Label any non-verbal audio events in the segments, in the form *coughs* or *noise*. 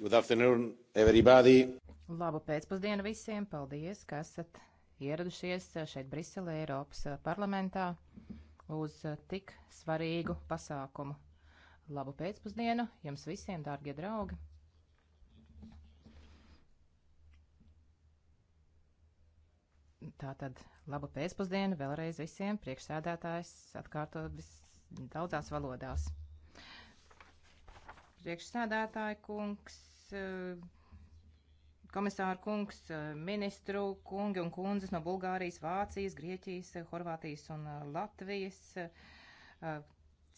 Good afternoon, everybody. Labu pēcpusdienu visiem. Paldies, ka esat ieradušies šeit Briselē, Eiropas parlamentā uz tik svarīgu pasākumu. Labu pēcpusdienu jums visiem, dārgie draugi! Tātad labu pēcpusdienu vēlreiz visiem priekšsēdētājs atkārtot daudzās valodās. Priekšsēdētāja kungs, Eh, komisāra kungs, eh, ministru kungi un kundzes no Bulgārijas, Vācijas, Grieķijas, eh, Horvātijas un Latvijas,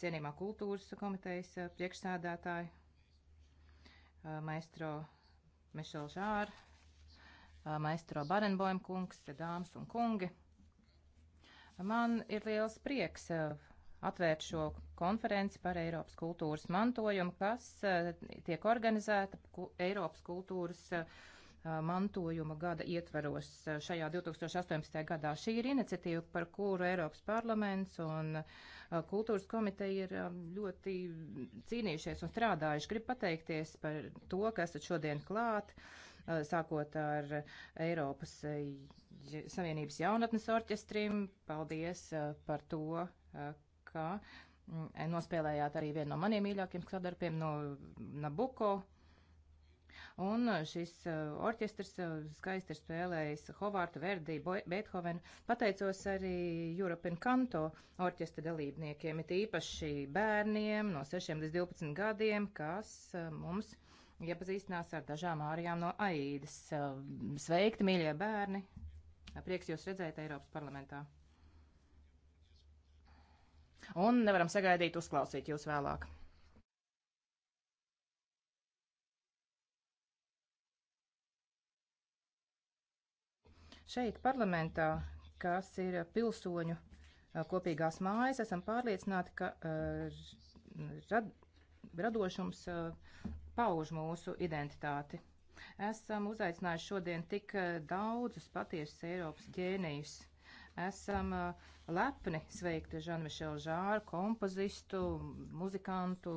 cienījumā kultūras komitejas priekšsādātāji, maestro Mišel Žār, maestro Barenboim kungs, dāmas un kungi. Man ir liels prieks atvērt šo konferenci par Eiropas kultūras mantojumu, kas eh, tiek organizēta Eiropas kultūras eh, mantojuma gada ietveros eh, šajā 2018. gadā. Šī ir iniciatīva, par kuru Eiropas parlaments un kultūras komiteja ir ļoti cīnījušies un strādājuši. Gribu pateikties par to, ka esat šodien klāt, sākot ar Eiropas Savienības jaunatnes orķestrim. Paldies par to, ka mm, nospēlējāt arī vienu no maniem mīļākiem sadarbiem no Nabuko. Un uh, šis uh, orķestrs uh, skaisti ir spēlējis Hovārdu, Verdi, Beethovenu. Pateicos arī European Kanto orķestra dalībniekiem, it īpaši bērniem no 6 līdz 12 gadiem, kas mums iepazīstinās ar dažām ārijām no Aīdas. Sveikti, mīļie bērni! Prieks jūs redzēt Eiropas parlamentā! un nevaram sagaidīt uzklausīt jūs vēlāk. Šeit parlamentā, kas ir pilsoņu kopīgās mājas, esam pārliecināti, ka rad, radošums pauž mūsu identitāti. Esam uzaicinājuši šodien tik daudzus patiesus Eiropas ģēnijus esam uh, lepni sveikt Žanmišelu Žāru, kompozistu, muzikantu,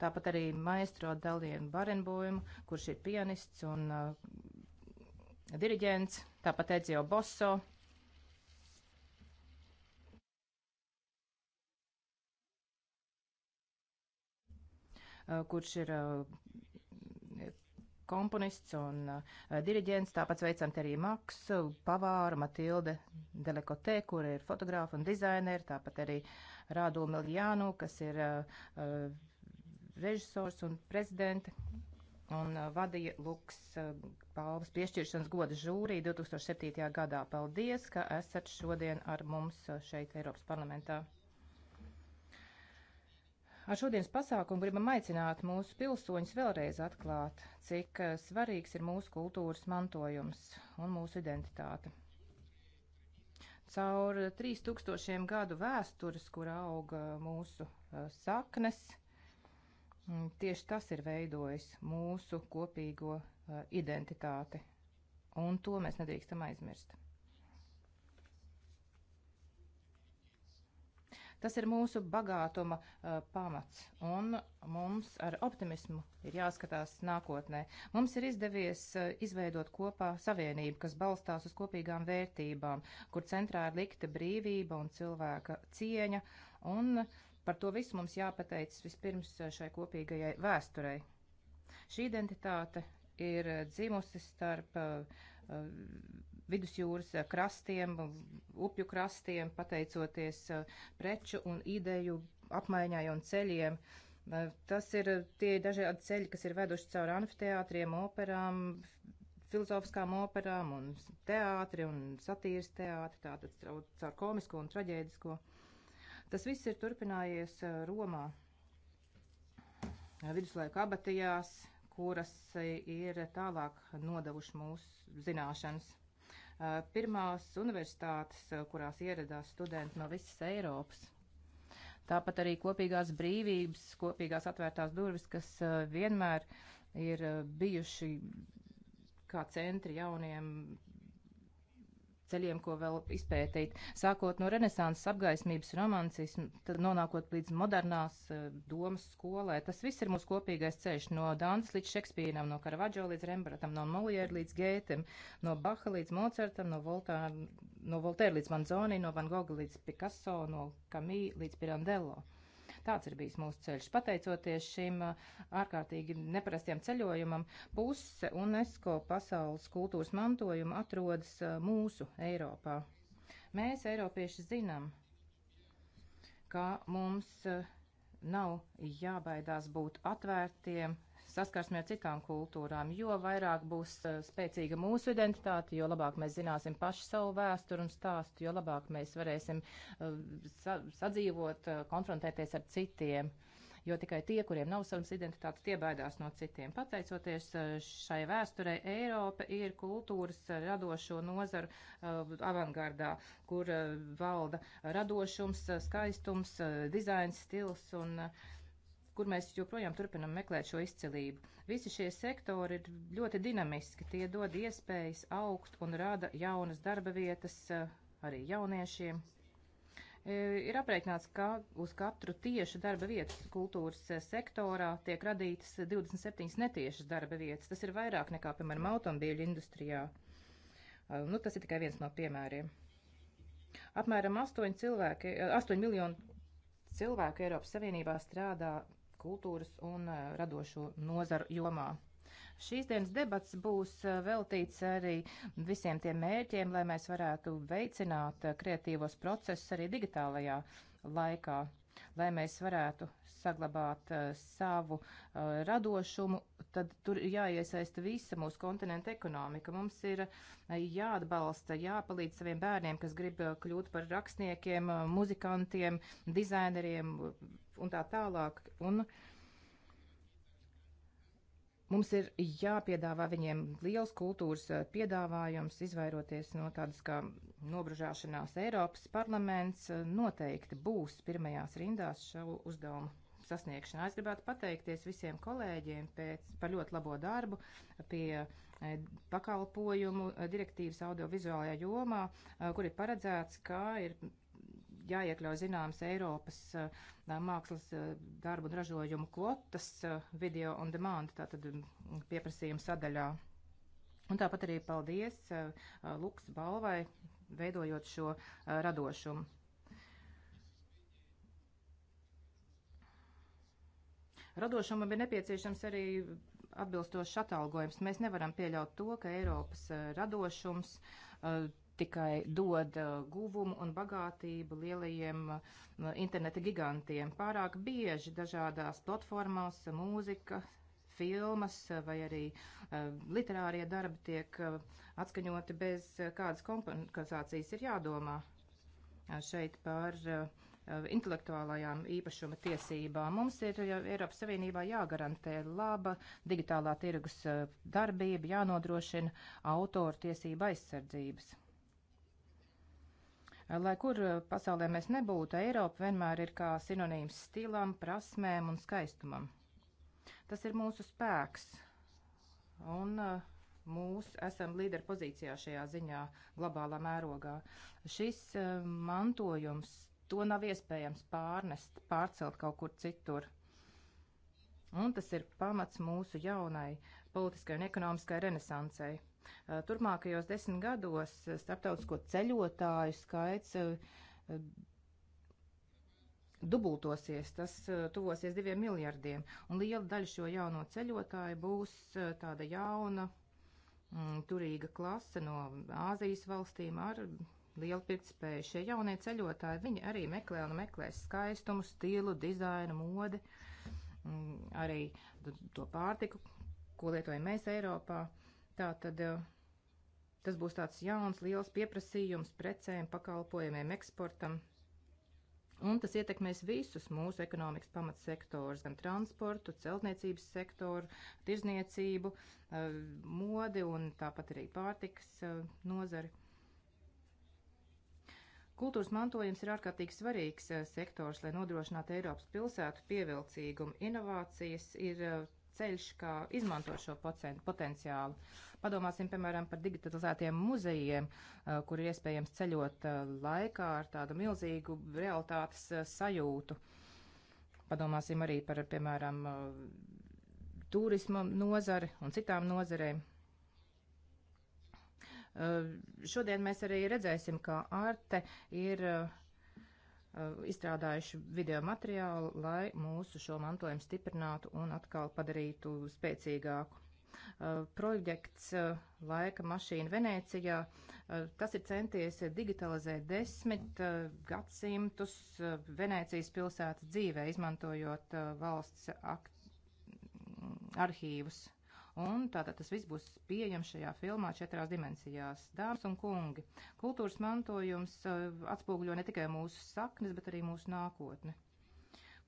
tāpat arī maestro Dalienu Barenbojumu, kurš ir pianists un uh, diriģents, tāpat Edzio Bosso. Uh, kurš ir uh, komponists un uh, diriģents. Tāpat sveicam te arī Maksu, Pavāru, Matilde Delekotē, kur ir fotogrāfa un dizaineri, tāpat arī Rādu Miljānu, kas ir uh, režisors un prezidente un uh, vadīja Luks uh, palvas piešķiršanas goda žūrī 2007. gadā. Paldies, ka esat šodien ar mums šeit Eiropas parlamentā. Ar šodienas pasākumu gribam aicināt mūsu pilsoņus vēlreiz atklāt, cik eh, svarīgs ir mūsu kultūras mantojums un mūsu identitāte. Caur 3000 gadu vēstures, kur auga mūsu eh, saknes, tieši tas ir veidojis mūsu kopīgo eh, identitāti. Un to mēs nedrīkstam aizmirst. Tas ir mūsu bagātuma uh, pamats, un mums ar optimismu ir jāskatās nākotnē. Mums ir izdevies uh, izveidot kopā savienību, kas balstās uz kopīgām vērtībām, kur centrā ir likta brīvība un cilvēka cieņa, un par to visu mums jāpateicas vispirms šai kopīgajai vēsturei. Šī identitāte ir dzimusi starp uh, vidusjūras eh, krastiem, upju krastiem, pateicoties eh, preču un ideju apmaiņai un ceļiem. Eh, tas ir tie dažādi ceļi, kas ir veduši caur amfiteātriem, operām, filozofiskām operām un teātri un satīras teātri, tātad caur komisko un traģēdisko. Tas viss ir turpinājies Romā, viduslaiku abatijās, kuras ir tālāk nodavuši mūsu zināšanas. Eh, pirmās universitātes, eh, kurās ieradās studenti no visas Eiropas. Tāpat arī kopīgās brīvības, kopīgās atvērtās durvis, kas eh, vienmēr ir bijuši kā centri jauniem ceļiem, ko vēl izpētīt. Sākot no renesanses apgaismības romancismu, tad nonākot līdz modernās eh, domas skolē. Tas viss ir mūsu kopīgais ceļš no Dānas līdz Šekspīram, no Karavadžo līdz Rembratam, no Moliēra līdz Gētem, no Baha līdz Mocertam, no, Voltā, no Voltēra līdz Manzoni, no Van Goga līdz Picasso, no Kamī līdz Pirandello. Tāds ir bijis mūsu ceļš. Pateicoties šim uh, ārkārtīgi neparastiem ceļojumam, puse UNESCO pasaules kultūras mantojuma atrodas uh, mūsu Eiropā. Mēs, Eiropieši, zinām, ka mums uh, nav jābaidās būt atvērtiem saskarsmē ar citām kultūrām. Jo vairāk būs eh, spēcīga mūsu identitāte, jo labāk mēs zināsim paši savu vēsturu un stāstu, jo labāk mēs varēsim eh, sadzīvot, eh, konfrontēties ar citiem jo tikai tie, kuriem nav savas identitātes, tie baidās no citiem. Pateicoties šai vēsturei, Eiropa ir kultūras radošo nozaru uh, avangardā, kur uh, valda radošums, skaistums, uh, dizains, stils un uh, kur mēs joprojām turpinam meklēt šo izcilību. Visi šie sektori ir ļoti dinamiski, tie dod iespējas augt un rada jaunas darba vietas eh, arī jauniešiem. E, ir aprēķināts, ka uz katru tiešu darba vietas kultūras eh, sektorā tiek radītas 27 netiešas darba vietas. Tas ir vairāk nekā, piemēram, automobīļu industrijā. E, nu, tas ir tikai viens no piemēriem. Apmēram 8, cilvēki, 8 eh, miljonu cilvēku Eiropas Savienībā strādā kultūras un eh, radošo nozaru jomā. Šīs dienas debats būs eh, veltīts arī visiem tiem mērķiem, lai mēs varētu veicināt eh, kreatīvos procesus arī digitālajā laikā, lai mēs varētu saglabāt savu radošumu, tad tur jāiesaista visa mūsu kontinenta ekonomika. Mums ir jāatbalsta, jāpalīdz saviem bērniem, kas grib kļūt par rakstniekiem, muzikantiem, dizaineriem, un tā tālāk. Un mums ir jāpiedāvā viņiem liels kultūras eh, piedāvājums, izvairoties no tādas kā nobružāšanās. Eiropas parlaments eh, noteikti būs pirmajās rindās šo uzdevumu sasniegšanā. Es gribētu pateikties visiem kolēģiem pēc, par ļoti labo darbu pie eh, pakalpojumu direktīvas audiovizuālajā jomā, kur ir paredzēts, kā ir jāiekļauj zināmas Eiropas mākslas darbu un ražojumu kvotas video on demand, tātad pieprasījuma sadaļā. Un tāpat arī paldies Luks balvai, veidojot šo radošumu. Radošumam ir nepieciešams arī atbilstošs atalgojums. Mēs nevaram pieļaut to, ka Eiropas radošums tikai dod uh, guvumu un bagātību lielajiem uh, interneta gigantiem. Pārāk bieži dažādās platformās uh, mūzika, filmas vai arī literārie darbi tiek atskaņoti bez kādas kompensācijas ir jādomā šeit par intelektuālajām īpašuma tiesībām. Mums ir Eiropas Savienībā jāgarantē laba digitālā tirgus darbība, jānodrošina autoru tiesība aizsardzības. Lai kur eh, pasaulē mēs nebūtu, Eiropa vienmēr ir kā sinonīms stilam, prasmēm un skaistumam. Tas ir mūsu spēks, un eh, mūs esam līderi pozīcijā šajā ziņā globālā mērogā. Šis eh, mantojums, to nav iespējams pārnest, pārcelt kaut kur citur. Un tas ir pamats mūsu jaunai politiskai un ekonomiskai renesansai. Eh, turpmākajos desmit gados eh, starptautisko ceļotāju skaits eh, dubultosies, tas tuvosies diviem miljardiem, un liela daļa šo jauno ceļotāju būs tāda jauna, mm, turīga klase no Āzijas valstīm ar liela pirktspēja. Šie jaunie ceļotāji, viņi arī meklē un meklē skaistumu, stilu, dizainu, modi, mm, arī to pārtiku, ko lietojam mēs Eiropā. Tā tad eh, tas būs tāds jauns, liels pieprasījums precēm, pakalpojumiem, eksportam. Un tas ietekmēs visus mūsu ekonomikas pamatsektors, gan transportu, celtniecības sektoru, tirzniecību, eh, modi un tāpat arī pārtikas eh, nozari. Kultūras mantojums ir ārkārtīgi svarīgs sektors, lai nodrošinātu Eiropas pilsētu pievilcīgumu. Inovācijas ir ceļš, kā izmantot šo potenciālu. Padomāsim, piemēram, par digitalizētiem muzejiem, kur ir iespējams ceļot laikā ar tādu milzīgu realitātes sajūtu. Padomāsim arī par, piemēram, turisma nozari un citām nozarēm. Šodien mēs arī redzēsim, ka arte ir uh, Uh, izstrādājuši video materiālu, lai mūsu šo mantojumu stiprinātu un atkal padarītu spēcīgāku. Uh, projekts uh, Laika mašīna Venecijā, tas ir centies digitalizēt desmit gadsimtus Venecijas pilsētas dzīvē, izmantojot valsts arhīvus Un tātad tas viss būs pieejams šajā filmā četrās dimensijās. Dāmas un kungi, kultūras mantojums eh, atspoguļo ne tikai mūsu saknes, bet arī mūsu nākotni.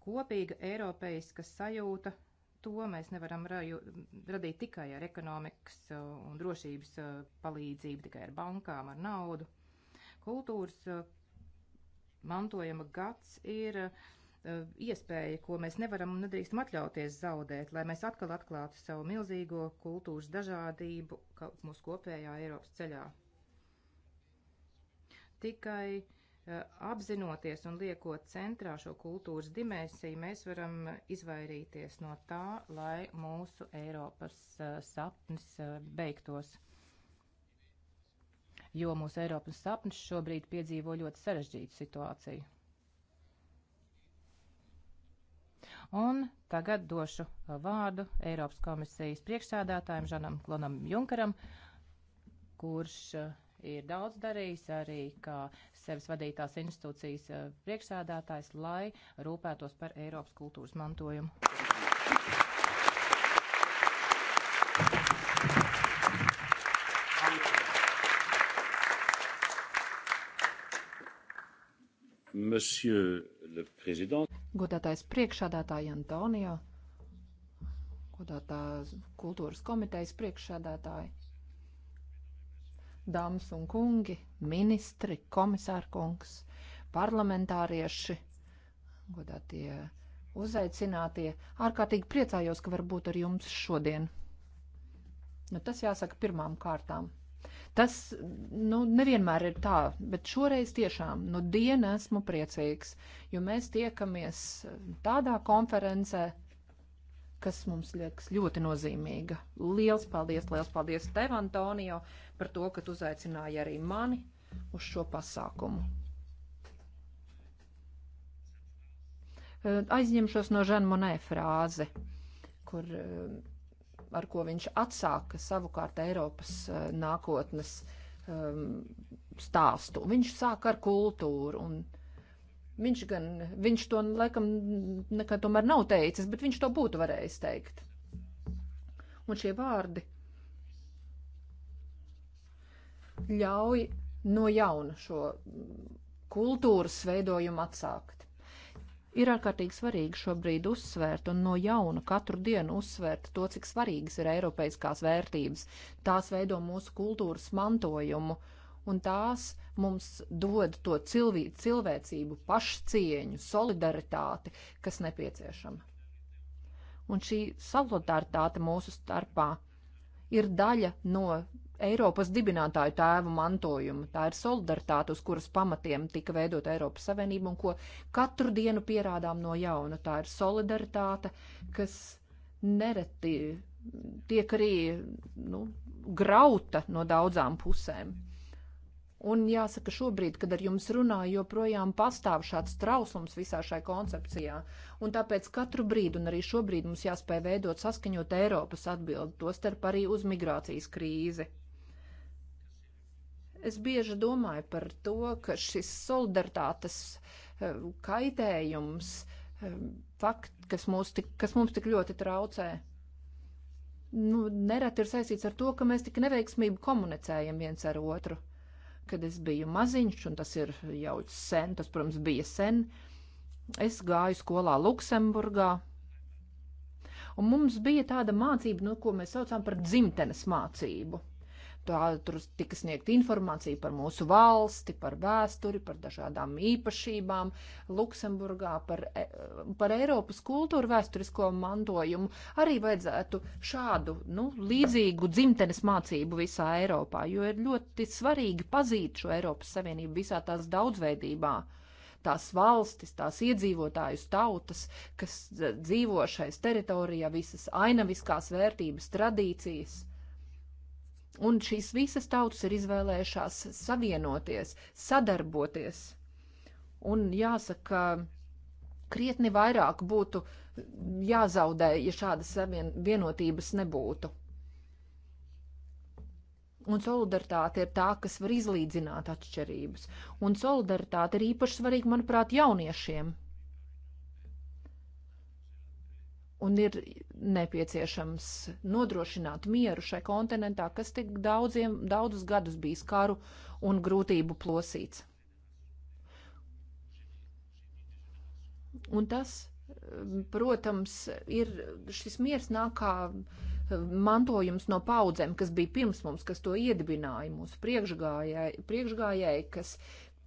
Kopīga eiropeiska sajūta to mēs nevaram raju, radīt tikai ar ekonomikas eh, un drošības eh, palīdzību, tikai ar bankām, ar naudu. Kultūras mantojuma gads ir uh, Eh, iespēja, ko mēs nevaram un nedrīkstam atļauties zaudēt, lai mēs atkal atklātu savu milzīgo kultūras dažādību mūsu kopējā Eiropas ceļā. Tikai eh, apzinoties un liekot centrā šo kultūras dimensiju, mēs varam izvairīties no tā, lai mūsu Eiropas eh, sapnis beigtos jo mūsu Eiropas sapnis šobrīd piedzīvo ļoti sarežģītu situāciju. Un tagad došu uh, vārdu Eiropas komisijas priekšsādātājiem Žanam Klonam Junkaram, kurš uh, ir daudz darījis arī kā sevis vadītās institūcijas uh, priekšsādātājs, lai rūpētos par Eiropas kultūras mantojumu. Monsieur le Président, godātais priekšādātāja Antonija, godātā kultūras komitejas priekšādātāja, dāmas un kungi, ministri, komisārkungs, parlamentārieši, godātie uzaicinātie. Ārkārtīgi priecājos, ka var būt ar jums šodien. Nu, tas jāsaka pirmām kārtām. Tas nu, nevienmēr ir tā, bet šoreiz tiešām nu, dienu esmu priecīgs, jo mēs tiekamies tādā konferencē, kas mums liekas ļoti nozīmīga. Lielas paldies, liels paldies tev, Antonio, par to, ka tu uzaicināji arī mani uz šo pasākumu. Aizņemšos no Žanmonē frāzi, kur ar ko viņš atsāka savukārt Eiropas eh, nākotnes um, stāstu. Viņš sāk ar kultūru. Viņš, gan, viņš to laikam nekad tomēr nav teicis, bet viņš to būtu varējis teikt. Un šie vārdi ļauj no jauna šo kultūras veidojumu atsākt. Ir ārkārtīgi svarīgi šobrīd uzsvērt un no jauna katru dienu uzsvērt to, cik svarīgas ir eiropeiskās vērtības. Tās veido mūsu kultūras mantojumu un tās mums dod to cilvē, cilvēcību, pašcieņu, solidaritāti, kas nepieciešama. Un šī solidaritāte mūsu starpā ir daļa no Eiropas dibinātāju tēvu mantojumu. Tā ir solidaritāte, uz kuras pamatiem tika veidot Eiropas Savienība un ko katru dienu pierādām no jauna. Tā ir solidaritāte, kas nereti tiek arī nu, grauta no daudzām pusēm. Un jāsaka, šobrīd, kad ar jums runāju, joprojām pastāv šāds trauslums visā šai koncepcijā. Un tāpēc katru brīdi, un arī šobrīd, mums jāspēj veidot saskaņot Eiropas atbildi, tostarp arī uz migrācijas krīzi. Es bieži domāju par to, ka šis solidaritātes eh, kaitējums, eh, fakt, kas, mūs tik, kas mums tik ļoti traucē, nu, nereti ir saistīts ar to, ka mēs tik neveiksmīgi komunicējam viens ar otru. Kad es biju maziņš, un tas ir jau sen, tas, protams, bija sen, es gāju skolā Luksemburgā, un mums bija tāda mācība, nu, ko mēs saucām par dzimtenes mācību. Tā tur tika sniegta informācija par mūsu valsti, par vēsturi, par dažādām īpašībām Luksemburgā, par, e, par Eiropas kultūru vēsturisko mantojumu. Arī vajadzētu šādu, nu, līdzīgu dzimtenes mācību visā Eiropā, jo ir ļoti svarīgi pazīt šo Eiropas Savienību visā tās daudzveidībā tās valstis, tās iedzīvotājus, tautas, kas dzīvo šais teritorijā, visas ainaviskās vērtības, tradīcijas. Un šīs visas tautas ir izvēlējušās savienoties, sadarboties. Un jāsaka, krietni vairāk būtu jāzaudē, ja šādas vienotības nebūtu. Un solidaritāte ir tā, kas var izlīdzināt atšķirības. Un solidaritāte ir īpaši svarīga, manuprāt, jauniešiem. un ir nepieciešams nodrošināt mieru šai kontinentā, kas tik daudziem, daudzus gadus bijis karu un grūtību plosīts. Un tas, protams, ir šis miers nāk kā mantojums no paudzēm, kas bija pirms mums, kas to iedibināja mūsu priekšgājēji, priekšgājēji kas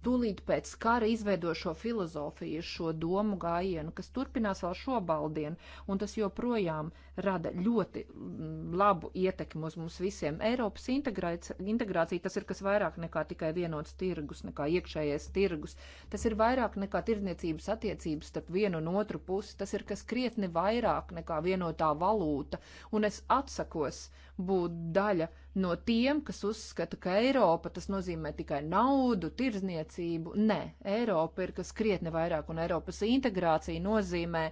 tūlīt pēc kara izveido šo filozofiju, šo domu gājienu, kas turpinās vēl šobaldien, un tas joprojām rada ļoti mm, labu ietekmi uz mums visiem. Eiropas integrācija tas ir kas vairāk nekā tikai vienots tirgus, nekā iekšējais tirgus. Tas ir vairāk nekā tirdzniecības attiecības starp vienu un otru pusi. Tas ir kas krietni vairāk nekā vienotā valūta, un es atsakos būt daļa no tiem, kas uzskata, ka Eiropa tas nozīmē tikai naudu, tirzniecību. Nē, Eiropa ir kas krietni vairāk, un Eiropas integrācija nozīmē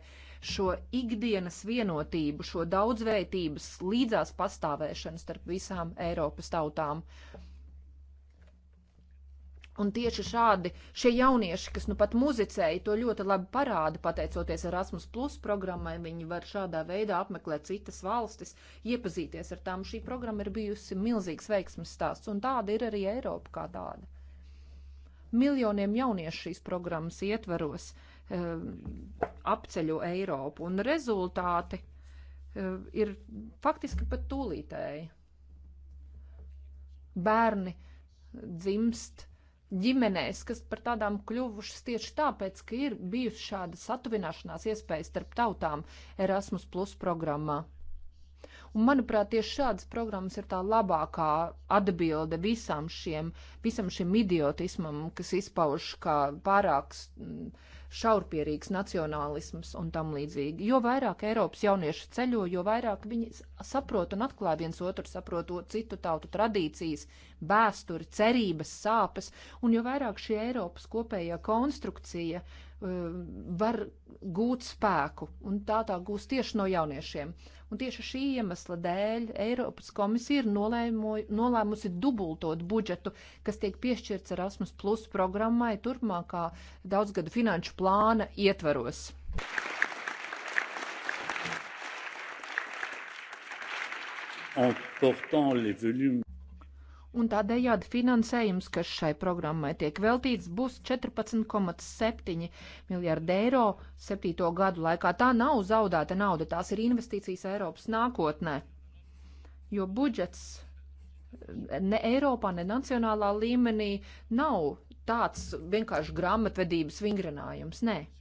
šo ikdienas vienotību, šo daudzveitības līdzās pastāvēšanu starp visām Eiropas tautām. Un tieši šādi šie jaunieši, kas nu pat muzicēja, to ļoti labi parāda, pateicoties Erasmus Plus programmai, viņi var šādā veidā apmeklēt citas valstis, iepazīties ar tām. Šī programma ir bijusi milzīgs veiksmes stāsts, un tāda ir arī Eiropa kā tāda. Miljoniem jauniešu šīs programmas ietvaros e, apceļo Eiropu, un rezultāti e, ir faktiski pat tūlītēji. Bērni dzimst ģimenēs, kas par tādām kļuvušas tieši tāpēc, ka ir bijusi šāda satuvināšanās iespēja starp tautām Erasmus Plus programmā. Un, manuprāt, tieši šādas programmas ir tā labākā atbilde visam šiem, visam šim idiotismam, kas izpauž kā pārāks. Mm, šaurpierīgs nacionālisms un tam līdzīgi. Jo vairāk Eiropas jaunieši ceļo, jo vairāk viņi saprot un atklāj viens otru, saprot citu tautu tradīcijas, vēsturi, cerības, sāpes, un jo vairāk šī Eiropas kopējā konstrukcija uh, Eh, var gūt spēku, un tā tā gūs tieši no jauniešiem. Un tieši šī iemesla dēļ Eiropas komisija ir nolēmo, nolēmusi dubultot budžetu, kas tiek piešķirts Erasmus Plus programmai turpmākā daudzgadu finanšu plāna ietvaros. En portant les volumes un tādējādi finansējums, kas šai programmai tiek veltīts, būs 14,7 miljārdi eiro septīto gadu laikā. Tā nav zaudēta nauda, tās ir investīcijas Eiropas nākotnē, jo budžets ne Eiropā, ne nacionālā līmenī nav tāds vienkārši grāmatvedības vingrinājums, nē. Ne.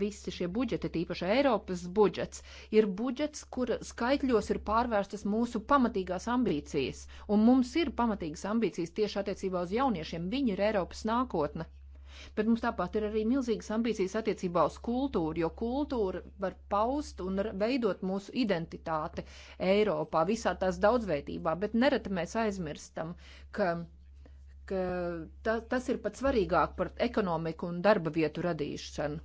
Visi šie budžeti, tīpaši Eiropas budžets, ir budžets, kur skaitļos ir pārvērstas mūsu pamatīgās ambīcijas. Un mums ir pamatīgas ambīcijas tieši attiecībā uz jauniešiem. Viņi ir Eiropas nākotne. Bet mums tāpat ir arī milzīgas ambīcijas attiecībā uz kultūru, jo kultūra var paust un veidot mūsu identitāti Eiropā, visā tās daudzveidībā. Bet nereti mēs aizmirstam, ka ka ta, tas ir pat svarīgāk par ekonomiku un darba vietu radīšanu.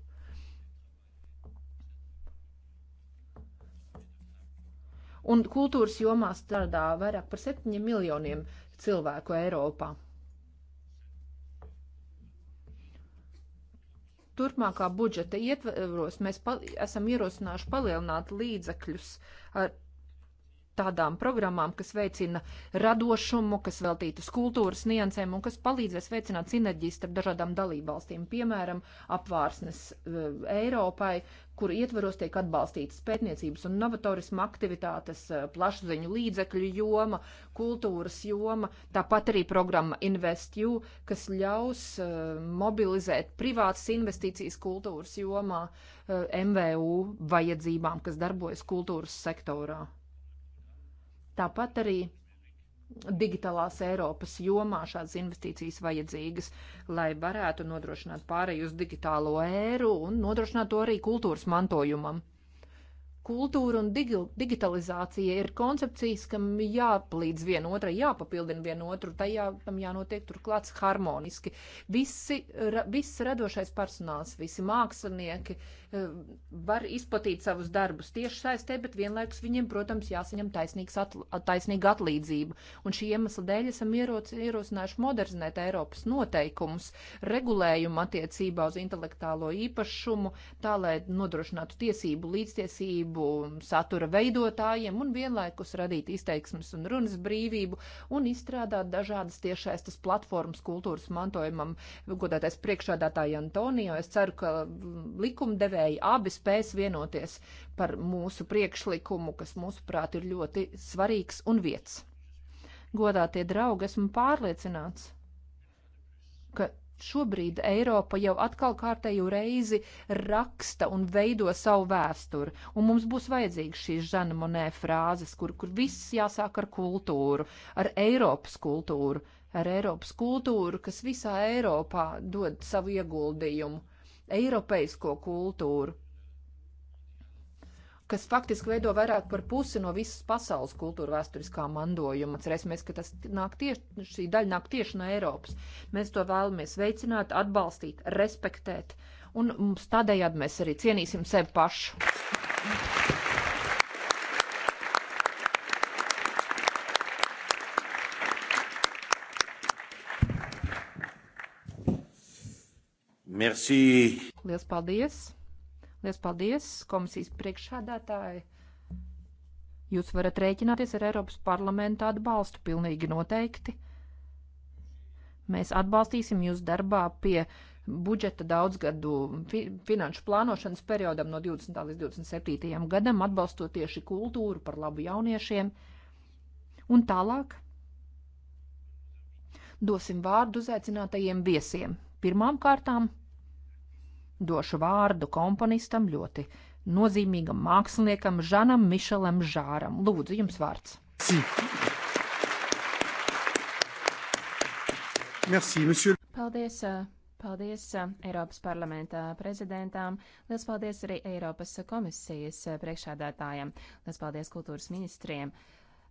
un kultūras jomā strādā vairāk par 7 miljoniem cilvēku Eiropā. Turpmākā budžeta ietveros mēs pa, esam ierosinājuši palielināt līdzekļus ar tādām programmām, kas veicina radošumu, kas veltītas kultūras niansēm un kas palīdzēs veicināt sinerģijas starp dažādām dalībvalstīm, piemēram, apvārsnes e, Eiropai, kur ietveros tiek atbalstītas pētniecības un novatorisma aktivitātes, e, plašsaziņu līdzekļu joma, kultūras joma, tāpat arī programma InvestU, kas ļaus e, mobilizēt privātas investīcijas kultūras jomā MVU vajadzībām, kas darbojas kultūras sektorā. Tāpat arī digitalās Eiropas jomā šādas investīcijas vajadzīgas, lai varētu nodrošināt pārēju uz digitālo ēru un nodrošināt to arī kultūras mantojumam. Kultūra un digi digitalizācija ir koncepcijas, kam jāpalīdz vienotrai, jāpapildina vienotru, tajā tam jānotiek turklāt harmoniski. Visi, ra, viss radošais personāls, visi mākslinieki, uh, Eh, var izplatīt savus darbus tieši saistē, bet vienlaikus viņiem, protams, jāsaņem atl taisnīga atlīdzība. Un šī iemesla dēļ esam ierosinājuši modernizēt Eiropas noteikumus, regulējumu attiecībā uz intelektuālo īpašumu, tā lai nodrošinātu tiesību līdztiesību satura veidotājiem un vienlaikus radīt izteiksmes un runas brīvību un izstrādāt dažādas tiešaistas platformas kultūras mantojumam. Godātais priekšādātāja Antonija, es ceru, ka mm, likumdevēja iespēja abi spēs vienoties par mūsu priekšlikumu, kas mūsuprāt ir ļoti svarīgs un vietas. Godā tie draugi, esmu pārliecināts, ka šobrīd Eiropa jau atkal kārtēju reizi raksta un veido savu vēsturi, un mums būs vajadzīgas šīs Žana Monē frāzes, kur, kur viss jāsāk ar kultūru, ar Eiropas kultūru, ar Eiropas kultūru, kas visā Eiropā dod savu ieguldījumu eiropeisko kultūru, kas faktiski veido vairāk par pusi no visas pasaules kultūra vēsturiskā mantojuma. Cerēsimies, ka tas nāk tieši, šī daļa nāk tieši no Eiropas. Mēs to vēlamies veicināt, atbalstīt, respektēt, un mums tādējādi mēs arī cienīsim sevi pašu. Merci. Lielas paldies! Lielas paldies, komisijas priekšsādātāji! Jūs varat rēķināties ar Eiropas parlamenta atbalstu pilnīgi noteikti. Mēs atbalstīsim jūs darbā pie budžeta daudzgadu fi finanšu plānošanas periodam no 20. līdz 27. gadam, atbalstot tieši kultūru par labu jauniešiem. Un tālāk dosim vārdu uzaicinātajiem viesiem. Pirmām kārtām došu vārdu komponistam, ļoti nozīmīgam māksliniekam Žanam Mišelam Žāram. Lūdzu, jums vārds. Merci, monsieur. paldies, paldies uh, Eiropas parlamenta prezidentām, liels paldies arī Eiropas komisijas priekšādātājiem, liels paldies kultūras ministriem.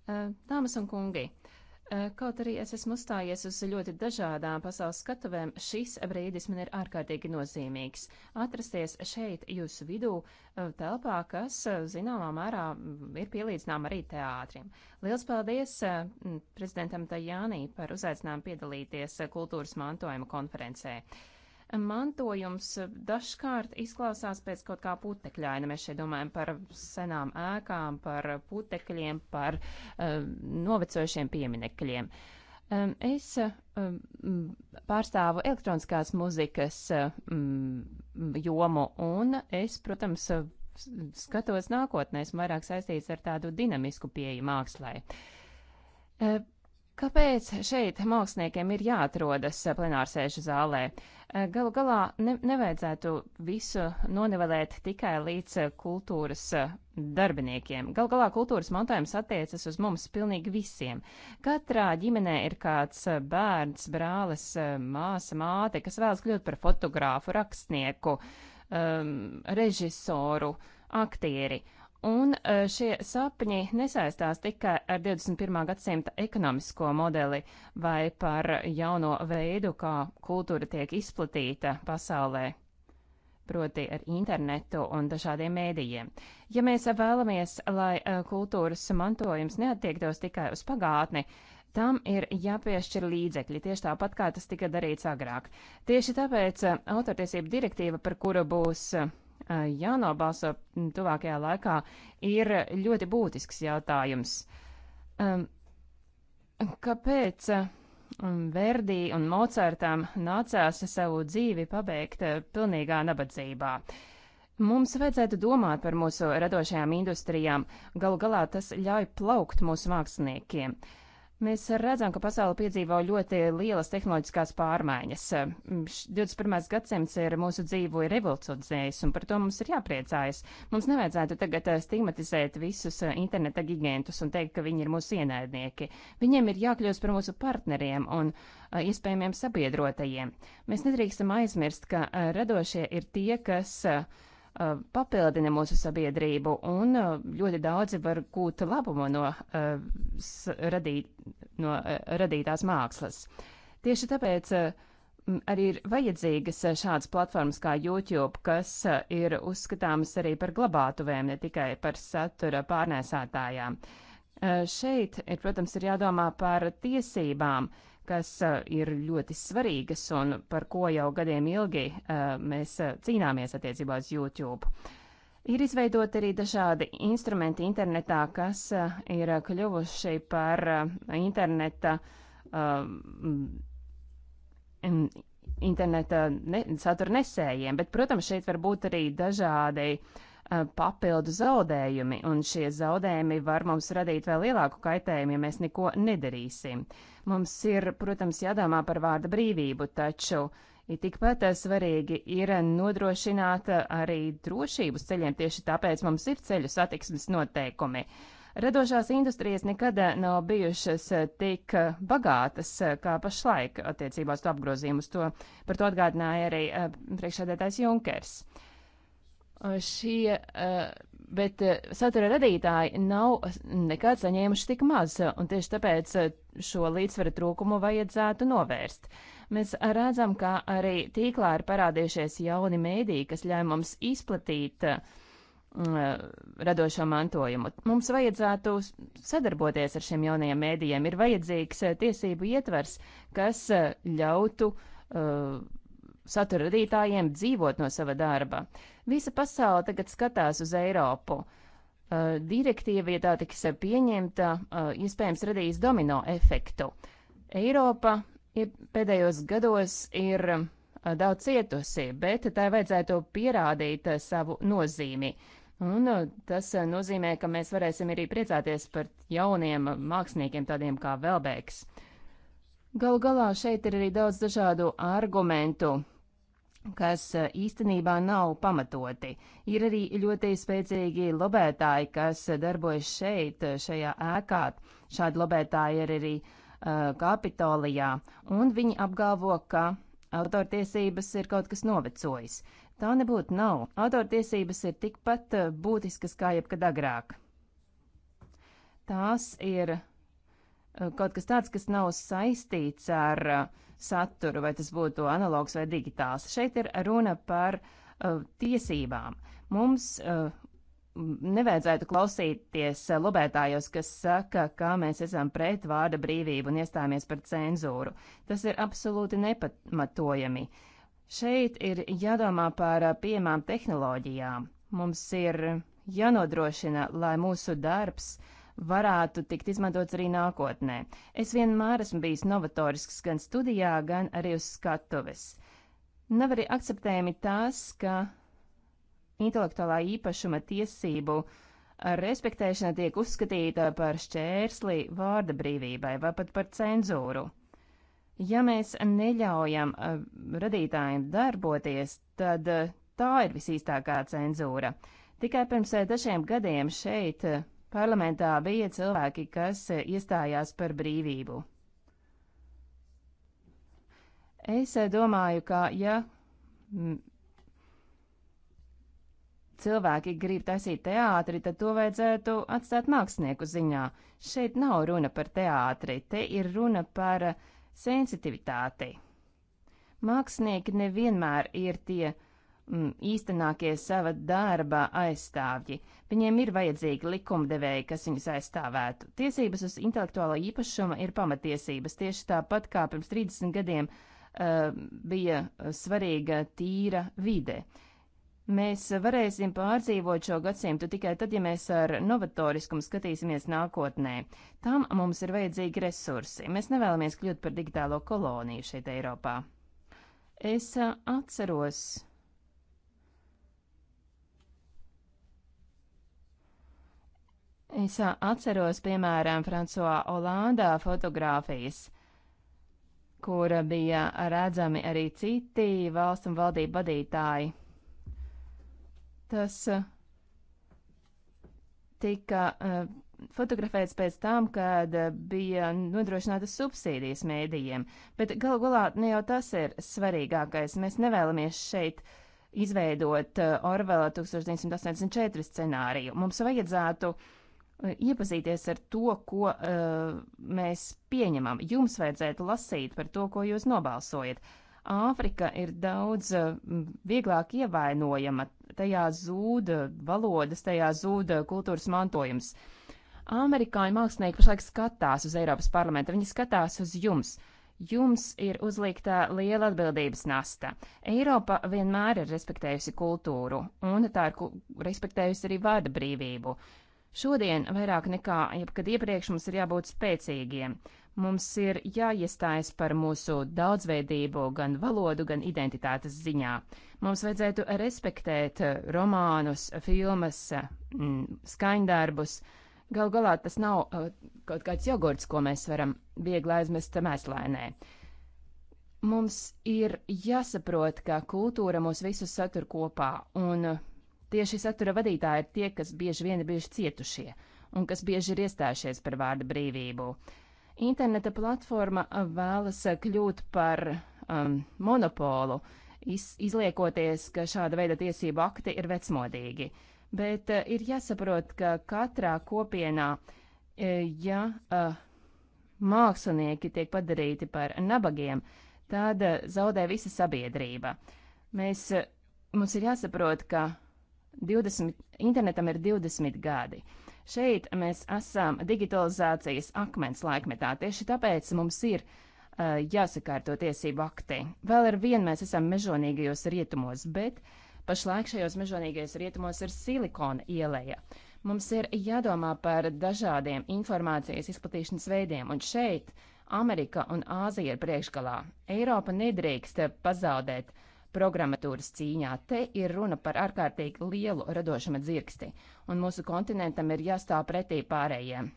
Uh, dāmas un kungi, uh, Eh, kaut arī es esmu uzstājies uz ļoti dažādām pasaules skatuvēm, šis brīdis man ir ārkārtīgi nozīmīgs. Atrasties šeit jūsu vidū eh, telpā, kas eh, zināmā mērā mm, ir pielīdzinām arī teātrim. Liels paldies prezidentam Tajānī par uzaicinājumu piedalīties kultūras mantojuma konferencē mantojums eh, dažkārt izklausās pēc kaut kā putekļaina. Mēs šeit domājam par senām ēkām, par putekļiem, par uh, novecojušiem pieminekļiem. Um, es um, pārstāvu elektroniskās muzikas um, jomu un es, protams, skatos nākotnē, esmu vairāk saistīts ar tādu dinamisku pieeju mākslē. Uh, Kāpēc šeit māksliniekiem ir jāatrodas plenārsēžu zālē? Galu galā ne, nevajadzētu visu nonivelēt tikai līdz kultūras darbiniekiem. Galu galā kultūras mantojums attiecas uz mums pilnīgi visiem. Katrā ģimenē ir kāds bērns, brālis, māsa, māte, kas vēlas kļūt par fotogrāfu, rakstnieku, um, režisoru, aktieri. Un e, šie sapņi nesaistās tikai ar 21. gadsimta ekonomisko modeli vai par jauno veidu, kā kultūra tiek izplatīta pasaulē, proti ar internetu un dažādiem mēdījiem. Ja mēs vēlamies, lai e, kultūras mantojums neattiektos tikai uz pagātni, Tam ir jāpiešķir līdzekļi, tieši tāpat kā tas tika darīts agrāk. Tieši tāpēc e, autortiesība direktīva, par kuru būs jānobalso tuvākajā laikā, ir ļoti būtisks jautājums. Kāpēc Verdī un Mocartam nācās savu dzīvi pabeigt eh, pilnīgā nabadzībā? Mums vajadzētu domāt par mūsu radošajām industrijām, galu galā tas ļauj plaukt mūsu māksliniekiem. Uh, Mēs redzam, ka pasaule piedzīvo ļoti lielas tehnoloģiskās pārmaiņas. 21. Mm, gadsimts ir mūsu dzīvo ir revolucionējis, un par to mums ir jāpriecājas. Mums nevajadzētu tagad eh, stigmatizēt visus eh, interneta gigantus un teikt, ka viņi ir mūsu ienaidnieki. Viņiem ir jākļūst par mūsu partneriem un eh, iespējamiem sabiedrotajiem. Mēs nedrīkstam aizmirst, ka radošie ir tie, kas uh, Uh, papildina mūsu sabiedrību, un uh, ļoti daudzi var gūt labumu no, uh, radīt, no radītās mākslas. Tieši tāpēc arī ir vajadzīgas šādas platformas kā YouTube, kas ir uzskatāmas arī par glabātuvēm, ne tikai par satura pārnēsātājām. Šeit, ir, protams, ir jādomā par tiesībām, uh, kas ir ļoti svarīgas un par ko jau gadiem ilgi mēs cīnāmies attiecībā uz YouTube. Ir izveidoti arī dažādi instrumenti internetā, kas ir kļuvuši par interneta, interneta ne, satura nesējiem, bet, protams, šeit var būt arī dažādi uh, Eh, papildu zaudējumi, un šie zaudējumi var mums radīt vēl lielāku kaitējumu, ja mēs neko nedarīsim. Mums ir, protams, jādomā par vārda brīvību, taču ir tikpat svarīgi ir nodrošināt arī drošības ceļiem, tieši tāpēc mums ir ceļu satiksmes noteikumi. Radošās industrijas nekad nav bijušas tik bagātas kā pašlaik attiecībā uz to apgrozījumu. To, par to atgādināja arī eh, priekšsēdētājs Junkers. Uh, Šie, bet satura radītāji nav nekad saņēmuši tik maz, un tieši tāpēc šo līdzsvera trūkumu vajadzētu novērst. Mēs redzam, ka arī tīklā ir parādījušies jauni mēdī, kas ļauj mums izplatīt radošo mantojumu. Mums vajadzētu sadarboties ar šiem jaunajiem mēdījiem. Ir vajadzīgs tiesību ietvers, kas ļautu uh, satura radītājiem dzīvot no sava darba. Visa pasaule tagad skatās uz Eiropu. Uh, direktīva, ja tā tiks pieņemta, uh, iespējams radīs domino efektu. Eiropa pēdējos gados ir uh, daudz cietusi, bet tai vajadzētu pierādīt savu nozīmi. Un tas nozīmē, ka mēs varēsim arī priecāties par jauniem māksliniekiem, tādiem kā Velbēks. Galu galā šeit ir arī daudz dažādu argumentu, kas eh, īstenībā nav pamatoti. Ir arī ļoti spēcīgi lobētāji, kas darbojas šeit, eh, šajā ēkā. Šādi lobētāji ir arī uh, Kapitolijā, un viņi apgalvo, ka autortiesības ir kaut kas novecojis. Tā nebūtu nav. Autortiesības ir tikpat būtiskas kā jebkad agrāk. Tās ir kaut kas tāds, kas nav saistīts ar uh, saturu, vai tas būtu analogs vai digitāls. Šeit ir runa par uh, tiesībām. Mums uh, nevajadzētu klausīties lobētājos, kas saka, kā mēs esam pret vārda brīvību un iestājāmies par cenzūru. Tas ir absolūti nepamatojami. Šeit ir jādomā par uh, piemām tehnoloģijām. Mums ir jānodrošina, lai mūsu darbs uh, varētu tikt izmantots arī nākotnē. Es vienmēr esmu bijis novatorisks gan studijā, gan arī uz skatuves. Nav arī akceptējami tas, ka intelektuālā īpašuma tiesību respektēšana tiek uzskatīta par šķērsli vārda brīvībai vai pat par cenzūru. Ja mēs neļaujam eh, radītājiem darboties, tad eh, tā ir visīstākā cenzūra. Tikai pirms eh, dažiem gadiem šeit Parlamentā bija cilvēki, kas e, iestājās par brīvību. Es e, domāju, ka ja cilvēki grib taisīt teātri, tad to vajadzētu atstāt mākslinieku ziņā. Šeit nav runa par teātri, te ir runa par e, sensitivitāti. Mākslinieki nevienmēr ir tie, uh, Mm, īstenākie sava darba aizstāvji. Viņiem ir vajadzīgi likumdevēji, kas viņus aizstāvētu. Tiesības uz intelektuālo īpašumu ir pamatiesības, tieši tāpat kā pirms 30 gadiem uh, bija svarīga tīra vide. Mēs varēsim pārdzīvot šo gadsimtu tikai tad, ja mēs ar novatoriskumu skatīsimies nākotnē. Tam mums ir vajadzīgi resursi. Mēs nevēlamies kļūt par digitālo koloniju šeit Eiropā. Es uh, atceros, Es atceros, piemēram, Francoā Olandā fotogrāfijas, kura bija redzami arī citi valsts un valdību vadītāji. Tas tika fotografēts pēc tam, kad bija nodrošinātas subsīdijas mēdījiem, bet galu galā ne jau tas ir svarīgākais. Mēs nevēlamies šeit izveidot Orvela 1984 scenāriju. Mums vajadzētu uh, iepazīties ar to, ko uh, mēs pieņemam. Jums vajadzētu lasīt par to, ko jūs nobalsojat. Āfrika ir daudz uh, vieglāk ievainojama, tajā zūd valodas, tajā zūd kultūras mantojums. Amerikāņu mākslinieki pašlaik skatās uz Eiropas parlamentu, viņi skatās uz jums. Jums ir uzlikta liela atbildības nasta. Eiropa vienmēr ir respektējusi kultūru, un tā ir respektējusi arī vārda brīvību. Uh, Šodien vairāk nekā jebkad iepriekš mums ir jābūt spēcīgiem. Mums ir jāiestājas par mūsu daudzveidību gan valodu, gan identitātes ziņā. Mums vajadzētu respektēt romānus, filmas, mm, skaņdarbus. Gal galā tas nav uh, kaut kāds jogurts, ko mēs varam viegli aizmest mēslēnē. Mums ir jāsaprot, ka kultūra mūs visus satur kopā, un Tieši satura vadītāji ir tie, kas bieži vien ir bieži cietušie un kas bieži ir iestājušies par vārda brīvību. Interneta platforma vēlas kļūt par um, monopolu, iz, izliekoties, ka šāda veida tiesību akti ir vecmodīgi. Bet uh, ir jāsaprot, ka katrā kopienā, uh, ja uh, mākslinieki tiek padarīti par nabagiem, tad uh, zaudē visa sabiedrība. Mēs, uh, mums ir jāsaprot, ka 20, internetam ir 20 gadi. Šeit mēs esam digitalizācijas akmens laikmetā, tieši tāpēc mums ir uh, jāsakārto tiesību akti. Vēl ar vienu mēs esam mežonīgajos rietumos, bet pašlaik šajos mežonīgajos rietumos ir silikona ieleja. Mums ir jādomā par dažādiem informācijas izplatīšanas veidiem, un šeit Amerika un Āzija ir priekšgalā. Eiropa nedrīkst pazaudēt uh, programmatūras cīņā. Te ir runa par ārkārtīgi lielu radošuma dzirksti, un mūsu kontinentam ir jāstāv pretī pārējiem.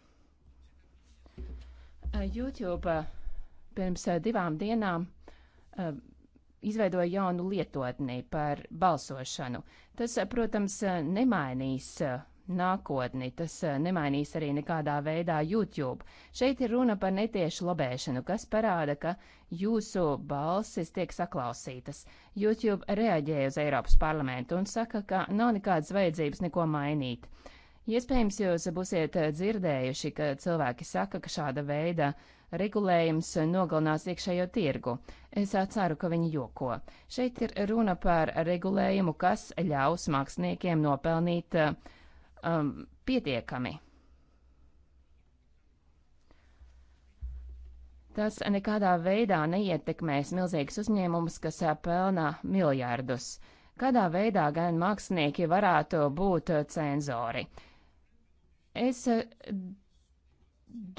Eh, YouTube eh, pirms eh, divām dienām izveidoja jaunu lietotni par balsošanu. Tas, protams, nemainīs nākotni. Tas eh, nemainīs arī nekādā veidā YouTube. Šeit ir runa par netiešu lobēšanu, kas parāda, ka jūsu balsis tiek saklausītas. YouTube reaģēja uz Eiropas parlamentu un saka, ka nav nekādas vajadzības neko mainīt. Iespējams, jūs būsiet eh, dzirdējuši, ka cilvēki saka, ka šāda veida regulējums nogalinās iekšējo tirgu. Es ceru, ka viņi joko. Šeit ir runa par regulējumu, kas ļaus māksliniekiem nopelnīt uh, um, pietiekami. Tas nekādā veidā neietekmēs milzīgas uzņēmumus, kas uh, pelnā miljardus. Kādā veidā gan mākslinieki varētu būt uh, cenzori? Es uh,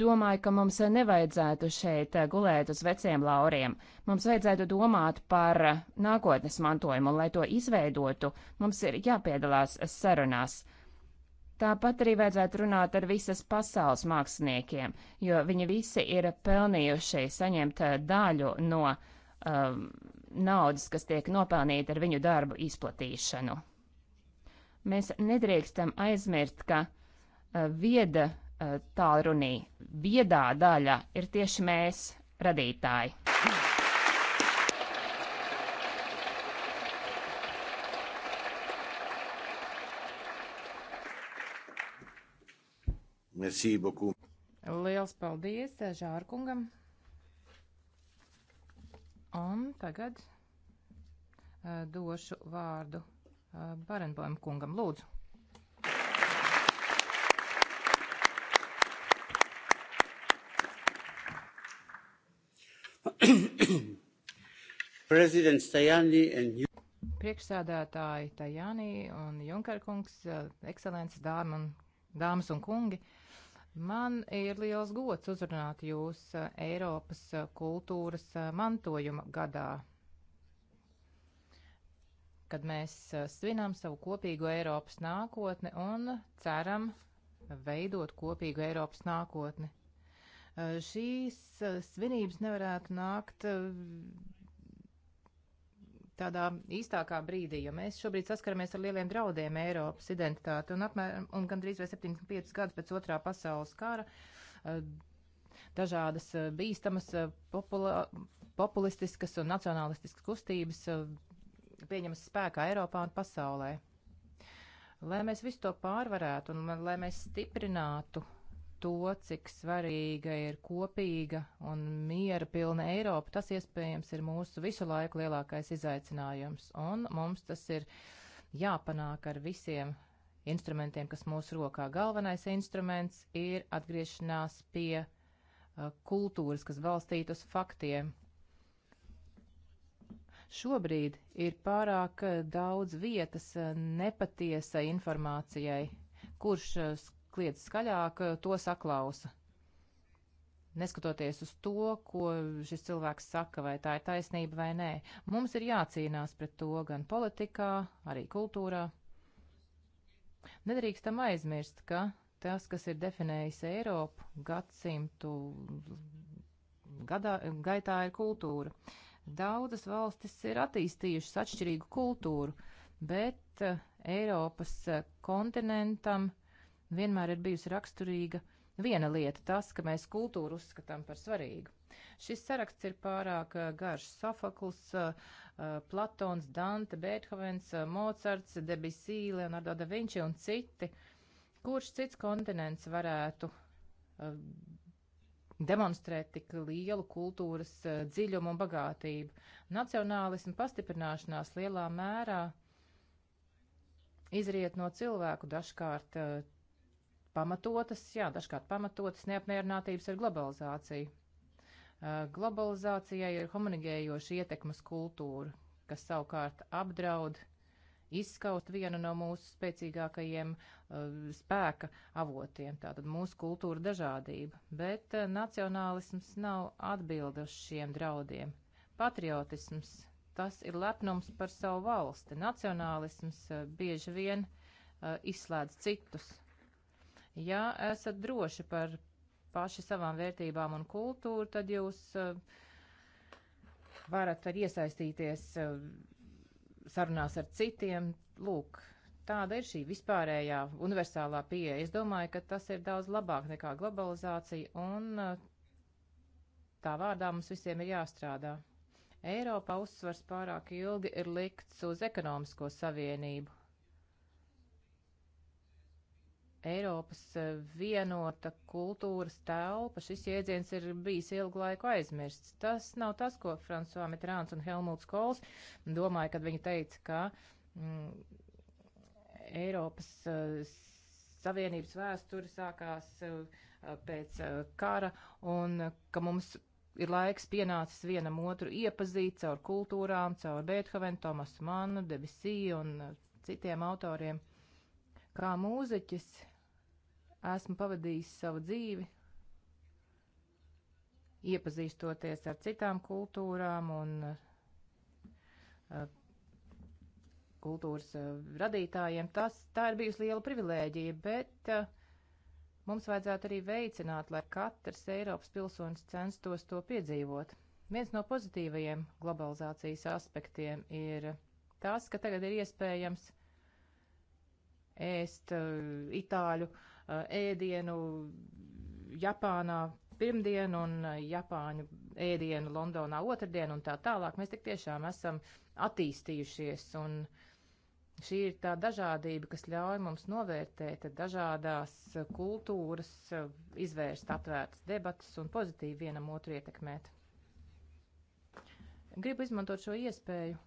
domāju, ka mums nevajadzētu šeit gulēt uz veciem lauriem. Mums vajadzētu domāt par nākotnes mantojumu, un lai to izveidotu, mums ir jāpiedalās sarunās. Tāpat arī vajadzētu runāt ar visas pasaules māksliniekiem, jo viņi visi ir pelnījuši saņemt eh, daļu no um, naudas, kas tiek nopelnīta ar viņu darbu izplatīšanu. Mēs nedrīkstam aizmirst, ka uh, vieda uh, tālrunī, viedā daļa ir tieši mēs, radītāji. Merci beaucoup. Liels paldies eh, Žārkungam. Un tagad uh, došu vārdu uh, Barenboim kungam. Lūdzu. *coughs* Prezidents Tajani and you priekšsēdētāji Tajānī un Junkarkungs, ekscelences dāmas un dāmas un kungi! Man ir liels gods uzrunāt jūs eh, Eiropas eh, kultūras eh, mantojuma gadā, kad mēs svinām savu kopīgo Eiropas nākotni un ceram veidot kopīgu Eiropas nākotni. Šīs svinības nevarētu nākt tādā īstākā brīdī, jo mēs šobrīd saskaramies ar lieliem draudiem Eiropas identitāti un, apmēram, un gandrīz vai 75 gadus pēc otrā pasaules kara eh, dažādas eh, bīstamas eh, popula, populistiskas un nacionalistiskas kustības pieņemas spēkā Eiropā un pasaulē. Lai mēs visu to pārvarētu un lai mēs stiprinātu to, cik svarīga ir kopīga un miera pilna Eiropa, tas iespējams ir mūsu visu laiku lielākais izaicinājums, un mums tas ir jāpanāk ar visiem instrumentiem, kas mūsu rokā. Galvenais instruments ir atgriešanās pie uh, kultūras, kas balstīt uz faktiem. Šobrīd ir pārāk uh, daudz vietas uh, nepatiesai informācijai, kurš uh, kliedz skaļāk, eh, to saklausa. Neskatoties uz to, ko šis cilvēks saka, vai tā ir taisnība vai nē, mums ir jācīnās pret to gan politikā, arī kultūrā. Nedrīkstam aizmirst, ka tas, kas ir definējis Eiropu gadsimtu gadā, gaitā, ir kultūra. Daudzas valstis ir attīstījušas atšķirīgu kultūru, bet eh, Eiropas eh, kontinentam uh, vienmēr ir bijusi raksturīga viena lieta - tas, ka mēs kultūru uzskatām par svarīgu. Šis saraksts ir pārāk eh, garš - Sofokls, eh, eh, Platons, Dante, Beethovens, Mocarts, Debisī, Leonardo da Vinci un citi. Kurš cits kontinents varētu demonstrēt tik lielu kultūras dziļumu un bagātību. Nacionālismu pastiprināšanās lielā mērā izriet no cilvēku dažkārt pamatotas, jā, dažkārt pamatotas neapmierinātības ar globalizāciju. Globalizācijai ir homonigējoša ietekmas kultūra, kas savukārt apdraud izskaust vienu no mūsu spēcīgākajiem uh, spēka avotiem, tātad mūsu kultūra dažādība. Bet uh, nacionālisms nav atbilde uz šiem draudiem. Patriotisms tas ir lepnums par savu valsti. Nacionālisms uh, bieži vien uh, izslēdz citus Ja esat droši par paši savām vērtībām un kultūru, tad jūs eh, varat arī iesaistīties eh, sarunās ar citiem. Lūk, tāda ir šī vispārējā universālā pieeja. Es domāju, ka tas ir daudz labāk nekā globalizācija, un eh, tā vārdā mums visiem ir jāstrādā. Eiropā uzsvars pārāk ilgi ir likts uz ekonomisko savienību, Eiropas e, vienota kultūras telpa, šis jēdziens ir bijis ilgu laiku aizmirsts. Tas nav tas, ko François Mitterāns un Helmuts Kols domāja, kad viņi teica, ka mm, Eiropas uh, Savienības vēsture sākās uh, pēc uh, kara un ka mums ir laiks pienācis vienam otru iepazīt caur kultūrām, caur Beethovenu, Tomasu Mannu, Debisī un citiem autoriem. Kā mūziķis esmu pavadījis savu dzīvi, iepazīstoties ar citām kultūrām un uh, kultūras uh, radītājiem. Tas, tā ir bijusi liela privilēģija, bet uh, mums vajadzētu arī veicināt, lai katrs Eiropas pilsonis censtos to piedzīvot. Viens no pozitīvajiem globalizācijas aspektiem ir tas, ka tagad ir iespējams ēst itāļu uh, Eh, ēdienu Japānā pirmdien un eh, Japāņu ēdienu Londonā otrdien un tā tālāk. Mēs tik tiešām esam attīstījušies un šī ir tā dažādība, kas ļauj mums novērtēt dažādās kultūras, eh, izvērst atvērtas debatas un pozitīvi vienam otru ietekmēt. Gribu izmantot šo iespēju,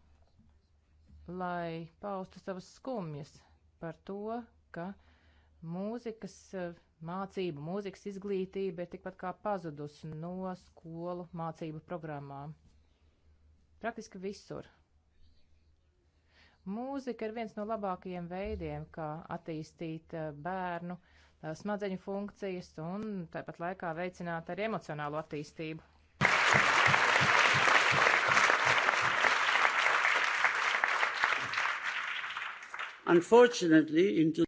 lai paustu savas skumjas par to, ka uh, Mūzikas eh, mācība, mūzikas izglītība ir tikpat kā pazudusi no skolu mācību programmām. Praktiski visur. Mūzika ir viens no labākajiem veidiem, kā attīstīt eh, bērnu eh, smadzeņu funkcijas un tāpat laikā veicināt arī emocionālo attīstību. Unfortunately, into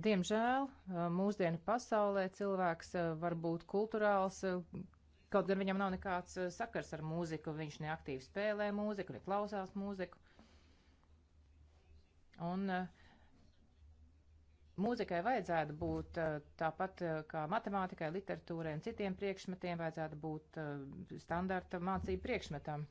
Diemžēl mūsdienu pasaulē cilvēks var būt kulturāls, kaut gan viņam nav nekāds sakars ar mūziku, viņš neaktīvi spēlē mūziku, neklausās mūziku. Un mūzikai vajadzētu būt tāpat kā matemātikai, literatūrai un citiem priekšmetiem, vajadzētu būt standarta mācību priekšmetam.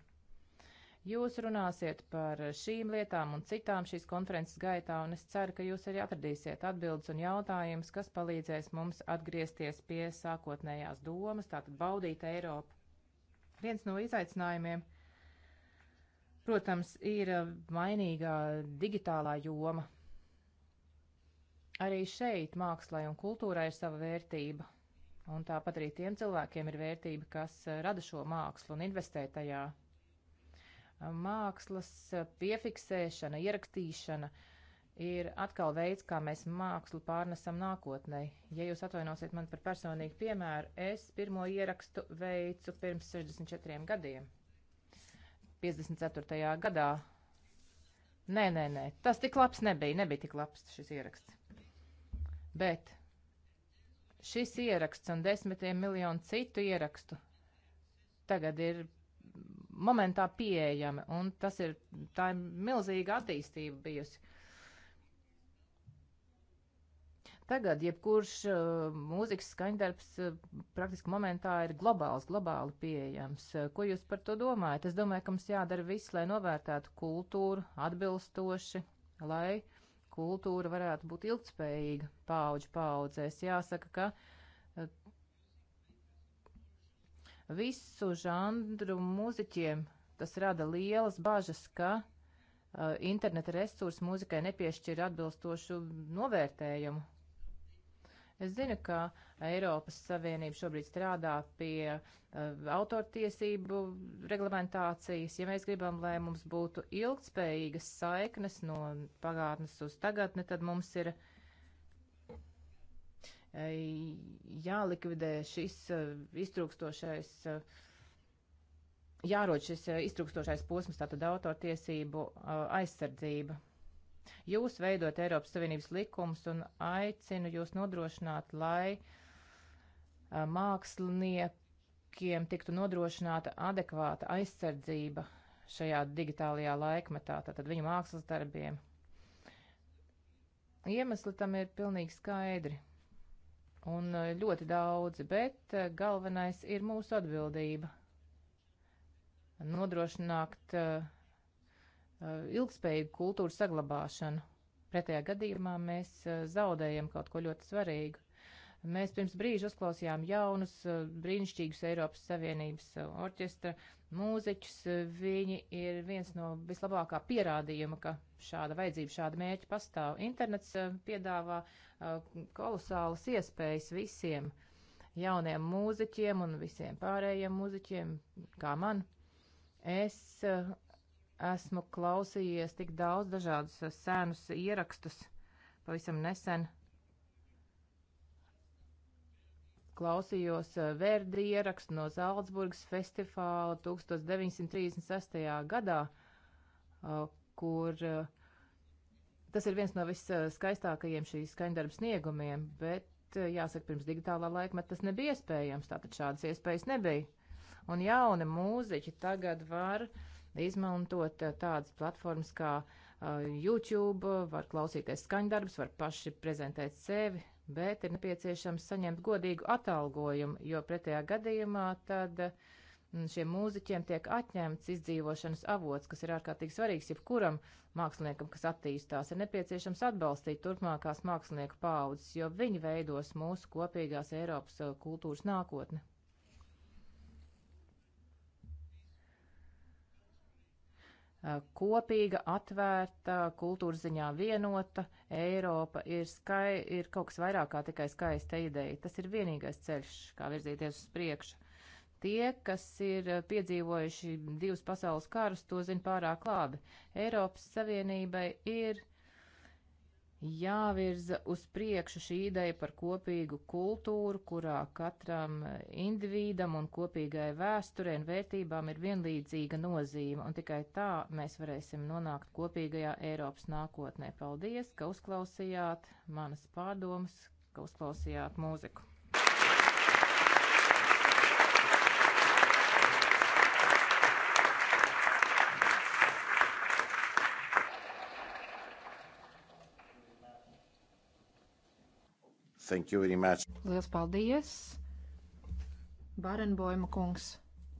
Jūs runāsiet par šīm lietām un citām šīs konferences gaitā, un es ceru, ka jūs arī atradīsiet atbildes un jautājumus, kas palīdzēs mums atgriezties pie sākotnējās domas, tātad baudīt Eiropu. Viens no izaicinājumiem, protams, ir mainīgā digitālā joma. Arī šeit mākslai un kultūrai ir sava vērtība. Un tāpat arī tiem cilvēkiem ir vērtība, kas rada šo mākslu un investē tajā mākslas piefiksēšana, ierakstīšana ir atkal veids, kā mēs mākslu pārnesam nākotnē. Ja jūs atvainosiet man par personīgu piemēru, es pirmo ierakstu veicu pirms 64 gadiem. 54. gadā. Nē, nē, nē, tas tik labs nebija, nebija tik labs šis ieraksts. Bet šis ieraksts un desmitiem miljonu citu ierakstu tagad ir momentā pieejami, un tas ir, tā ir milzīga attīstība bijusi. Tagad jebkurš uh, mūzikas skaņdarbs uh, praktiski momentā ir globāls, globāli pieejams. Uh, ko jūs par to domājat? Es domāju, ka mums jādara viss, lai novērtētu kultūru atbilstoši, lai kultūra varētu būt ilgtspējīga paauģu paudzēs. Jāsaka, ka uh, visu žandru mūziķiem tas rada lielas bažas, ka uh, interneta resursi mūzikai nepiešķir atbilstošu novērtējumu. Es zinu, ka Eiropas Savienība šobrīd strādā pie uh, autortiesību reglamentācijas. Ja mēs gribam, lai mums būtu ilgtspējīgas saiknes no pagātnes uz tagadni, tad mums ir uh, Eh, jālikvidē šis eh, iztrūkstošais, eh, jārod šis iztrūkstošais posms, tātad autortiesību aizsardzība. Jūs veidot Eiropas Savienības likums un aicinu jūs nodrošināt, lai māksliniekiem tiktu nodrošināta adekvāta aizsardzība šajā digitālajā laikmetā, tātad viņu mākslas darbiem. Iemesli tam ir pilnīgi skaidri un eh, ļoti daudzi, bet eh, galvenais ir mūsu atbildība nodrošināt uh, ilgspējīgu kultūru saglabāšanu. Pretējā gadījumā mēs uh, zaudējam kaut ko ļoti svarīgu. Mēs pirms brīža uzklausījām jaunus eh, brīnišķīgus Eiropas Savienības eh, orķestra mūziķus. Eh, viņi ir viens no vislabākā pierādījuma, ka šāda vajadzība, šāda mērķa pastāv. Internets piedāvā kolosālas iespējas visiem jauniem mūziķiem un visiem pārējiem mūziķiem, kā man. Es esmu klausījies tik daudz dažādus senus ierakstus pavisam nesen klausījos eh, Verdi ierakstu no Zaldzburgas festivāla 1936. gadā, eh, kur eh, tas ir viens no visskaistākajiem šīs skaņdarba sniegumiem, bet jāsaka, pirms digitālā laikmeta tas nebija iespējams, tātad šādas iespējas nebija. Un jauni mūziķi tagad var izmantot tādas platformas kā YouTube, var klausīties skaņdarbus, var paši prezentēt sevi, bet ir nepieciešams saņemt godīgu atalgojumu, jo pretējā gadījumā tad mm, šiem mūziķiem tiek atņemts izdzīvošanas avots, kas ir ārkārtīgi svarīgs jebkuram māksliniekam, kas attīstās. Ir nepieciešams atbalstīt turpmākās mākslinieku paudzes, jo viņi veidos mūsu kopīgās Eiropas eh, kultūras nākotni. Eh, kopīga, atvērta, kultūras ziņā vienota Eiropa ir, skai, ir kaut kas vairāk kā tikai skaista ideja. Tas ir vienīgais ceļš, kā virzīties uz priekšu. Tie, kas ir piedzīvojuši divus pasaules karus, to zina pārāk labi. Eiropas Savienībai ir jāvirza uz priekšu šī ideja par kopīgu kultūru, kurā katram individam un kopīgai vēsturē un vērtībām ir vienlīdzīga nozīme, un tikai tā mēs varēsim nonākt kopīgajā Eiropas nākotnē. Paldies, ka uzklausījāt manas pārdomas, ka uzklausījāt mūziku. Thank you very much. Lielas paldies, Barenboima kungs.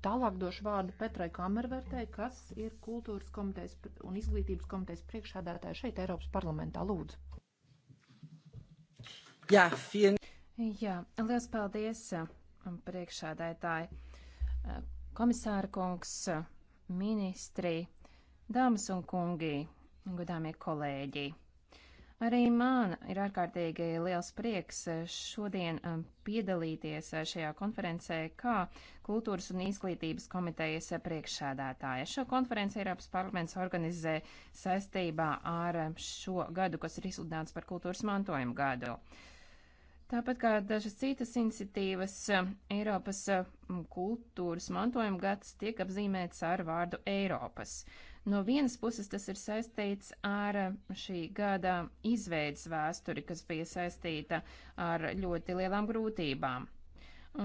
Tālāk došu vārdu Petrai Kamervertei, kas ir kultūras komitejas un izglītības komitejas priekšādātāja šeit Eiropas parlamentā. Lūdzu. Jā, fien... Jā, liels paldies um, priekšādātāji. Uh, komisāra kungs, uh, ministri, dāmas un kungi, godāmie kolēģi. Arī man ir ārkārtīgi liels prieks eh, šodien eh, piedalīties eh, šajā konferencē kā Kultūras un izglītības komitejas priekšsēdētāja. Šo konferenci Eiropas parlaments organizē saistībā ar šo gadu, kas ir izsludināts par kultūras mantojumu gadu. Tāpat kā dažas citas iniciatīvas, Eiropas kultūras mantojuma gads tiek apzīmēts ar vārdu Eiropas. No vienas puses tas ir saistīts ar eh, šī gada izveidas vēsturi, kas bija saistīta ar ļoti lielām grūtībām.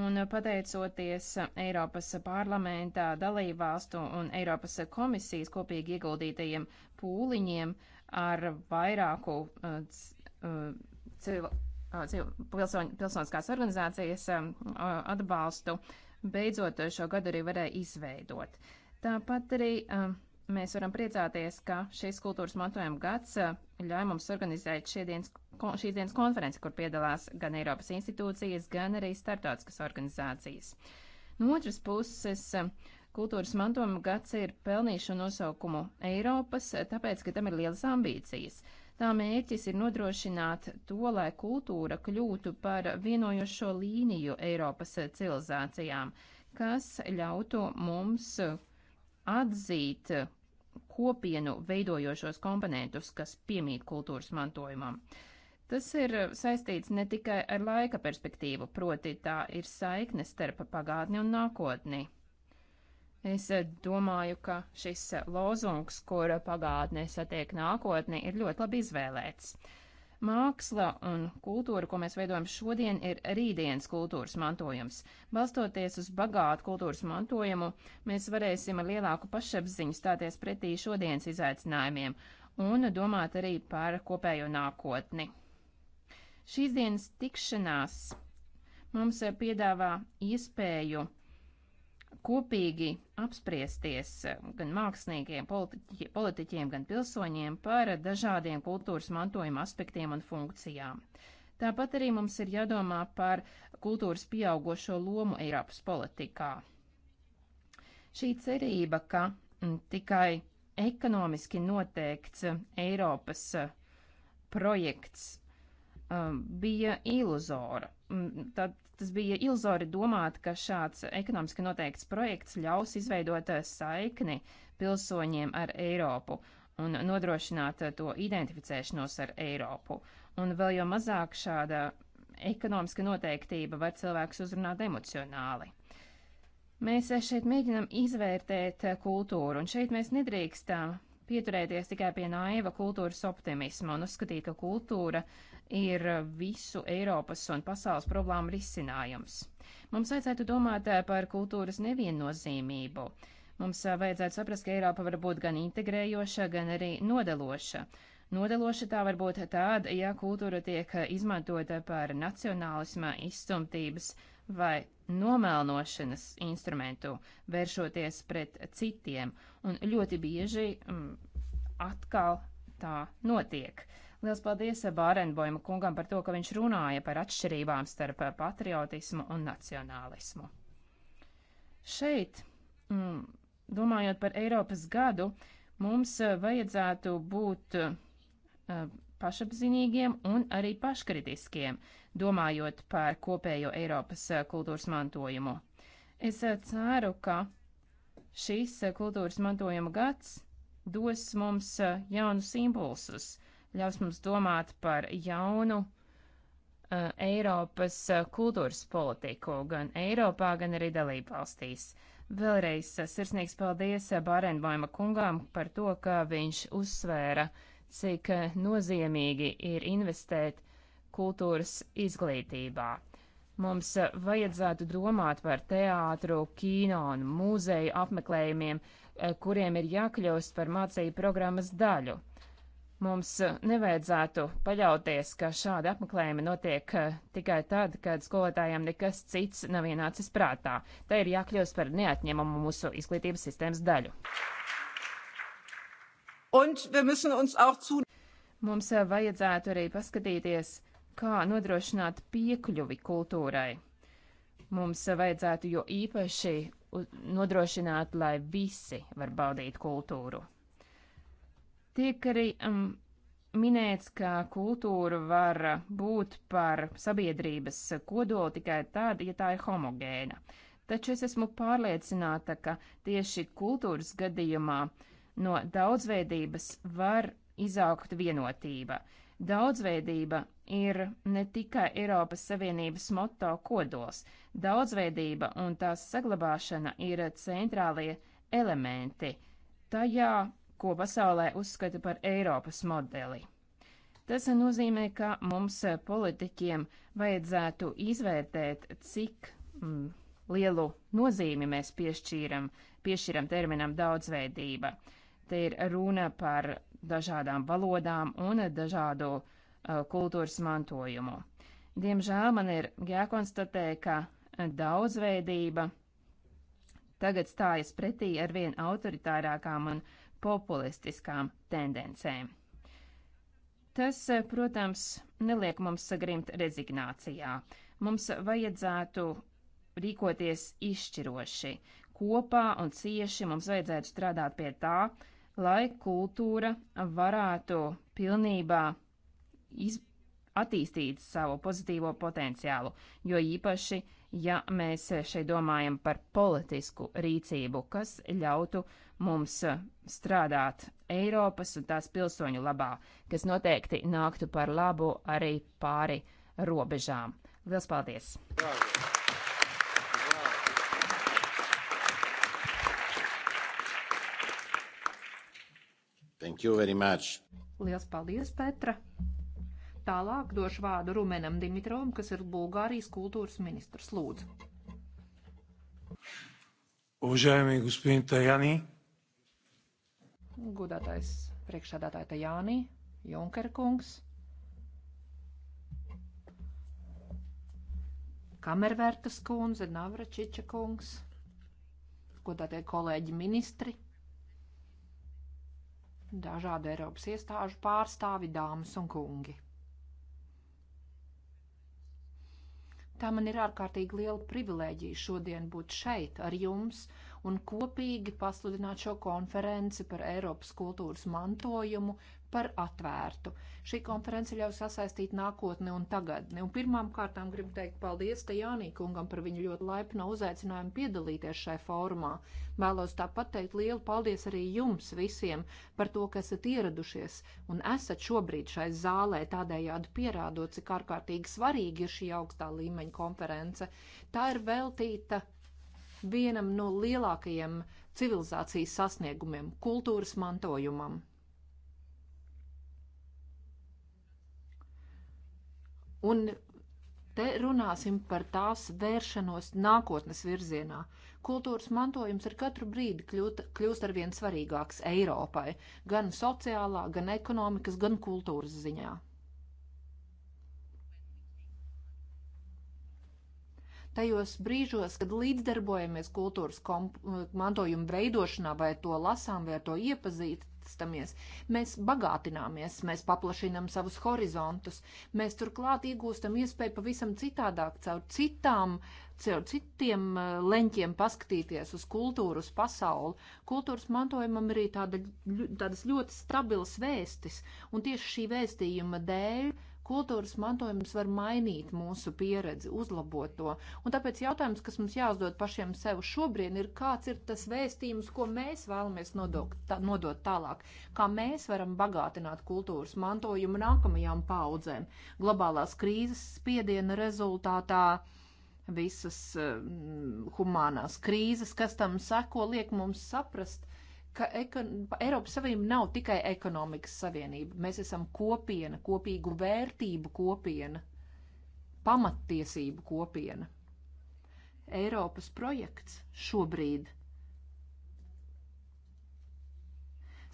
Un pateicoties eh, Eiropas parlamentā dalībvalstu un Eiropas komisijas kopīgi ieguldītajiem pūliņiem ar vairāku eh, civil, civil, pilsoņu, pilsoniskās organizācijas atbalstu, beidzot šo gadu arī varēja izveidot. Tāpat arī uh, Mēs varam priecāties, ka šis kultūras mantojuma gads eh, ļauj mums organizēt dienas, šīs dienas konferenci, kur piedalās gan Eiropas institūcijas, gan arī startautiskas organizācijas. No otras puses, eh, kultūras mantojuma gads ir pelnījuši nosaukumu Eiropas, eh, tāpēc, ka tam ir lielas ambīcijas. Tā mērķis ir nodrošināt to, lai kultūra kļūtu par vienojošo līniju Eiropas civilizācijām, kas ļautu mums atzīt kopienu veidojošos komponentus, kas piemīt kultūras mantojumam. Tas ir eh, saistīts ne tikai ar laika perspektīvu, proti tā ir saikne starp pagātni un nākotni. Es eh, domāju, ka šis eh, lozungs, kur pagātne satiek nākotni, ir ļoti labi izvēlēts. Māksla un kultūra, ko mēs veidojam šodien, ir rītdienas kultūras mantojums. Balstoties uz bagātu kultūras mantojumu, mēs varēsim ar lielāku pašapziņu stāties pretī šodienas izaicinājumiem un domāt arī par kopējo nākotni. Šīs dienas tikšanās mums piedāvā iespēju kopīgi apspriesties gan māksliniekiem, politiķi, politiķiem, gan pilsoņiem par dažādiem kultūras mantojuma aspektiem un funkcijām. Tāpat arī mums ir jādomā par kultūras pieaugošo lomu Eiropas politikā. Šī cerība, ka tikai ekonomiski noteikts Eiropas projekts bija iluzora. Tad Tas bija ilzori domāt, ka šāds ekonomiski noteikts projekts ļaus izveidot eh, saikni pilsoņiem ar Eiropu un nodrošināt eh, to identificēšanos ar Eiropu. Un vēl jau mazāk šāda ekonomiska noteiktība var cilvēks uzrunāt emocionāli. Mēs eh, šeit mēģinam izvērtēt kultūru, un šeit mēs nedrīkstam pieturēties tikai pie naiva kultūras optimisma un uzskatīt, ka kultūra ir visu Eiropas un pasaules problēmu risinājums. Mums vajadzētu domāt eh, par kultūras neviennozīmību. Mums eh, vajadzētu saprast, ka Eiropa var būt gan integrējoša, gan arī nodeloša. Nodeloša tā var būt tāda, ja kultūra tiek eh, izmantota par nacionālisma, izstumtības vai nomēlnošanas instrumentu, vēršoties pret citiem, un ļoti bieži mm, atkal tā notiek. Liels paldies Bārenboima kungam par to, ka viņš runāja par atšķirībām starp patriotismu un nacionālismu. Šeit, mm, domājot par Eiropas gadu, mums vajadzētu būt uh, pašapziņīgiem un arī paškritiskiem domājot par kopējo Eiropas eh, kultūras mantojumu. Es eh, ceru, ka šīs eh, kultūras mantojuma gads dos mums jaunus impulsus, ļaus mums domāt par jaunu uh, Eiropas kultūras politiku gan Eiropā, gan arī dalībvalstīs. Vēlreiz sirsnīgs paldies Bārenbaima kungām par to, ka viņš uzsvēra, cik nozīmīgi ir investēt kultūras izglītībā. Mums eh, vajadzētu domāt par teātru, kino un mūzeju apmeklējumiem, eh, kuriem ir jākļūst par mācību programmas daļu. Mums eh, nevajadzētu paļauties, ka šādi apmeklējumi notiek tikai tad, kad skolotājiem nekas cits nav ienācis prātā. Tā ir jākļūst par neatņemamu mūsu izglītības sistēmas daļu. Zu... Mums vajadzētu arī paskatīties, kā nodrošināt piekļuvi kultūrai. Mums vajadzētu jo īpaši nodrošināt, lai visi var baudīt kultūru. Tiek arī um, minēts, ka kultūra var būt par sabiedrības kodolu tikai tad, ja tā ir homogēna. Taču es esmu pārliecināta, ka tieši kultūras gadījumā no daudzveidības var izaugt vienotība. Daudzveidība ir ne tikai Eiropas Savienības moto kodols, daudzveidība un tās saglabāšana ir centrālie elementi tajā, ko pasaulē uzskata par Eiropas modeli. Tas nozīmē, ka mums eh, politiķiem vajadzētu izvērtēt, cik mm, lielu nozīmi mēs piešķīram, piešķīram terminam daudzveidība. Te ir runa par dažādām valodām un dažādu uh, Uh, kultūras mantojumu. Diemžēl man ir jākonstatē, ka uh, daudzveidība tagad stājas pretī ar vien autoritārākām un populistiskām tendencēm. Tas, uh, protams, neliek mums sagrimt rezignācijā. Mums vajadzētu rīkoties izšķiroši. Kopā un cieši mums vajadzētu strādāt pie tā, lai kultūra varētu pilnībā iz, attīstīt savu pozitīvo potenciālu, jo īpaši, ja mēs šeit domājam par politisku rīcību, kas ļautu mums strādāt Eiropas un tās pilsoņu labā, kas noteikti nāktu par labu arī pāri robežām. Lielas paldies! Bravo. Thank you very much. Lielas paldies, Petra! Tālāk došu vārdu Rumenam Dimitrovam, kas ir Bulgārijas kultūras ministrs. Lūdzu. Уважаеми господин Таяни. Godātais priekšsādātāja Tajāni, Junker kungs. Kamervērtas kundze, Navračiča kungs, godātie kolēģi ministri, dažādu Eiropas iestāžu pārstāvi, dāmas un kungi. Tā man ir ārkārtīgi liela privilēģija šodien būt šeit ar jums un kopīgi pasludināt šo konferenci par Eiropas kultūras mantojumu par atvērtu. Šī konference ļauj sasaistīt nākotni un tagadni. Un pirmām kārtām gribu teikt paldies te Jānīkungam par viņu ļoti laipno uzaicinājumu piedalīties šai fórumā. Vēlos tāpat teikt lielu paldies arī jums visiem par to, ka esat ieradušies un esat šobrīd šai zālē tādējādi pierādot, cik ārkārtīgi svarīgi ir šī augstā līmeņa konference. Tā ir veltīta vienam no lielākajiem civilizācijas sasniegumiem - kultūras mantojumam. Un te runāsim par tās vēršanos nākotnes virzienā. Kultūras mantojums ar katru brīdi kļūt, kļūst arvien svarīgāks Eiropai, gan sociālā, gan ekonomikas, gan kultūras ziņā. tajos brīžos, kad līdzdarbojamies kultūras mantojuma veidošanā, vai to lasām, vai to iepazīstamies, mēs bagātināmies, mēs paplašinām savus horizontus, mēs turklāt iegūstam iespēju pavisam citādāk, caur citām, caur citiem eh, leņķiem paskatīties uz kultūru, uz pasauli. Kultūras mantojumam ir arī tāda, tādas ļoti stabilas vēstis, un tieši šī vēstījuma dēļ Kultūras mantojums var mainīt mūsu pieredzi, uzlabot to. Un tāpēc jautājums, kas mums jāuzdod pašiem sev šobrīd, ir, kāds ir tas vēstījums, ko mēs vēlamies nodot, tā, nodot tālāk, kā mēs varam bagātināt kultūras mantojumu nākamajām paudzēm. Globālās krīzes spiediena rezultātā visas uh, eh, humānās krīzes, kas tam seko, liek mums saprast, ka ekon... Eiropas Savienība nav tikai ekonomikas savienība. Mēs esam kopiena, kopīgu vērtību kopiena, pamattiesību kopiena. Eiropas projekts šobrīd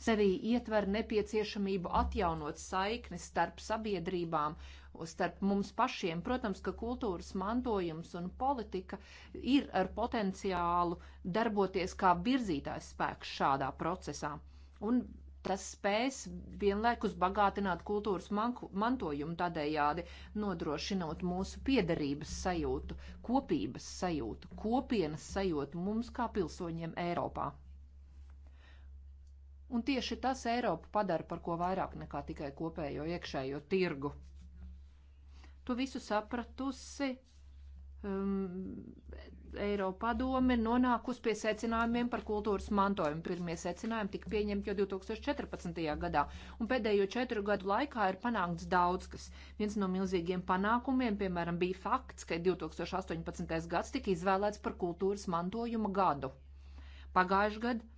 sevī ietver nepieciešamību atjaunot saiknes starp sabiedrībām starp mums pašiem. Protams, ka kultūras mantojums un politika ir ar potenciālu darboties kā virzītājs spēks šādā procesā. Un tas spēs vienlaikus bagātināt kultūras manku, mantojumu, tādējādi nodrošinot mūsu piedarības sajūtu, kopības sajūtu, kopienas sajūtu mums kā pilsoņiem Eiropā. Un tieši tas Eiropu padara par ko vairāk nekā tikai kopējo iekšējo tirgu to visu sapratusi. Um, Eiropa padome ir nonākusi pie secinājumiem par kultūras mantojumu. Pirmie secinājumi tika pieņemti jau 2014. gadā, un pēdējo četru gadu laikā ir panākts daudz kas. Viens no milzīgiem panākumiem, piemēram, bija fakts, ka 2018. gads tika izvēlēts par kultūras mantojuma gadu. Pagājuši gadu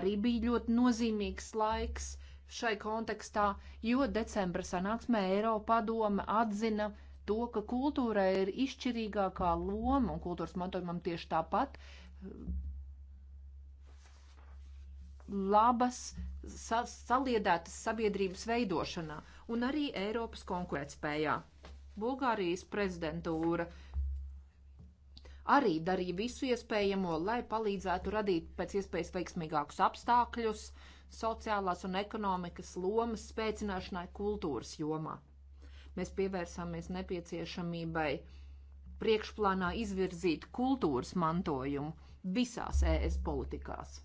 arī bija ļoti nozīmīgs laiks šai kontekstā, jo decembra sanāksmē Eiropadome atzina to, ka kultūra ir izšķirīgākā loma un kultūras mantojumam tieši tāpat labas sa saliedētas sabiedrības veidošanā un arī Eiropas konkurētspējā. Bulgārijas prezidentūra arī darīja visu iespējamo, lai palīdzētu radīt pēc iespējas veiksmīgākus apstākļus uh, sociālās un ekonomikas lomas spēcināšanai kultūras jomā. Mēs pievērsāmies nepieciešamībai priekšplānā izvirzīt kultūras mantojumu visās ES politikās.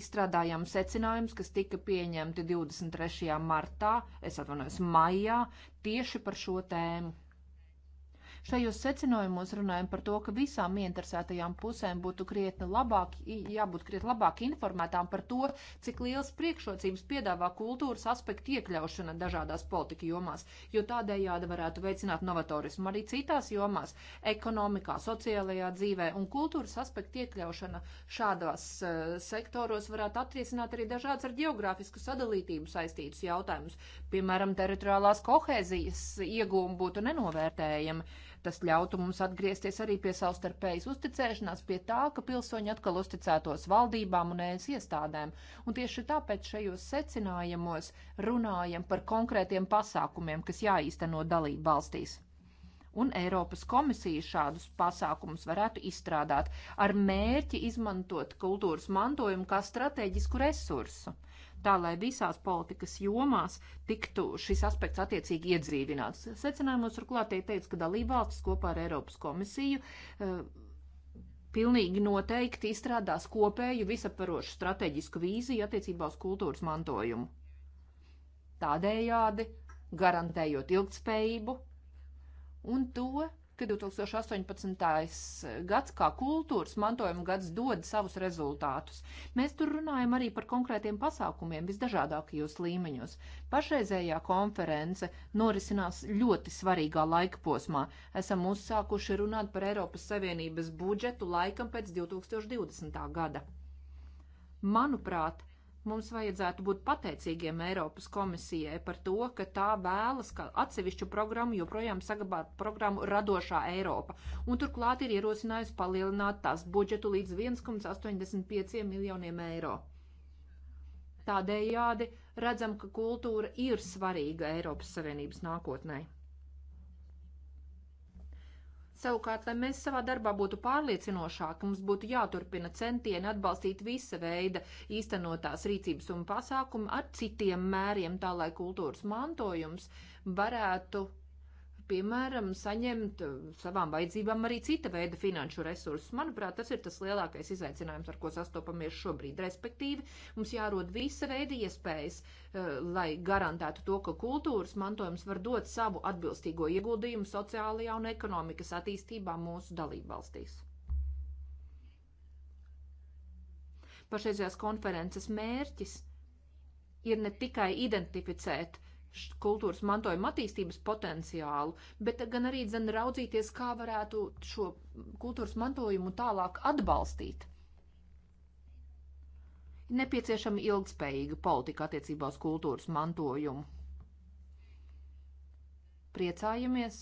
Izstrādājām secinājumus, kas tika pieņemti 23. martā, es atvainojos, maijā, tieši par šo tēmu. Šajos secinojumos runājam par to, ka visām interesētajām pusēm būtu krietni labāk, jābūt krietni labāk informētām par to, cik liels priekšrocības piedāvā kultūras aspektu iekļaušana dažādās politika jomās, jo tādējādi varētu veicināt novatorismu arī citās jomās - ekonomikā, sociālajā dzīvē un kultūras aspektu iekļaušana šādos uh, e, sektoros varētu atriesināt arī dažādas ar geogrāfisku sadalītību saistītus jautājumus. Piemēram, teritoriālās kohēzijas iegūmi būtu nenovērtējami Tas ļautu mums atgriezties arī pie savstarpējas uzticēšanās, pie tā, ka pilsoņi atkal uzticētos valdībām un ēs iestādēm. Un tieši tāpēc šajos secinājumos runājam par konkrētiem pasākumiem, kas jāīsteno dalību valstīs un Eiropas komisija šādus pasākumus varētu izstrādāt ar mērķi izmantot kultūras mantojumu kā strateģisku resursu tā lai visās politikas jomās tiktu šis aspekts attiecīgi iedzīvināts. Secinājumos turklāt tiek teikts, ka dalībvalstis kopā ar Eiropas komisiju e, pilnīgi noteikti izstrādās kopēju visaptvarošu strateģisku vīziju attiecībā uz kultūras mantojumu. Tādējādi garantējot ilgtspējību un to, ka 2018. gads kā kultūras mantojuma gads dod savus rezultātus. Mēs tur runājam arī par konkrētiem pasākumiem visdažādākajos līmeņos. Pašreizējā konference norisinās ļoti svarīgā laika posmā. Esam uzsākuši runāt par Eiropas Savienības budžetu laikam pēc 2020. gada. Manuprāt, Mums vajadzētu būt pateicīgiem Eiropas komisijai par to, ka tā vēlas, ka atsevišķu programmu joprojām saglabāt programmu Radošā Eiropa, un turklāt ir ierosinājusi palielināt tās budžetu līdz 1,85 miljoniem eiro. Tādējādi redzam, ka kultūra ir svarīga Eiropas Savienības nākotnē. Savukārt, lai mēs savā darbā būtu pārliecinošāki, mums būtu jāturpina centieni atbalstīt visa veida īstenotās rīcības un pasākumu ar citiem mēriem, tā lai kultūras mantojums varētu piemēram, saņemt uh, savām vajadzībām arī cita veida finanšu resursus. Manuprāt, tas ir tas lielākais izaicinājums, ar ko sastopamies šobrīd. Respektīvi, mums jārod visa veida iespējas, uh, lai garantētu to, ka kultūras mantojums var dot savu atbilstīgo ieguldījumu sociālajā un ekonomikas attīstībā mūsu dalībvalstīs. Pašreizējās konferences mērķis ir ne tikai identificēt kultūras mantojuma attīstības potenciālu, bet gan arī dzen raudzīties, kā varētu šo kultūras mantojumu tālāk atbalstīt. Nepieciešama ilgspējīga politika attiecībā uz kultūras mantojumu. Priecājamies,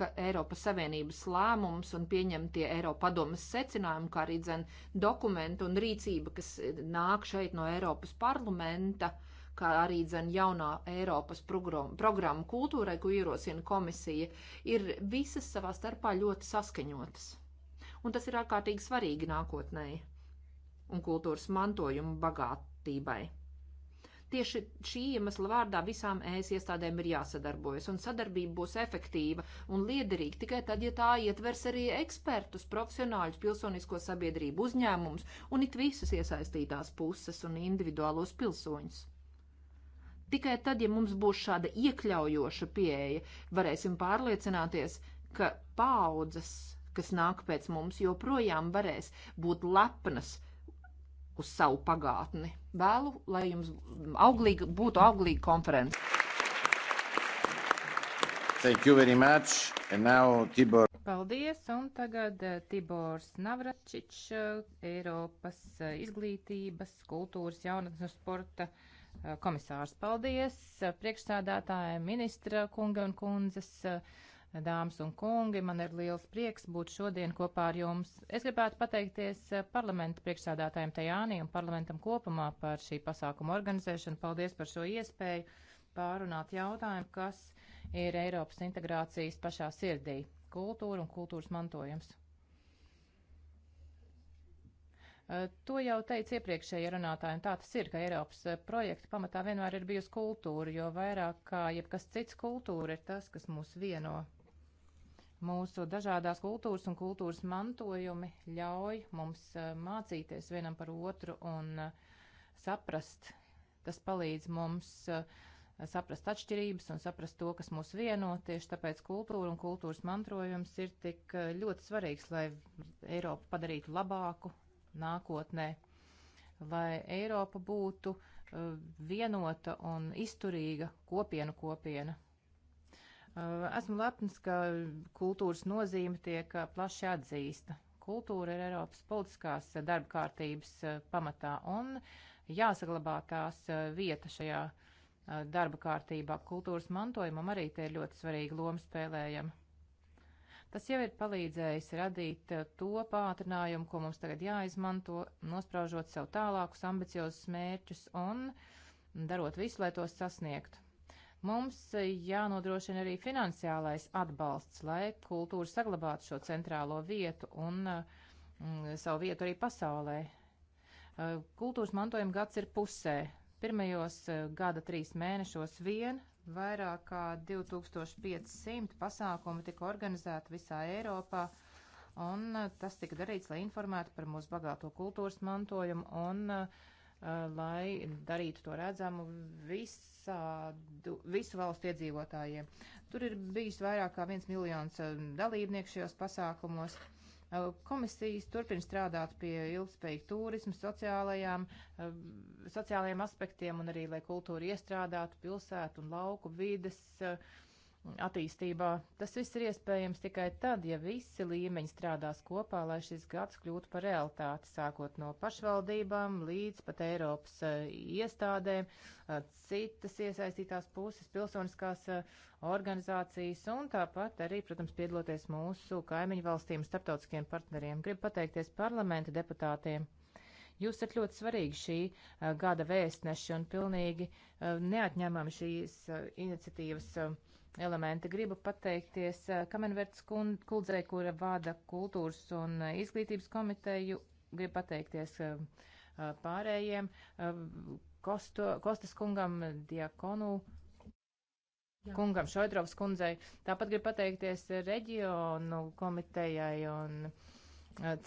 ka Eiropas Savienības lēmums un pieņemtie Eiropa padomas secinājumi, kā arī dzen dokumenti un rīcība, kas e, nāk šeit no Eiropas parlamenta, uh, kā arī dzen jaunā Eiropas programma kultūrai, ko ierosina komisija, ir visas savā starpā ļoti saskaņotas. Un tas ir ārkārtīgi svarīgi nākotnē un kultūras mantojumu bagātībai. Tieši šī iemesla vārdā visām ēs iestādēm ir jāsadarbojas, un sadarbība būs efektīva un liederīga tikai tad, ja tā ietvers arī ekspertus, profesionāļus, pilsonisko sabiedrību uzņēmumus un it visas iesaistītās puses un individuālos pilsoņus. Tikai tad, ja mums būs šāda iekļaujoša pieeja, varēsim pārliecināties, ka paudzes, kas nāk pēc mums, joprojām varēs būt lepnas uz savu pagātni. Vēlu, lai jums auglīga, būtu auglīga konference. Thank you very much. And now Tibor. Paldies, un tagad eh, Tibors Navračičs, eh, Eiropas eh, izglītības, kultūras, jaunatnes un sporta. Uh, komisārs. Paldies priekšsādātājiem, ministra kunga un kundzes, dāmas un kungi. Man ir liels prieks būt šodien kopā ar jums. Es gribētu pateikties parlamenta priekšsādātājiem Tajānī un parlamentam kopumā par šī pasākuma organizēšanu. Paldies par šo iespēju pārunāt jautājumu, kas ir Eiropas integrācijas pašā sirdī - kultūra un kultūras mantojums. Eh, to jau teica iepriekšējie runātāji, un tā tas ir, ka Eiropas eh, projekta pamatā vienmēr ir bijusi kultūra, jo vairāk kā jebkas cits kultūra ir tas, kas mūs vieno. Mūsu dažādās kultūras un kultūras mantojumi ļauj mums eh, mācīties vienam par otru un saprast. Tas palīdz mums saprast atšķirības un saprast to, kas mūs vieno. Tieši tāpēc kultūra un kultūras mantojums ir tik ļoti svarīgs, lai Eiropu padarītu labāku, nākotnē, lai Eiropa būtu e, vienota un izturīga kopienu kopiena. E, esmu lepns, ka kultūras nozīme tiek e, plaši atzīsta. Kultūra ir Eiropas politiskās darba kārtības pamatā un jāsaglabā tās vieta šajā darba kārtībā. Kultūras mantojumam arī te ir ļoti svarīga loma spēlējama. Tas jau ir palīdzējis radīt eh, to pātrinājumu, ko mums tagad jāizmanto, nospraužot sev tālākus ambiciozus mērķus un darot visu, lai tos sasniegtu. Mums eh, jānodrošina arī finansiālais atbalsts, lai kultūra saglabātu šo centrālo vietu un eh, mm, savu vietu arī pasaulē. Kultūras mantojuma gads ir pusē. Pirmajos gada trīs mēnešos vien Vairāk kā 2500 pasākumu tika organizēti visā Eiropā, un uh, tas tika darīts, lai informētu par mūsu bagāto kultūras mantojumu un uh, lai darītu to redzamu visādu, visu valstu iedzīvotājiem. Tur ir bijis vairāk kā viens miljons uh, dalībnieku šajos pasākumos. Uh, Eh, komisijas turpina strādāt pie ilgspējīga turisma, sociālajām, eh, sociālajiem aspektiem un arī, lai kultūra iestrādātu pilsētu un lauku vides uh, attīstībā. Tas viss ir iespējams tikai tad, ja visi līmeņi strādās kopā, lai šis gads kļūtu par realitāti, sākot no pašvaldībām līdz pat Eiropas uh, iestādēm, uh, citas iesaistītās puses, pilsoniskās uh, organizācijas un tāpat arī, protams, piedaloties mūsu kaimiņu valstīm, starptautiskiem partneriem. Gribu pateikties parlamenta deputātiem. Jūs esat ļoti svarīgi šī gada vēstneši un pilnīgi neatņemami šīs iniciatīvas uh, elementi. Gribu pateikties eh, Kamenverts kundzei, kura vada kultūras un eh, izglītības komiteju. Gribu pateikties eh, pārējiem Kosto, Kostas kungam, Diakonu kungam, Šoidrovs kundzei. Tāpat gribu pateikties reģionu komitejai un uh,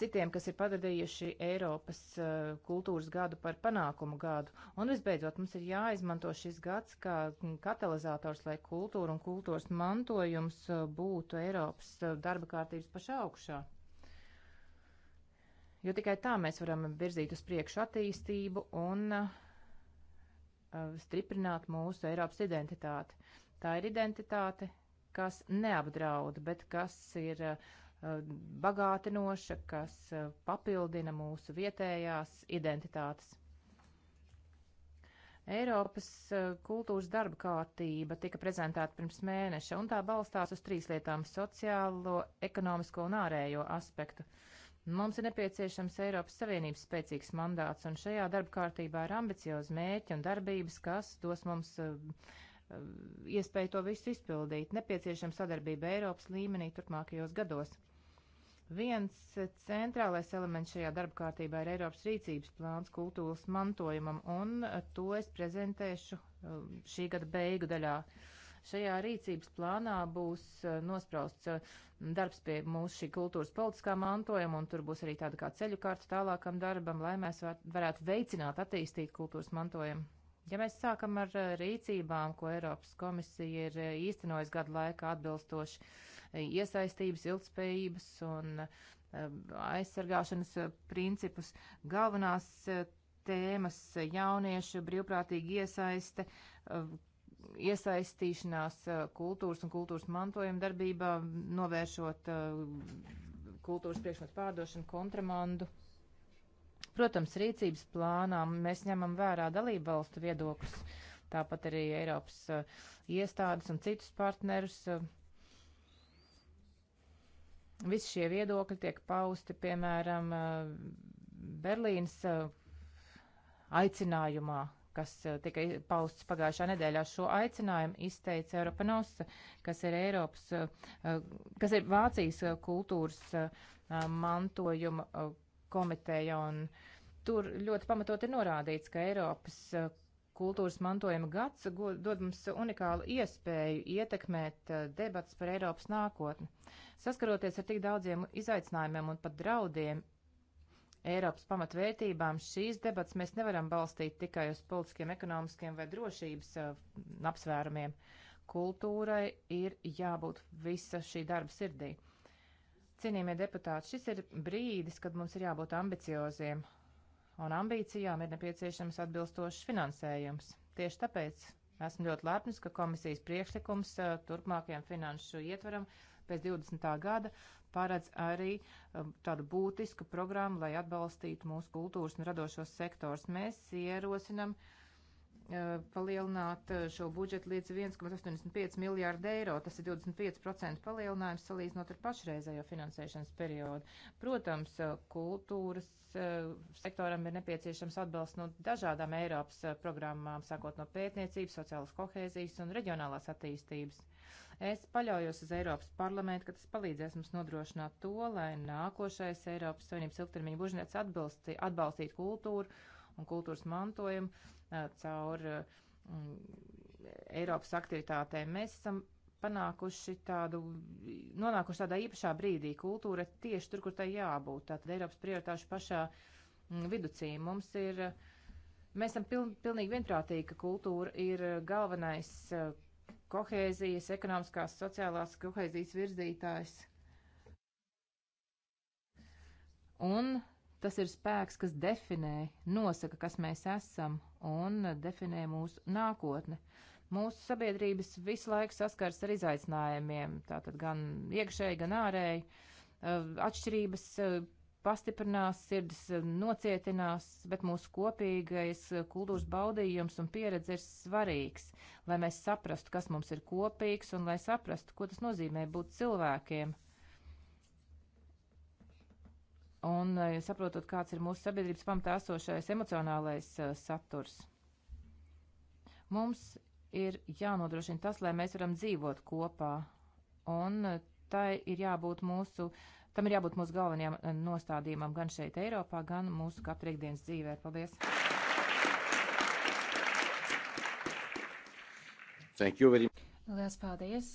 citiem, kas ir padarījuši Eiropas kultūras gadu par panākumu gadu. Un visbeidzot, mums ir jāizmanto šis gads kā katalizators, lai kultūra un kultūras mantojums būtu Eiropas darba kārtības pašā augšā. Jo tikai tā mēs varam virzīt uz priekšu attīstību un stiprināt mūsu Eiropas identitāti. Tā ir identitāte, kas neapdraud, bet kas ir uh, Eh, bagātinoša, kas eh, papildina mūsu vietējās identitātes. Eiropas eh, kultūras darba kārtība tika prezentēta pirms mēneša, un tā balstās uz trīs lietām - sociālo, ekonomisko un ārējo aspektu. Mums ir nepieciešams Eiropas Savienības spēcīgs mandāts, un šajā darba kārtībā ir ambiciozi mērķi un darbības, kas dos mums uh, iespēju to visu izpildīt. Nepieciešama sadarbība Eiropas līmenī turpmākajos gados. Viens centrālais elements šajā darba kārtībā ir Eiropas rīcības plāns kultūras mantojumam, un to es prezentēšu um, šī gada beigu daļā. Šajā rīcības plānā būs uh, nosprausts uh, darbs pie mūsu šī kultūras politiskā mantojuma, un tur būs arī tāda kā ceļu kārta tālākam darbam, lai mēs varētu veicināt attīstīt kultūras mantojumu. Ja mēs sākam ar eh, rīcībām, ko Eiropas komisija ir eh, īstenojis gadu laikā atbilstoši eh, iesaistības, ilgspējības un aizsargāšanas principus, galvenās tēmas jauniešu brīvprātīgi iesaiste, iesaistīšanās kultūras un kultūras mantojuma darbībā, novēršot kultūras priekšmetu pārdošanu, kontramandu Protams, rīcības plānā mēs ņemam vērā dalību valstu viedokļus, tāpat arī Eiropas uh, iestādes un citus partnerus. Uh, Visi šie viedokļi tiek pausti, piemēram, eh, Berlīnas aicinājumā, kas tika pausts pagājušā nedēļā. Šo aicinājumu izteica Eiropa Nosa, kas ir Eiropas, kas ir Vācijas kultūras mantojuma komiteja, un tur ļoti pamatot ir norādīts, ka Eiropas eh, kultūras mantojuma gads dod mums unikālu iespēju ietekmēt eh, debats par Eiropas nākotni. Saskaroties ar tik daudziem izaicinājumiem un pat draudiem Eiropas pamatvērtībām, šīs debats mēs nevaram balstīt tikai uz politiskiem, ekonomiskiem vai drošības eh, apsvērumiem. Kultūrai ir jābūt visa šī darba sirdī. Cienījamie deputāti, šis ir brīdis, kad mums ir jābūt ambicioziem, un ambīcijām ir nepieciešams atbilstošs finansējums. Tieši tāpēc esmu ļoti lepns, ka komisijas priekšlikums eh, turpmākajam finanšu ietveram pēc 20. gada paredz arī eh, tādu būtisku programmu, lai atbalstītu mūsu kultūras un radošos sektors. Mēs ierosinam uh, Eh, palielināt eh, šo budžetu līdz 1,85 miljārdu eiro. Tas ir 25% palielinājums salīdzinot ar pašreizējo finansēšanas periodu. Protams, eh, kultūras sektoram ir nepieciešams atbalsts no dažādām Eiropas programmām, sākot no pētniecības, sociālas kohēzijas un reģionālās attīstības. Es paļaujos uz Eiropas parlamentu, ka tas palīdzēs mums nodrošināt to, lai nākošais Eiropas Savienības ilgtermiņa budžets atbalstītu kultūru un kultūras mantojumu caur Eiropas aktivitātēm. Mēs esam panākuši tādu, nonākuši tādā īpašā brīdī. Kultūra tieši tur, kur tai jābūt. Tātad Eiropas prioritāšu pašā viducī mums ir. Mēs esam piln, pilnīgi vienprātīgi, ka kultūra ir galvenais kohēzijas, ekonomiskās, sociālās kohēzijas virzītājs. Un Tas ir spēks, kas definē, nosaka, kas mēs esam un definē mūsu nākotni. Mūsu sabiedrības visu laiku saskars ar izaicinājumiem, tātad gan iekšēji, gan ārēji. Atšķirības e, pastiprinās, sirds e, nocietinās, bet mūsu kopīgais e, kultūras baudījums un pieredze ir svarīgs, lai mēs saprastu, kas mums ir kopīgs un lai saprastu, ko tas nozīmē būt cilvēkiem un eh, saprotot, kāds ir mūsu sabiedrības pamatā esošais emocionālais uh, saturs. Mums ir jānodrošina tas, lai mēs varam dzīvot kopā, un uh, tai ir jābūt mūsu, tam ir jābūt mūsu galvenajām nostādījumam gan šeit Eiropā, gan mūsu katru ikdienas dzīvē. Paldies! Thank you very much. Lielas paldies,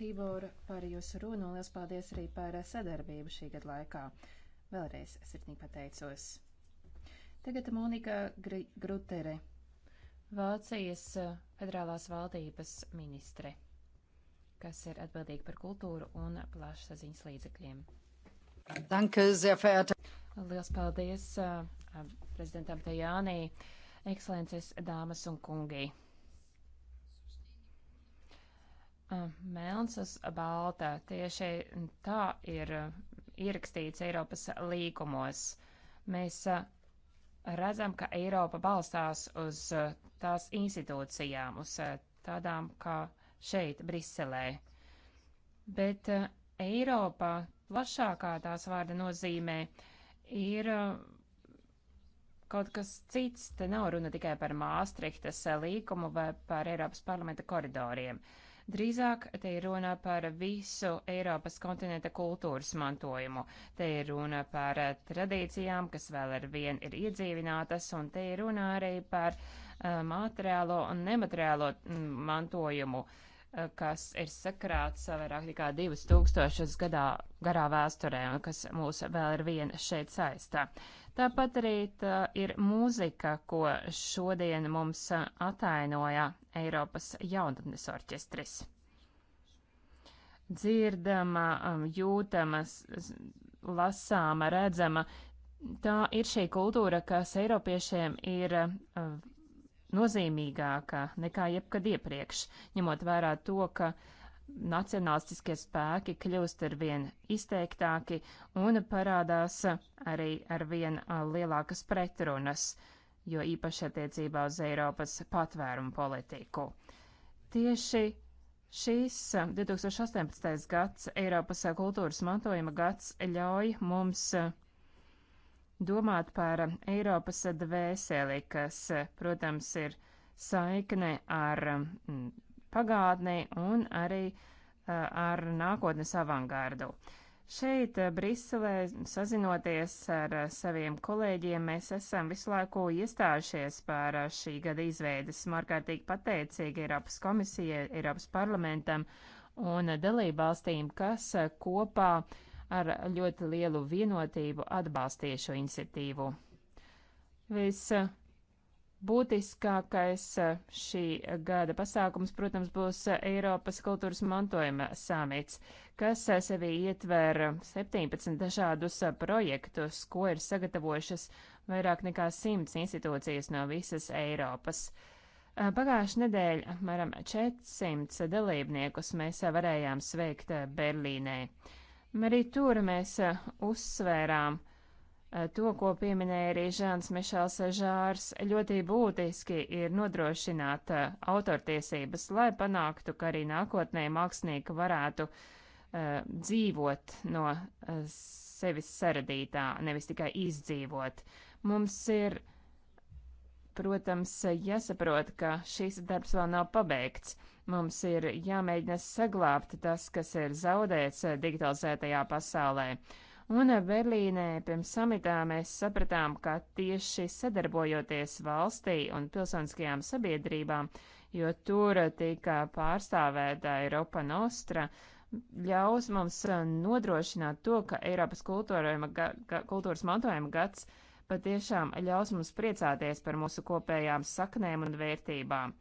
Tībor, par jūsu runu, un lielas paldies arī par sadarbību šī gada laikā. Vēlreiz sirsnīgi pateicos. Tagad Monika Gr Grutere, Vācijas eh, federālās valdības ministre, kas ir atbildīga par kultūru un plašsaziņas līdzekļiem. Danke, sehr verehrte. Liels paldies uh, prezidentam Tajānī, ekscelences dāmas un kungi. Uh, eh, melns uz balta, tieši tā ir ierakstīts Eiropas līgumos. Mēs redzam, ka Eiropa balstās uz tās institūcijām, uz tādām kā šeit, Briselē. Bet Eiropa plašākā tās vārda nozīmē ir kaut kas cits. Te nav runa tikai par Māstrihtas līkumu vai par Eiropas parlamenta koridoriem. Uh, Drīzāk te ir runa par visu Eiropas kontinenta kultūras mantojumu. Te ir runa par eh, tradīcijām, kas vēl ar vien ir iedzīvinātas, un te ir runa arī par eh, materiālo un nemateriālo mm, mantojumu. Uh, Eh, kas ir sakrāts eh, vairāk nekā 2000 gadā garā vēsturē un kas mūs vēl ir vien šeit saistā. Tāpat arī tā ir mūzika, ko šodien mums eh, atainoja Eiropas jaunatnes orķestris. Dzirdama, um, jūtama, lasāma, redzama, tā ir šī kultūra, kas Eiropiešiem ir nozīmīgāka nekā jebkad iepriekš, ņemot vērā to, ka nacionālistiskie spēki kļūst ar vien izteiktāki un parādās arī ar vien lielākas pretrunas, jo īpaši attiecībā uz Eiropas patvērumu politiku. Tieši Šīs 2018. gads, Eiropas kultūras mantojuma gads, ļauj mums domāt par Eiropas dvēseli, kas, protams, ir saikne ar mm, pagātni un arī ar nākotnes avangardu. Šeit, Briselē, sazinoties ar saviem kolēģiem, mēs esam visu laiku iestājušies par šī gada izveidas. Esmu ārkārtīgi pateicīgi Eiropas komisijai, Eiropas parlamentam un dalībvalstīm, kas kopā uh, ar ļoti lielu vienotību atbalstīja šo iniciatīvu. Visbūtiskākais eh, eh, šī gada pasākums, protams, būs eh, Eiropas kultūras mantojuma samits, kas sevī ietver 17 dažādus projektus, ko ir sagatavojušas vairāk nekā 100 institūcijas no visas Eiropas. Pagājušā nedēļa apmēram 400 dalībniekus mēs varējām sveikt Berlīnē. Arī tur mēs eh, uzsvērām eh, to, ko pieminēja arī Žāns Mišels Žārs. Ļoti būtiski ir nodrošināt eh, autortiesības, lai panāktu, ka arī nākotnē mākslinieki varētu uh, dzīvot no uh, sevis saradītā, nevis tikai izdzīvot. Mums ir, protams, jāsaprot, ka šīs darbs vēl nav pabeigts. Mums ir jāmēģina saglābt tas, kas ir zaudēts eh, digitalizētajā pasaulē. Un eh, Berlīnē pirms samitā mēs sapratām, ka tieši sadarbojoties valstī un pilsoniskajām sabiedrībām, jo tur tika pārstāvēta Eiropa Nostra, ļaus mums eh, nodrošināt to, ka Eiropas ga, ga, kultūras mantojuma gads patiešām ļaus mums priecāties par mūsu kopējām saknēm un vērtībām.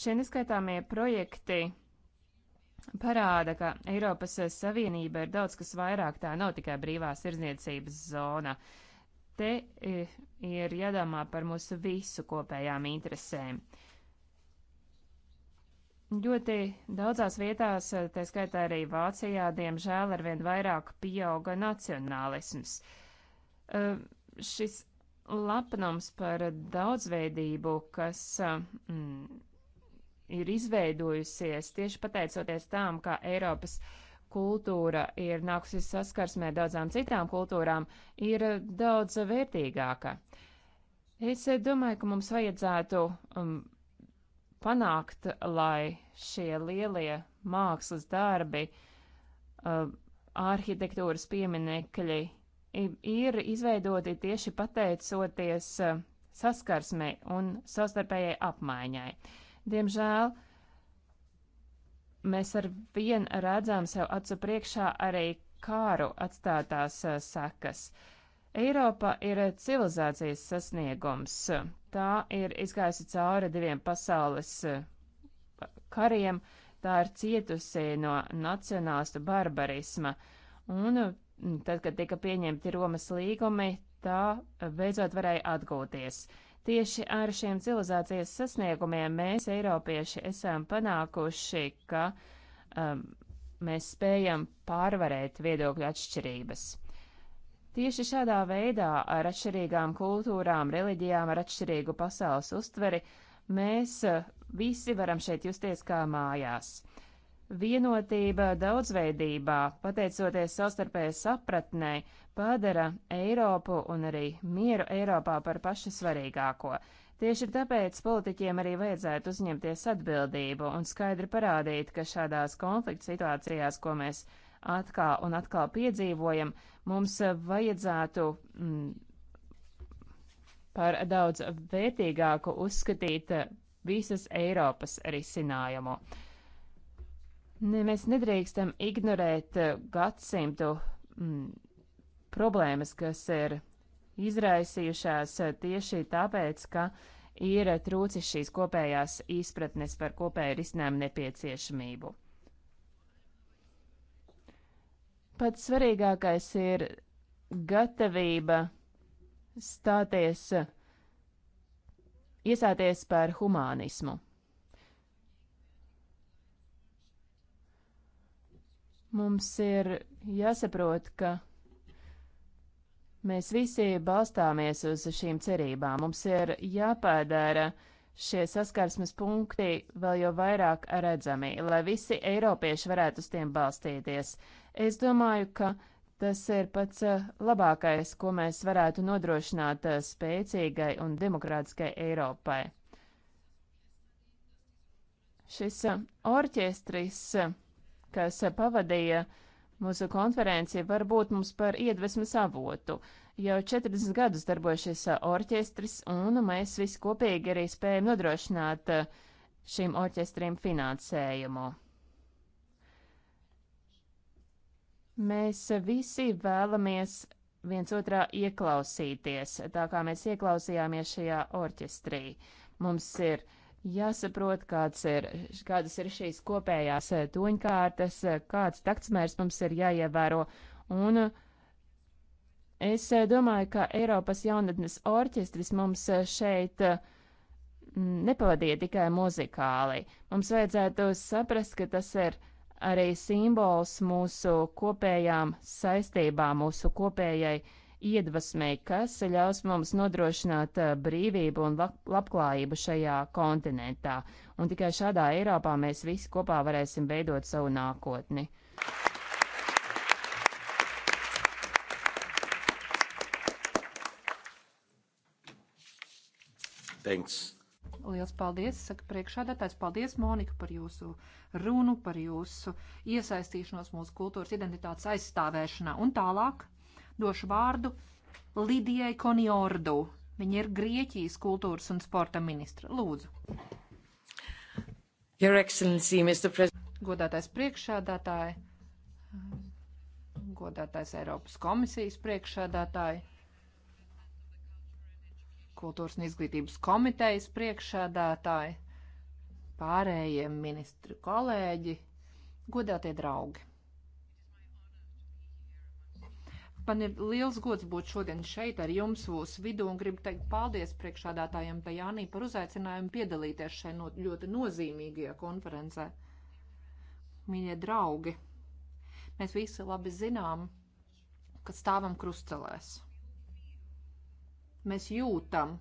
Šie neskaitāmie projekti parāda, ka Eiropas Savienība ir daudz kas vairāk, tā nav tikai brīvā sirdzniecības zona. Te eh, ir jādomā par mūsu visu kopējām interesēm. Ļoti daudzās vietās, eh, tā skaitā arī Vācijā, diemžēl arvien vairāk pieauga nacionālisms. Eh, šis lepnums par daudzveidību, kas mm, ir izveidojusies tieši pateicoties tām, kā Eiropas kultūra ir nākusi saskarsmē daudzām citām kultūrām, ir daudz vērtīgāka. Es domāju, ka mums vajadzētu um, panākt, lai šie lielie mākslas darbi, um, arhitektūras pieminekļi ir izveidoti tieši pateicoties uh, saskarsmei un savstarpējai apmaiņai. Diemžēl mēs ar vien redzam sev acu priekšā arī kāru atstātās eh, sekas. Eiropa ir civilizācijas sasniegums. Tā ir izgājusi cauri diviem pasaules eh, kariem, tā ir cietusi no nacionālistu barbarisma, un mm, tad, kad tika pieņemti Romas līgumi, tā beidzot varēja atgūties. Tieši ar šiem civilizācijas sasniegumiem mēs, Eiropieši, esam panākuši, ka um, mēs spējam pārvarēt viedokļu atšķirības. Tieši šādā veidā, ar atšķirīgām kultūrām, reliģijām, ar atšķirīgu pasaules uztveri, mēs uh, visi varam šeit justies kā mājās. Vienotība daudzveidībā, pateicoties savstarpēji sapratnei, padara Eiropu un arī mieru Eiropā par pašu svarīgāko. Tieši tāpēc politiķiem arī vajadzētu uzņemties atbildību un skaidri parādīt, ka šādās konflikta situācijās, ko mēs atkal un atkal piedzīvojam, mums vajadzētu mm, par daudz vērtīgāku uzskatīt visas Eiropas risinājumu. Ne, mēs nedrīkstam ignorēt eh, gadsimtu mm, problēmas, kas ir izraisījušās tieši tāpēc, ka ir trūcis šīs kopējās izpratnes par kopēju risinājumu nepieciešamību. Pats svarīgākais ir gatavība stāties, iestāties par humānismu. Mums ir jāsaprot, ka Mēs visi balstāmies uz šīm cerībām. Mums ir jāpādara šie saskarsmes punkti vēl jau vairāk redzami, lai visi eiropieši varētu uz tiem balstīties. Es domāju, ka tas ir pats eh, labākais, ko mēs varētu nodrošināt eh, spēcīgai un demokrātiskai Eiropai. Šis eh, orķestris, kas pavadīja uh, mūsu konferenci var būt mums par iedvesmas avotu. Jau 40 gadus darbojušies orķestris, un mēs visi kopīgi arī spējam nodrošināt eh, šīm orķestriem finansējumu. Mēs visi vēlamies viens otrā ieklausīties, tā kā mēs ieklausījāmies šajā orķestrī. Mums ir uh, Jāsaprot, kāds ir, kādas ir šīs kopējās eh, toņkārtas, eh, kāds taktsmērs mums ir jāievēro. Un eh, es domāju, ka Eiropas jaunatnes orķestris mums šeit nepavadīja tikai muzikāli. Mums vajadzētu saprast, ka tas ir arī simbols mūsu kopējām saistībām, mūsu kopējai uh, iedvesmei, kas ļaus mums nodrošināt eh, brīvību un labklājību šajā kontinentā. Un tikai šādā Eiropā mēs visi kopā varēsim veidot savu nākotni. Thanks. Liels paldies, saka priekšādātājs. Paldies, Monika, par jūsu runu, par jūsu iesaistīšanos mūsu kultūras identitātes aizstāvēšanā. Un tālāk došu vārdu Lidijai Koniordu. Viņa ir Grieķijas kultūras un sporta ministra. Lūdzu. Your Excellency, Mr. President. Godātais priekšsādātāji, godātais Eiropas komisijas priekšsādātāji, kultūras un izglītības komitejas priekšsādātāji, pārējie ministri kolēģi, godātie draugi. Man ir liels gods būt šodien šeit ar jums mūsu vidū un gribu teikt paldies priekšādātājiem Tajānī par uzaicinājumu piedalīties šai no, ļoti nozīmīgajā konferencē. Mīļie draugi, mēs visi labi zinām, ka stāvam krustcelēs. Mēs jūtam,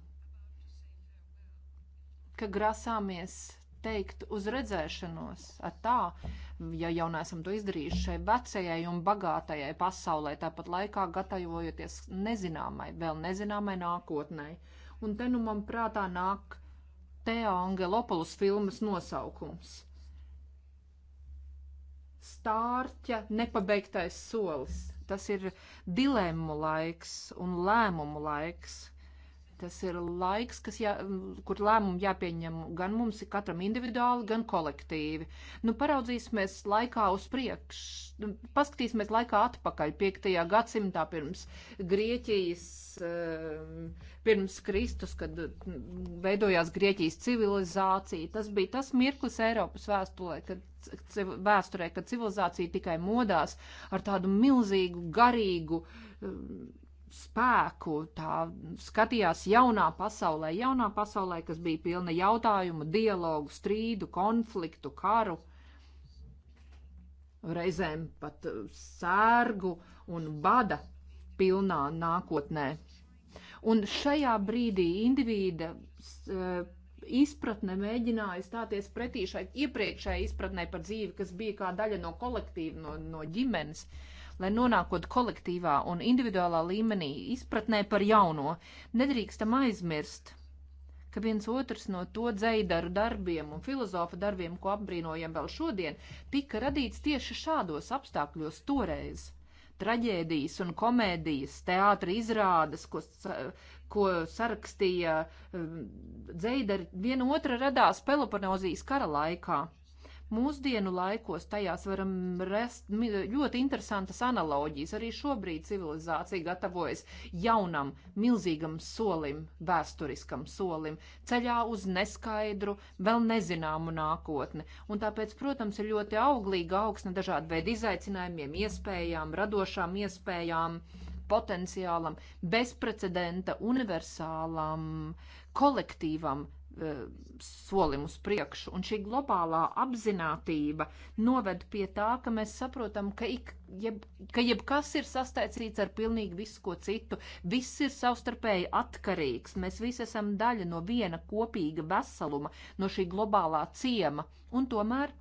ka grasāmies teikt uz redzēšanos ar tā, ja jau neesam to izdarījuši šai vecajai un bagātajai pasaulē, tāpat laikā gatavojoties nezināmai, vēl nezināmai nākotnē. Un te nu man prātā nāk Teo Angelopoulos filmas nosaukums. Stārķa nepabeigtais solis. Tas ir dilemmu laiks un lēmumu laiks Tas ir laiks, kas jā, kur lēmumu jāpieņem gan mums, katram individuāli, gan kolektīvi. Nu, paraudzīsimies laikā uz priekšu, nu, paskatīsimies laikā atpakaļ 5. gadsimtā pirms Grieķijas, ehm, pirms Kristus, kad veidojās Grieķijas civilizācija. Tas bija tas mirklis Eiropas vēstulē, kad vēsturē, kad civilizācija tikai modās ar tādu milzīgu, garīgu ehm, spēku, tā skatījās jaunā pasaulē, jaunā pasaulē, kas bija pilna jautājumu, dialogu, strīdu, konfliktu, karu, reizēm pat uh, sērgu un bada pilnā nākotnē. Un šajā brīdī indivīda uh, izpratne mēģināja stāties pretī šai iepriekšējai izpratnē par dzīvi, kas bija kā daļa no kolektīva, no, no ģimenes. Uh, lai nonākot kolektīvā un individuālā līmenī izpratnē par jauno, nedrīkstam aizmirst, ka viens otrs no to dzeidaru darbiem un filozofa darbiem, ko apbrīnojam vēl šodien, tika radīts tieši šādos apstākļos toreiz. Traģēdijas un komēdijas, teātri izrādes, ko, ko sarakstīja um, dzeidari, viena otra radās Peloponēzijas kara laikā Mūsdienu laikos tajās varam rast ļoti interesantas analoģijas. Arī šobrīd civilizācija gatavojas jaunam, milzīgam solim, vēsturiskam solim, ceļā uz neskaidru, vēl nezināmu nākotni. Un tāpēc, protams, ir ļoti auglīga augsne dažādu veidu izaicinājumiem, iespējām, radošām iespējām potenciālam, bezprecedenta, universālam, kolektīvam Eh, solim uz priekšu. Un šī globālā apziņotība noved pie tā, ka mēs saprotam, ka, ik, jeb, ka jebkas ir sastaicīts ar pilnīgi visu ko citu. Viss ir savstarpēji atkarīgs. Mēs visi esam daļa no viena kopīga veseluma, no šī globālā ciema. Un tomēr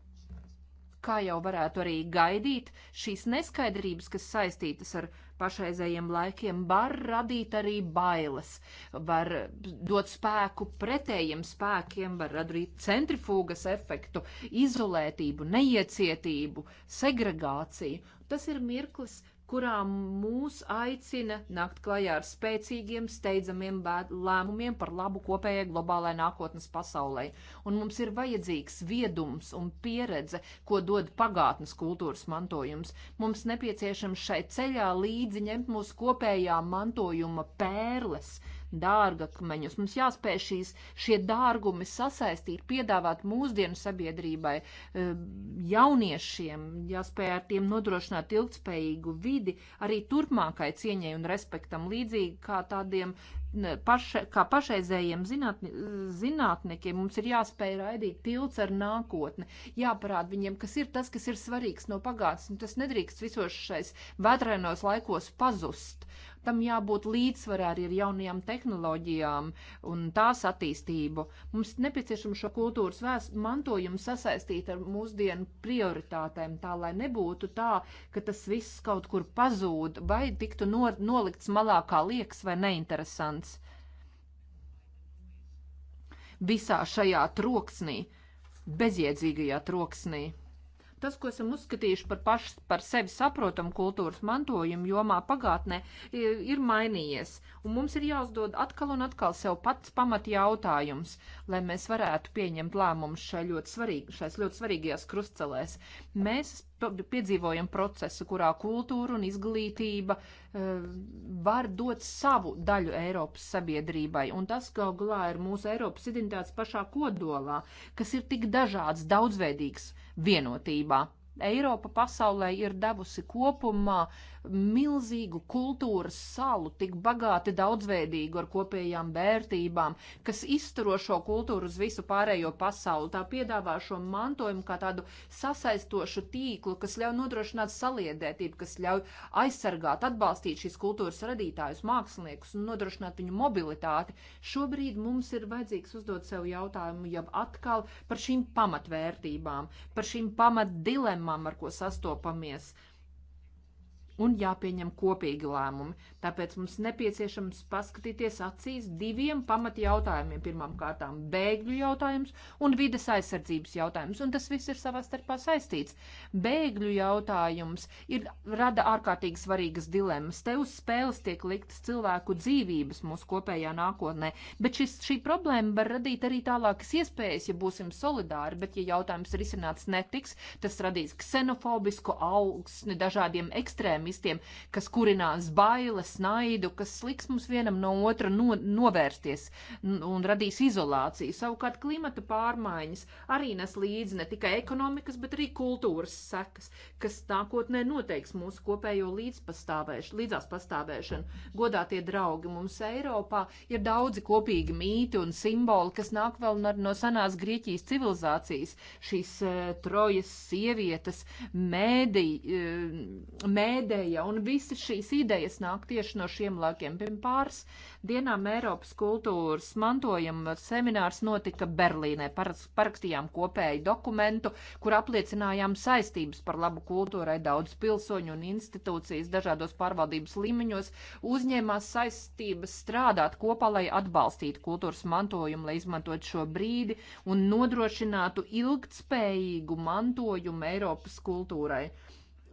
kā jau varētu arī gaidīt, šīs neskaidrības, kas saistītas ar pašreizējiem laikiem var radīt arī bailes, var dot spēku pretējiem spēkiem, var radīt centrifūgas efektu, izolētību, neiecietību, segregāciju. Tas ir mirklis, kurā mūs aicina nākt klajā ar spēcīgiem, steidzamiem lēmumiem par labu kopējai globālai nākotnes pasaulē. Un mums ir vajadzīgs viedums un pieredze, ko dod pagātnes kultūras mantojums. Mums nepieciešams šai ceļā līdzi ņemt mūsu kopējā mantojuma pērles dārgakmeņus. Mums jāspēj šīs, šie dārgumi sasaistīt, piedāvāt mūsdienu sabiedrībai, eh, jauniešiem, jāspēj ar tiem nodrošināt ilgspējīgu vidi arī turpmākai cieņai un respektam, līdzīgi kā tādiem paša, kā pašreizējiem zinātni, zinātniekiem mums ir jāspēj raidīt tilts ar nākotni, jāparāda viņiem, kas ir tas, kas ir svarīgs no pagātnes, un tas nedrīkst visos šais vētrainos laikos pazust. Tam jābūt līdzsvarā arī ar jaunajām tehnoloģijām un tās attīstību. Mums nepieciešams šo kultūras vēst, mantojumu sasaistīt ar mūsdienu prioritātēm, tā lai nebūtu tā, ka tas viss kaut kur pazūd vai tiktu no, nolikts malā kā liekas vai neinteresants visā šajā troksnī, bezjēdzīgajā troksnī. Tas, ko esam uzskatījuši par pašu par sevi saprotamu kultūras mantojumu jomā pagātnē, ir mainījies. Un mums ir jāuzdod atkal un atkal sev pats pamat jautājums, lai mēs varētu pieņemt lēmumus šai ļoti svarīgi, šais ļoti svarīgajās krustcelēs. Mēs piedzīvojam procesu, kurā kultūra un izglītība e, var dot savu daļu Eiropas sabiedrībai. Un tas galu galā ir mūsu Eiropas identitātes pašā kodolā, kas ir tik dažāds, daudzveidīgs vienotībā. Eiropa pasaulē ir devusi kopumā milzīgu kultūras salu, tik bagāti daudzveidīgu ar kopējām vērtībām, kas izturo šo kultūru uz visu pārējo pasauli. Tā piedāvā šo mantojumu kā tādu sasaistošu tīklu, kas ļauj nodrošināt saliedētību, kas ļauj aizsargāt, atbalstīt šīs kultūras radītājus, māksliniekus un nodrošināt viņu mobilitāti. Šobrīd mums ir vajadzīgs uzdot sev jautājumu jau atkal par šīm pamatvērtībām, par šīm pamatdilemmām problēmām, ar ko sastopamies un jāpieņem kopīgi lēmumi. Tāpēc mums nepieciešams paskatīties acīs diviem pamatjautājumiem. Pirmām kārtām bēgļu jautājums un vides aizsardzības jautājums, un tas viss ir savā starpā saistīts. Bēgļu jautājums ir, rada ārkārtīgi svarīgas dilemmas. Te uz spēles tiek liktas cilvēku dzīvības mūsu kopējā nākotnē, bet šis, šī problēma var radīt arī tālākas iespējas, ja būsim solidāri, bet ja jautājums risināts netiks, tas radīs ksenofobisku augsni dažādiem ekstrēmiem ekstrēmistiem, kas kurinās bailes, naidu, kas liks mums vienam no otra no, novērsties un radīs izolāciju. Savukārt klimata pārmaiņas arī nes līdzi ne tikai ekonomikas, bet arī kultūras sekas, kas nākotnē noteiks mūsu kopējo līdzās pastāvēšanu. Godātie draugi, mums Eiropā ir daudzi kopīgi mīti un simboli, kas nāk vēl no, no senās Grieķijas civilizācijas. Šīs uh, trojas sievietes, mēdī, uh, mēdī ideja, un visas šīs idejas nāk tieši no šiem laikiem. Pirms pāris dienām Eiropas kultūras mantojuma seminārs notika Berlīnē. Parakstījām kopēju dokumentu, kur apliecinājām saistības par labu kultūrai daudz pilsoņu un institūcijas dažādos pārvaldības līmeņos uzņēmās saistības strādāt kopā, lai atbalstītu kultūras mantojumu, lai izmantot šo brīdi un nodrošinātu ilgtspējīgu mantojumu Eiropas kultūrai.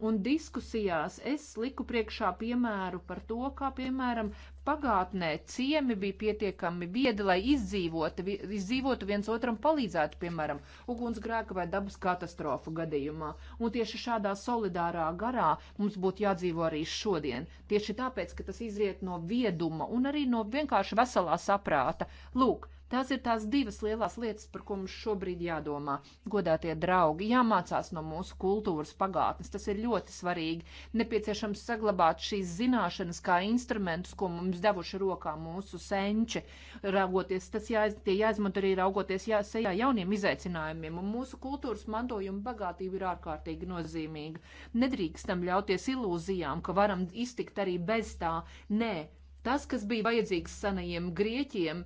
Un diskusijās es liku priekšā piemēru par to, kā, piemēram, pagātnē ciemi bija pietiekami viedi, lai izdzīvotu, izdzīvotu viens otram palīdzētu, piemēram, ugunsgrēka vai dabas katastrofu gadījumā. Un tieši šādā solidārā garā mums būtu jādzīvo arī šodien. Tieši tāpēc, ka tas izriet no vieduma un arī no vienkārši veselā saprāta. Lūk, Tās ir tās divas lielās lietas, par ko mums šobrīd jādomā. Godātie draugi, jāmācās no mūsu kultūras pagātnes, tas ir ļoti svarīgi. Nepieciešams saglabāt šīs zināšanas kā instrumentus, ko mums devuši rokā mūsu senči. Raugoties, tas jāiz, tie jāizmanto arī raugoties jāsajā jauniem izaicinājumiem, un mūsu kultūras mantojuma bagātība ir ārkārtīgi nozīmīga. Nedrīkstam ļauties ilūzijām, ka varam iztikt arī bez tā. Nē, tas, kas bija vajadzīgs senajiem grieķiem,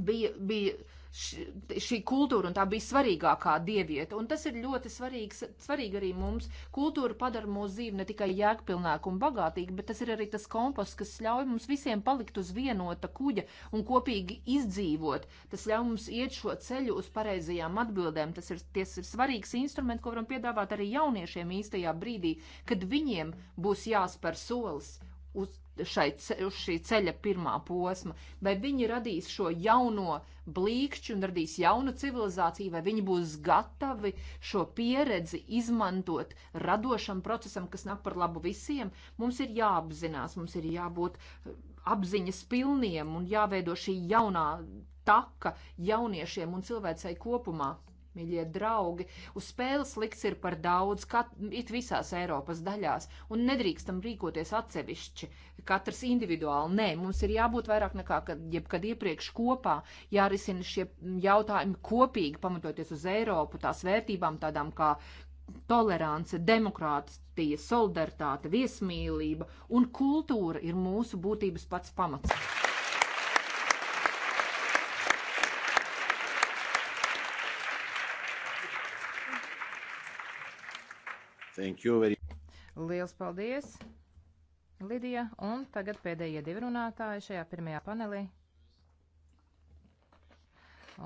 bija, bija šī kultūra, un tā bija svarīgākā dieviete. Un tas ir ļoti svarīgs, svarīgi arī mums. Kultūra padara mūsu dzīvi ne tikai jēgpilnāku un bagātīgu, bet tas ir arī tas komposts, kas ļauj mums visiem palikt uz vienota kuģa un kopīgi izdzīvot. Tas ļauj mums iet šo ceļu uz pareizajām atbildēm. Tas ir, tas ir svarīgs instruments, ko varam piedāvāt arī jauniešiem īstajā brīdī, kad viņiem būs jāspēr solis uz šai, uz šī ceļa pirmā posma, vai viņi radīs šo jauno blīkšķi un radīs jaunu civilizāciju, vai viņi būs gatavi šo pieredzi izmantot radošam procesam, kas nāk par labu visiem. Mums ir jāapzinās, mums ir jābūt eh, apziņas pilniem un jāveido šī jaunā taka jauniešiem un cilvēcei kopumā. Mīļie draugi, uz spēles likts ir par daudz, kā it visās Eiropas daļās, un nedrīkstam rīkoties atsevišķi katrs individuāli. Nē, mums ir jābūt vairāk nekā kad, jebkad iepriekš kopā, jārisina šie jautājumi kopīgi, pamatoties uz Eiropu, tās vērtībām tādām kā tolerance, demokrātija, solidaritāte, viesmīlība un kultūra ir mūsu būtības pats pamats. Thank you very much. Liels paldies! Lidija, un tagad pēdējie divi runātāji šajā pirmajā panelī.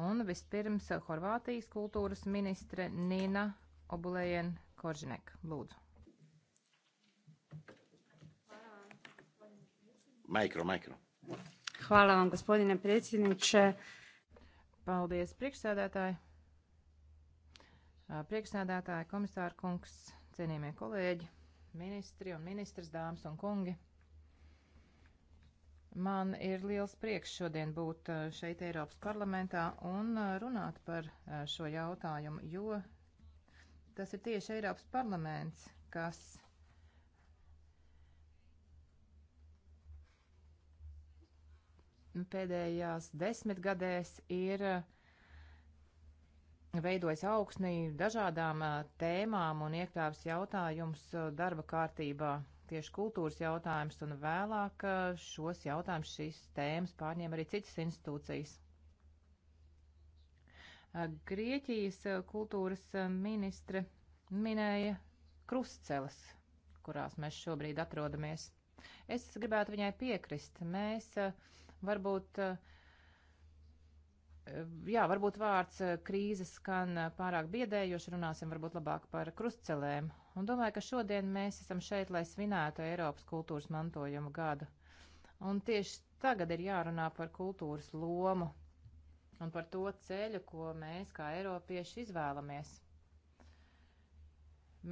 Un vispirms Horvātijas kultūras ministre Nina Obulējen Koržinek. Lūdzu. Mikro, mikro. Hvala vam, gospodine predsjedniče. Paldies, priekšsēdētāji. Priekšsēdētāji, komisāra kungs, cienījamie kolēģi ministri un ministrs, dāmas un kungi. Man ir liels prieks šodien būt eh, šeit Eiropas parlamentā un eh, runāt par eh, šo jautājumu, jo tas ir tieši Eiropas parlaments, kas pēdējās desmitgadēs ir uh, veidojis augsnī dažādām tēmām un iekļāvis jautājumus darba kārtībā, tieši kultūras jautājums, un vēlāk šos jautājumus šīs tēmas pārņēma arī citas institūcijas. Grieķijas kultūras ministre minēja krustceles, kurās mēs šobrīd atrodamies. Es gribētu viņai piekrist. Mēs varbūt uh, Ehm, jā, varbūt vārds eh, krīzes skan eh, pārāk biedējoši, runāsim varbūt labāk par krustcelēm. Un domāju, ka šodien mēs esam šeit, lai svinētu Eiropas kultūras mantojumu gadu. Un tieši tagad ir jārunā par kultūras lomu un par to ceļu, ko mēs kā eiropieši izvēlamies.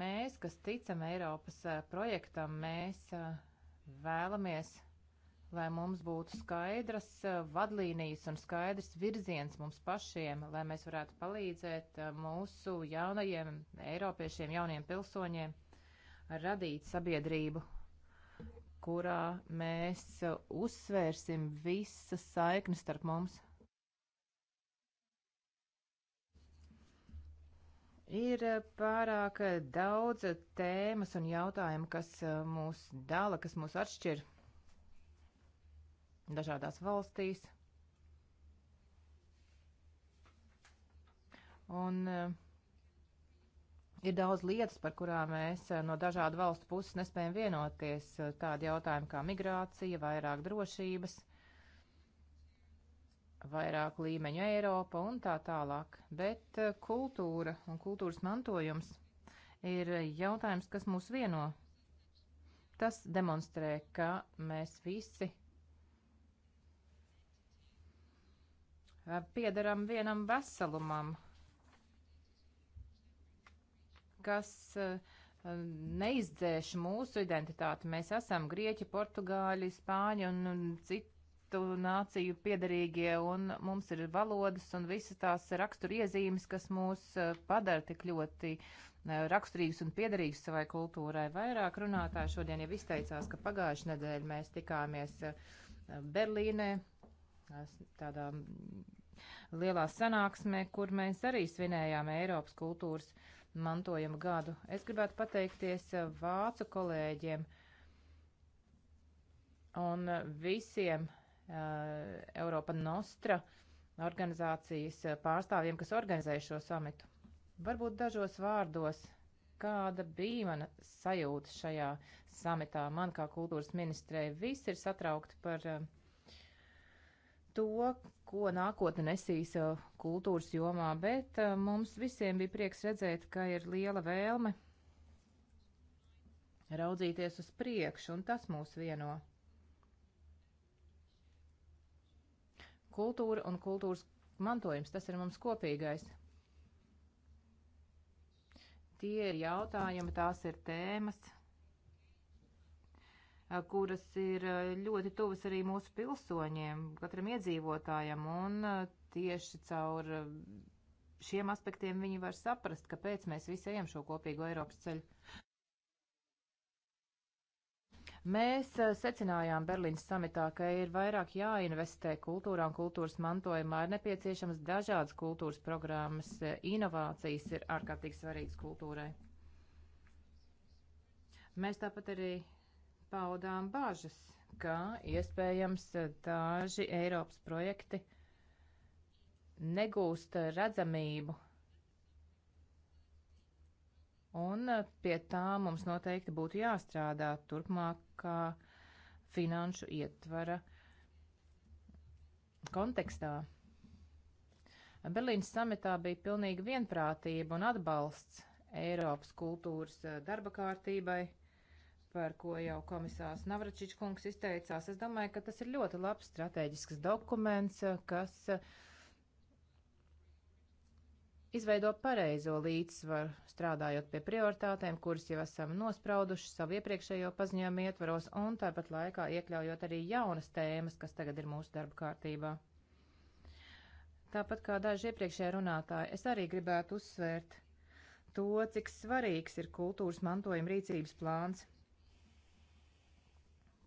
Mēs, kas ticam Eiropas eh, projektam, mēs vēlamies lai mums būtu skaidras eh, vadlīnijas un skaidrs virziens mums pašiem, lai mēs varētu palīdzēt eh, mūsu jaunajiem eiropiešiem, jauniem pilsoņiem radīt sabiedrību, kurā mēs eh, uzsvērsim visas saiknes starp mums. Ir pārāk daudz tēmas un jautājumu, kas mūs dala, kas mūs atšķir dažādās valstīs. Un eh, ir daudz lietas, par kurām mēs eh, no dažādu valstu puses nespējam vienoties. Tādi jautājumi kā migrācija, vairāk drošības, vairāk līmeņu Eiropa un tā tālāk. Bet eh, kultūra un kultūras mantojums ir jautājums, kas mūs vieno. Tas demonstrē, ka mēs visi Eh, piedaram vienam veselumam, kas eh, neizdzēš mūsu identitāti. Mēs esam grieķi, portugāļi, spāņi un, un citu nāciju piedarīgie, un mums ir valodas un visas tās raksturiezīmes, kas mūs eh, padara tik ļoti raksturīgs un piederīgs savai kultūrai. Vairāk runātāji šodien jau izteicās, ka pagājušajā nedēļā mēs tikāmies Berlīnē tādā mm, lielā sanāksmē, kur mēs arī svinējām Eiropas kultūras mantojuma gadu. Es gribētu pateikties eh, vācu kolēģiem un eh, visiem uh, Eiropa Nostra organizācijas pārstāvjiem, kas organizēja šo samitu. Varbūt dažos vārdos, kāda bija mana sajūta šajā samitā. Man kā kultūras ministrei viss ir satraukti par uh, to, ko nākotne nesīs uh, kultūras jomā, bet uh, mums visiem bija prieks redzēt, ka ir liela vēlme raudzīties uz priekšu, un tas mūs vieno. Kultūra un kultūras mantojums, tas ir mums kopīgais. Tie ir jautājumi, tās ir tēmas, kuras ir ļoti tuvas arī mūsu pilsoņiem, katram iedzīvotājam, un tieši caur šiem aspektiem viņi var saprast, kāpēc mēs visi ejam šo kopīgo Eiropas ceļu. Mēs secinājām Berlīnas samitā, ka ir vairāk jāinvestē kultūrā un kultūras mantojumā, ir nepieciešams dažādas kultūras programmas, e, inovācijas ir ārkārtīgi svarīgas kultūrai. Mēs tāpat arī paudām bažas, ka iespējams eh, daži Eiropas projekti negūst eh, redzamību. Un eh, pie tā mums noteikti būtu jāstrādā turpmākā finanšu ietvara kontekstā. Berlīnas sametā bija pilnīga vienprātība un atbalsts Eiropas kultūras darba kārtībai par ko jau komisārs Navračiņš kungs izteicās. Es domāju, ka tas ir ļoti labs strateģisks dokuments, kas uh, izveido pareizo līdzsvaru, strādājot pie prioritātēm, kuras jau esam nosprauduši savu iepriekšējo paziņojumu ietvaros, un tāpat laikā iekļaujot arī jaunas tēmas, kas tagad ir mūsu darba kārtībā. Tāpat kā daži iepriekšējie runātāji, es arī gribētu uzsvērt to, cik svarīgs ir kultūras mantojuma rīcības plāns.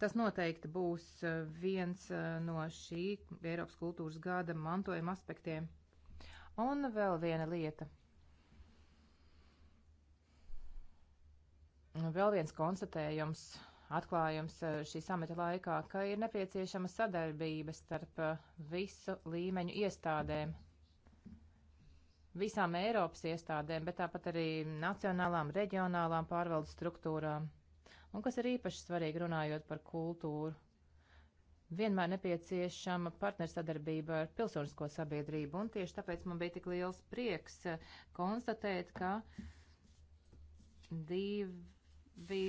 Tas noteikti būs eh, viens eh, no šī Eiropas kultūras gada mantojuma aspektiem. Un vēl viena lieta. Vēl viens konstatējums, atklājums eh, šī samita laikā, ka ir nepieciešama sadarbība starp visu līmeņu iestādēm, visām Eiropas iestādēm, bet tāpat arī nacionālām, reģionālām pārvaldes struktūrām un kas ir īpaši svarīgi runājot par kultūru. Vienmēr nepieciešama partnersadarbība ar pilsonisko sabiedrību, un tieši tāpēc man bija tik liels prieks eh, konstatēt, ka divi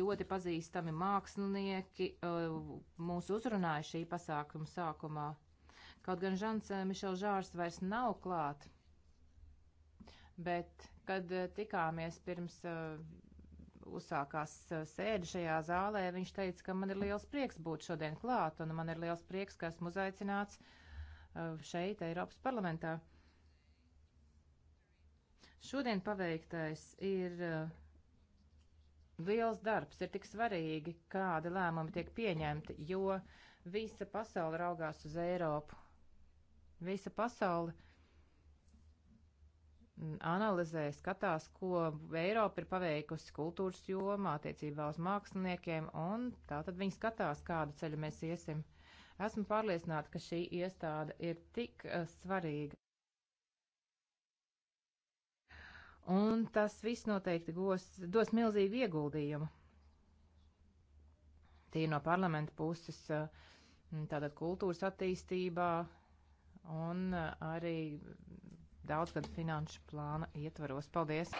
ļoti pazīstami mākslinieki eh, mūs uzrunāja šī pasākuma sākumā. Kaut gan Žants eh, Mišels Žārs vairs nav klāt, bet kad tikāmies pirms uzsākās eh, sēde šajā zālē, viņš teica, ka man ir liels prieks būt šodien klāt, un man ir liels prieks, ka esmu uzaicināts eh, šeit, Eiropas parlamentā. Šodien paveiktais ir eh, liels darbs, ir tik svarīgi, kādi lēmumi tiek pieņemti, jo visa pasaule raugās uz Eiropu. Visa pasaule Mm, analizē, skatās, ko Eiropa ir paveikusi kultūras jomā attiecībā uz māksliniekiem, un tā tad viņi skatās, kādu ceļu mēs iesim. Esmu pārliecināta, ka šī iestāde ir tik uh, svarīga. Un tas viss noteikti gos, dos milzīgu ieguldījumu. Tie no parlamenta puses, uh, tātad kultūras attīstībā un uh, arī daudzgadu finanšu plāna ietvaros. Paldies!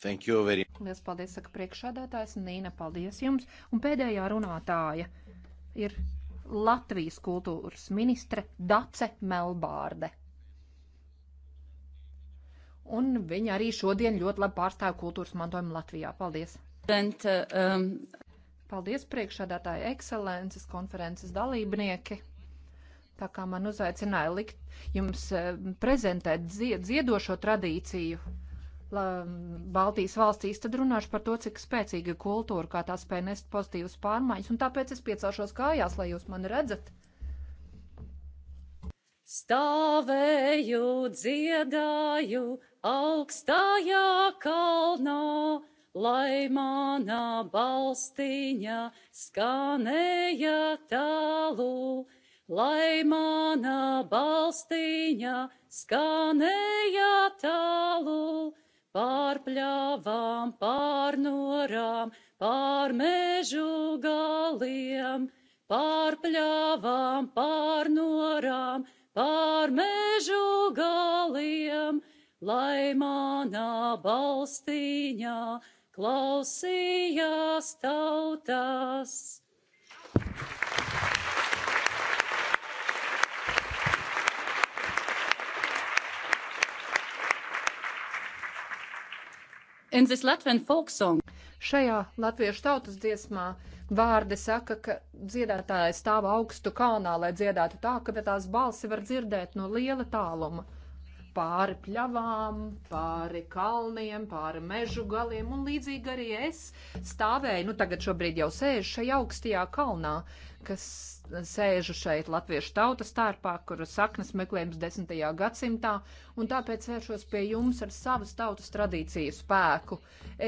Thank you very much. Lielas paldies, saka priekšādātājs Nīna, paldies jums. Un pēdējā runātāja ir Latvijas kultūras ministre Dace Melbārde. Un viņa arī šodien ļoti labi pārstāv kultūras mantojumu Latvijā. Paldies! Um, paldies priekšādātāja ekscelences konferences dalībnieki! Tā kā man uzaicināja likt jums eh, prezentēt dziedošo tradīciju Baltijas valstīs, tad runāšu par to, cik spēcīga kultūra, kā tā spēja nest pozitīvas pārmaiņas, un tāpēc es piecelšos kājās, lai jūs mani redzat. Stāvēju, dziedāju augstajā kalnā, lai manā balstiņā skanēja tālu Lai mana balstīņa skanēja tālu, pār pļāvām, pār norām, pār mežu galiem, pār pļāvām, pār norām, pār mežu galiem, lai manā balstīņā klausījās tautas. Šajā latviešu tautas dziesmā vārdi saka, ka dziedātāja stāv augstu kalnā, lai dziedātu tā, ka tās balsi var dzirdēt no liela tāluma. Pāri pļavām, pāri kalniem, pāri mežu galiem, un līdzīgi arī es stāvēju, nu tagad šobrīd jau sēžu šajā augstajā kalnā, kas sēžu šeit latviešu tautas tārpā, kur saknes meklējums desmitajā gadsimtā, un tāpēc vēršos pie jums ar savas tautas tradīciju spēku.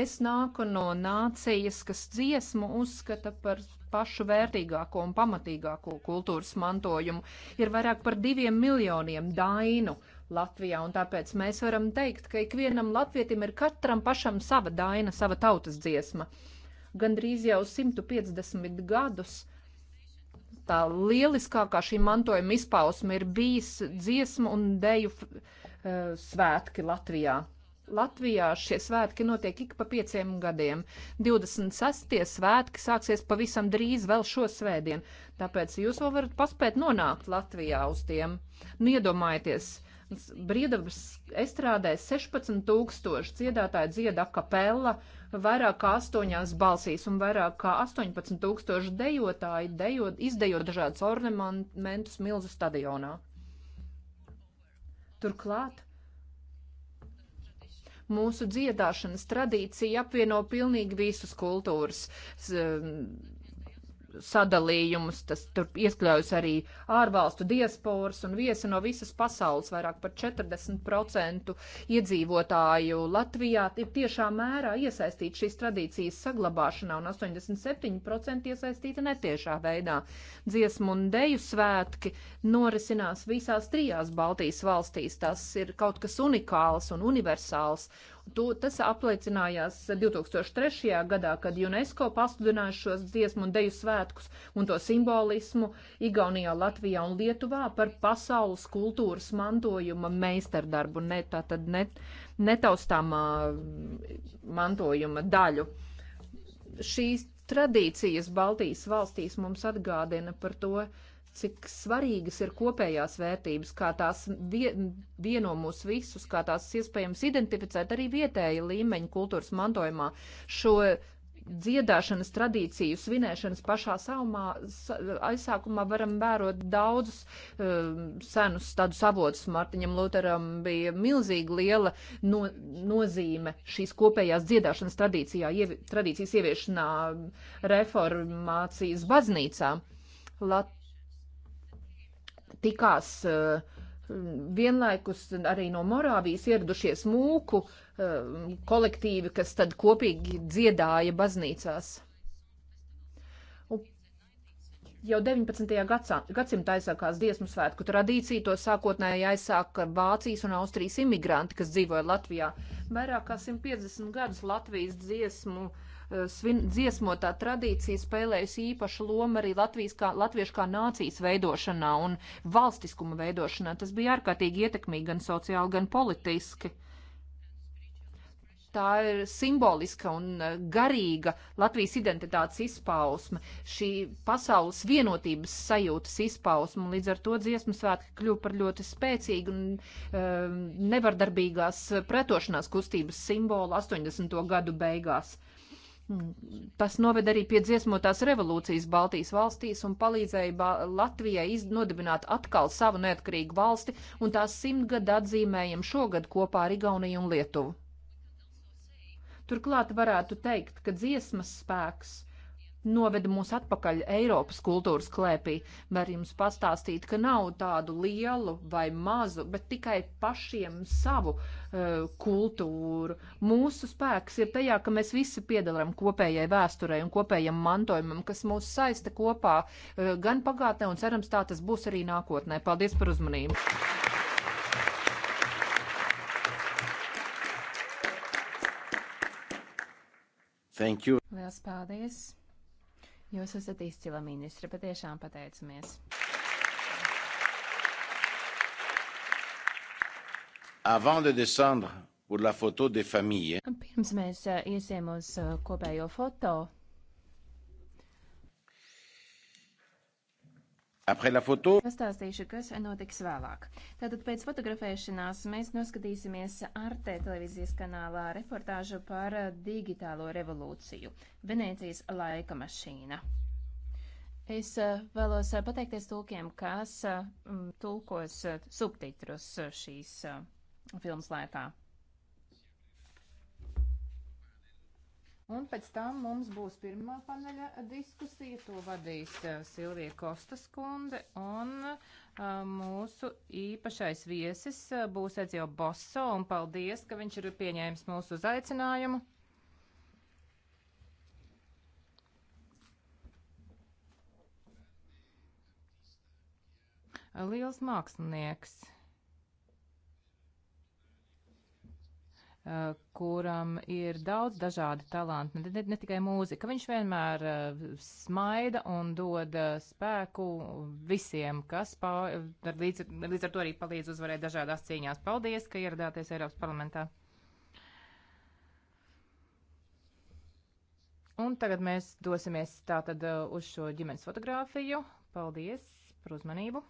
Es nāku no nācijas, kas dziesmu uzskata par pašu vērtīgāko un pamatīgāko kultūras mantojumu. Ir vairāk par diviem miljoniem dainu Latvijā, un tāpēc mēs varam teikt, ka ikvienam latvietim ir katram pašam sava daina, sava tautas dziesma. Gandrīz jau 150 gadus tā lieliskākā šī mantojuma izpausme ir bijis dziesmu un deju eh, svētki Latvijā. Latvijā šie svētki notiek ik pa pieciem gadiem. 26. svētki sāksies pavisam drīz vēl šo svētdienu, tāpēc jūs vēl varat paspēt nonākt Latvijā uz tiem. Nu, iedomājieties, uh, Briedavas estrādē 16 tūkstoši dziedātāji dzieda kapela, vairāk kā astoņās balsīs un vairāk kā 18 tūkstoši dejotāji dejo, izdejot dažādas ornamentus milzu stadionā. Turklāt mūsu dziedāšanas tradīcija apvieno pilnīgi visus kultūras um, sadalījumus, tas tur ieskļaujas arī ārvalstu diasporas un viesi no visas pasaules, vairāk par 40% iedzīvotāju Latvijā ir tiešā mērā iesaistīti šīs tradīcijas saglabāšanā un 87% iesaistīti netiešā veidā. Dziesmu un deju svētki norisinās visās trijās Baltijas valstīs. Tas ir kaut kas unikāls un universāls, To, tas apliecinājās 2003. gadā, kad UNESCO pasludināja šos dziesmu un deju svētkus un to simbolismu Igaunijā, Latvijā un Lietuvā par pasaules kultūras mantojuma meistardarbu, ne, tā tad ne, netaustāmā mm, mantojuma daļu. Šīs tradīcijas Baltijas valstīs mums atgādina par to, uh, cik svarīgas ir kopējās vērtības, kā tās vieno mūs visus, kā tās iespējams identificēt arī vietēja līmeņa kultūras mantojumā. Šo dziedāšanas tradīciju svinēšanas pašā saumā, aizsākumā varam vērot daudzus um, senus tādus avotus. Mārtiņam Luteram bija milzīgi liela no, nozīme šīs kopējās dziedāšanas tradīcijā, ievi, tradīcijas ieviešanā reformācijas baznīcā. Lat tikās eh, vienlaikus arī no Morāvijas ieradušies mūku eh, kolektīvi, kas tad kopīgi dziedāja baznīcās. Jau 19. gadsimta aizsākās dievsmu svētku tradīcija, to sākotnēji aizsāka Vācijas un Austrijas imigranti, kas dzīvoja Latvijā. Vairāk kā 150 gadus Latvijas dziesmu uh, Eh, svin, dziesmotā tradīcija spēlējusi īpašu lomu arī Latvijas kā, latviešu kā nācijas veidošanā un valstiskuma veidošanā. Tas bija ārkārtīgi ietekmīgi gan sociāli, gan politiski. Tā ir simboliska un eh, garīga Latvijas identitātes izpausme, šī pasaules vienotības sajūtas izpausme. Līdz ar to dziesmu svētki kļuva par ļoti spēcīgu un um, nevardarbīgās pretošanās kustības simbolu 80. gadu beigās. Uh, Tas noved arī pie dziesmotās revolūcijas Baltijas valstīs un palīdzēja ba Latvijai iznodibināt atkal savu neatkarīgu valsti un tās simtgadu atzīmējam šogad kopā ar Igauniju un Lietuvu. Turklāt varētu teikt, ka dziesmas spēks – noveda mūs atpakaļ Eiropas kultūras klēpī. Var jums pastāstīt, ka nav tādu lielu vai mazu, bet tikai pašiem savu uh, kultūru. Mūsu spēks ir tajā, ka mēs visi piedalam kopējai vēsturei un kopējam mantojumam, kas mūs saista kopā uh, gan pagātnē, un cerams tā tas būs arī nākotnē. Paldies par uzmanību! Thank you. Lielas paldies! Jūs esat izcila ministra, patiešām pateicamies. Avant de descendre pour la photo des familles. Pirms mēs eh, iesim uz eh, kopējo foto, Pastāstīšu, kas notiks vēlāk. Tātad pēc fotografēšanās mēs noskatīsimies ārtē televīzijas kanālā reportāžu par digitālo revolūciju - Venēcijas laika mašīna. Es eh, vēlos eh, pateikties tulkiem, kas eh, tulkos subtitrus šīs filmas laikā. Un pēc tam mums būs pirmā paneļa diskusija, to vadīs eh, Silvija Kostas kunde, un a, eh, mūsu īpašais viesis eh, būs Edzio Bosso, un paldies, ka viņš ir pieņēmis mūsu uzaicinājumu. Liels mākslinieks Eh, kuram ir daudz dažādi talanti, ne, ne, ne tikai mūzika. Viņš vienmēr eh, smaida un dod eh, spēku visiem, kas pā, ar līdz, līdz ar to arī palīdz uzvarēt dažādās cīņās. Paldies, ka ieradāties Eiropas parlamentā. Un tagad mēs dosimies tātad uz šo ģimenes fotogrāfiju. Paldies par uzmanību!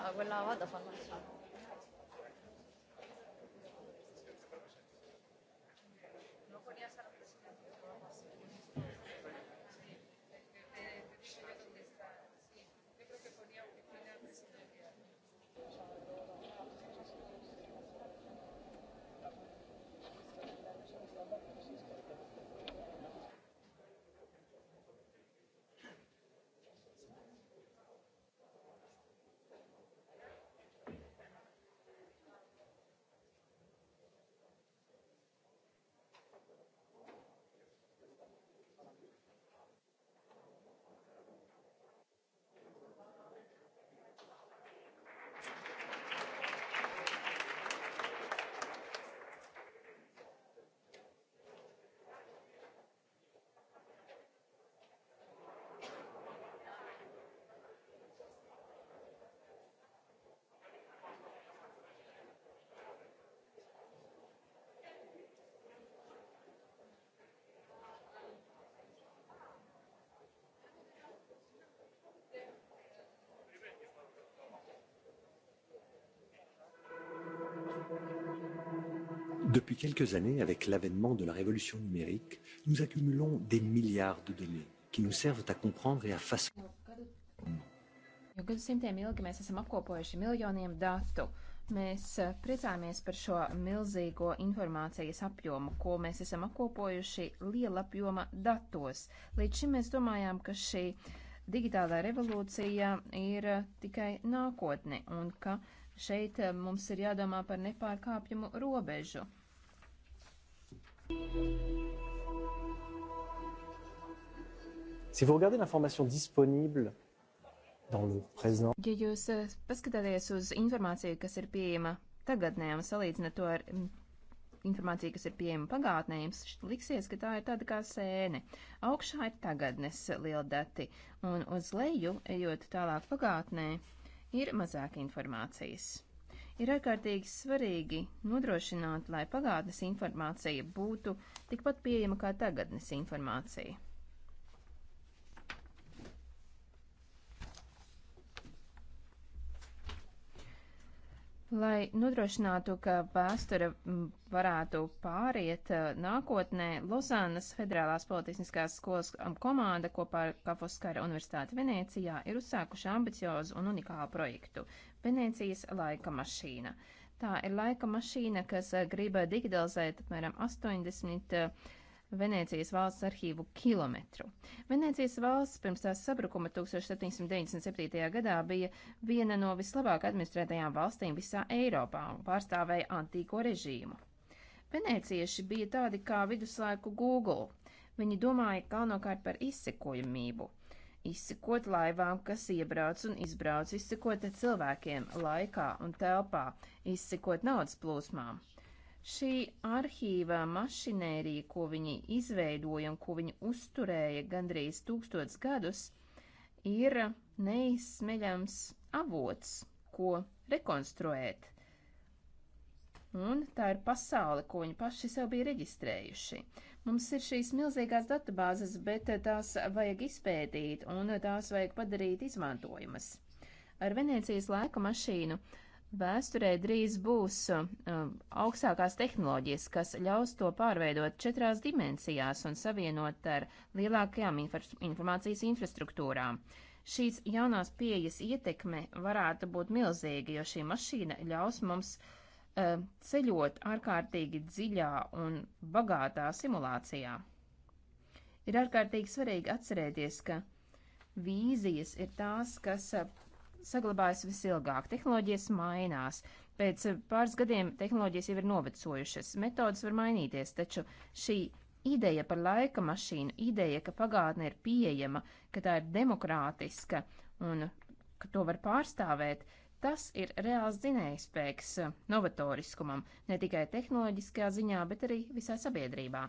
realtà quella vado a farmacia. Depuis quelques années, avec l'avènement de la révolution numérique, nous accumulons des milliards de données qui nous servent à comprendre et à façonner. Jo gadsimtiem ilgi mēs esam apkopojuši miljoniem datu. Mēs eh, priecājamies par šo milzīgo informācijas apjomu, ko mēs esam apkopojuši liela apjoma datos. Līdz šim mēs domājām, ka šī digitālā revolūcija ir eh, tikai nākotne un ka šeit eh, mums ir jādomā par nepārkāpjumu robežu. Si vous regardez l'information disponible dans le présent, ja jūs eh, paskatāties uz informāciju, kas ir pieejama tagadnē un salīdzināt to ar mm, informāciju, kas ir pieejama pagātnē, jums liksies, ka tā ir tāda kā sēne. Augšā ir tagadnes lieldati, un uz leju, ejot tālāk pagātnē, ir mazāk informācijas. Ir ārkārtīgi svarīgi nodrošināt, lai pagātnes informācija būtu tikpat pieejama kā tagadnes informācija. Lai nodrošinātu, ka vēsture varētu pāriet nākotnē, Lozānas Federālās politiskās skolas komanda kopā ar Kafoskara Universitāti Venecijā ir uzsākuši ambiciozu un unikālu projektu Venēcijas laika mašīna. Tā ir laika mašīna, kas eh, grib eh, digitalizēt apmēram 80 eh, Venēcijas valsts arhīvu kilometru. Venēcijas valsts pirms tās sabrukuma 1797. gadā bija viena no vislabāk administrētajām valstīm visā Eiropā un pārstāvēja antīko režīmu. Venēcieši bija tādi kā viduslaiku Google. Viņi domāja galvenokārt par izsekojamību izsekot laivām, kas iebrauc un izbrauc, izsekot cilvēkiem laikā un telpā, izsekot naudas plūsmām. Šī arhīva mašinērija, ko viņi izveidoja un ko viņi uzturēja gandrīz tūkstots gadus, ir neizsmeļams avots, ko rekonstruēt. Un tā ir pasaule, ko viņi paši sev bija reģistrējuši. Mums ir šīs milzīgās datubāzes, bet eh, tās vajag izpētīt un eh, tās vajag padarīt izmantojamas. Ar Venēcijas laika mašīnu vēsturē drīz būs uh, augstākās tehnoloģijas, kas ļaus to pārveidot četrās dimensijās un savienot ar lielākajām infor informācijas infrastruktūrām. Šīs jaunās pieejas ietekme varētu būt milzīga, jo šī mašīna ļaus mums uh, Eh, ceļot ārkārtīgi dziļā un bagātā simulācijā. Ir ārkārtīgi svarīgi atcerēties, ka vīzijas ir tās, kas eh, saglabājas visilgāk. Tehnoloģijas mainās. Pēc eh, pāris gadiem tehnoloģijas jau ir novecojušas, metodas var mainīties, taču šī ideja par laika mašīnu, ideja, ka pagātne ir pieejama, ka tā ir demokrātiska un ka to var pārstāvēt, uh, Tas ir reāls dzinējspēks novatoriskumam, ne tikai tehnoloģiskajā ziņā, bet arī visā sabiedrībā.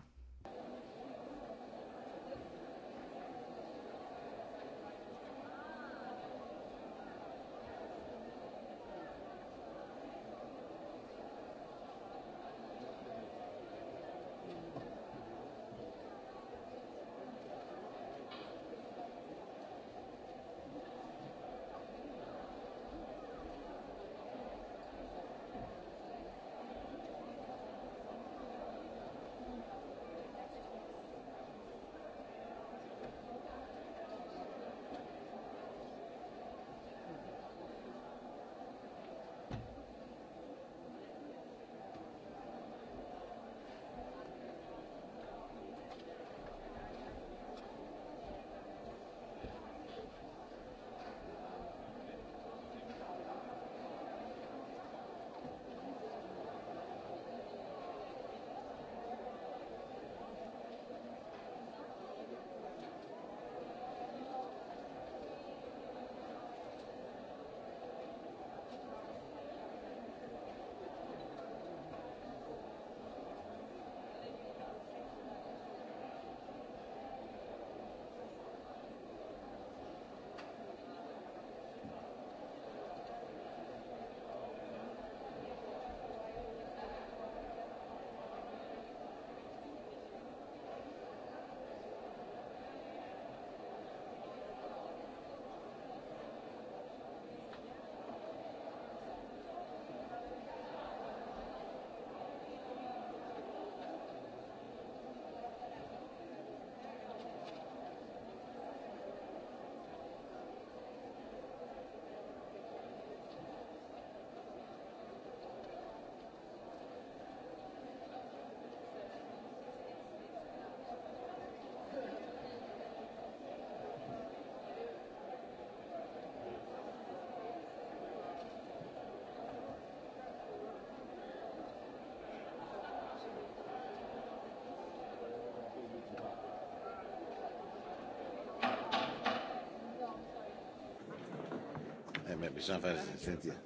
ma bisogna fare sentire.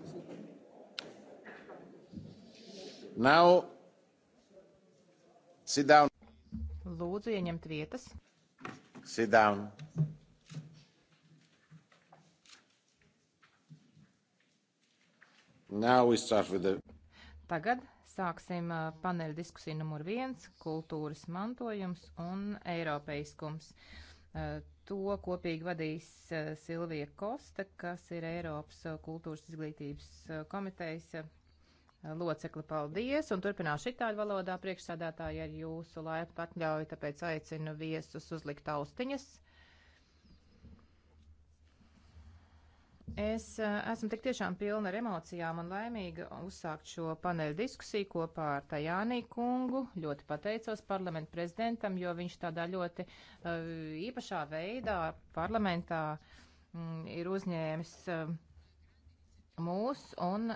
Now, sit down. Lūdzu, ieņemt vietas. Sit down. Now we start with the... Tagad sāksim uh, paneļa diskusiju numur viens - kultūras mantojums un eiropeiskums. Uh, To kopīgi vadīs eh, Silvija Kosta, kas ir Eiropas eh, kultūras izglītības eh, komitejas locekli. Paldies! Un turpināšu itāļu valodā priekšsādātāji ar jūsu laipnu patļauju, tāpēc aicinu viesus uzlikt austiņas. Es eh, esmu tik tiešām pilna ar emocijām un laimīga uzsākt šo paneļu diskusiju kopā ar Tajānī kungu. Ļoti pateicos parlamentu prezidentam, jo viņš tādā ļoti uh, īpašā veidā parlamentā mm, ir uzņēmis uh, mūs, un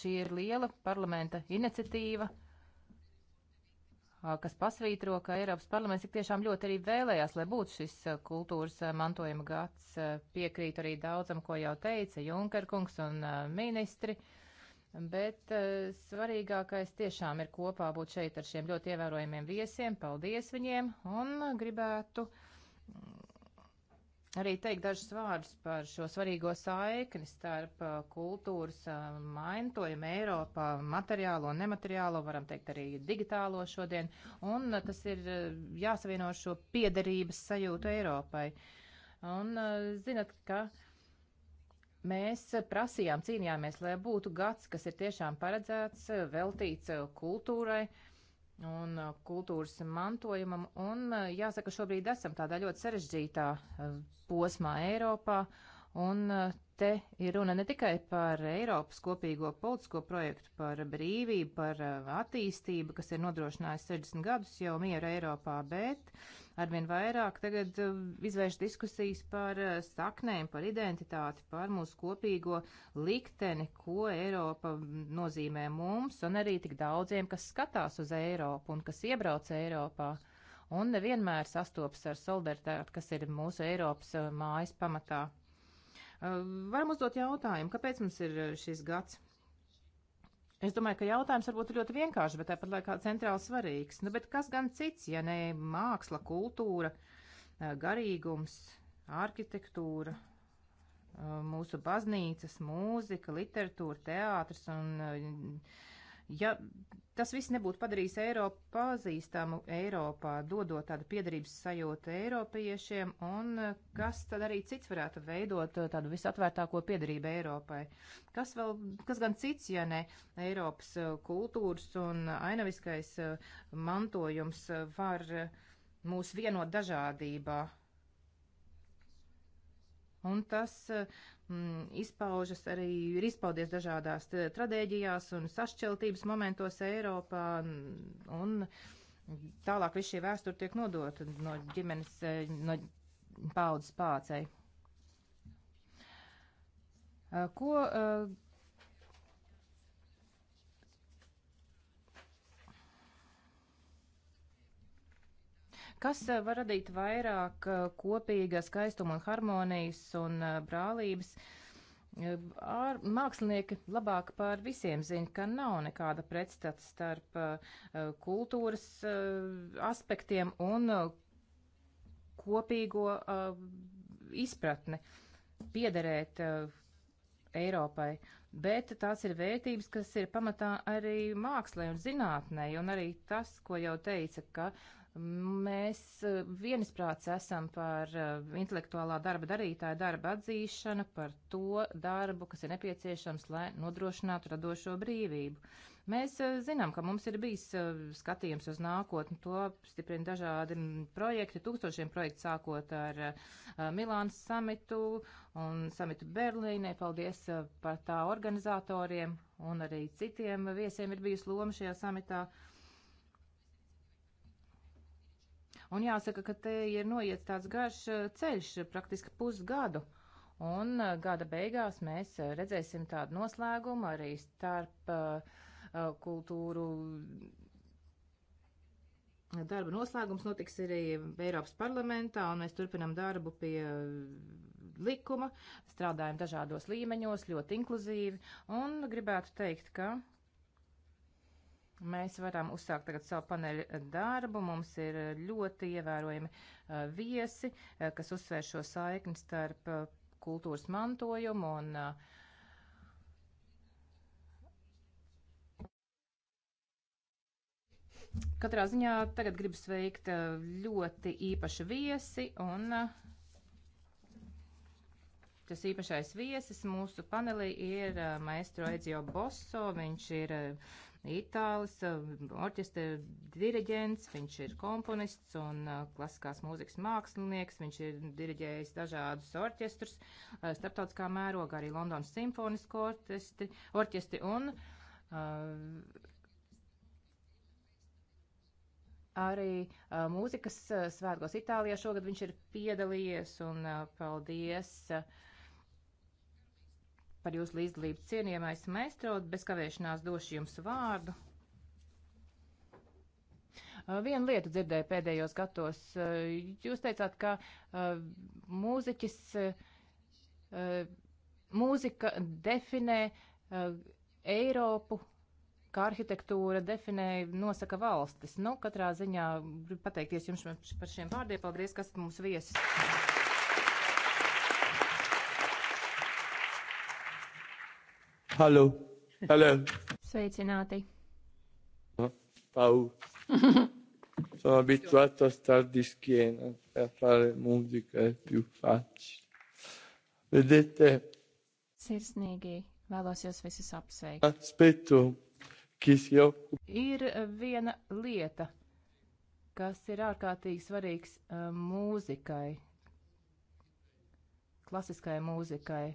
šī ir liela parlamenta iniciatīva uh, kas pasvītro, ka Eiropas parlaments tik tiešām ļoti arī vēlējās, lai būtu šis kultūras mantojuma gads. Piekrīt arī daudzam, ko jau teica Junkerkungs un ministri. Bet svarīgākais tiešām ir kopā būt šeit ar šiem ļoti ievērojumiem viesiem. Paldies viņiem un gribētu uh, arī teikt dažus vārdus par šo svarīgo saikni starp uh, kultūras uh, maintojumu Eiropā, materiālo un nemateriālo, varam teikt arī digitālo šodien, un uh, tas ir jāsavieno ar šo piederības sajūtu Eiropai. Un zinat, ka mēs prasījām, cīnījāmies, lai būtu gads, kas ir tiešām paredzēts, veltīts kultūrai. Uh, un uh, kultūras mantojumam. Un uh, jāsaka, šobrīd esam tādā ļoti sarežģītā uh, posmā Eiropā. Un te ir runa ne tikai par Eiropas kopīgo politisko projektu, par brīvību, par attīstību, kas ir nodrošinājusi 60 gadus jau mieru Eiropā, bet uh, arvien vairāk tagad uh, izvērš diskusijas par uh, saknēm, par identitāti, par mūsu kopīgo likteni, ko Eiropa nozīmē mums un arī tik daudziem, kas skatās uz Eiropu un kas iebrauc Eiropā. Un nevienmēr sastopas ar solidaritāti, kas ir mūsu Eiropas uh, mājas pamatā. Varam uzdot jautājumu, kāpēc mums ir šis gads? Es domāju, ka jautājums varbūt ir ļoti vienkāršs, bet tāpat laikā centrāli svarīgs. Nu, bet kas gan cits, ja ne māksla, kultūra, eh, garīgums, arhitektūra, eh, mūsu baznīcas, mūzika, literatūra, teātris un eh, Ja tas viss nebūtu padarījis Eiropu pazīstamu Eiropā, dodot tādu piedarības sajūtu Eiropiešiem, un eh, kas tad arī cits varētu veidot eh, tādu visatvērtāko piedarību Eiropai? Kas vēl, kas gan cits, ja ne Eiropas eh, kultūras un ainaviskais mantojums var mūs vienot dažādībā? Un tas m, mm, izpaužas arī, ir izpaudies dažādās tradēģijās un sašķeltības momentos Eiropā. Un, un tālāk viss šie vēsturi tiek nodota no ģimenes, e, no paudzes pācei. E, ko e, kas eh, var radīt vairāk eh, kopīga skaistuma un harmonijas un eh, brālības. Ar mākslinieki labāk par visiem zina, ka nav nekāda pretstata starp kultūras aspektiem un kopīgo izpratni piederēt Eiropai, bet tās ir vērtības, kas ir pamatā arī mākslē un zinātnē, un arī tas, ko jau teica, ka Mēs eh, vienisprāts esam par eh, intelektuālā darba darītāja darba atzīšanu, par to darbu, kas ir nepieciešams, lai nodrošinātu radošo brīvību. Mēs eh, zinām, ka mums ir bijis skatījums uz nākotni, to stiprina dažādi projekti, tūkstošiem projektu sākot ar Milānas samitu un samitu Berlīnē. Paldies par tā organizatoriem un arī citiem viesiem ir bijusi loma šajā samitā. Uh, Un jāsaka, ka te ir noiet tāds garš eh, ceļš, praktiski pusgadu. Un eh, gada beigās mēs eh, redzēsim tādu noslēgumu arī starp uh, kultūru Darba noslēgums notiks arī Eiropas parlamentā, un mēs turpinam darbu pie likuma, strādājam dažādos līmeņos, ļoti inkluzīvi, un gribētu teikt, ka Mēs varam uzsākt tagad savu paneļu darbu. Mums ir ļoti ievērojami viesi, kas uzsver šo saikni starp kultūras mantojumu un uh, Katrā ziņā tagad gribu sveikt ļoti īpašu viesi, un tas īpašais viesis mūsu panelī ir maestro Edzio Bosso. Viņš ir uh, itālis, eh, orķestra diriģents, viņš ir komponists un eh, klasiskās mūzikas mākslinieks, viņš ir diriģējis dažādus orķestrus, eh, starptautiskā mēroga arī Londonas simfonisko orķestri, orķestri un uh, arī uh, mūzikas svētkos Itālijā šogad viņš ir piedalījies un uh, paldies. Uh, par jūsu līdzdalību. Cienījamais maistrot, bez kavēšanās došu jums vārdu. Vienu lietu dzirdēju pēdējos gados. Jūs teicāt, ka mūziķis, mūzika definē Eiropu, kā arhitektūra definē, nosaka valstis. Nu, katrā ziņā gribu pateikties jums par šiem vārdiem. Paldies, kas mums viesis. Halo! Halo! Sveicināti! Pau! *laughs* Sono abituato a star di schiena e a fare musica è e più facile. Vedete? Sirsnīgi vēlos jūs visus apsveikt. Aspetto, kas jau. Ir viena lieta, kas ir ārkārtīgi svarīgs eh, mūzikai, klasiskai mūzikai.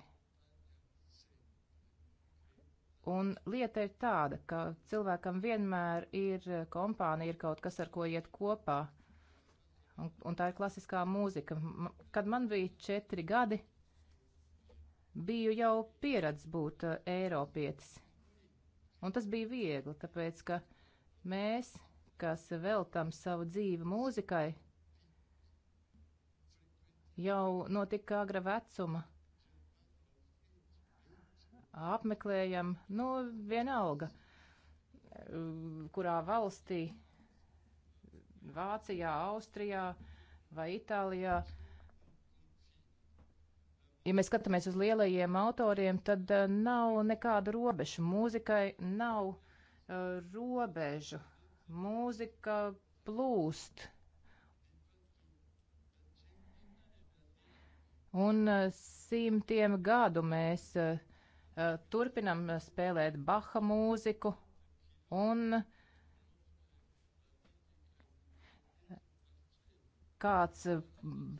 Un lieta ir tāda, ka cilvēkam vienmēr ir eh, kompānija, ir kaut kas, ar ko iet kopā. Un, un tā ir klasiskā mūzika. Kad man bija četri gadi, biju jau pieradis būt uh, Eiropietis. Un tas bija viegli, tāpēc ka mēs, kas veltam savu dzīvi mūzikai, jau notika agra vecuma apmeklējam, nu, vienalga, kurā valstī, Vācijā, Austrijā vai Itālijā. Ja mēs skatāmies uz lielajiem autoriem, tad eh, nav nekādu robežu. Mūzikai nav uh, robežu. Mūzika plūst. Un eh, simtiem gadu mēs uh, Eh, turpinam spēlēt Baha mūziku un kāds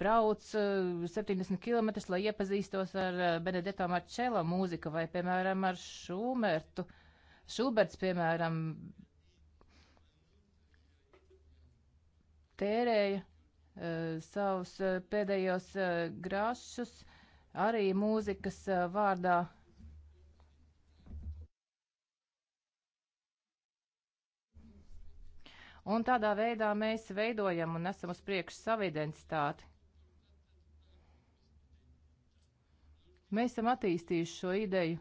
brauc 70 eh, km, lai iepazīstos ar eh, Benedetto Marčelo mūziku vai, piemēram, ar Šumertu. Šuberts, piemēram, tērēja uh, savus pēdējos uh, grāšus arī mūzikas uh, vārdā. Uh, Un tādā veidā mēs veidojam un esam uz priekšu savu identitāti. Mēs esam attīstījuši šo ideju.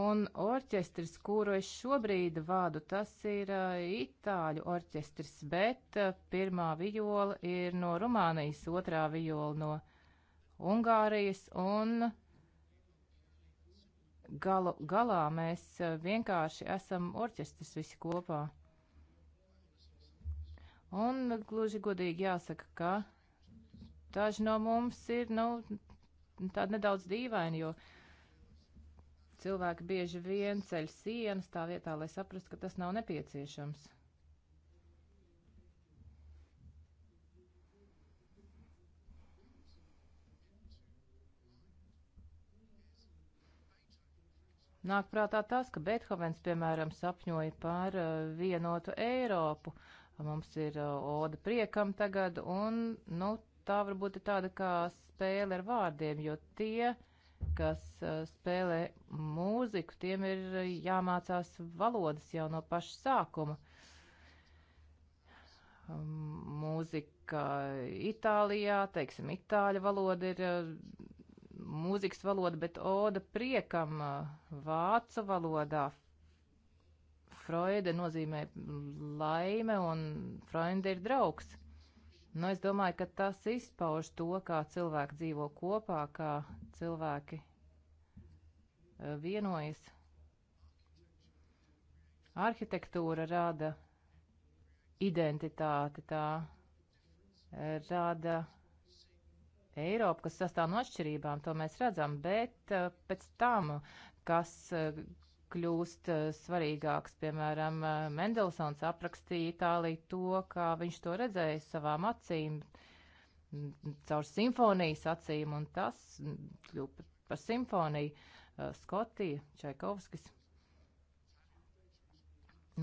Un orķestris, kuru es šobrīd vādu, tas ir uh, itāļu orķestris, bet uh, pirmā viola ir no Rumānijas, otrā viola no Ungārijas un galu galā mēs eh, vienkārši esam orķestris visi kopā. Un gluži godīgi jāsaka, ka daži no mums ir, nu, tādi nedaudz dīvaini, jo cilvēki bieži vien ceļ sienas tā vietā, lai saprastu, ka tas nav nepieciešams. Nāk prātā tas, ka Beethovens, piemēram, sapņoja par uh, vienotu Eiropu. Mums ir uh, oda priekam tagad, un, nu, tā varbūt ir tāda kā spēle ar vārdiem, jo tie, kas uh, spēlē mūziku, tiem ir jāmācās valodas jau no paša sākuma. Um, mūzika Itālijā, teiksim, itāļu valoda ir mūzikas valoda, bet oda priekam vācu valodā. Freude nozīmē laime un Freude ir draugs. Nu, es domāju, ka tas izpauž to, kā cilvēki dzīvo kopā, kā cilvēki vienojas. Arhitektūra rada identitāti, tā rada Eiropu, kas sastāv no atšķirībām, to mēs redzam, bet eh, pēc tam, kas eh, kļūst eh, svarīgāks, piemēram, Mendelsons aprakstīja Itāliju to, kā viņš to redzēja savām acīm, caur simfonijas acīm, un tas kļūst par simfoniju. Skotija, Čaikovskis.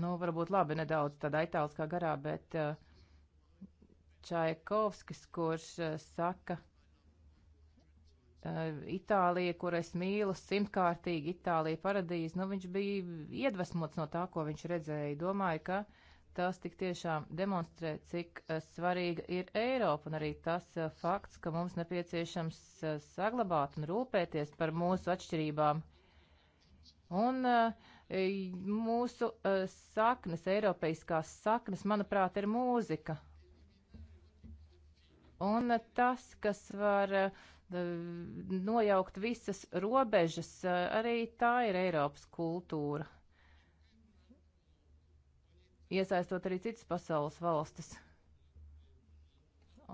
Nu, varbūt labi nedaudz tādā itāliskā garā, bet uh, Čaikovskis, kurš uh, saka, Eh, Itālija, kur es mīlu simtkārtīgi, Itālija paradīze, nu viņš bija iedvesmots no tā, ko viņš redzēja. Domāju, ka tas tik tiešām demonstrē, cik eh, svarīga ir Eiropa un arī tas eh, fakts, ka mums nepieciešams saglabāt un rūpēties par mūsu atšķirībām. Un mūsu saknes, eiropeiskās saknes, manuprāt, ir mūzika Un tas, kas var eh, nojaukt visas robežas, eh, arī tā ir Eiropas kultūra. Iesaistot arī citas pasaules valstis.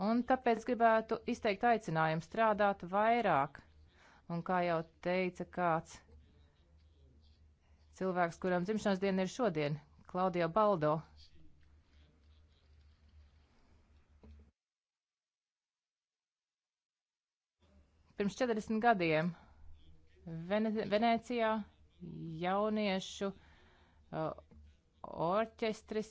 Un tāpēc gribētu izteikt aicinājumu strādāt vairāk. Un kā jau teica kāds cilvēks, kuram dzimšanas diena ir šodien, Klaudija Baldo, Pirms 40 gadiem Vene Venecijā jauniešu uh, orķestris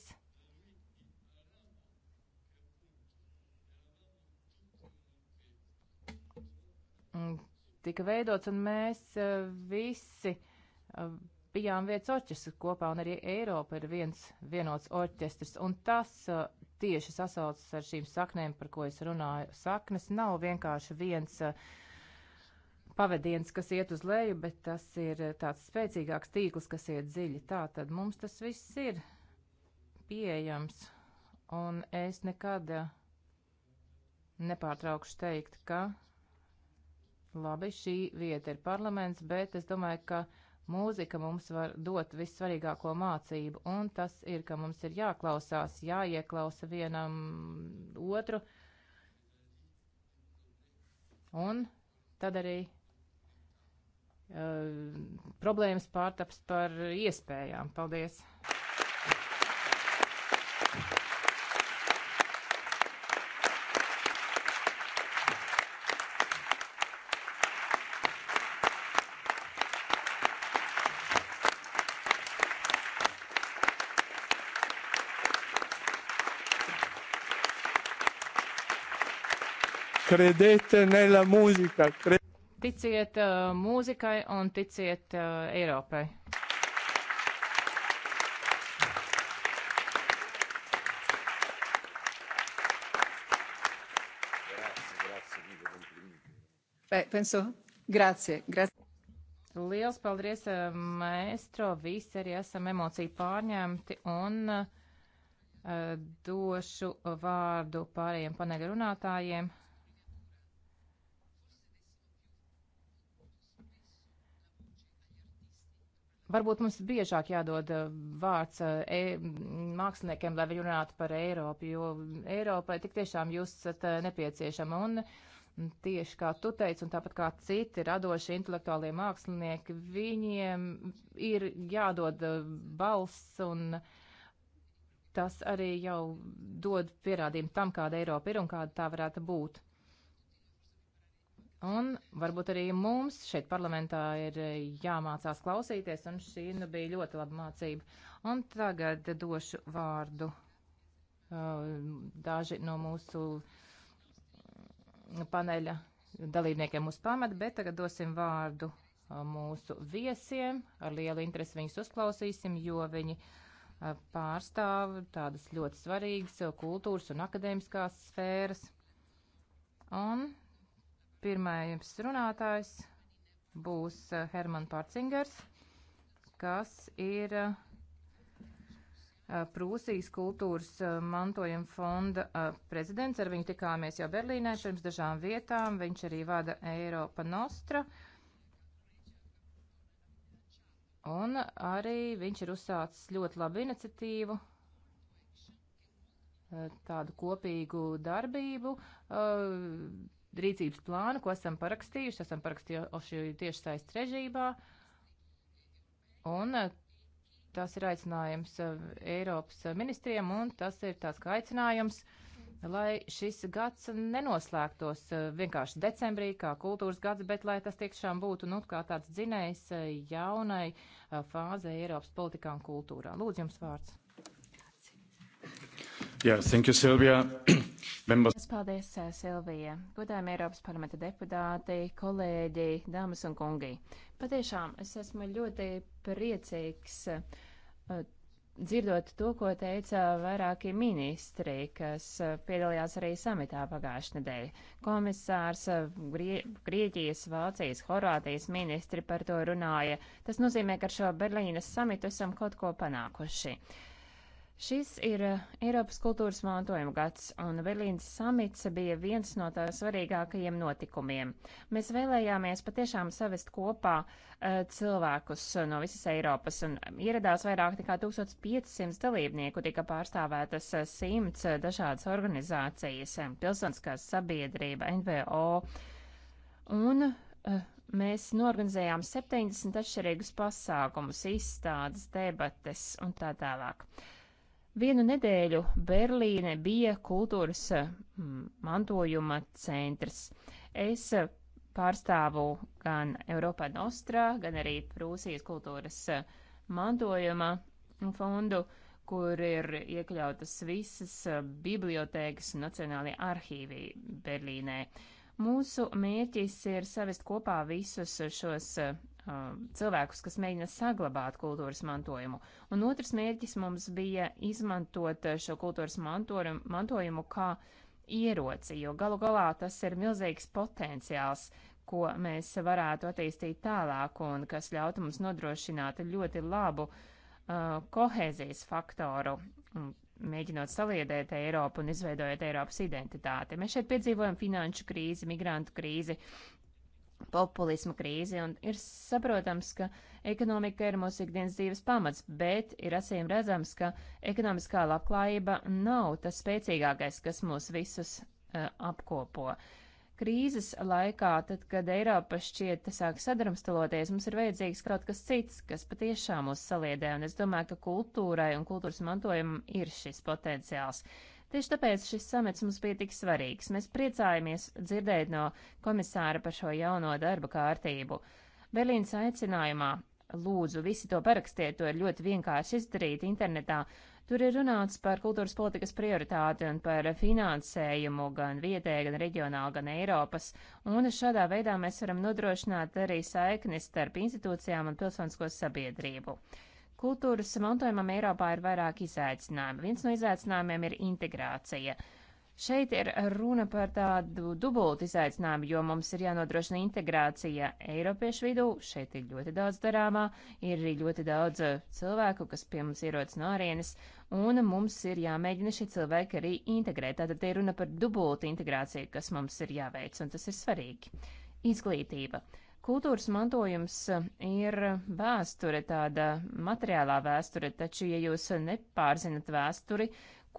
tika veidots, un mēs uh, visi uh, bijām viens orķestris kopā, un arī Eiropa ir viens vienots orķestris, un tas uh, tieši sasaucas ar šīm saknēm, par ko es runāju. Saknes nav vienkārši viens. Uh, pavadiens, kas iet uz leju, bet tas ir tāds spēcīgāks tīkls, kas iet dziļi. Tā tad mums tas viss ir pieejams, un es nekad eh, nepārtraukšu teikt, ka labi, šī vieta ir parlaments, bet es domāju, ka mūzika mums var dot vissvarīgāko mācību, un tas ir, ka mums ir jāklausās, jāieklausa vienam otru, un tad arī Eh, problēmas pārtaps par iespējām. Paldies! Credete nella musica. Cre- ticiet uh, mūzikai un ticiet uh, Eiropai. Penso, grazie, grazie. Liels paldies, uh, maestro, visi arī esam emociju pārņemti un uh, došu vārdu pārējiem paneļa runātājiem. Varbūt mums biežāk jādod eh, vārds eh, e māksliniekiem, lai viņi runātu par Eiropu, jo Eiropai tik tiešām jūs esat eh, nepieciešama. Un tieši kā tu teici, un tāpat kā citi radoši intelektuālie mākslinieki, viņiem ir jādod balss un tas arī jau dod pierādījumu tam, kāda Eiropa ir un kāda tā varētu būt. Un varbūt arī mums šeit parlamentā ir eh, jāmācās klausīties, un šī nu bija ļoti laba mācība. Un tagad došu vārdu eh, daži no mūsu eh, paneļa dalībniekiem mūs pamet, bet tagad dosim vārdu mūsu viesiem. Ar lielu interesi viņus uzklausīsim, jo viņi pārstāv tādas ļoti svarīgas kultūras un akadēmiskās sfēras. Un Pirmais runātājs būs eh, Herman Parcingers, kas ir eh, Prūsijas kultūras eh, mantojuma fonda prezidents. Ar viņu tikāmies jau Berlīnē pirms dažām vietām. Viņš arī vada Eiropa Nostra. Un arī viņš ir uzsācis ļoti labu iniciatīvu, tādu kopīgu darbību rīcības plānu, ko esam parakstījuši, esam parakstījuši tieši saist režībā. Un eh, tas ir aicinājums eh, Eiropas ministriem, un tas ir tāds kā aicinājums, lai šis gads nenoslēgtos eh, vienkārši decembrī kā kultūras gads, bet lai tas tiešām būtu, nu, kā tāds dzinējs jaunai fāzei Eiropas politikā un kultūrā. Lūdzu, jums vārds. Yeah, thank you, Silvija. *clears throat* Members... Paldies, eh, Silvija. Godājumi Eiropas parlamenta deputāti, kolēģi, dāmas un kungi. Patiešām es esmu ļoti priecīgs uh, dzirdot to, ko teica vairāki ministri, kas eh, piedalījās arī samitā pagājušajā nedēļā. Komisārs, Grie Grieķijas, Vācijas, Horvātijas ministri par to runāja. Tas nozīmē, ka ar šo Berlīnas samitu esam kaut ko panākuši. Uh, Šis ir eh, Eiropas kultūras mantojuma gads, un Berlīnas samits bija viens no tā svarīgākajiem notikumiem. Mēs vēlējāmies patiešām savest kopā uh, cilvēkus eh, no visas Eiropas, un ieradās vairāk nekā 1500 dalībnieku, tika pārstāvētas 100 dažādas organizācijas, pilsoniskās sabiedrība, NVO, un uh, mēs norganizējām 70 atšķirīgus pasākumus, izstādes, debates un tā tālāk. Uh, Vienu nedēļu Berlīne bija kultūras mm, mantojuma centrs. Es eh, pārstāvu gan Eiropā Nostrā, gan arī Prūsijas kultūras eh, mantojuma fondu, kur ir iekļautas visas eh, bibliotēkas un nacionālie arhīvi Berlīnē. Mūsu mērķis ir savest kopā visus šos Um, cilvēkus, kas mēģina saglabāt kultūras mantojumu. Un otrs mērķis mums bija izmantot uh, šo kultūras mantojumu kā ieroci, jo galu galā tas ir milzīgs potenciāls, ko mēs varētu attīstīt tālāk un kas ļautu mums nodrošināt ļoti labu uh, kohēzijas faktoru, mēģinot saliedēt Eiropu un izveidojot Eiropas identitāti. Mēs šeit piedzīvojam finanšu krīzi, migrantu krīzi, populismu krīzi, un ir saprotams, ka ekonomika ir mūsu ikdienas dzīves pamats, bet ir acīm redzams, ka ekonomiskā labklājība nav tas spēcīgākais, kas mūs visus uh, apkopo. Krīzes laikā, tad, kad Eiropa šķiet sāk sadrumstaloties, mums ir vajadzīgs kaut kas cits, kas patiešām mūs saliedē, un es domāju, ka kultūrai un kultūras mantojumam ir šis potenciāls. Uh, Tieši tāpēc šis samets mums bija tik svarīgs. Mēs priecājamies dzirdēt no komisāra par šo jauno darba kārtību. Berlīnas aicinājumā lūdzu visi to parakstiet, to ir ļoti vienkārši izdarīt internetā. Tur ir runāts par kultūras politikas prioritāti un par finansējumu gan vietēji, gan reģionāli, gan Eiropas, un šādā veidā mēs varam nodrošināt arī saiknis starp institūcijām un pilsonisko sabiedrību. Uh, Kultūras mantojumam Eiropā ir vairāk izaicinājumu. Viens no izaicinājumiem ir integrācija. Šeit ir runa par tādu dubultu izaicinājumu, jo mums ir jānodrošina integrācija Eiropiešu vidū. Šeit ir ļoti daudz darāmā, ir arī ļoti daudz uh, cilvēku, kas pie mums ierodas no ārienes, un mums ir jāmēģina šie cilvēki arī integrēt. Tātad ir runa par dubultu integrāciju, kas mums ir jāveic, un tas ir svarīgi. Izglītība. Kultūras mantojums eh, ir vēsture, tāda materiālā vēsture, taču, ja jūs eh, nepārzinat vēsturi,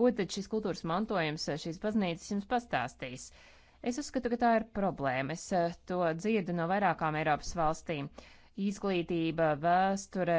ko tad šis kultūras mantojums, eh, šīs baznīcas jums pastāstīs? Es uzskatu, ka tā ir problēma. Es to dzirdu no vairākām Eiropas valstīm. Uh, izglītība vēsturē,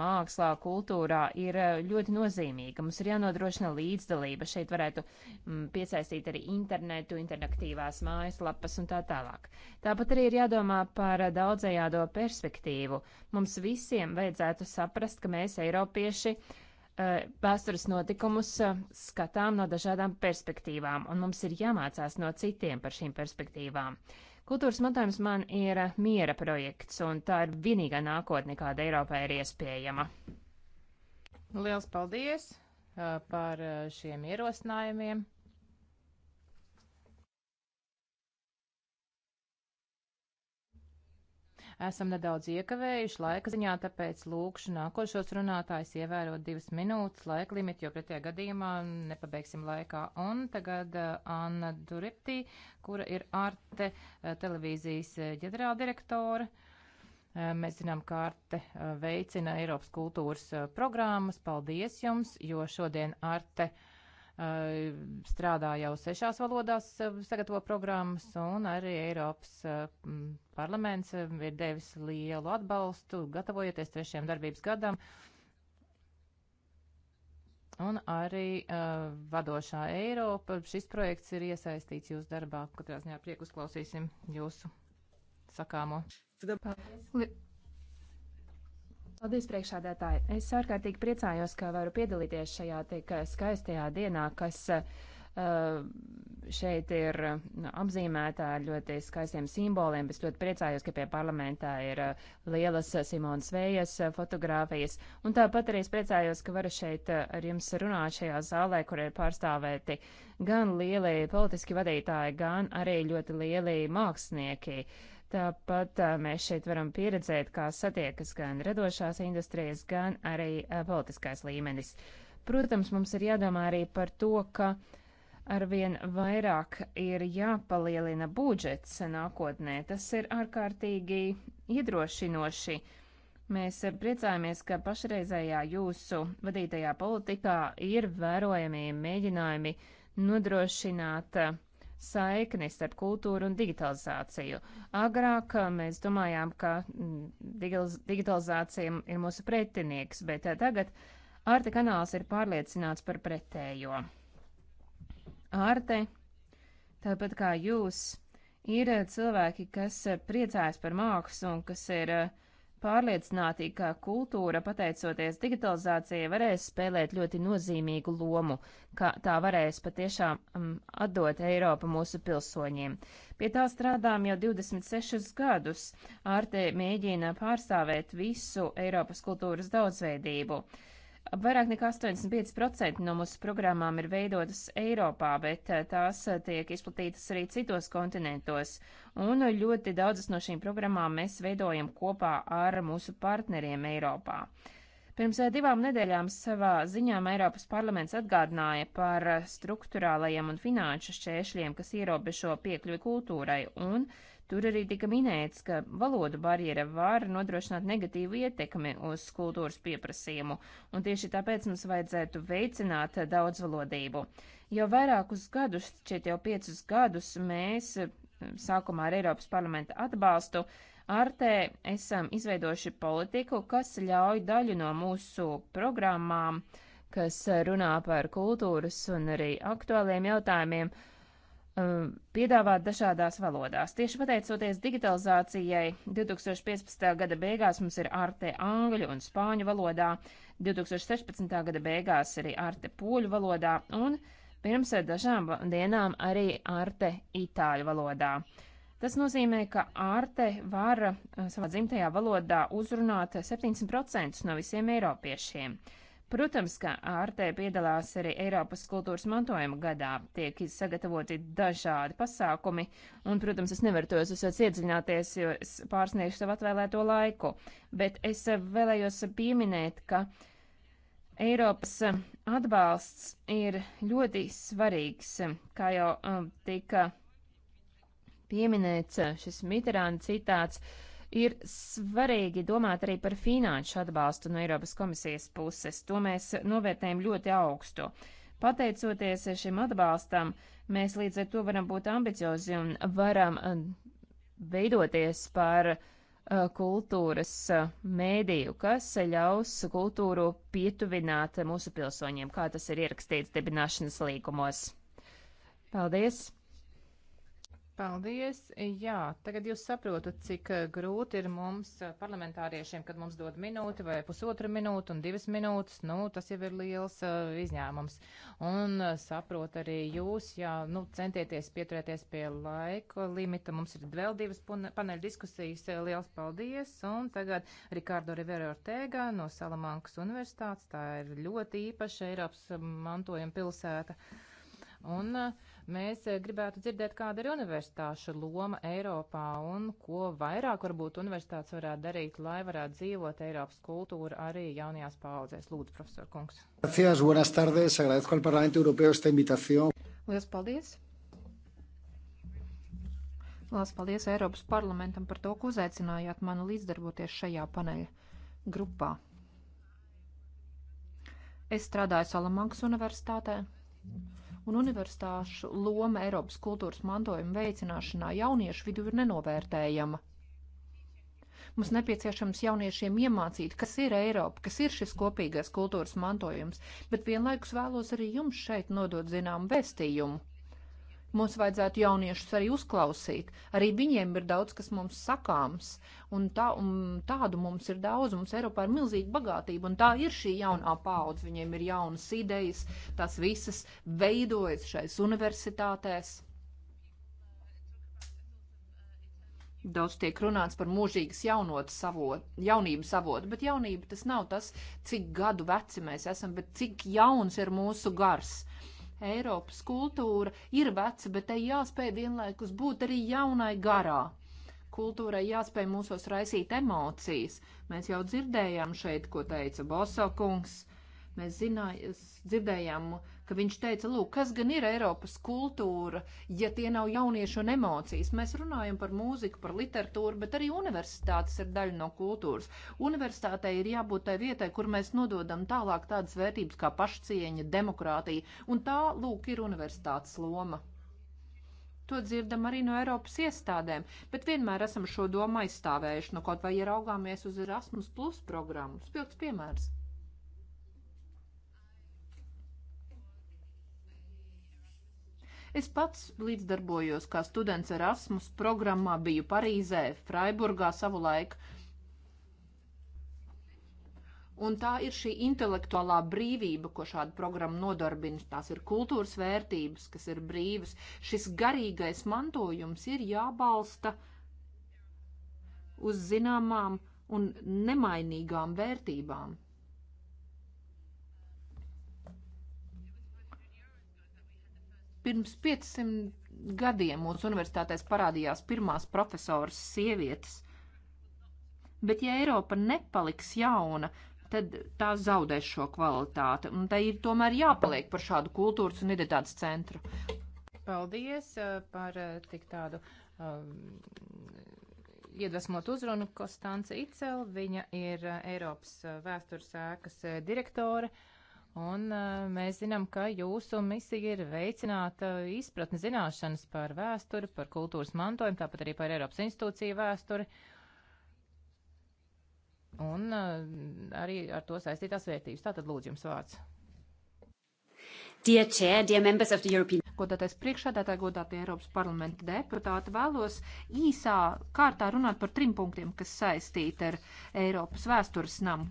mākslā, kultūrā ir eh, ļoti nozīmīga. Mums ir jānodrošina līdzdalība. Šeit varētu mm, piesaistīt arī internetu, interaktīvās mājaslapas un tā tālāk. Tāpat arī ir jādomā par daudzējādo perspektīvu. Mums visiem vajadzētu saprast, ka mēs, eiropieši, eh, vēstures notikumus eh, skatām no dažādām perspektīvām, un mums ir jāmācās no citiem par šīm perspektīvām. Uh, Kultūras mantojums man ir miera projekts, un tā ir vienīgā nākotne, kāda Eiropā ir iespējama. Liels paldies uh, par uh, šiem ierosinājumiem. esam nedaudz iekavējuši laika ziņā, tāpēc lūkšu nākošos runātājus ievērot divas minūtes laika limitu, jo pretējā gadījumā nepabeigsim laikā. Un tagad eh, Anna Duriptī, kura ir Arte eh, televīzijas eh, ģenerāldirektore. Mēs zinām, ka Arte veicina Eiropas kultūras programmas. Paldies jums, jo šodien Arte uh, Eh, strādā jau sešās valodās, eh, sagatavo programmas, un arī Eiropas eh, parlaments ir devis lielu atbalstu, gatavojoties trešajam darbības gadam. Un arī uh, vadošā Eiropa. Šis projekts ir iesaistīts jūsu darbā. Katrā ziņā prieku uzklausīsim jūsu sakāmo. Paldies. Paldies, priekšādētāji! Es ārkārtīgi priecājos, ka varu piedalīties šajā tik skaistajā dienā, kas uh, šeit ir nu, apzīmēta ar ļoti skaistiem simboliem. Es ļoti priecājos, ka pie parlamentā ir uh, lielas Simonas Vējas uh, fotogrāfijas. Un tāpat arī es priecājos, ka varu šeit ar jums runāt šajā zālē, kur ir pārstāvēti gan lieli politiski vadītāji, gan arī ļoti lieli mākslinieki. Uh, Tāpat mēs šeit varam pieredzēt, kā satiekas gan radošās industrijas, gan arī politiskais līmenis. Protams, mums ir jādomā arī par to, ka arvien vairāk ir jāpalielina budžets nākotnē. Tas ir ārkārtīgi iedrošinoši. Mēs priecājamies, ka pašreizējā jūsu vadītajā politikā ir vērojami mēģinājumi nodrošināt uh, saikni starp kultūru un digitalizāciju. Agrāk eh, mēs domājām, ka mm, digitalizācija ir mūsu pretinieks, bet eh, tagad Arte kanāls ir pārliecināts par pretējo. Arte, tāpat kā jūs, ir eh, cilvēki, kas priecājas par mākslu un kas ir uh, pārliecināti, ka kultūra, pateicoties digitalizācijai, varēs spēlēt ļoti nozīmīgu lomu, ka tā varēs patiešām um, atdot Eiropu mūsu pilsoņiem. Pie tā strādājam jau 26 gadus. Ārte mēģina pārstāvēt visu Eiropas kultūras daudzveidību. Vairāk nekā 85% no mūsu programmām ir veidotas Eiropā, bet eh, tās eh, tiek izplatītas arī citos kontinentos. Un ļoti daudzas no šīm programmām mēs veidojam kopā ar mūsu partneriem Eiropā. Pirms eh, divām nedēļām savā ziņām Eiropas parlaments atgādināja par struktūrālajiem un finanšu šķēršļiem, kas ierobežo piekļuvi kultūrai un uh, Tur arī tika minēts, ka valodu barjera var nodrošināt negatīvu ietekmi uz kultūras pieprasījumu, un tieši tāpēc mums vajadzētu veicināt daudzvalodību. Jau vairākus gadus, šeit jau piecus gadus, mēs eh, sākumā ar Eiropas parlamenta atbalstu Artē esam izveidojuši politiku, kas ļauj daļu no mūsu programmām, kas runā par kultūras un arī aktuāliem jautājumiem, uh, Um, piedāvāt dažādās valodās. Tieši pateicoties digitalizācijai, 2015. gada beigās mums ir arte angļu un spāņu valodā, 2016. gada beigās arī arte poļu valodā un pirms dažām dienām arī arte itāļu valodā. Tas nozīmē, ka arte var uh, savā dzimtajā valodā uzrunāt 70% no visiem eiropiešiem. Uh, Protams, ka ārtē piedalās arī Eiropas kultūras mantojuma gadā, tiek sagatavoti dažādi pasākumi, un, protams, es nevaru tos visos iedziļināties, jo es pārsniegšu savu atvēlēto laiku, bet es vēlējos pieminēt, ka Eiropas atbalsts ir ļoti svarīgs, kā jau um, tika pieminēts šis Mitterāna citāts. Uh, Ir svarīgi domāt arī par finanšu atbalstu no Eiropas komisijas puses. To mēs novērtējam ļoti augstu. Pateicoties šim atbalstam, mēs līdz ar to varam būt ambiciozi un varam uh, veidoties par uh, kultūras uh, mēdīju, kas ļaus kultūru pietuvināt mūsu pilsoņiem, kā tas ir ierakstīts dibināšanas līgumos. Paldies! Paldies. Jā, tagad jūs saprotat, cik eh, grūti ir mums eh, parlamentāriešiem, kad mums dod minūti vai pusotra minūte un divas minūtes. Nu, tas jau ir liels uh, izņēmums. Un uh, saprot arī jūs, jā, nu, centieties pieturēties pie laika limita. Mums ir vēl divas paneļa diskusijas. Liels paldies. Un tagad Rikārdo Rivera Ortega no Salamankas universitātes. Tā ir ļoti īpaša Eiropas mantojuma pilsēta. Un, uh, Mēs eh, gribētu dzirdēt, kāda ir universitāšu loma Eiropā un ko vairāk varbūt universitātes varētu darīt, lai varētu dzīvot Eiropas kultūru arī jaunajās paudzēs. Lūdzu, profesor Kungs. Gracias, buenas tardes. Agradezco al Parlamento Europeo esta invitación. Lielas paldies. Lielas paldies Eiropas parlamentam par to, ka uzaicinājāt mani līdzdarboties šajā paneļa grupā. Es strādāju Salamankas universitātē. Mm un universitāšu loma Eiropas kultūras mantojuma veicināšanā jauniešu vidū ir nenovērtējama. Mums nepieciešams jauniešiem iemācīt, kas ir Eiropa, kas ir šis kopīgais kultūras mantojums, bet vienlaikus vēlos arī jums šeit nodot zinām vēstījumu Mums vajadzētu jauniešus arī uzklausīt. Arī viņiem ir daudz, kas mums sakāms, un, tā, un tādu mums ir daudz. Mums Eiropā ir milzīga bagātība, un tā ir šī jaunā paudze. Viņiem ir jaunas idejas, tās visas veidojas šais universitātēs. Daudz tiek runāts par mūžīgas savot, jaunības avotu, bet jaunība tas nav tas, cik gadu veci mēs esam, bet cik jauns ir mūsu gars. Uh, Eiropas kultūra ir veca, bet tai jāspēj vienlaikus būt arī jaunai garā kultūrai jāspēj mūsos raisīt emocijas. Mēs jau dzirdējām šeit, ko teica Bosokungs. Mēs zinā, dzirdējām ka viņš teica, lūk, kas gan ir Eiropas kultūra, ja tie nav jauniešu un emocijas. Mēs runājam par mūziku, par literatūru, bet arī universitātes ir daļa no kultūras. Universitātei ir jābūt tai vietai, kur mēs nododam tālāk tādas vērtības kā pašcieņa, demokrātija, un tā, lūk, ir universitātes loma. To dzirdam arī no Eiropas iestādēm, bet vienmēr esam šo domu aizstāvējuši, nu no kaut vai ieraugāmies uz Erasmus Plus programmu. Spilgts piemērs. Es pats līdzdarbojos kā students Erasmus programmā, biju Parīzē, Freiburgā savulaik. Un tā ir šī intelektuālā brīvība, ko šāda programma nodarbina. Tās ir kultūras vērtības, kas ir brīvas. Šis garīgais mantojums ir jābalsta uz zināmām un nemainīgām vērtībām. Pirms 500 gadiem mūsu universitātēs parādījās pirmās profesoras sievietes. Bet ja Eiropa nepaliks jauna, tad tā zaudēs šo kvalitāti. Un tai ir tomēr jāpaliek par šādu kultūras un identitātes centru. Paldies uh, par uh, tik tādu um, iedvesmot uzrunu Konstance Icel. Viņa ir uh, Eiropas vēstures ēkas direktore. Uh, Un mēs zinām, ka jūsu misija ir veicināt izpratni zināšanas par vēsturi, par kultūras mantojumu, tāpat arī par Eiropas institūciju vēsturi. Un arī ar to saistītās vērtības. Tātad lūdzu jums vārds. Dear Chair, dear members of the European Godātais priekšādātāji, godātie Eiropas parlamenta deputāti, vēlos īsā kārtā runāt par trim punktiem, kas saistīti ar Eiropas vēstures namu.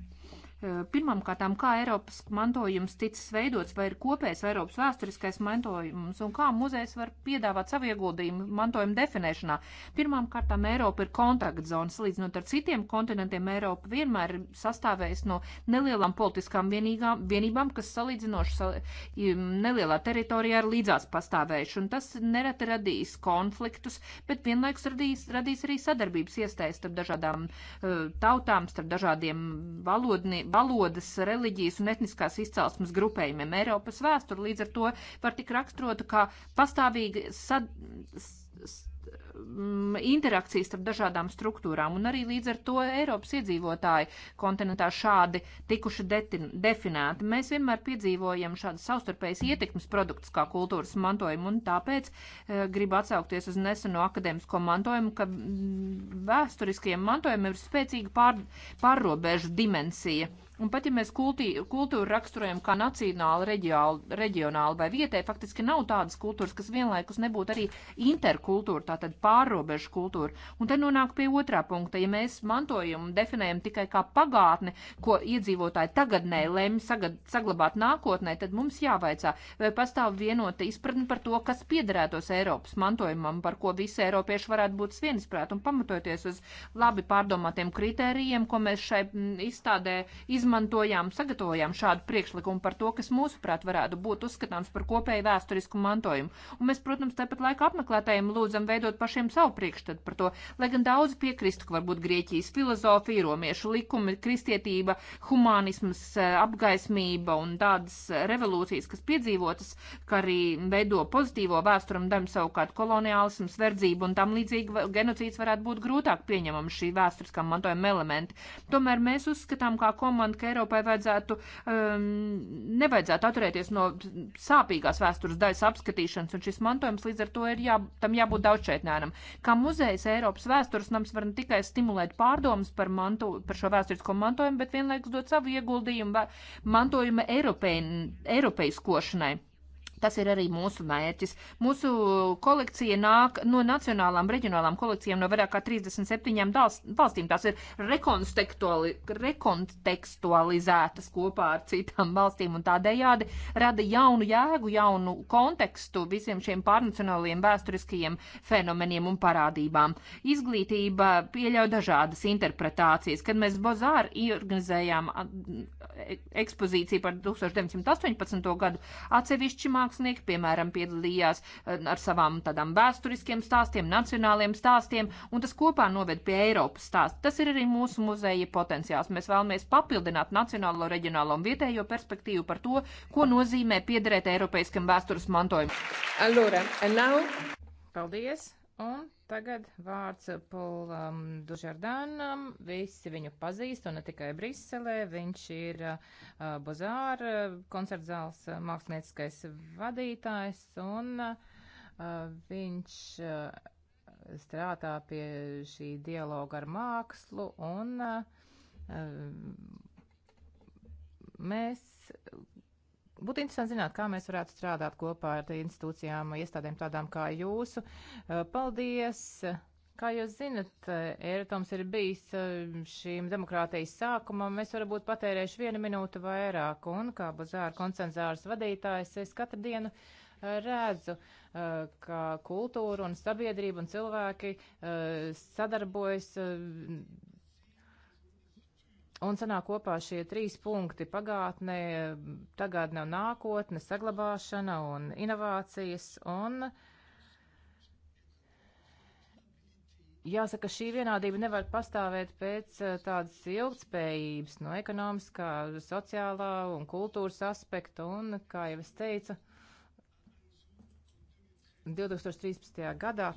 Eh, Pirmkārtām, kā Eiropas mantojums ticis veidots, vai ir kopējs Eiropas vēsturiskais mantojums, un kā muzejs var piedāvāt savu ieguldījumu mantojuma definēšanā. Pirmkārtām, Eiropa ir kontaktzonas, līdzinot ar citiem kontinentiem, Eiropa vienmēr ir sastāvējusi no nelielām politiskām vienīgām, vienībām, kas salīdzinoši sa, nelielā teritorijā ir līdzās pastāvējuši, un tas nereti radīs konfliktus, bet vienlaikus radīs, radīs arī sadarbības iestājas starp dažādām uh, tautām, starp dažādiem valodniekiem valodas, reliģijas un etniskās izcelsmes grupējumiem. Eiropas vēsture līdz ar to var tik raksturota kā pastāvīga sad, Mm, interakcijas starp dažādām struktūrām, un arī līdz ar to Eiropas iedzīvotāji kontinentā šādi tikuši definēti. Mēs vienmēr piedzīvojam šādas savstarpējas ietekmes produktus kā kultūras mantojumu, un tāpēc e, gribu atsaukties uz neseno akadēmisko mantojumu, ka mm, vēsturiskiem mantojumiem ir spēcīga pār, pārrobežu dimensija. Un pat ja mēs kultī, kultūru raksturojam kā nacionālu, reģionālu, reģionālu vai vietēju, faktiski nav tādas kultūras, kas vienlaikus nebūtu arī interkultūra, tātad pārrobežu kultūra. Un te nonāk pie otrā punkta. Ja mēs mantojam un definējam tikai kā pagātni, ko iedzīvotāji tagadnē lemj sagad, saglabāt nākotnē, tad mums jāvaicā, vai pastāv vienota izpratne par to, kas piederētos Eiropas mantojumam, par ko visi eiropieši varētu būt svienisprāt un pamatoties uz labi pārdomātiem kritērijiem, ko mēs šai mm, izstādē izmantojam izmantojām, sagatavojām šādu priekšlikumu par to, kas mūsuprāt varētu būt uzskatāms par kopēju vēsturisku mantojumu. Un mēs, protams, tāpat laika apmeklētājiem lūdzam veidot pašiem savu priekšstatu par to, lai gan daudz piekristu, ka varbūt Grieķijas filozofija, romiešu likumi, kristietība, humānisms, eh, apgaismība un tādas eh, revolūcijas, kas piedzīvotas, ka arī veido pozitīvo vēsturam daļu savukārt koloniālisms, verdzība un tam līdzīgi genocīds varētu būt grūtāk pieņemams šī vēsturiskā mantojuma elementi. Tomēr mēs uzskatām, kā komanda, domājam, ka Eiropai vajadzētu, um, nevajadzētu atturēties no sāpīgās vēstures daļas apskatīšanas, un šis mantojums līdz ar to ir jā, tam jābūt daudzšķaitnēnam. Kā muzejs Eiropas vēstures nams var ne tikai stimulēt pārdomas par, mantu, par šo vēsturisko mantojumu, bet vienlaikus dot savu ieguldījumu mantojuma eiropeiskošanai. Eiropei Tas ir arī mūsu mērķis. Mūsu kolekcija nāk no nacionālām, reģionālām kolekcijām no vairāk kā 37 valstīm. Tās ir rekontekstualizētas kopā ar citām valstīm un tādējādi rada jaunu jēgu, jaunu kontekstu visiem šiem pārnacionālajiem vēsturiskajiem fenomeniem un parādībām. Izglītība pieļauj dažādas interpretācijas. Kad mēs Bozāri organizējām e, ekspozīciju par 1918. gadu, atsevišķi mākslinieki mākslinieki, piemēram, piedalījās eh, ar savām tādām vēsturiskiem stāstiem, nacionāliem stāstiem, un tas kopā noved pie Eiropas stāsta. Tas ir arī mūsu muzeja potenciāls. Mēs vēlamies papildināt nacionālo, reģionālo un vietējo perspektīvu par to, ko nozīmē piederēt Eiropaiskam vēstures mantojumam. Allora, and now... Paldies! Un tagad vārds Polam Dužardanam. Visi viņu pazīst, un ne tikai Briselē. Viņš ir uh, Bozāra uh, koncerta zāles uh, mākslinieckais vadītājs, un uh, viņš uh, strādā pie šī dialoga ar mākslu, un uh, mēs Būtu interesanti zināt, kā mēs varētu strādāt kopā ar institūcijām, iestādēm tādām kā jūsu. Eh, paldies! Kā jūs zinat, Eiratoms eh, ir bijis eh, šīm demokrātijas sākumam, es varbūt patērēšu vienu minūtu vairāk, un kā bazāra koncenzāras vadītājs es katru dienu redzu, ka kultūra un sabiedrība un cilvēki sadarbojas Un sanāk kopā šie trīs punkti - pagātne, tagadne un nākotne, saglabāšana un inovācijas. Un jāsaka, šī vienādība nevar pastāvēt pēc eh, tādas ilgtspējības no ekonomiskā, sociālā un kultūras aspekta. Un, kā jau es teicu, 2013. gadā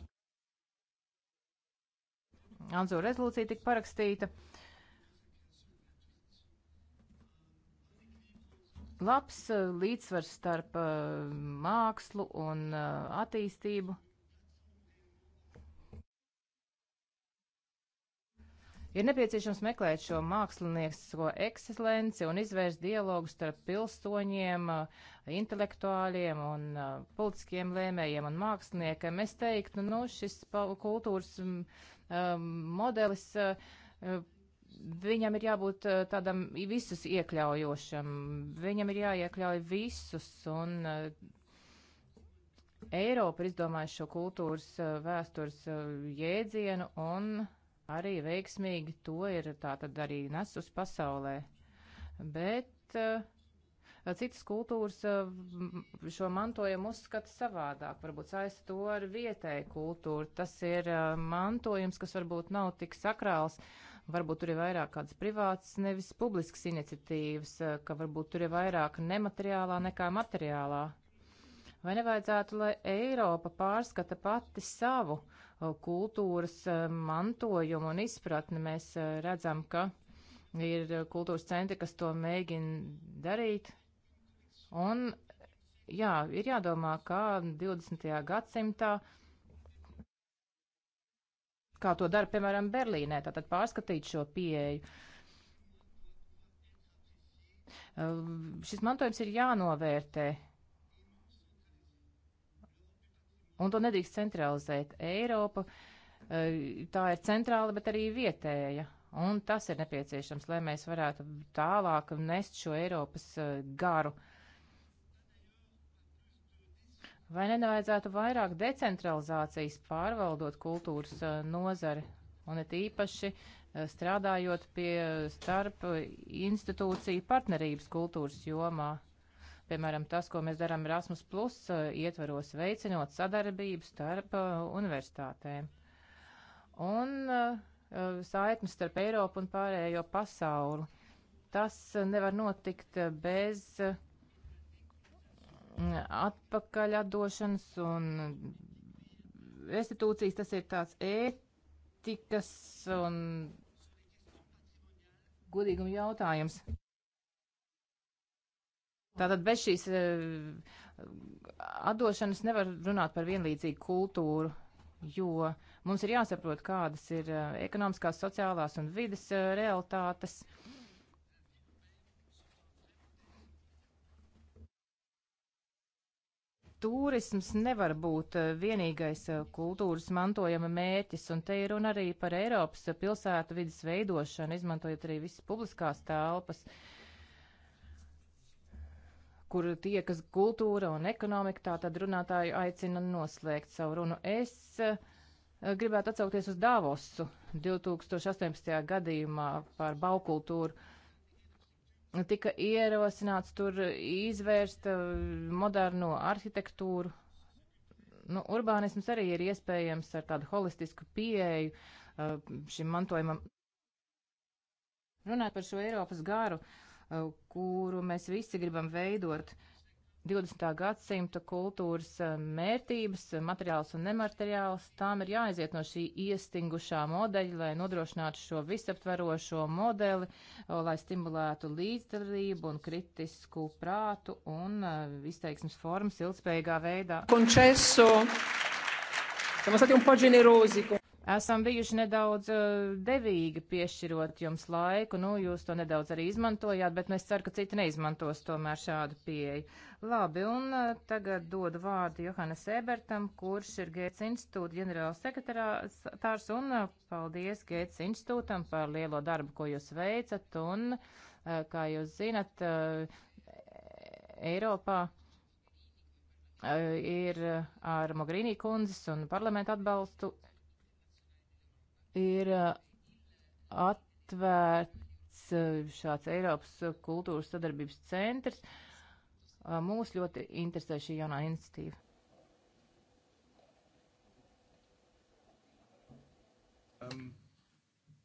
Anzo rezolūcija tika parakstīta. labs eh, līdzsvars starp eh, mākslu un eh, attīstību. Ir nepieciešams meklēt šo māksliniecisko ekscelenci un izvērst dialogu starp pilsoņiem, intelektuāļiem un politiskiem lēmējiem un māksliniekiem. Es teiktu, nu, šis kultūras um, modelis uh, Viņam ir jābūt eh, tādam visus iekļaujošam, viņam ir jāiekļauj visus, un eh, Eiropa ir izdomājusi šo kultūras eh, vēstures jēdzienu, un arī veiksmīgi to ir tātad arī nesus pasaulē. Bet uh, citas kultūras šo mantojumu uzskata savādāk, varbūt saista to ar vietēju kultūru. Tas ir mantojums, kas varbūt nav tik sakrāls, Varbūt tur ir vairāk kādas privātas, nevis publiskas iniciatīvas, eh, ka varbūt tur ir vairāk nemateriālā nekā materiālā. Vai nevajadzētu, lai Eiropa pārskata pati savu eh, kultūras eh, mantojumu un izpratni? Mēs redzam, ka ir kultūras centri, kas to mēģina darīt. Un, jā, ir jādomā, kā 20. gadsimtā uh, kā to dara, piemēram, Berlīnē, tātad pārskatīt šo pieeju. Ehm, šis mantojums ir jānovērtē. Un to nedrīkst centralizēt. Eiropa ehm, tā ir centrāla, bet arī vietēja. Un tas ir nepieciešams, lai mēs varētu tālāk nest šo Eiropas ehm, garu. Uh, Vai nenavajadzētu vairāk decentralizācijas pārvaldot kultūras eh, nozari un it īpaši eh, strādājot pie eh, starp institūciju partnerības kultūras jomā? Piemēram, tas, ko mēs darām Erasmus, plus, ietvaros veicinot sadarbību starp universitātēm. Un saitnes starp Eiropu un pārējo pasauli. Tas nevar notikt bez uh, atpakaļ atdošanas un restitūcijas, tas ir tāds ētikas un gudīguma jautājums. Tātad bez šīs e, atdošanas nevar runāt par vienlīdzīgu kultūru, jo mums ir jāsaprot, kādas ir e, ekonomiskās, sociālās un vides e, realitātes. Uh, Tūrisms nevar būt eh, vienīgais eh, kultūras mantojuma mērķis, un te ir runa arī par Eiropas eh, pilsētu vidas veidošanu, izmantojot arī visas publiskās telpas, kur tie, kas kultūra un ekonomika, tā tad runātāju aicina noslēgt savu runu. Es gribētu atsaukties uz Davosu 2018. gadījumā par baukultūru tika ierosināts tur izvērst uh, moderno arhitektūru. Nu, urbānisms arī ir iespējams ar tādu holistisku pieeju uh, šim mantojumam. Runāt par šo Eiropas garu, uh, kuru mēs visi gribam veidot. Uh, 20. gadsimta kultūras eh, mērtības, eh, materiāls un nemateriāls, tām ir jāaiziet no šī iestingušā modeļa, lai nodrošinātu šo visaptverošo modeli, eh, lai stimulētu līdzdalību un kritisku prātu un izteiksmes formas ilgspējīgā veidā. Končeso. Siamo stati un po generosi. Esam bijuši nedaudz eh, devīgi piešķirot jums laiku, nu, jūs to nedaudz arī izmantojāt, bet mēs nu, ceru, ka citi neizmantos tomēr šādu pieeju. Labi, un eh, tagad dodu vārdu Johannes Ebertam, kurš ir Gēts institūta ģenerāls sekretārs, un eh, paldies Gēts institūtam par lielo darbu, ko jūs veicat, un, kā jūs zinat, Eiropā ir ar Mogherini kundzes un parlamentu atbalstu ir uh, atvērts uh, šāds Eiropas uh, kultūras sadarbības centrs. Mūs ļoti interesē šī jaunā iniciatīva. Um.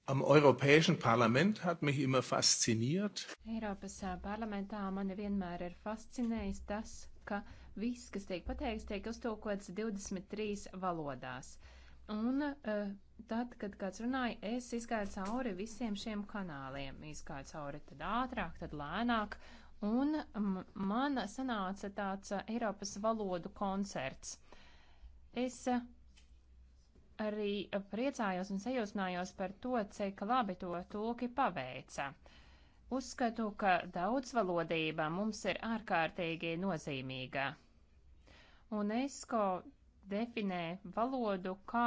Am Europäischen Parlament hat mich immer fasziniert. Eiropas parlamentā mani vienmēr ir fascinējis tas, ka viss, kas tiek pateikts, tiek uztūkots 23 valodās. Uh, Un eh, tad, kad kāds runāja, es izgāju cauri visiem šiem kanāliem. Izgāju cauri tad ātrāk, tad lēnāk. Un man sanāca tāds eh, Eiropas valodu koncerts. Es eh, arī priecājos un sajūsmājos par to, cik labi to tulki paveica. Uzskatu, ka daudzvalodība mums ir ārkārtīgi nozīmīga. UNESCO definē valodu kā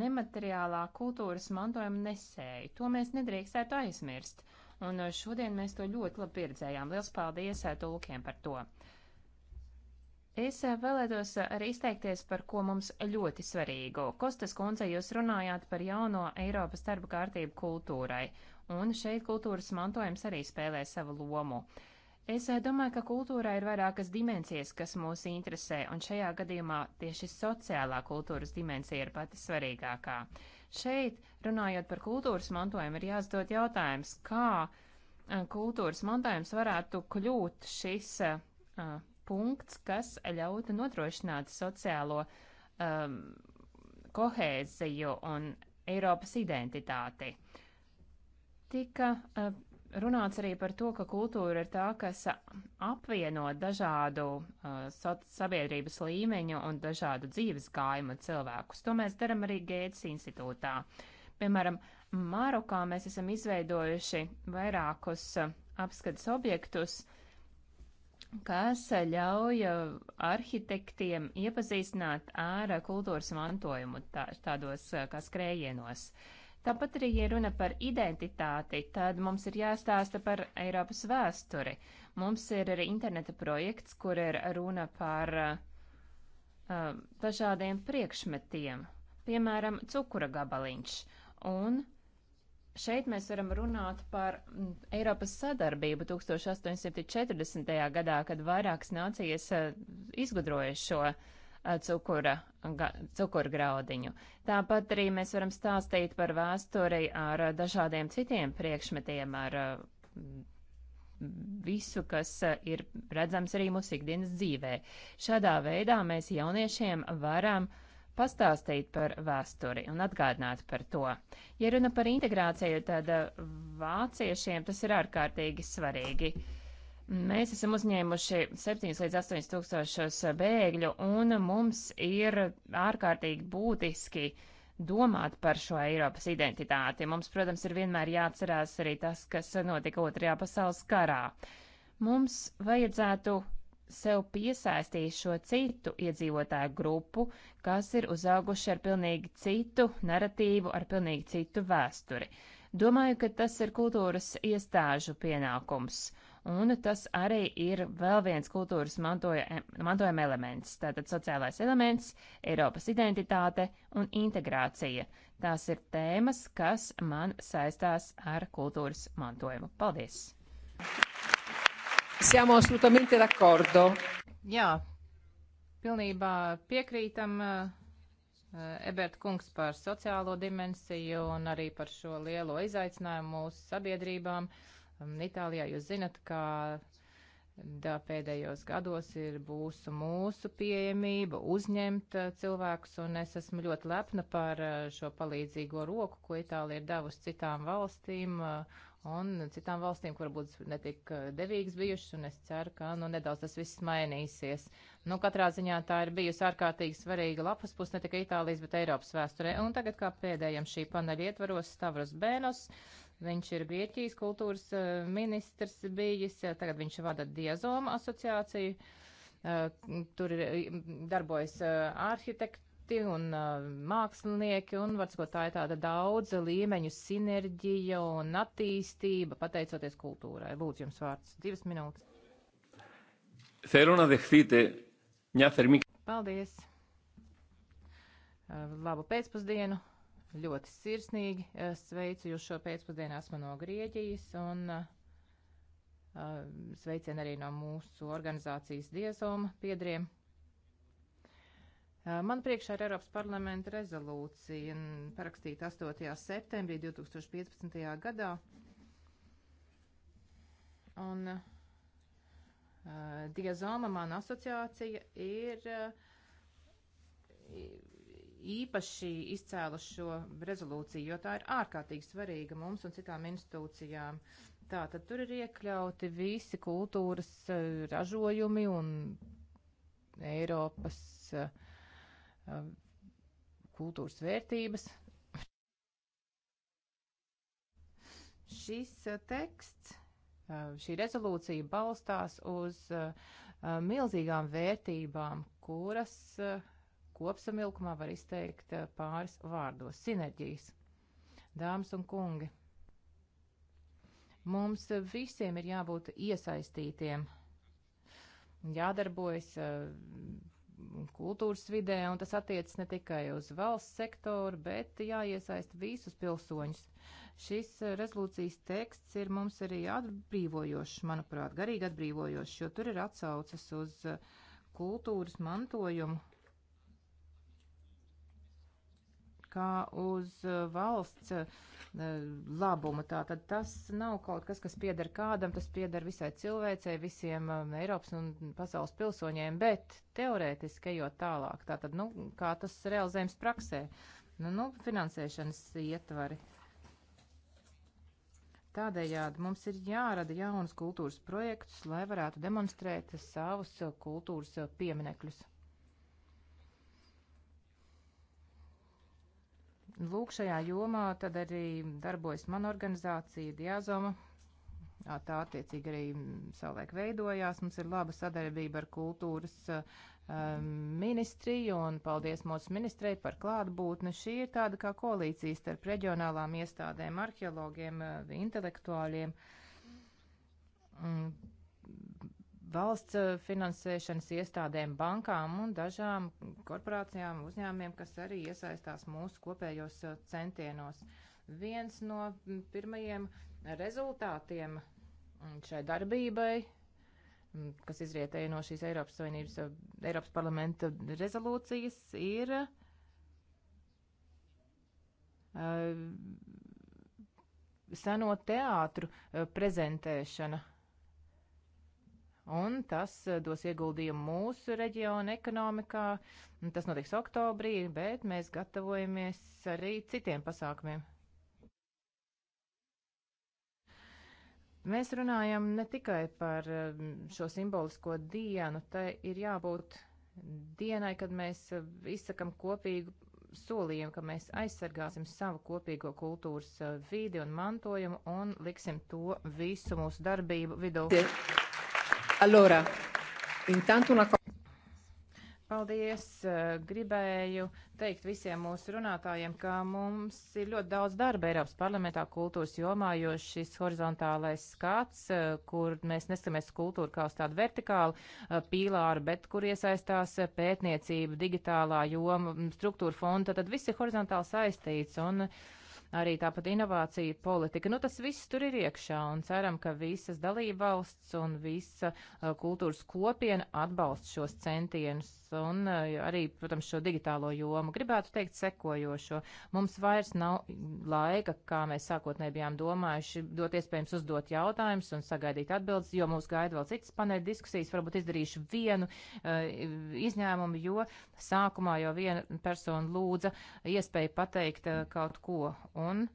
nemateriālā kultūras mantojuma nesēju. To mēs nedrīkstētu aizmirst. Un uh, šodien mēs to ļoti labi pieredzējām. Liels paldies uh, tulkiem par to! Es uh, vēlētos arī izteikties par ko mums ļoti svarīgu. Kostas kundze, jūs runājāt par jauno Eiropas darba kārtību kultūrai, un šeit kultūras mantojums arī spēlē savu lomu. Uh, Es eh, domāju, ka kultūrā ir vairākas dimensijas, kas mūs interesē, un šajā gadījumā tieši sociālā kultūras dimensija ir pati svarīgākā. Šeit, runājot par kultūras mantojumu, ir jāsadod jautājums, kā eh, kultūras mantojums varētu kļūt šis uh, punkts, kas ļautu nodrošināt sociālo um, kohēziju un Eiropas identitāti. Tika uh, runāts arī par to, ka kultūra ir tā, kas apvieno dažādu uh, sabiedrības līmeņu un dažādu dzīves gājumu cilvēkus. To mēs darām arī Gētas institūtā. Piemēram, Marokā mēs esam izveidojuši vairākus uh, apskates objektus, kas ļauj uh, arhitektiem iepazīstināt ar kultūras mantojumu tā, tādos uh, kā skrējienos. Uh, Tāpat arī, ja runa par identitāti, tad mums ir jāstāsta par Eiropas vēsturi. Mums ir arī interneta projekts, kur ir runa par uh, uh dažādiem priekšmetiem, piemēram, cukura gabaliņš. Un šeit mēs varam runāt par mm, Eiropas sadarbību 1840. gadā, kad vairākas nācijas uh, izgudroja šo uh, Eh, cukura, ga, cukurgraudiņu. Tāpat arī mēs varam stāstīt par vēsturi ar eh, dažādiem citiem priekšmetiem, ar eh, visu, kas ir redzams arī mūsu ikdienas dzīvē. Šādā veidā mēs jauniešiem varam pastāstīt par vēsturi un atgādināt par to. Ja runa par integrāciju, tad vāciešiem tas ir ārkārtīgi svarīgi. Mēs esam uzņēmuši 7 līdz 8 tūkstošus bēgļu, un mums ir ārkārtīgi būtiski domāt par šo Eiropas identitāti. Mums, protams, ir vienmēr jāatcerās arī tas, kas notika Otrajā pasaules karā. Mums vajadzētu sev piesaistīt šo citu iedzīvotāju grupu, kas ir uzauguši ar pilnīgi citu naratīvu, ar pilnīgi citu vēsturi. Domāju, ka tas ir kultūras iestāžu pienākums un tas arī ir vēl viens kultūras mantoja, mantojuma elements. Tātad sociālais elements, Eiropas identitāte un integrācija. Tās ir tēmas, kas man saistās ar kultūras mantojumu. Paldies! Siamo assolutamente d'accordo. Jā, pilnībā piekrītam. Uh... Eh, Eberta kungs par sociālo dimensiju un arī par šo lielo izaicinājumu mūsu sabiedrībām. Uh, Um, Itālijā jūs zinat, ka um, da, pēdējos gados ir būsu mūsu pieejamība uzņemt uh, cilvēkus, un es esmu ļoti lepna par uh, šo palīdzīgo roku, ko Itālija ir devusi citām valstīm, uh, un citām valstīm, kur būtu netik devīgas bijušas, un es ceru, ka nu, nedaudz tas viss mainīsies. Nu, katrā ziņā tā ir bijusi ārkārtīgi svarīga lapas puse ne tikai Itālijas, bet Eiropas vēsturē. Un tagad kā pēdējiem šī paneļa ietvaros Stavros Bēnos. Uh, Viņš ir Grieķijas kultūras eh, ministrs bijis, eh, tagad viņš vada Diazoma asociāciju. Eh, tur ir darbojas arhitekti un mākslinieki, un var sakot, tā ir tāda daudz līmeņu sinerģija un attīstība, pateicoties kultūrai. Lūdzu, jums vārds divas minūtes. Θέλω να δεχθείτε μια θερμή. Paldies. Labu pēcpusdienu. Ļoti sirsnīgi sveicu jūs šo pēcpusdienu, esmu no Grieķijas un uh, sveicien arī no mūsu organizācijas diezoma piedriem. Uh, man priekšā ir Eiropas parlamenta rezolūcija, parakstīta 8. septembrī 2015. gadā. Un uh, Diazoma mana asociācija ir uh, īpaši izcēlu šo rezolūciju, jo tā ir ārkārtīgi svarīga mums un citām institūcijām. Tā tad tur ir iekļauti visi kultūras eh, ražojumi un Eiropas eh, kultūras vērtības. Šis eh, teksts, šī rezolūcija balstās uz milzīgām vērtībām, kuras uh, kopsamilkumā var izteikt eh, pāris vārdos - sinerģijas. Dāmas un kungi, mums eh, visiem ir jābūt iesaistītiem, jādarbojas eh, kultūras vidē, un tas attiecas ne tikai uz valsts sektoru, bet jāiesaista visus pilsoņus. Šis rezolūcijas teksts ir mums arī atbrīvojošs, manuprāt, garīgi atbrīvojošs, jo tur ir atsaucas uz kultūras mantojumu kā uz uh, valsts uh, labumu. Tātad tas nav kaut kas, kas pieder kādam, tas pieder visai cilvēcei, visiem um, Eiropas un pasaules pilsoņiem, bet teorētiski ejot tālāk, tātad, nu, kā tas realizējums praksē, nu, nu finansēšanas ietvari. Tādējādi mums ir jārada jaunas kultūras projektus, lai varētu demonstrēt savus uh, kultūras pieminekļus. Lūk, šajā jomā tad arī darbojas mana organizācija Diazoma. Tā attiecīgi arī savulaik veidojās. Mums ir laba sadarbība ar kultūras ministriju un paldies mūsu ministrei par klātbūtni. Šī ir tāda kā koalīcija starp reģionālām iestādēm, arheologiem, intelektuāļiem valsts eh, finansēšanas iestādēm, bankām un dažām korporācijām, uzņēmiem, kas arī iesaistās mūsu kopējos eh, centienos. Viens no mm, pirmajiem rezultātiem mm, šai darbībai, mm, kas izrietēja no šīs Eiropas Savienības, eh, Eiropas parlamenta rezolūcijas, ir uh, seno teātru prezentēšana un tas eh, dos ieguldījumu mūsu reģiona ekonomikā. Tas notiks oktobrī, bet mēs gatavojamies arī citiem pasākumiem. Mēs runājam ne tikai par eh, šo simbolisko dienu, tai ir jābūt dienai, kad mēs eh, izsakam kopīgu solījumu, ka mēs aizsargāsim savu kopīgo kultūras vīdi un mantojumu un liksim to visu mūsu darbību vidū. Tie. Allora, intanto una cosa. Paldies! Eh, gribēju teikt visiem mūsu runātājiem, ka mums ir ļoti daudz darba Eiropas parlamentā kultūras jomā, jo šis horizontālais skats, eh, kur mēs neskamies kultūru kā uz tādu vertikālu eh, pīlāru, bet kur iesaistās pētniecība, digitālā joma, struktūra fonda, tad viss ir horizontāli saistīts. Un, uh, arī tāpat inovācija politika. Nu, tas viss tur ir iekšā un ceram, ka visas dalībvalsts un visa uh, kultūras kopiena atbalsta šos centienus un eh, arī, protams, šo digitālo jomu. Gribētu teikt sekojošo. Mums vairs nav laika, kā mēs sākotnēji bijām domājuši, dot iespējams uzdot jautājumus un sagaidīt atbildes, jo mūs gaida vēl citas paneļa diskusijas. Varbūt izdarīšu vienu eh, izņēmumu, jo sākumā jau viena persona lūdza iespēju pateikt eh, kaut ko. Un,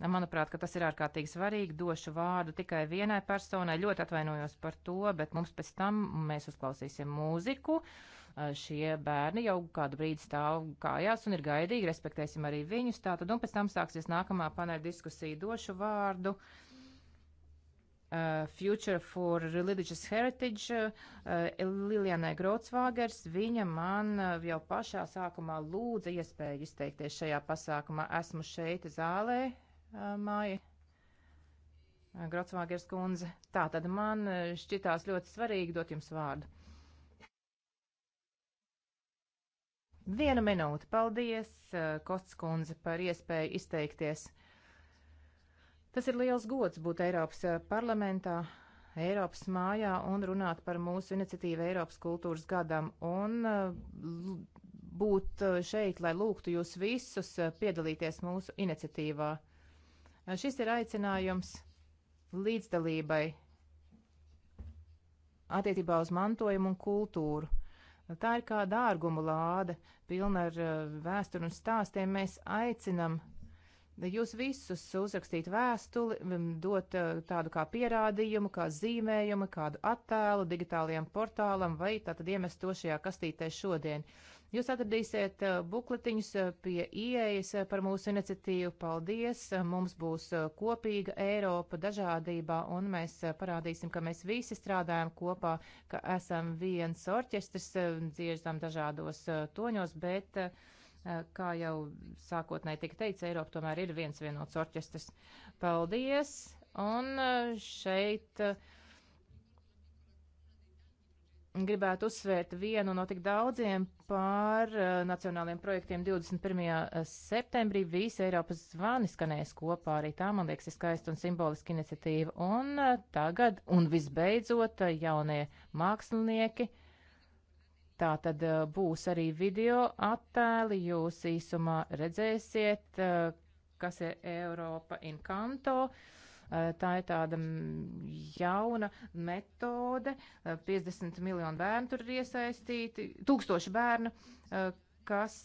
Manuprāt, ka tas ir ārkārtīgi svarīgi. Došu vārdu tikai vienai personai. Ļoti atvainojos par to, bet mums pēc tam mēs uzklausīsim mūziku. Uh, šie bērni jau kādu brīdi stāv kājās un ir gaidīgi, respektēsim arī viņus. Tātad, un pēc tam sāksies nākamā paneļa diskusija. Došu vārdu. Uh, Future for Religious Heritage uh, Lilianai Grotsvāgers. Viņa man uh, jau pašā sākumā lūdza iespēju izteikties šajā pasākumā. Esmu šeit zālē, uh, māja. Grotsvāgers kundze. Tā tad man šķitās ļoti svarīgi dot jums vārdu. Viena minūte. Paldies, eh, Kosts kundze, par iespēju izteikties. Tas ir liels gods būt Eiropas eh, parlamentā, Eiropas mājā un runāt par mūsu iniciatīvu Eiropas kultūras gadam un eh, būt šeit, lai lūgtu jūs visus piedalīties mūsu iniciatīvā. Šis ir aicinājums līdzdalībai attiecībā uz mantojumu un kultūru. Tā ir kā dārguma lāde, pilna ar eh, vēsturu un stāstiem. Mēs aicinam eh, jūs visus uzrakstīt vēstuli, dot eh, tādu kā pierādījumu, kā zīmējumu, kādu attēlu digitālajam portālam vai tātad iemest to šajā kastītē šodien. Jūs atradīsiet eh, bukletiņus eh, pie ieejas eh, par mūsu iniciatīvu. Paldies! Mums būs kopīga Eiropa dažādībā, un mēs parādīsim, ka mēs visi strādājam kopā, ka esam viens orķestris, dziedam dažādos toņos, bet, kā jau sākotnēji tika teikts, Eiropa tomēr ir viens vienots orķestris. Paldies! Un šeit gribētu uzsvērt vienu no tik daudziem pār uh, eh, nacionāliem projektiem 21. Eh, septembrī. Visi Eiropas zvani skanēs kopā, arī tā, man liekas, ir skaista un simboliska iniciatīva. Un uh, tagad, un visbeidzot, uh, jaunie mākslinieki. Tā tad uh, būs arī video attēli, jūs īsumā redzēsiet, uh, kas ir Eiropa Inkanto. Uh, Eh, tā ir tāda mm, jauna metode. 50 eh, miljonu bērnu tur ir iesaistīti, tūkstoši bērnu, eh, kas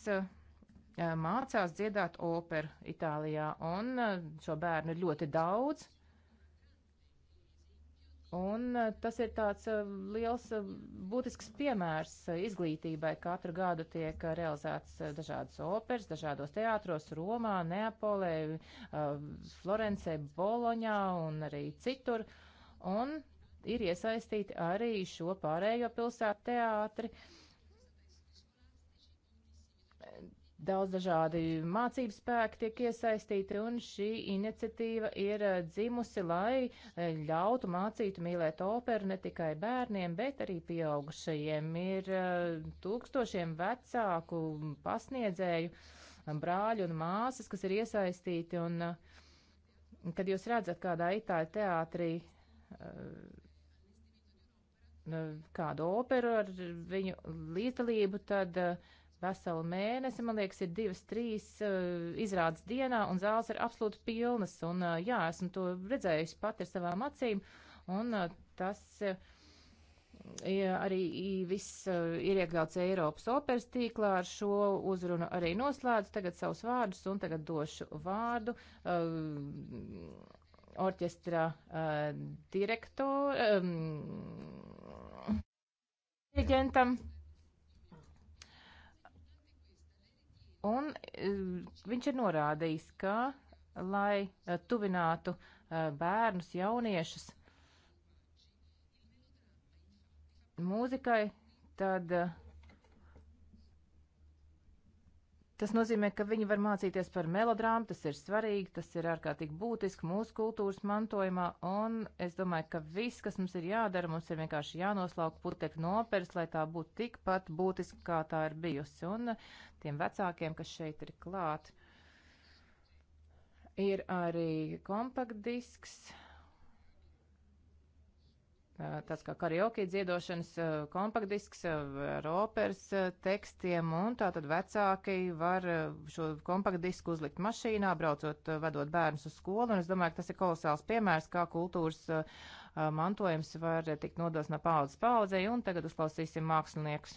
mācās dziedāt operu Itālijā. Un šo bērnu ir ļoti daudz. Un e, tas ir tāds e, liels, e, būtisks piemērs izglītībai. Katru gadu tiek realizēts dažādas operas, dažādos teātros, Romā, Neapolē, Florencē, Boloņā un arī citur. Un ir iesaistīti arī šo pārējo pilsētu teātri. Uh, Daudz dažādi mācību spēki tiek iesaistīti, un šī iniciatīva ir eh, dzimusi, lai eh, ļautu mācītu mīlēt operu ne tikai bērniem, bet arī pieaugušajiem. Ir eh, tūkstošiem vecāku pasniedzēju, brāļu un māsas, kas ir iesaistīti, un kad jūs redzat kādā itāļu teātrī kādu operu ar viņu līdzdalību, tad uh, veselu mēnesi, man liekas, ir divas, trīs uh, izrādes dienā, un zāles ir absolūti pilnas. Un, uh, jā, esmu to redzējusi pati ar savām acīm, un uh, tas uh, arī viss uh, ir iekļauts Eiropas operas tīklā. Ar šo uzrunu arī noslēdzu tagad savus vārdus, un tagad došu vārdu. Uh, orķestra uh, direktoram, um, diriģentam. Uh, Un e, viņš ir norādījis, ka, lai e, tuvinātu e, bērnus, jauniešus mūzikai, tad uh, Tas nozīmē, ka viņi var mācīties par melodrāmu, tas ir svarīgi, tas ir ārkārtīgi būtiski mūsu kultūras mantojumā, un es domāju, ka viss, kas mums ir jādara, mums ir vienkārši jānoslauk putekļi no operas, lai tā būtu tikpat būtiski, kā tā ir bijusi, un uh, tiem vecākiem, kas šeit ir klāt. Ir arī kompaktdisks, Eh, tāds kā karaoke dziedošanas eh, kompaktdisks ar eh, operas tekstiem, un tā tad vecāki var šo kompaktdisku uzlikt mašīnā, braucot, vadot bērnus uz skolu, un es domāju, ka tas ir kolosāls piemērs, kā kultūras mantojums var tikt nodos no paudzes paudzei, un tagad uzklausīsim māksliniekus.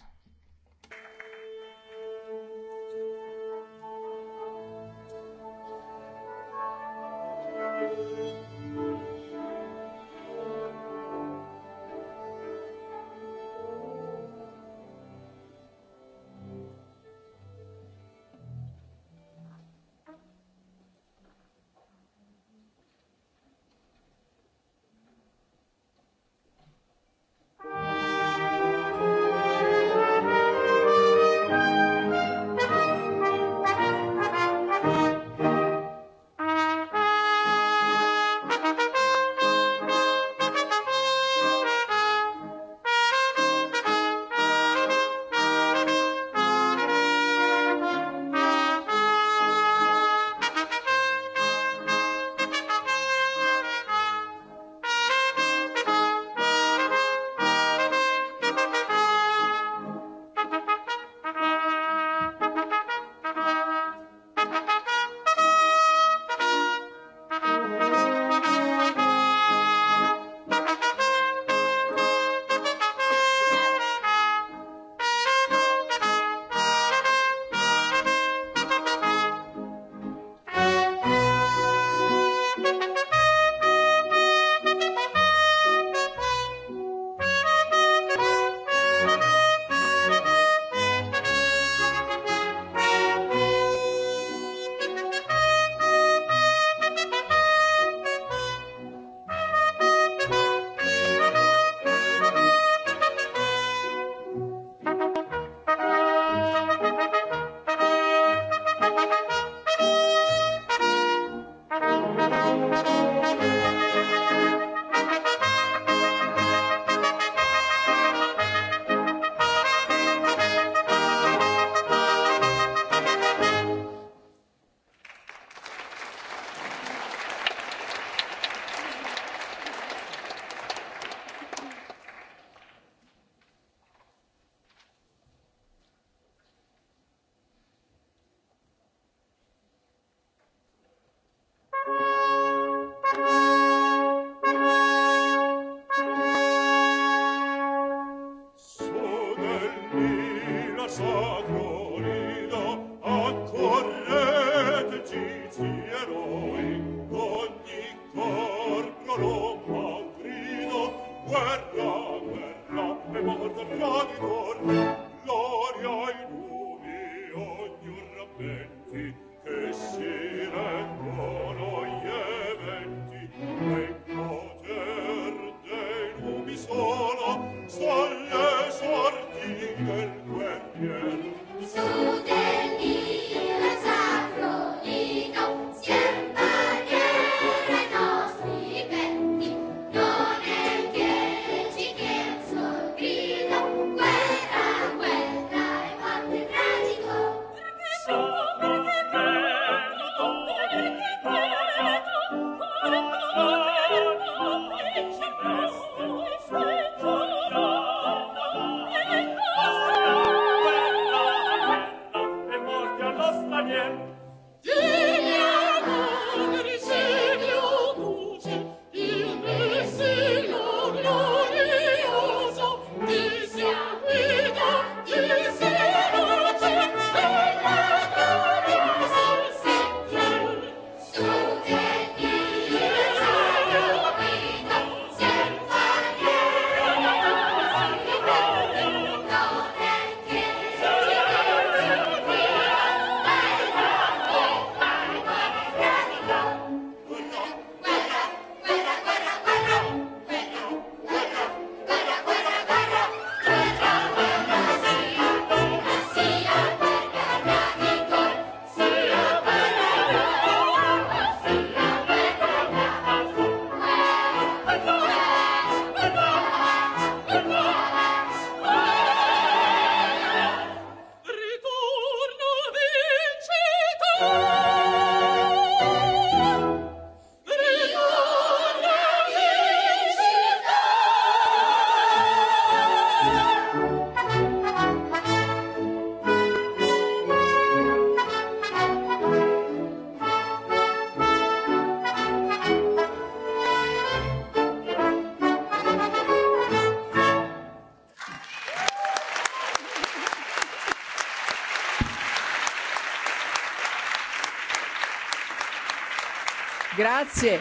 Grazie.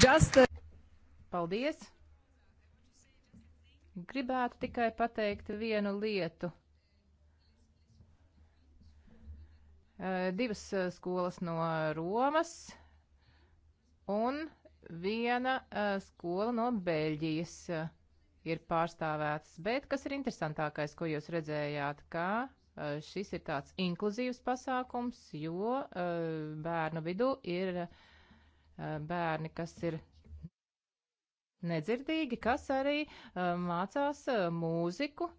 Just... Paldies. Gribētu tikai pateikt vienu lietu. Divas skolas no Romas un viena skola no Beļģijas ir pārstāvētas. Bet kas ir interesantākais, ko jūs redzējāt, kā Eh, šis ir tāds inkluzīvs pasākums, jo eh, bērnu vidū ir eh, bērni, kas ir nedzirdīgi, kas arī mācās mūziku,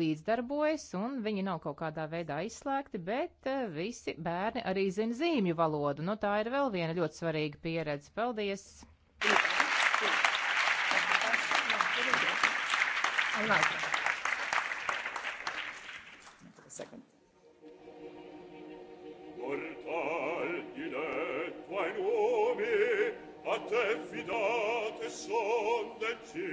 līdzdarbojas, un viņi nav kaut kādā veidā izslēgti, bet visi bērni arī zina zīmju valodu. Nu, tā ir vēl viena ļoti svarīga pieredze. Paldies! I like it. Il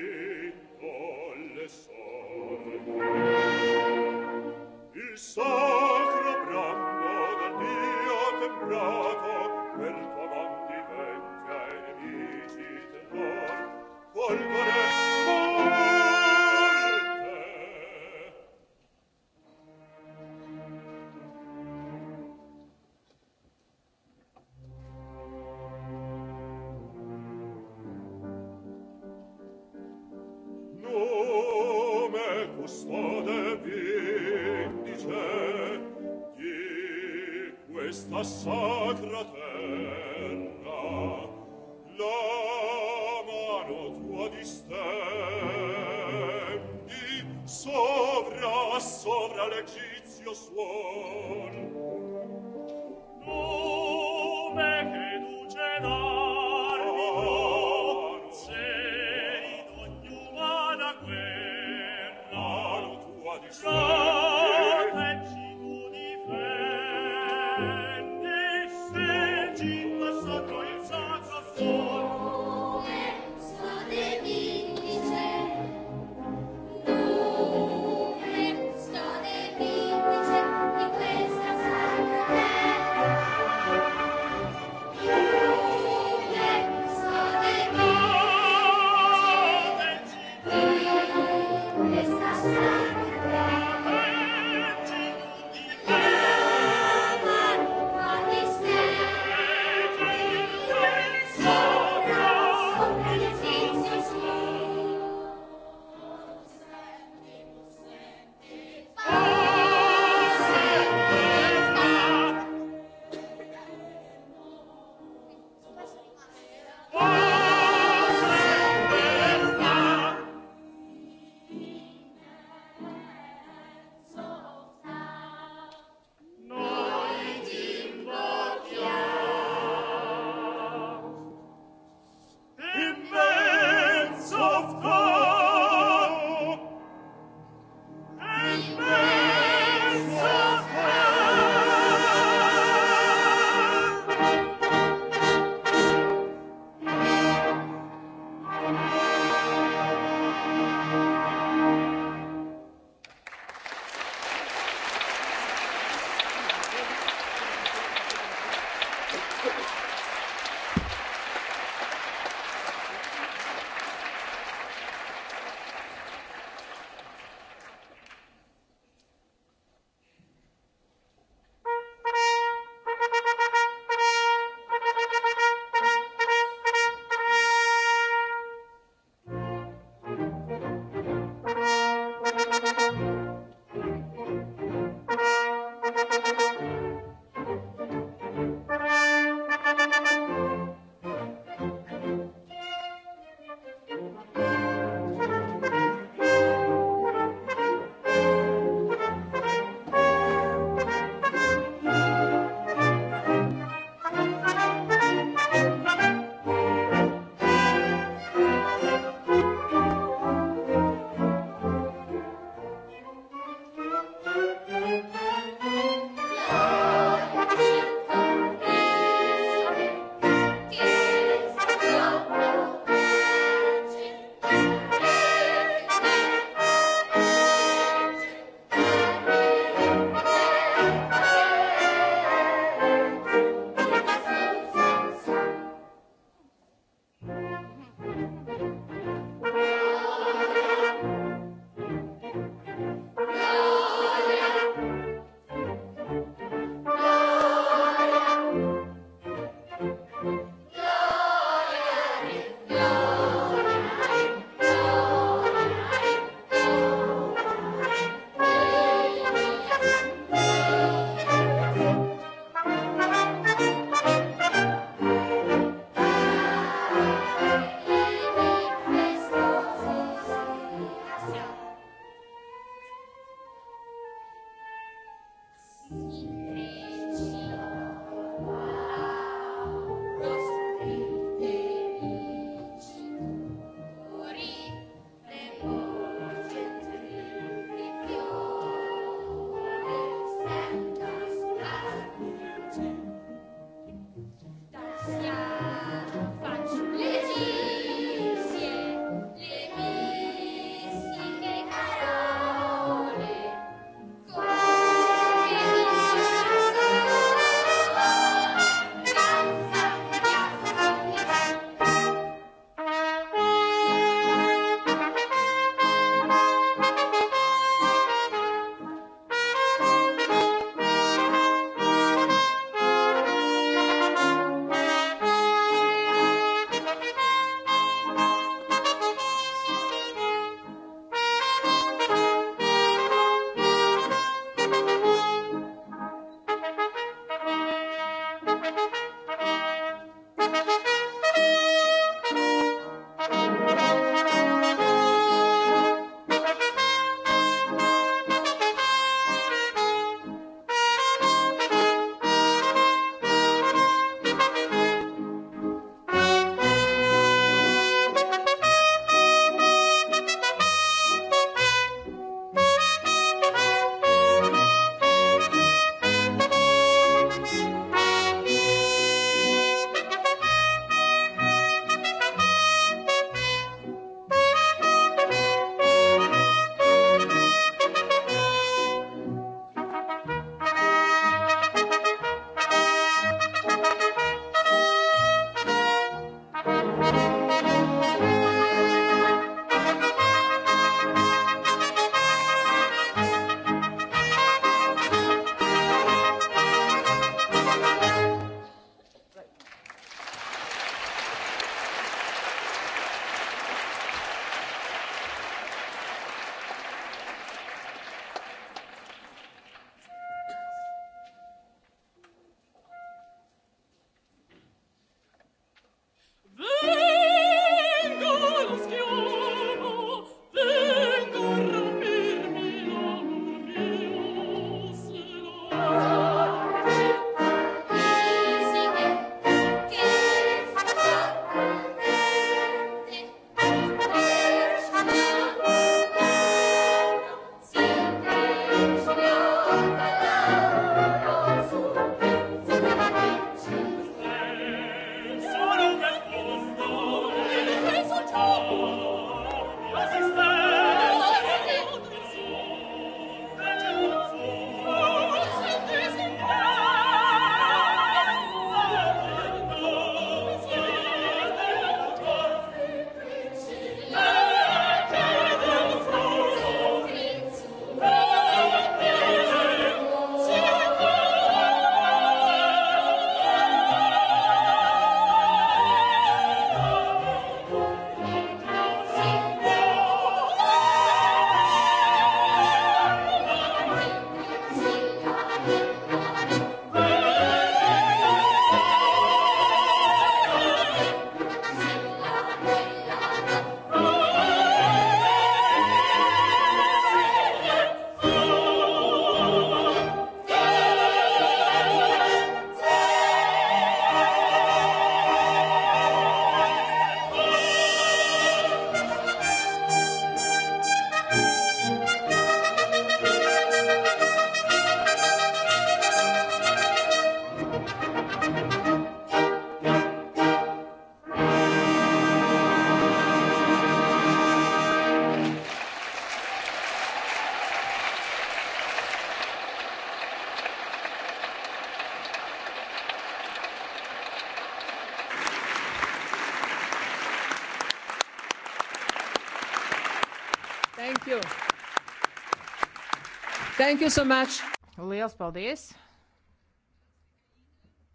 sacro brando del Dio temprato Thank you so much! Liels paldies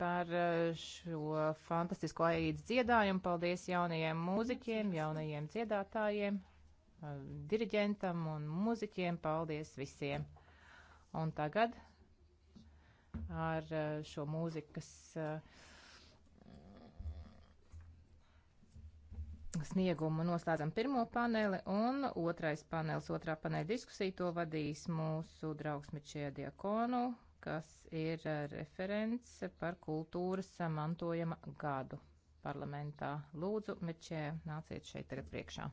par eh, šo fantastisko aīdas dziedājumu. Paldies jaunajiem mūziķiem, jaunajiem dziedātājiem, eh, diriģentam un mūziķiem. Paldies visiem! Un tagad ar eh, šo mūzikas uh, sniegumu noslēdzam pirmo paneli, un otrais panelis, otrā paneļa diskusija to vadīs mūsu draugs Mičēja Diakonu, kas ir eh, referents par kultūras mantojuma gadu parlamentā. Lūdzu, Mičēja, nāciet šeit tagad priekšā.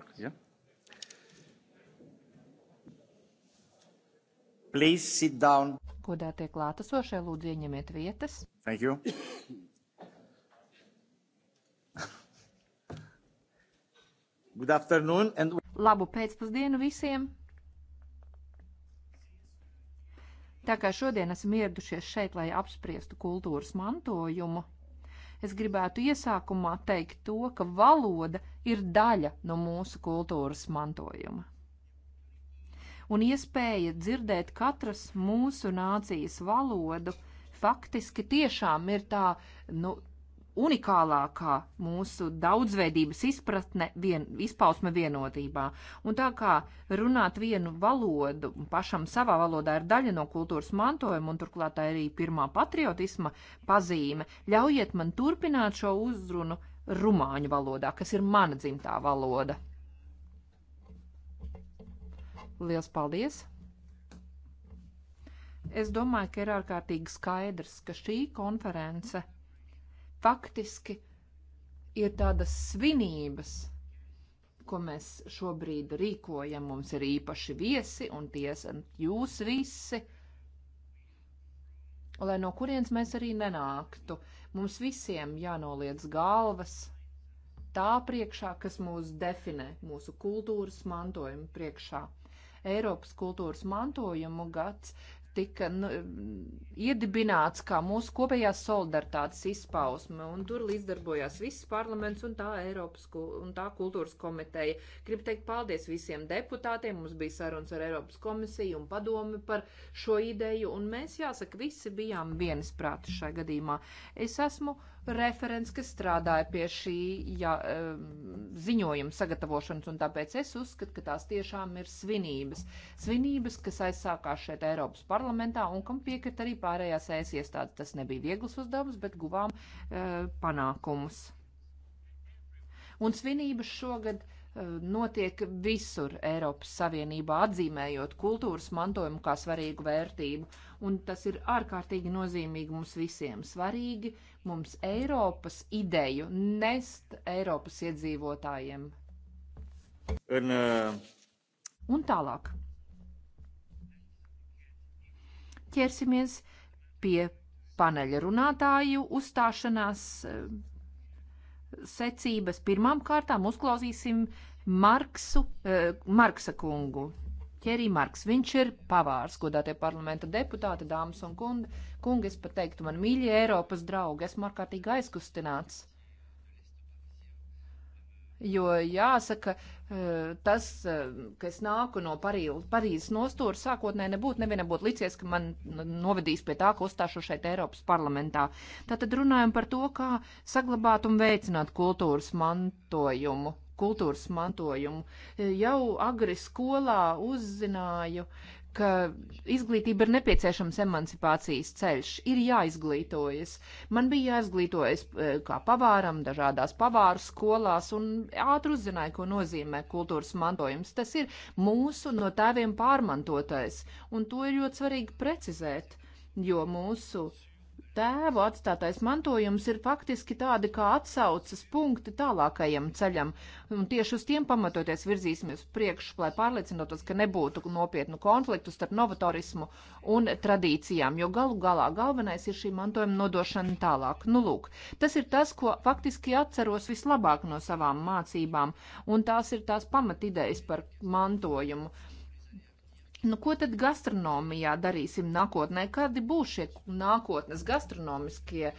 work. Yeah? Please sit down. Godātie klātesošie, lūdzu ieņemiet vietas. Thank you. Good afternoon and... Labu pēcpusdienu visiem. Tā kā šodien esam ieradušies šeit, lai apspriestu kultūras mantojumu, es gribētu iesākumā teikt to, ka valoda ir daļa no mūsu kultūras mantojuma. Un iespēja dzirdēt katras mūsu nācijas valodu faktiski tiešām ir tā, nu, unikālākā mūsu daudzveidības izpratne, vien, izpausme vienotībā. Un tā kā runāt vienu valodu, pašam savā valodā ir daļa no kultūras mantojuma, un turklāt tā ir arī pirmā patriotisma pazīme, ļaujiet man turpināt šo uzrunu rumāņu valodā, kas ir mana dzimtā valoda. Liels paldies! Es domāju, ka ir ārkārtīgi skaidrs, ka šī konference faktiski ir tādas svinības, ko mēs šobrīd rīkojam. Mums ir īpaši viesi, un tie esat jūs visi, lai no kurienes mēs arī nenāktu. Mums visiem jānoliec galvas tā priekšā, kas mūs definē, mūsu kultūras mantojuma priekšā. Eiropas kultūras mantojumu gads tika nu, iedibināts kā mūsu kopējās solidaritātes izpausme, un tur līdzdarbojās viss parlaments un tā Eiropas un tā kultūras komiteja. Gribu teikt paldies visiem deputātiem, mums bija sarunas ar Eiropas komisiju un padomi par šo ideju, un mēs, jāsaka, visi bijām vienisprāti šajā gadījumā. Es esmu referents, kas strādāja pie šī ja, ziņojuma sagatavošanas, un tāpēc es uzskatu, ka tās tiešām ir svinības. Svinības, kas aizsākās šeit Eiropas parlamentā un kam piekrita arī pārējās ēs iestādes. Tas nebija viegls uzdevums, bet guvām uh, panākumus. Un svinības šogad uh, notiek visur Eiropas Savienībā, atzīmējot kultūras mantojumu kā svarīgu vērtību, un tas ir ārkārtīgi nozīmīgi mums visiem. Svarīgi uh, mums Eiropas ideju nest Eiropas iedzīvotājiem. Un, uh... Un tālāk. Ķersimies pie paneļa runātāju uzstāšanās uh, secības. Pirmām kārtām uzklausīsim Marksu, uh, Marksa kungu. Ķerī Marks. Viņš ir pavārs, godātie parlamenta deputāti, dāmas un kundi. Kungi, es pat teiktu, man mīļie Eiropas draugi, esmu ārkārtīgi aizkustināts. Jo jāsaka, eh, tas, eh, ka es nāku no Parīzes nostūra, sākotnēji nebūtu nevienam būtu licies, ka man novedīs pie tā, ka uzstāšu šeit Eiropas parlamentā. Tātad runājam par to, kā saglabāt un veicināt kultūras mantojumu kultūras mantojumu. Jau agri skolā uzzināju, ka izglītība ir nepieciešams emancipācijas ceļš, ir jāizglītojas. Man bija jāizglītojas e, kā pavāram dažādās pavāru skolās un ātri uzzināju, ko nozīmē kultūras mantojums. Tas ir mūsu no tēviem pārmantotais, un to ir ļoti svarīgi precizēt, jo mūsu uh, tēva atstātais mantojums ir faktiski tādi kā atsaucas punkti tālākajam ceļam, un tieši uz tiem pamatoties virzīsimies priekšu, lai pārliecinotos, ka nebūtu nopietnu konfliktu starp novatorismu un tradīcijām, jo galu galā galvenais ir šī mantojuma nodošana tālāk. Nu, lūk, tas ir tas, ko faktiski atceros vislabāk no savām mācībām, un tās ir tās pamatidejas par mantojumu. Nu, ko tad gastronomijā darīsim nākotnē? Kādi būs šie nākotnes gastronomiskie e,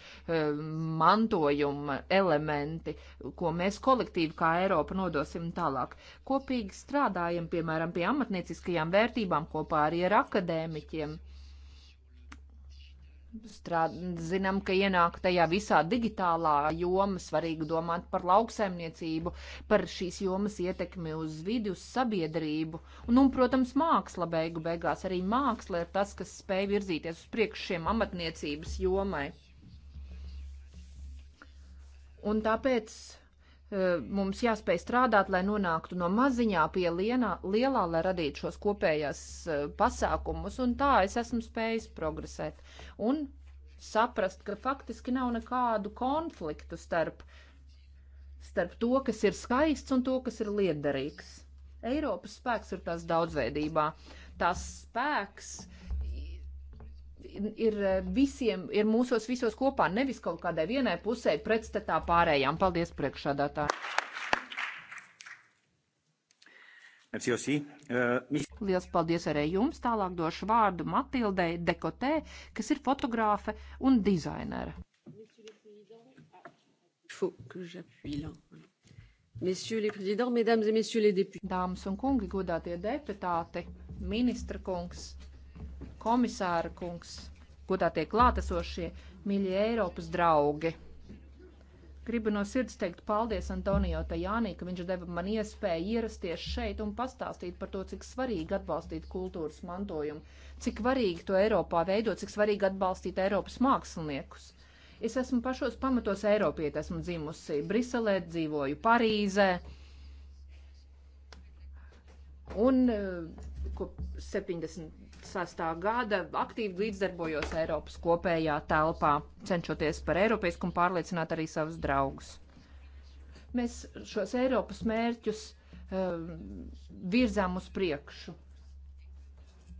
mantojuma elementi, ko mēs kolektīvi kā Eiropa nodosim tālāk? Kopīgi strādājam, piemēram, pie amatnieciskajām vērtībām kopā arī ar akadēmiķiem strād, zinām, ka ienāk tajā visā digitālā joma, svarīgi domāt par lauksaimniecību, par šīs jomas ietekmi uz vidi, uz sabiedrību. Un, un, protams, māksla beigu beigās arī māksla ir tas, kas spēj virzīties uz priekšu šiem amatniecības jomai. Un tāpēc Eh, mums jāspēj strādāt, lai nonāktu no maziņā pie lienā, lielā, lai radītu šos kopējās eh, pasākumus, un tā es esmu spējis progresēt. Un saprast, ka faktiski nav nekādu konfliktu starp, starp to, kas ir skaists un to, kas ir liederīgs. Eiropas spēks ir tās daudzveidībā. Tās spēks uh, ir eh, visiem, ir mūsos visos kopā, nevis kaut kādai vienai pusē pretstatā pārējām. Paldies priekšādātā. Euh, Lielas paldies arī jums. Tālāk došu vārdu Matildei Dekotē, kas ir fotogrāfe un dizainere. Faut que j'appuie là. Messieurs les présidents, mesdames et messieurs les députés. Dāmas un kungi, godātie deputāti, ministra kungs, komisāra kungs, godā tie klātesošie, mīļie Eiropas draugi. Gribu no sirds teikt paldies Antonio Tajānī, ka viņš deva man iespēju ierasties šeit un pastāstīt par to, cik svarīgi atbalstīt kultūras mantojumu, cik svarīgi to Eiropā veidot, cik svarīgi atbalstīt Eiropas māksliniekus. Es esmu pašos pamatos Eiropiet, esmu dzimusi Briselē, dzīvoju Parīzē. Un eh, ko 70, 2006. gada aktīvi līdzdarbojos Eiropas kopējā telpā, cenšoties par Eiropisku un pārliecināt arī savus draugus. Mēs šos Eiropas mērķus uh, virzām uz priekšu.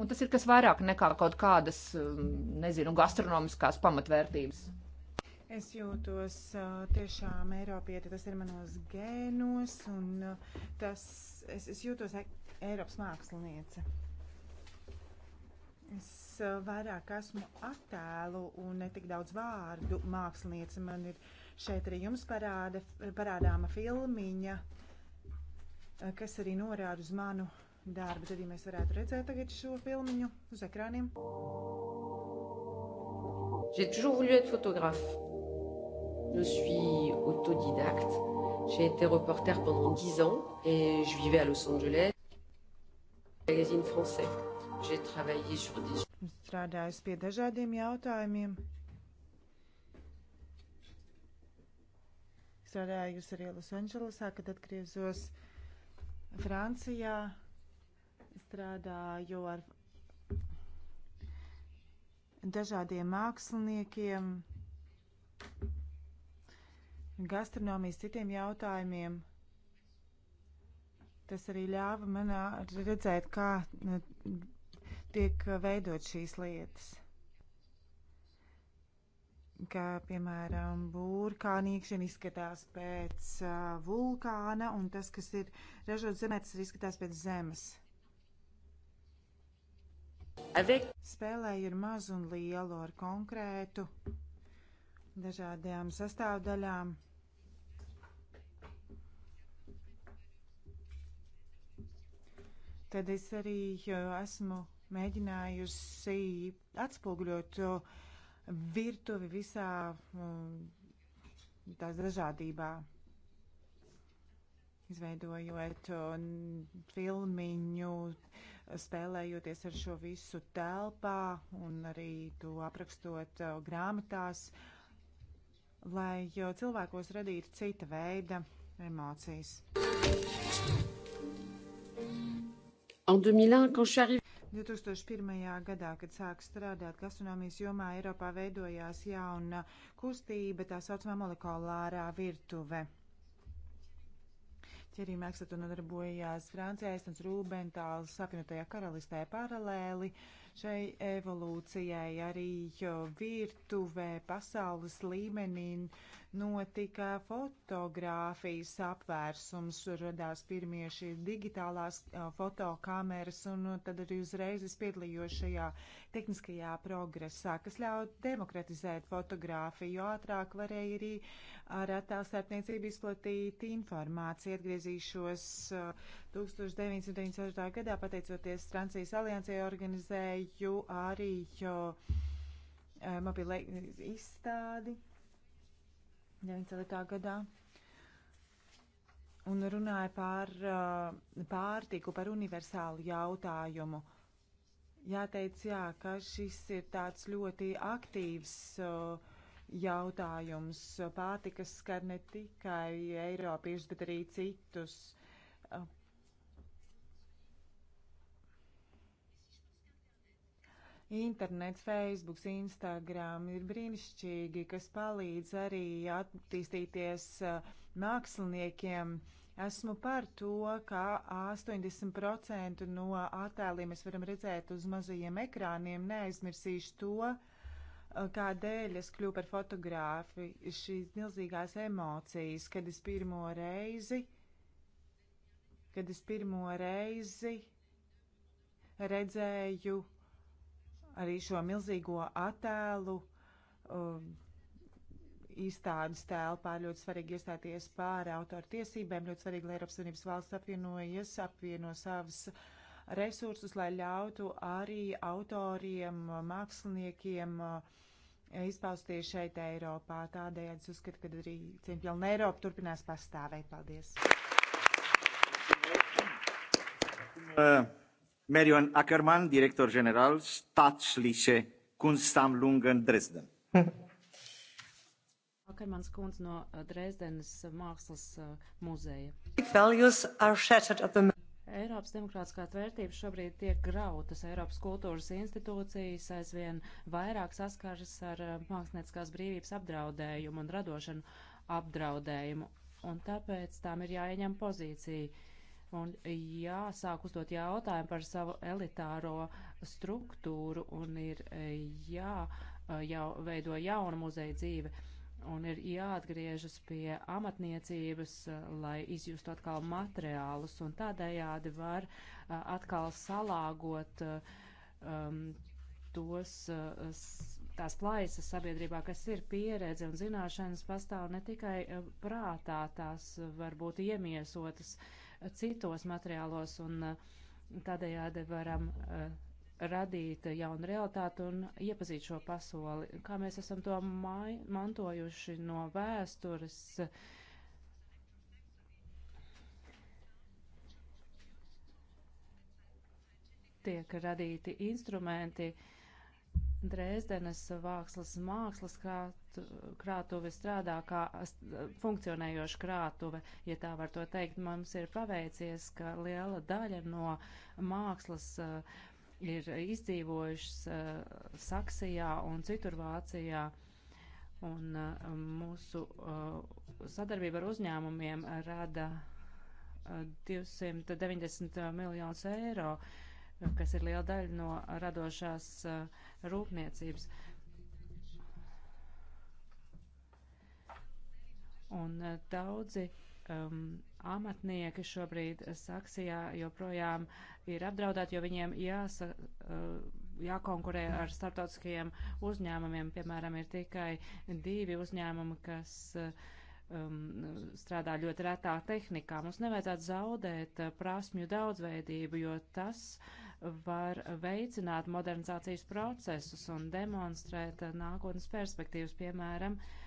Un tas ir kas vairāk nekā kaut kādas, um, nezinu, gastronomiskās pamatvērtības. Es jūtos uh, tiešām Eiropieti, tas ir manos gēnos, un uh, tas, es, es jūtos Eiropas māksliniece. Es eh, vairāk esmu attēlu un netik daudz vārdu mākslinieca. Man ir šeit arī jums parāda, parādāma filmiņa, eh, kas arī norāda uz manu darbu. Tad, ja mēs varētu redzēt tagad šo filmiņu uz ekrāniem. J'ai toujours voulu être photographe. Je suis autodidacte. J'ai été reporter pendant 10 ans et je vivais à Los Angeles, magazine français. Strādājis pie dažādiem jautājumiem. Strādājus arī Losandželosā, kad atgriezos Francijā. Strādāju ar dažādiem māksliniekiem, gastronomijas citiem jautājumiem. Tas arī ļāva man redzēt, kā tiek eh, veidot šīs lietas. Kā, piemēram, burkānīkšana izskatās pēc uh, vulkāna, un tas, kas ir ražots zemē, tas izskatās pēc zemes. Avec... Spēlēju ar mazu un lielu, ar konkrētu, dažādajām sastāvdaļām. Tad es arī eh, esmu mēģinājusi atspoguļot virtuvi visā mm, tās dažādībā, izveidojot mm, filmiņu, spēlējoties ar šo visu telpā un arī to aprakstot mm, grāmatās, lai cilvēkos radītu cita veida emocijas. En 2001, quand je suis arrivée. 2001. gadā, kad sāk strādāt gastronomijas jomā, Eiropā veidojās jauna kustība, tā saucamā molekulārā virtuve. Ķerī Meksato nodarbojās Francijā, Estons Rūbentāls, apvienotajā karalistē paralēli. Šai evolūcijai arī virtuvē pasaules līmenī notika fotogrāfijas apvērsums, radās pirmie šī digitālās fotokameras, un nu, tad arī uzreiz es piedalījos šajā tehniskajā progresā, kas ļauj demokratizēt fotogrāfiju. Ātrāk varēja arī ar attēlstarpniecību izplatīt informāciju. Atgriezīšos 1994. gadā, pateicoties Francijas aliansē, organizēju arī mobilo izstādi 19. gadā un runāja par uh, pārtiku, par universālu jautājumu. Jāteic, jā, ka šis ir tāds ļoti aktīvs uh, jautājums. Pārtikas skar ne tikai Eiropiešus, bet arī citus Internets, Facebook, Instagram ir brīnišķīgi, kas palīdz arī attīstīties eh, māksliniekiem. Esmu par to, ka 80% no attēliem mēs varam redzēt uz mazajiem ekrāniem. Neaizmirsīšu to, eh, kādēļ es kļuvu par fotogrāfu. Šīs milzīgās emocijas, kad es pirmo reizi, kad es pirmo reizi redzēju arī šo milzīgo attēlu um, izstādes telpā. Ļoti svarīgi iestāties pār autoru tiesībēm, ļoti svarīgi, lai Eiropas Savienības valsts apvienojas, apvieno savas resursus, lai ļautu arī autoriem, māksliniekiem uh, izpausties šeit Eiropā. Tādējādi es uzskatu, ka arī Cienpilna Eiropa turpinās pastāvēt. Paldies! Uh. Marion Ackermann, Direktor General Staatsliche Kunstsammlung in Dresden. Akermans *laughs* kundze no eh, Dresdenes eh, mākslas eh, muzeja. Eiropas demokrātiskās vērtības šobrīd tiek grautas. Eiropas kultūras institūcijas aizvien vairāk saskaras ar mākslinieckās brīvības apdraudējumu un radošanu apdraudējumu, un tāpēc tām ir jāieņem pozīcija un jāsāk uzdot jautājumu par savu elitāro struktūru un ir jā, jau veido jauna muzeja dzīve un ir jāatgriežas pie amatniecības, lai izjustu atkal materiālus un tādējādi var atkal salāgot um, tos, tās plaisas sabiedrībā, kas ir pieredze un zināšanas pastāv ne tikai prātā, tās var būt iemiesotas uh, citos materiālos, un eh, tādējādi varam eh, radīt jaunu realitāti un iepazīt šo pasoli. Kā mēs esam to mai, mantojuši no vēstures. Tiek radīti instrumenti Dresdenes vākslas mākslas, kā krātuve strādā kā funkcionējoša krātuve, ja tā var to teikt. Mums ir paveicies, ka liela daļa no mākslas uh, ir izdzīvojušas uh, Saksijā un citur Vācijā. Un uh, mūsu sadarbība ar uzņēmumiem rada 290 miljonus eiro, kas ir liela daļa no radošās rūpniecības. Uh, Un eh, daudzi um, amatnieki šobrīd Saksijā joprojām ir apdraudēti, jo viņiem jāsa, uh, jākonkurē ar starptautiskajiem uzņēmumiem. Piemēram, ir tikai divi uzņēmumi, kas eh, um, strādā ļoti retā tehnikā. Mums nevajadzētu zaudēt prasmju daudzveidību, jo tas var veicināt modernizācijas procesus un demonstrēt nākotnes perspektīvas, piemēram, uh,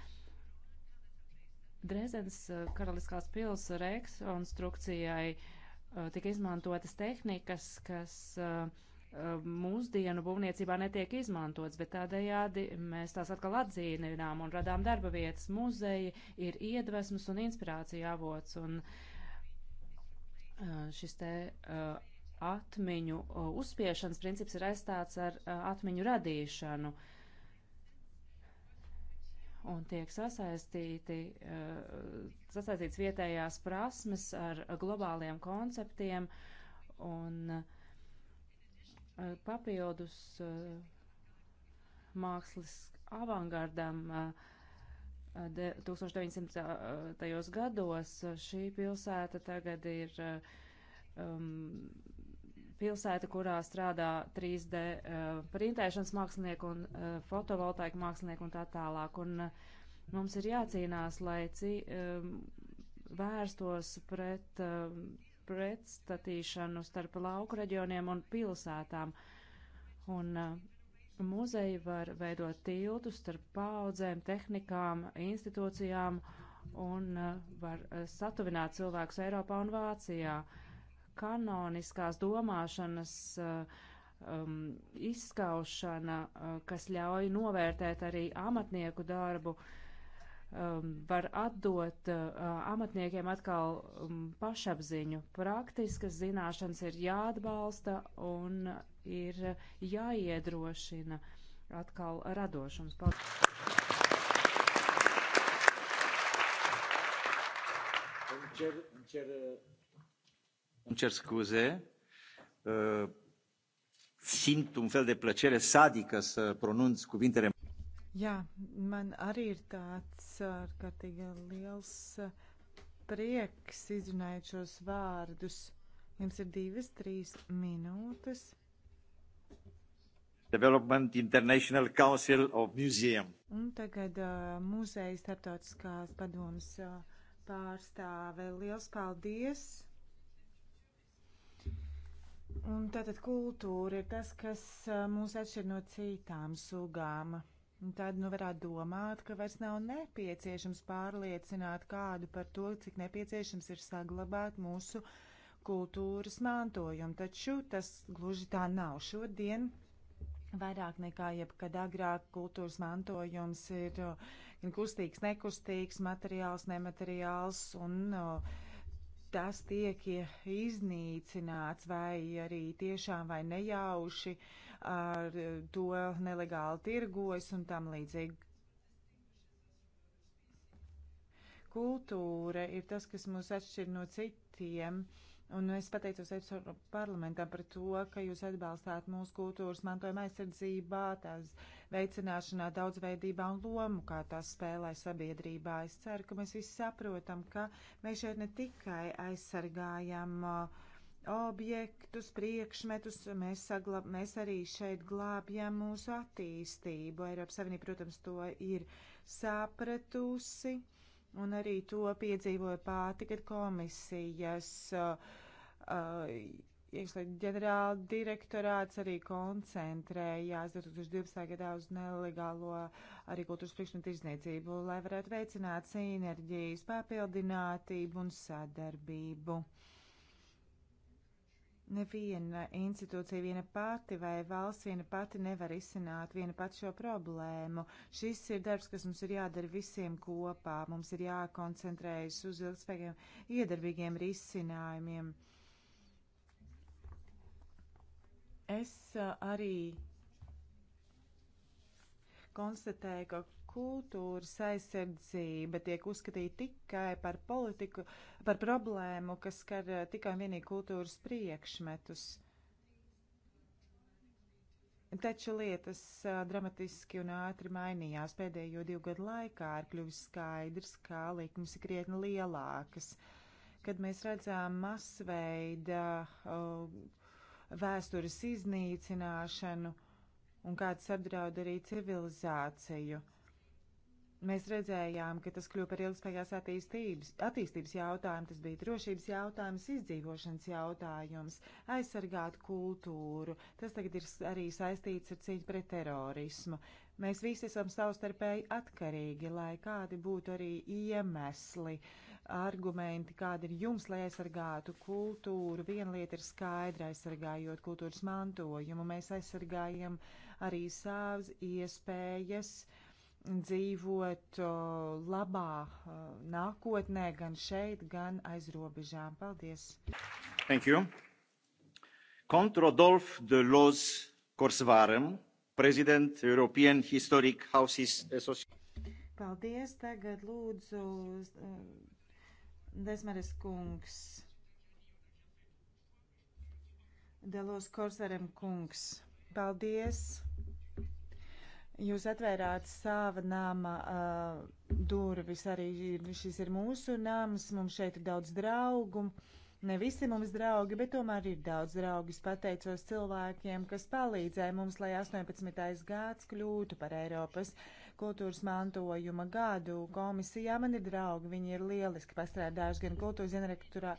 Drezens eh, karaliskās pils rekonstrukcijai eh, tika izmantotas tehnikas, kas eh, mūsdienu būvniecībā netiek izmantots, bet tādējādi mēs tās atkal atzīvinām un radām darba vietas. Muzeji ir iedvesmas un inspirācija avots, un šis te atmiņu uzspiešanas princips ir aizstāts ar atmiņu radīšanu. Uh, un tiek sasaistīti, eh, sasaistīts vietējās prasmes ar globāliem konceptiem un eh, papildus eh, mākslas avangardam 1900. gados šī pilsēta tagad ir um, pilsēta, kurā strādā 3D uh, eh, printēšanas mākslinieki un uh, fotovoltaika mākslinieki un tā tālāk. Un uh, mums ir jācīnās, lai cī, um, vērstos pret uh, pretstatīšanu starp lauku reģioniem un pilsētām. Un uh, muzeji var veidot tiltus starp paudzēm, tehnikām, institūcijām un uh, var satuvināt cilvēkus Eiropā un Vācijā. Uh, kanoniskās domāšanas eh, um, izskaušana, eh, kas ļauj novērtēt arī amatnieku darbu, um, var atdot uh, amatniekiem atkal um, pašapziņu. Praktiskas zināšanas ir jāatbalsta un ir jāiedrošina atkal radošums. Paldies! Cer, cer Îmi cer scuze. Uh, simt un fel de plăcere sadică să pronunț cuvintele. Jā, man arī ir tāds ārkārtīgi liels uh, prieks izrunājot šos vārdus. Jums ir divas, trīs minūtes. Development International Council of Museum. Un tagad uh, muzeja starptautiskās padomas uh, pārstāve. Liels paldies! Un tātad kultūra ir tas, kas mūs atšķir no citām sugām. Un tad nu varētu domāt, ka vairs nav nepieciešams pārliecināt kādu par to, cik nepieciešams ir saglabāt mūsu kultūras mantojumu. Taču tas gluži tā nav. Šodien vairāk nekā jebkad agrāk kultūras mantojums ir gan kustīgs, nekustīgs, materiāls, nemateriāls un uh, tas tiek iznīcināts vai arī tiešām vai nejauši ar to nelegāli tirgojas un tam līdzīgi. Kultūra ir tas, kas mūs atšķir no citiem, un es pateicos parlamentam par to, ka jūs atbalstāt mūsu kultūras mantojuma aizsardzībā, tās uh, veicināšanā daudzveidībā un lomu, kā tās spēlē sabiedrībā. Es ceru, ka mēs visi saprotam, ka mēs šeit ne tikai aizsargājam uh, objektus, priekšmetus, mēs, saglab, mēs arī šeit glābjam mūsu attīstību. Eiropas Savienība, protams, to ir sapratusi un arī to piedzīvoja pāti, kad komisijas uh, uh, iekšlietu ģenerāla direktorāts arī koncentrējās 2012. gadā uz nelegālo arī kultūras priekšmetu izniecību, lai varētu veicināt sinerģijas, papildinātību un sadarbību. Neviena institūcija, viena pati vai valsts viena pati nevar izsināt viena pati šo problēmu. Šis ir darbs, kas mums ir jādara visiem kopā. Mums ir jākoncentrējas uz ilgspējīgiem, iedarbīgiem risinājumiem. Iz Es arī konstatēju, ka kultūras aizsardzība tiek uzskatīta tikai par politiku, par problēmu, kas skar tikai un vienīgi kultūras priekšmetus. Taču lietas dramatiski un ātri mainījās. Pēdējo divu gadu laikā ir kļuvis skaidrs, ka likmes ir krietni lielākas. Kad mēs redzām masveida uh, vēstures iznīcināšanu un kā tas apdraud arī civilizāciju. Mēs redzējām, ka tas kļūpa par ilgspējās attīstības, attīstības jautājumu, tas bija drošības jautājums, izdzīvošanas jautājums, aizsargāt kultūru. Tas tagad ir arī saistīts ar cīņu pret terorismu. Mēs visi esam savstarpēji atkarīgi, lai kādi būtu arī iemesli uh, argumenti, kāda ir jums, lai aizsargātu kultūru. Viena lieta ir skaidra aizsargājot kultūras mantojumu. Mēs aizsargājam arī savas iespējas dzīvot o, labā o, nākotnē, gan šeit, gan aiz robežām. Paldies! Thank you. Count Rodolphe de Loz Korsvarem, President European Historic Houses Association. Paldies, tagad lūdzu Desmaris kungs. Delos Korsaram kungs. Paldies! Jūs atvērāt sava nama uh, durvis, arī šis ir mūsu nams, mums šeit ir daudz draugu. Ne visi mums draugi, bet tomēr ir daudz draugi. Es pateicos cilvēkiem, kas palīdzēja mums, lai 18. gads kļūtu par Eiropas uh, kultūras mantojuma gadu komisijā. Man ir draugi, viņi ir lieliski pastrādājuši gan kultūras ģenerektorā,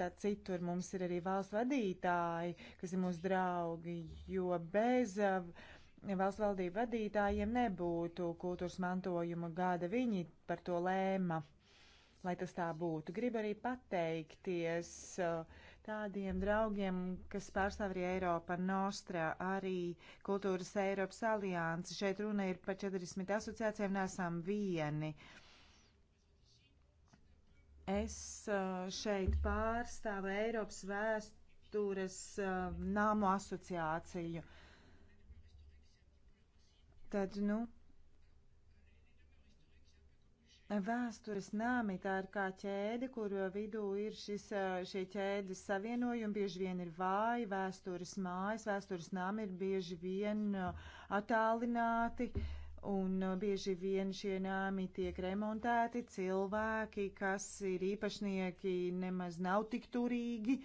tā citur mums ir arī valsts vadītāji, kas ir mūsu draugi, jo bez eh, valsts valdību vadītājiem nebūtu kultūras mantojuma gada. Viņi par to lēma, lai tas tā būtu. Gribu arī pateikties. Uh, tādiem draugiem, kas pārstāv arī Eiropa Nostra, arī Kultūras Eiropas alianses. Šeit runa ir par 40 asociācijām, nesam vieni. Es šeit pārstāvu Eiropas vēstures nāmu asociāciju. Tad, nu, Vēstures nāmi tā ir kā ķēde, kuro vidū ir šis, šie ķēdes savienojumi, bieži vien ir vāji, vēstures mājas, vēstures nāmi ir bieži vien attālināti, un bieži vien šie nāmi tiek remontēti cilvēki, kas ir īpašnieki, nemaz nav tik turīgi.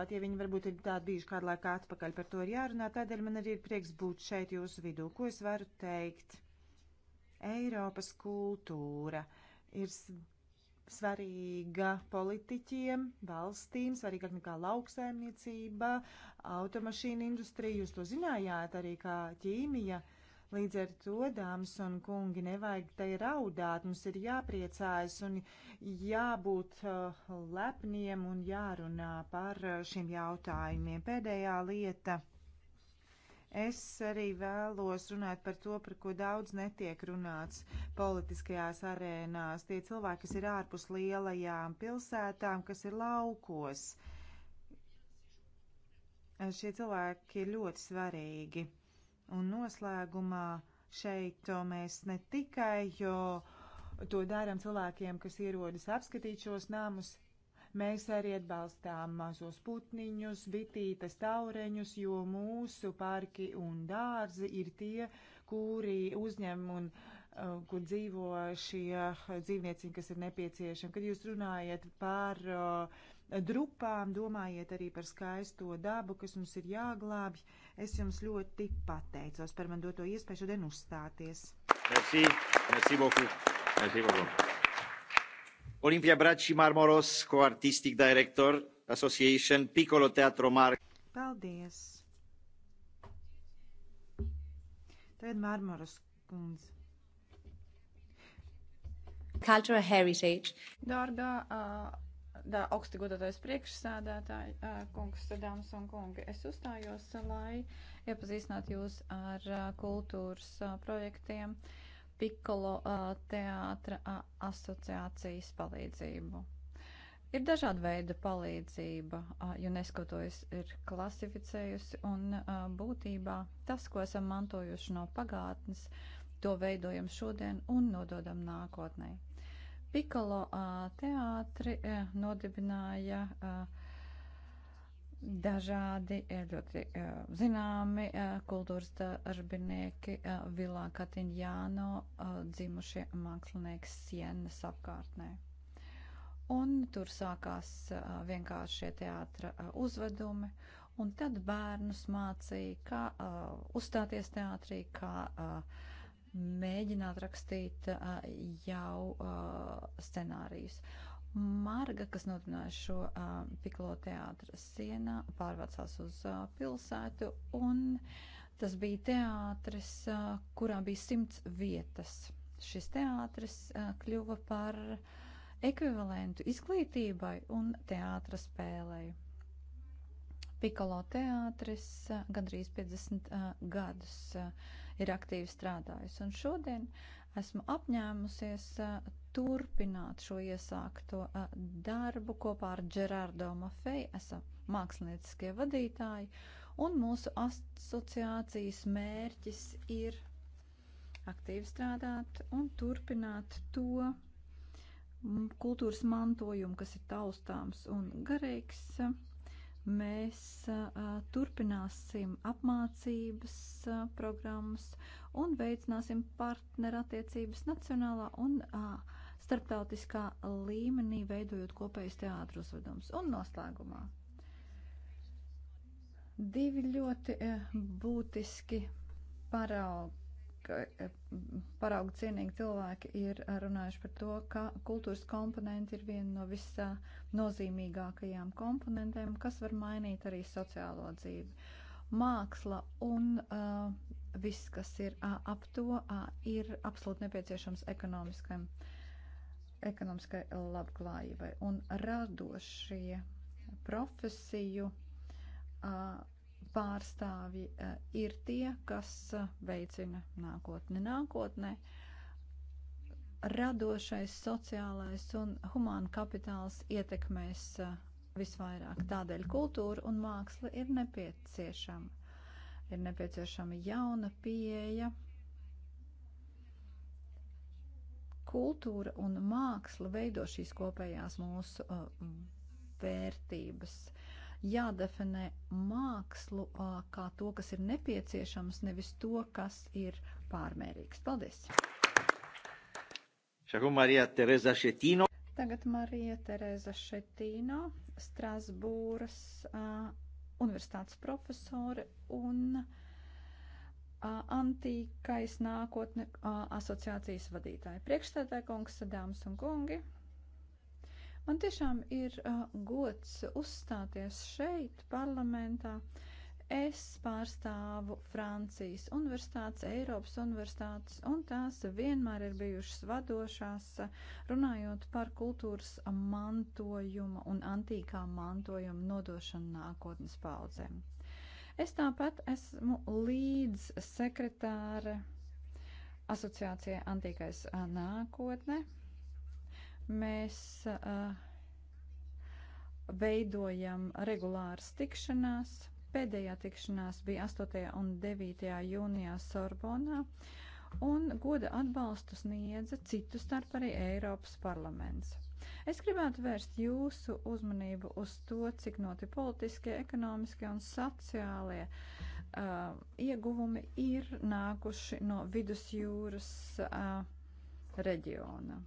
Pat ja viņi varbūt ir tādi bijuši kādu laiku atpakaļ, par to ir jārunā, tādēļ man arī ir prieks būt šeit jūsu vidū. Ko es varu teikt? Eiropas kultūra ir svarīga politiķiem, valstīm, svarīgāk nekā lauksaimniecība, automašīna industrija. Jūs to zinājāt arī kā ķīmija. Līdz ar to, dāmas un kungi, nevajag tai raudāt, mums ir jāpriecājas un jābūt uh, lepniem un jārunā par šiem jautājumiem. Pēdējā lieta. Es arī vēlos runāt par to, par ko daudz netiek runāts politiskajās arēnās. Tie cilvēki, kas ir ārpus lielajām pilsētām, kas ir laukos, šie cilvēki ir ļoti svarīgi. Un noslēgumā šeit mēs ne tikai to darām cilvēkiem, kas ierodas apskatīt šos namus, Mēs arī atbalstām mazos putniņus, bitītes, taureņus, jo mūsu parki un dārzi ir tie, kuri uzņem un uh, kur dzīvo šie dzīvnieci, kas ir nepieciešami. Kad jūs runājat par uh, drupām, domājiet arī par skaisto dabu, kas mums ir jāglābj. Es jums ļoti pateicos par man doto iespēju šodien uzstāties. Merci, merci beaucoup. Merci beaucoup. Olimpija Brači Marmoros, ko artistic director, Association Piccolo Teatro Mark. Paldies! Tagad Marmoros kundze. Cultural heritage. Dārgā, dā, augsti godātais priekšsādātāji, kungs, dāmas un kungi, es uzstājos, lai iepazīstinātu jūs ar kultūras projektiem. Uh, Pikolo teātra asociācijas palīdzību. Ir dažāda veida palīdzība, UNESCO to ir klasificējusi, un būtībā tas, ko esam mantojuši no pagātnes, to veidojam šodien un nododam nākotnē. Pikolo teātri nodibināja uh, dažādi, eh, ļoti eh, zināmi eh, kultūras darbinieki, Vilā Katiņjāno dzimušie mākslinieki sienas apkārtnē. Un tur sākās vienkāršie teātra uzvedumi, un tad bērnus mācīja, kā uzstāties teātrī, kā mēģināt rakstīt jau scenārijus. Uh, marga, kas noturināja šo uh, Piklo teātra sienā, pārvācās uz uh, pilsētu, un tas bija teātris, uh, kurā bija simts vietas. Šis teātris uh, kļuva par ekvivalentu izglītībai un teātra spēlei. Pikolo teātris uh, gandrīz 50 uh, gadus uh, ir aktīvi strādājis, un šodien uh, Esmu apņēmusies eh, turpināt šo iesākto eh, darbu kopā ar Gerardo Mafei, esam mākslinieckie vadītāji, un mūsu asociācijas mērķis ir aktīvi strādāt un turpināt to mm, kultūras mantojumu, kas ir taustāms un garīgs. Mēs a, eh, turpināsim apmācības a, programmas un veicināsim partnerattiecības nacionālā un ā, starptautiskā līmenī, veidojot kopējas teātrus uzvedums. Un noslēgumā divi ļoti būtiski paraugi paraugu cienīgi cilvēki ir runājuši par to, ka kultūras komponenti ir viena no visā nozīmīgākajām komponentēm, kas var mainīt arī sociālo dzīvi. Māksla un uh, viss, kas ir ap to, ir absolūti nepieciešams ekonomiskai, ekonomiskai labklājībai. Un radošie profesiju pārstāvji ir tie, kas veicina nākotni. Nākotnē radošais sociālais un humāna kapitāls ietekmēs visvairāk. Tādēļ kultūra un māksla ir nepieciešama ir nepieciešama jauna pieeja. Kultūra un māksla veido šīs kopējās mūsu uh, vērtības. Jādefinē mākslu uh, kā to, kas ir nepieciešams, nevis to, kas ir pārmērīgs. Paldies! Tagad Marija Tereza Šetīno, Strasbūras uh, universitātes profesore un antīkais nākotne asociācijas vadītāja. Priekšstādāja kungs, dāmas un kungi. Man tiešām ir gods uzstāties šeit parlamentā. Uh, Es pārstāvu Francijas universitātes, Eiropas universitātes, un tās vienmēr ir bijušas vadošās, runājot par kultūras mantojuma un antīkā mantojuma nodošanu nākotnes paudzēm. Es tāpat esmu līdz sekretāre asociācijai Antīkais nākotne. Mēs uh, veidojam regulāras tikšanās Pēdējā tikšanās bija 8. un 9. jūnijā Sorbonā, un goda atbalstu sniedza citu starp arī Eiropas parlaments. Es gribētu vērst jūsu uzmanību uz to, cik noti politiskie, ekonomiskie un sociālie uh, ieguvumi ir nākuši no vidusjūras uh, reģiona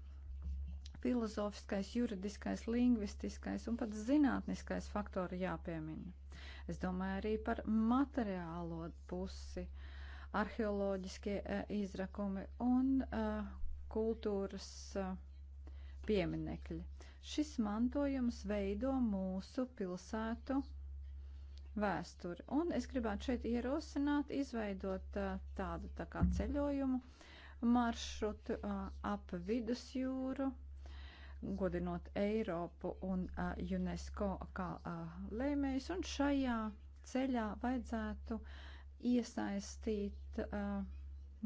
filozofiskais, juridiskais, lingvistiskais un pat zinātniskais faktori jāpiemina. Es domāju arī par materiālo pusi, arheoloģiskie e, izrakumi un e, kultūras e, pieminekļi. Šis mantojums veido mūsu pilsētu vēsturi. Un es gribētu šeit ierosināt, izveidot tādu tā kā ceļojumu maršrutu ap vidusjūru godinot Eiropu un uh, UNESCO kā uh, lēmējs. Un šajā ceļā vajadzētu iesaistīt uh,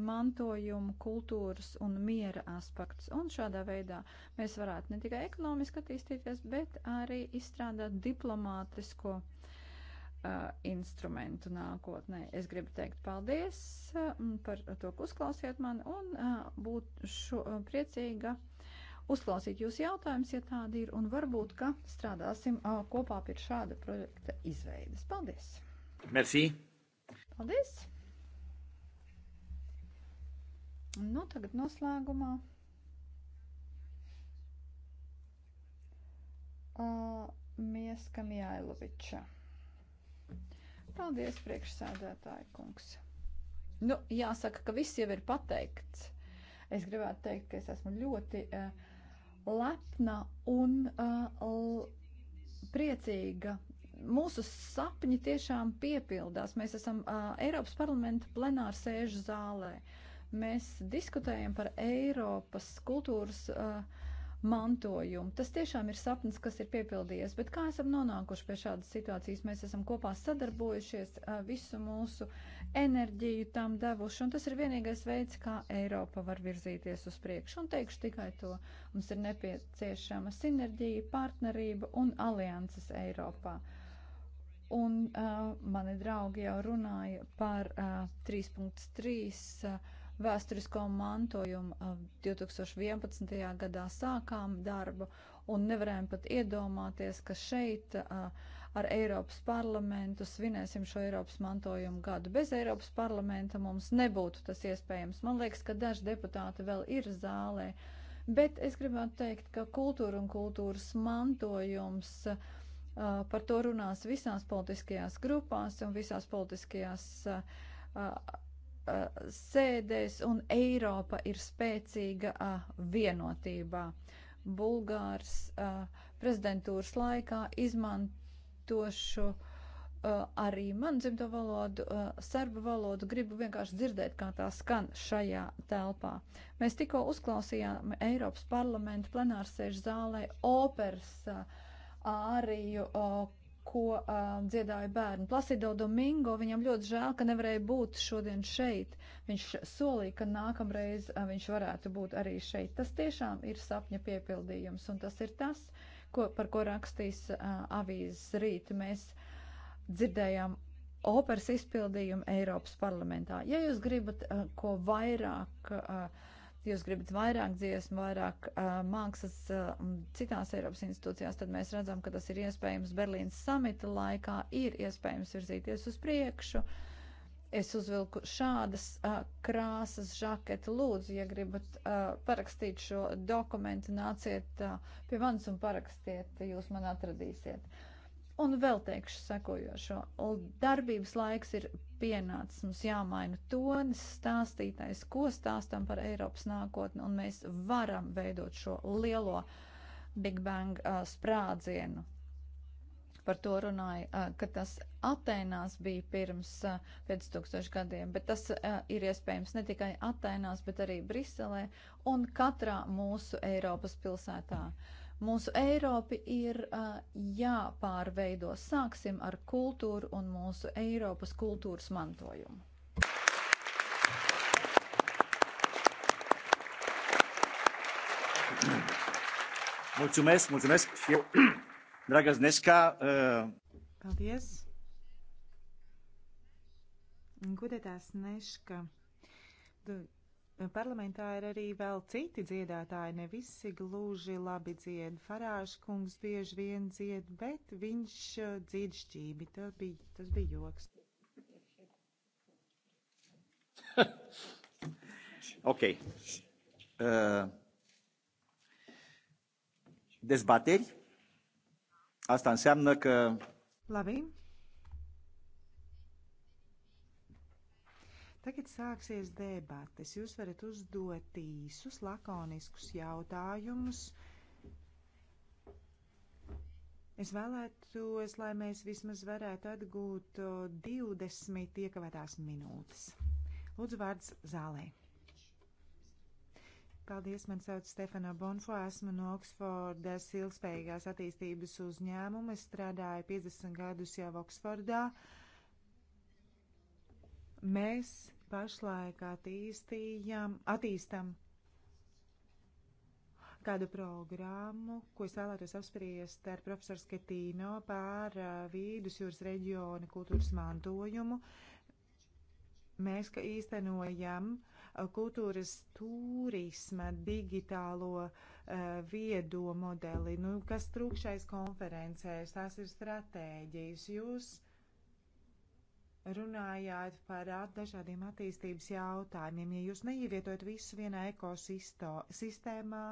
mantojumu, kultūras un miera aspekts. Un šādā veidā mēs varētu ne tikai ekonomiski attīstīties, bet arī izstrādāt diplomātisko uh, instrumentu nākotnē. Es gribu teikt paldies uh, par to, ka uzklausījāt mani un uh, būtu priecīga uzklausīt jūsu jautājumus, ja tādi ir, un varbūt, ka strādāsim uh, kopā pie šāda projekta izveidas. Paldies! Merci! Paldies! Nu, tagad noslēgumā. Uh, Mieska Mijailoviča. Paldies, priekšsēdētāji kungs. Nu, jāsaka, ka viss jau ir pateikts. Es gribētu teikt, ka es esmu ļoti uh, lepna un uh, priecīga. Mūsu sapņi tiešām piepildās. Mēs esam uh, Eiropas parlamenta plenāra sēžu zālē. Mēs diskutējam par Eiropas kultūras uh, mantojumu. Tas tiešām ir sapnis, kas ir piepildījies, bet kā esam nonākuši pie šādas situācijas? Mēs esam kopā sadarbojušies, uh, visu mūsu enerģiju tam devuši, un tas ir vienīgais veids, kā Eiropa var virzīties uz priekšu. Un teikšu tikai to, mums ir nepieciešama sinerģija, partnerība un alianses Eiropā. Un uh, mani draugi jau runāja par uh, 3.3 uh, vēsturisko mantojumu. Uh, 2011. gadā sākām darbu un nevarējām pat iedomāties, ka šeit uh, ar Eiropas parlamentu, svinēsim šo Eiropas mantojumu gadu. Bez Eiropas parlamenta mums nebūtu tas iespējams. Man liekas, ka daži deputāti vēl ir zālē, bet es gribētu teikt, ka kultūra un kultūras mantojums. Uh, par to runās visās politiskajās grupās un visās politiskajās uh, uh, sēdēs, un Eiropa ir spēcīga vienotībā. Bulgārs prezidentūras laikā izmantoja lietošu uh, arī man dzimto valodu, uh, serbu valodu, gribu vienkārši dzirdēt, kā tā skan šajā telpā. Mēs tikko uzklausījām Eiropas parlamenta plenārsēžu zālē operas uh, āriju, ko dziedāja bērni. Plasido Domingo, viņam ļoti žēl, ka nevarēja būt šodien šeit. Viņš solīja, ka nākamreiz viņš varētu būt arī šeit. Tas tiešām ir sapņa piepildījums, un tas ir tas, kas ko, par ko rakstīs uh, avīzes rīt, mēs dzirdējām operas izpildījumu Eiropas parlamentā. Ja jūs gribat uh, ko vairāk, uh, jūs gribat vairāk dziesmu, vairāk uh, mākslas uh, citās Eiropas institūcijās, tad mēs redzam, ka tas ir iespējams Berlīnas samita laikā, ir iespējams virzīties uz priekšu. Uh, Es uzvilku šādas uh, krāsas žaketi. Lūdzu, ja gribat uh, parakstīt šo dokumentu, nāciet uh, pie manis un parakstiet, jūs man atradīsiet. Un vēl teikšu sekojošo. Darbības laiks ir pienācis, mums jāmaina tonis, stāstītais, ko stāstam par Eiropas nākotni, un mēs varam veidot šo lielo Big Bang uh, sprādzienu par to runāja, ka tas Atēnās bija pirms 5000 gadiem, bet tas ir iespējams ne tikai Atēnās, bet arī Briselē un katrā mūsu Eiropas pilsētā. Mūsu Eiropa ir uh, jāpārveido. Sāksim ar kultūru un mūsu Eiropas kultūras mantojumu. Mulțumesc, mulțumesc și eu Dragas Neskā. Uh... Eh, Paldies. Gudētās Neška. Parlamentā ir arī vēl citi dziedātāji, ne visi gluži labi dzied. Farāžs kungs bieži vien dzied, bet viņš eh, dzied šķībi. Tas bija, tas bija joks. *laughs* ok. Uh, eh, dezbateri? Asta înseamnă că... Labi. Tagad sāksies debates. Jūs varat uzdot īsus, lakoniskus jautājumus. Es vēlētos, lai mēs vismaz varētu atgūt 20 iekavētās minūtes. Lūdzu, vārds zālē. Paldies, man sauc Stefano Bonfo, esmu no Oksfordas ilgspējīgās attīstības uzņēmuma. Es strādāju 50 gadus jau Oksfordā. Mēs pašlaik attīstījam, attīstam kādu programmu, ko es vēlētos apspriest ar profesoru Sketīno par uh, vīdus jūras reģiona kultūras mantojumu. Mēs, ka īstenojam uh, kultūras turisma digitālo eh, viedo modeli. Nu, kas trūkšais konferencēs, tās ir stratēģijas. Jūs runājāt par dažādiem attīstības jautājumiem. Ja jūs neievietojat visu vienā ekosistēmā,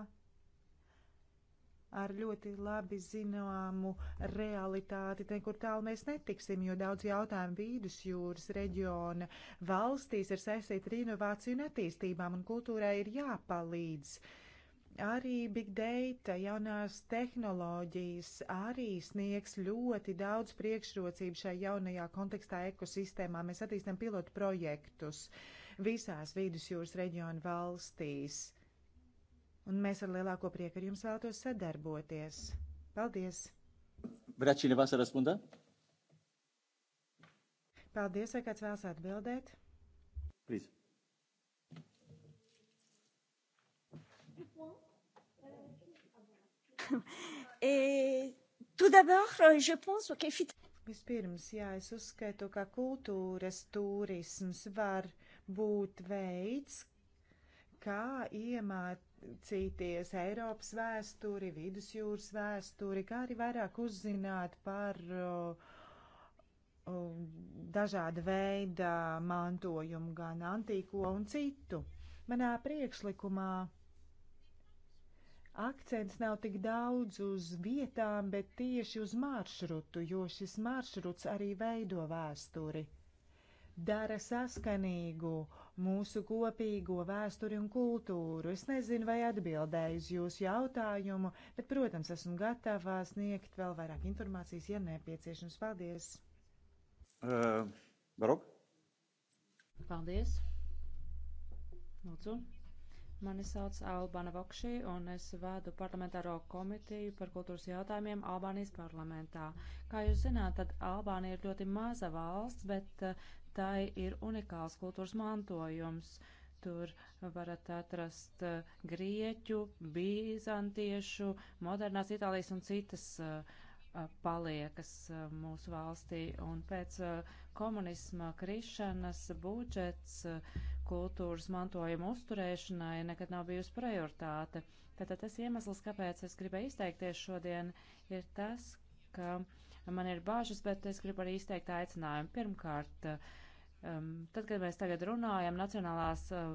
ar ļoti labi zināmu realitāti. Nekur tālu mēs netiksim, jo daudz jautājumu vidusjūras reģiona valstīs ir saistīti ar inovāciju un attīstībām, un kultūrai ir jāpalīdz. Arī big data, jaunās tehnoloģijas arī sniegs ļoti daudz priekšrocību šai jaunajā kontekstā ekosistēmā. Mēs attīstam pilotu projektus visās vidusjūras reģiona valstīs Un mēs ar lielāko prieku ar jums vēlētos sadarboties. Paldies! Vrea cineva să răspundă? Paldies, vai kāds vēlas atbildēt? Please. *laughs* Et tout d'abord, euh, je pense que fit... Vispirms, jā, es uzskaitu, ka kultūras turisms var būt veids, kā iemāt mācīties Eiropas vēsturi, vidusjūras vēsturi, kā arī vairāk uzzināt par uh, uh, dažāda veida mantojumu, gan antīko un citu. Manā priekšlikumā akcents nav tik daudz uz vietām, bet tieši uz maršrutu, jo šis maršruts arī veido vēsturi, dara saskanīgu uh, mūsu kopīgo vēsturi un kultūru. Es nezinu, vai atbildēju uz jūsu jautājumu, bet, protams, esmu gatava sniegt vēl vairāk informācijas, ja nepieciešams. Paldies! Uh, Barok? Paldies! Lūdzu! Mani sauc Albana Vokšī, un es vādu parlamentāro komitiju par kultūras jautājumiem Albānijas parlamentā. Kā jūs zināt, tad Albānija ir ļoti maza valsts, bet tai ir unikāls kultūras mantojums. Tur varat atrast eh, grieķu, bizantiešu, modernās Itālijas un citas eh, eh, paliekas mūsu valstī. Un pēc komunisma krišanas budžets kultūras mantojuma uzturēšanai nekad nav bijusi prioritāte. Tātad tas iemesls, kāpēc es gribēju izteikties šodien, ir tas, ka man ir bāžas, bet es gribu arī izteikt aicinājumu. Pirmkārt, uh, um, tad, kad mēs tagad runājam, Nacionālās uh,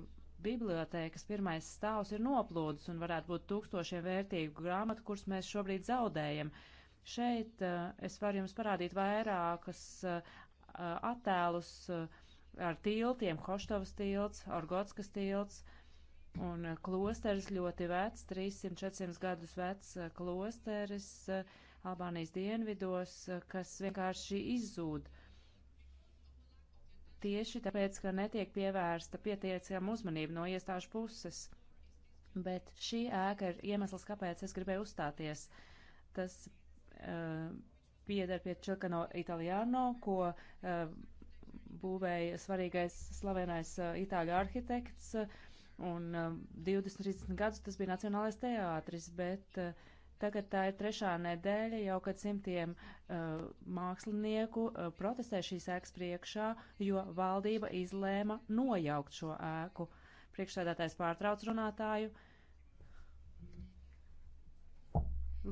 bibliotēkas pirmais stāvs ir noplūdus un varētu būt tūkstošiem vērtīgu grāmatu, kuras mēs šobrīd zaudējam. Šeit uh, es varu jums parādīt vairākas uh, uh, attēlus uh, ar tiltiem - Hoštovas tilts, Orgotskas tilts. Un uh, klosteris ļoti vecs, 300-400 gadus vecs uh, klosteris Albānijas dienvidos, kas vienkārši izzūd tieši tāpēc, ka netiek pievērsta pietiekama uzmanība no iestāžu puses. Bet šī ēka ir iemesls, kāpēc es gribēju uzstāties. Tas uh, pieder pie Čilkano Italiano, ko uh, būvēja svarīgais slavenais uh, itāļu arhitekts, un uh, 20-30 gadus tas bija Nacionālais teātris, bet uh, Tagad tā ir trešā nedēļa, jau kad simtiem uh, mākslinieku uh, protestē šīs ēkas priekšā, jo valdība izlēma nojaukt šo ēku. Priekšsēdētājs pārtrauc runātāju.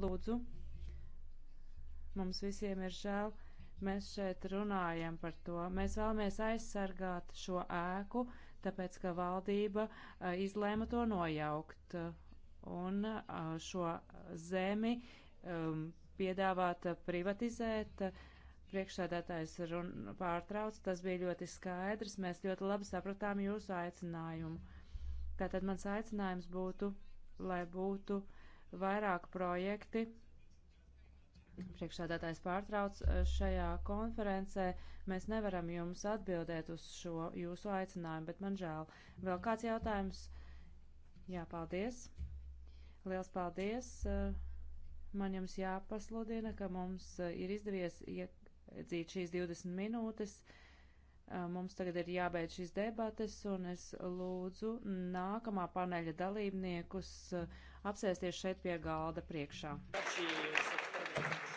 Lūdzu, mums visiem ir žēl, mēs šeit runājam par to. Mēs vēlamies aizsargāt šo ēku, tāpēc ka valdība uh, izlēma to nojaukt. Uh, un šo zemi um, piedāvāt privatizēt. Priekšsēdētājs run, pārtrauc, tas bija ļoti skaidrs, mēs ļoti labi sapratām jūsu aicinājumu. Tātad mans aicinājums būtu, lai būtu vairāk projekti. Priekšsēdētājs pārtrauc šajā konferencē. Mēs nevaram jums atbildēt uz šo jūsu aicinājumu, bet man žēl. Vēl kāds jautājums? Jā, paldies. Liels paldies! Eh, man jums jāpasludina, ka mums eh, ir izdevies iedzīt šīs 20 minūtes. Eh, mums tagad ir jābeidz šīs debates, un es lūdzu nākamā paneļa dalībniekus apsēsties šeit pie galda priekšā. Tačīs.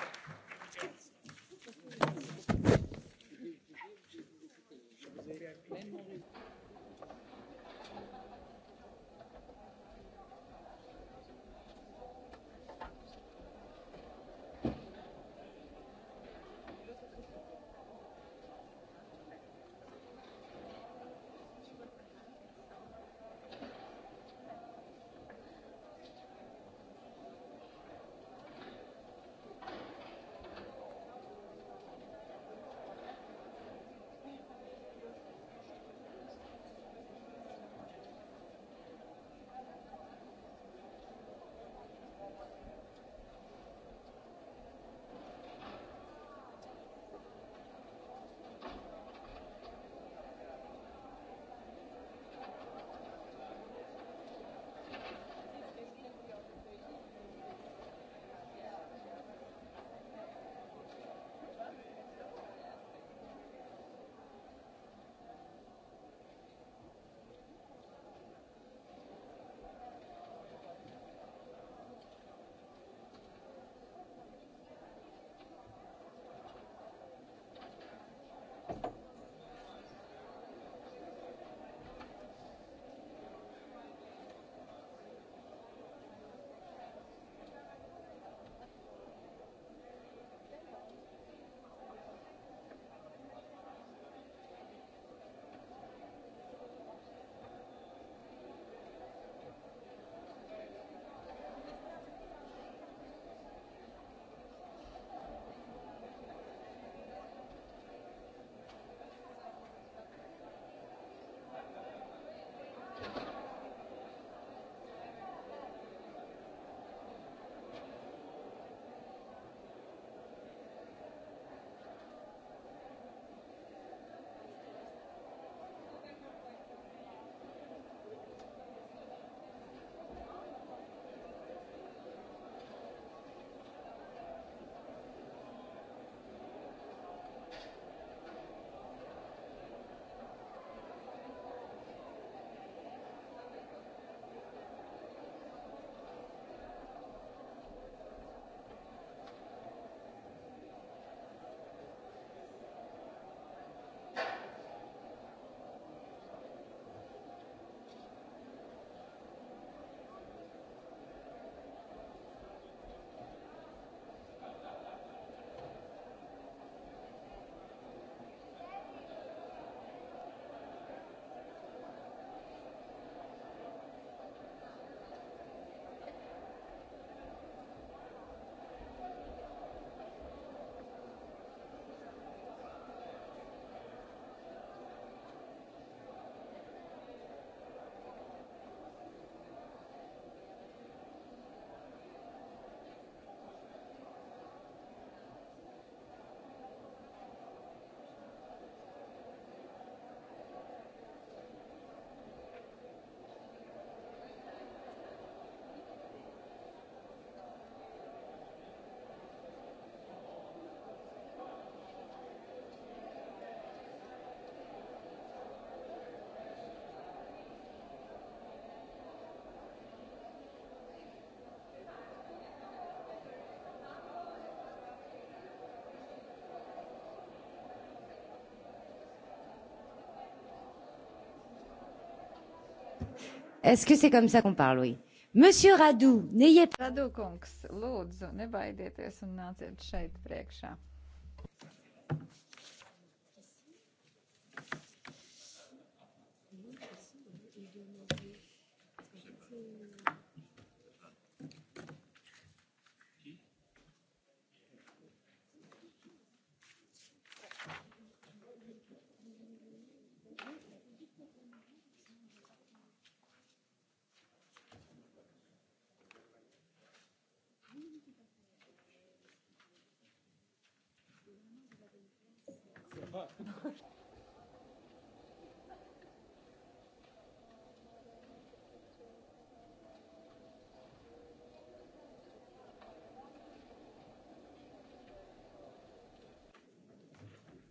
Est-ce que c'est comme ça qu'on parle, oui? Monsieur Radu, neiet. Radu kungs, lūdzu, nebaidieties un nāciet šeit priekšā.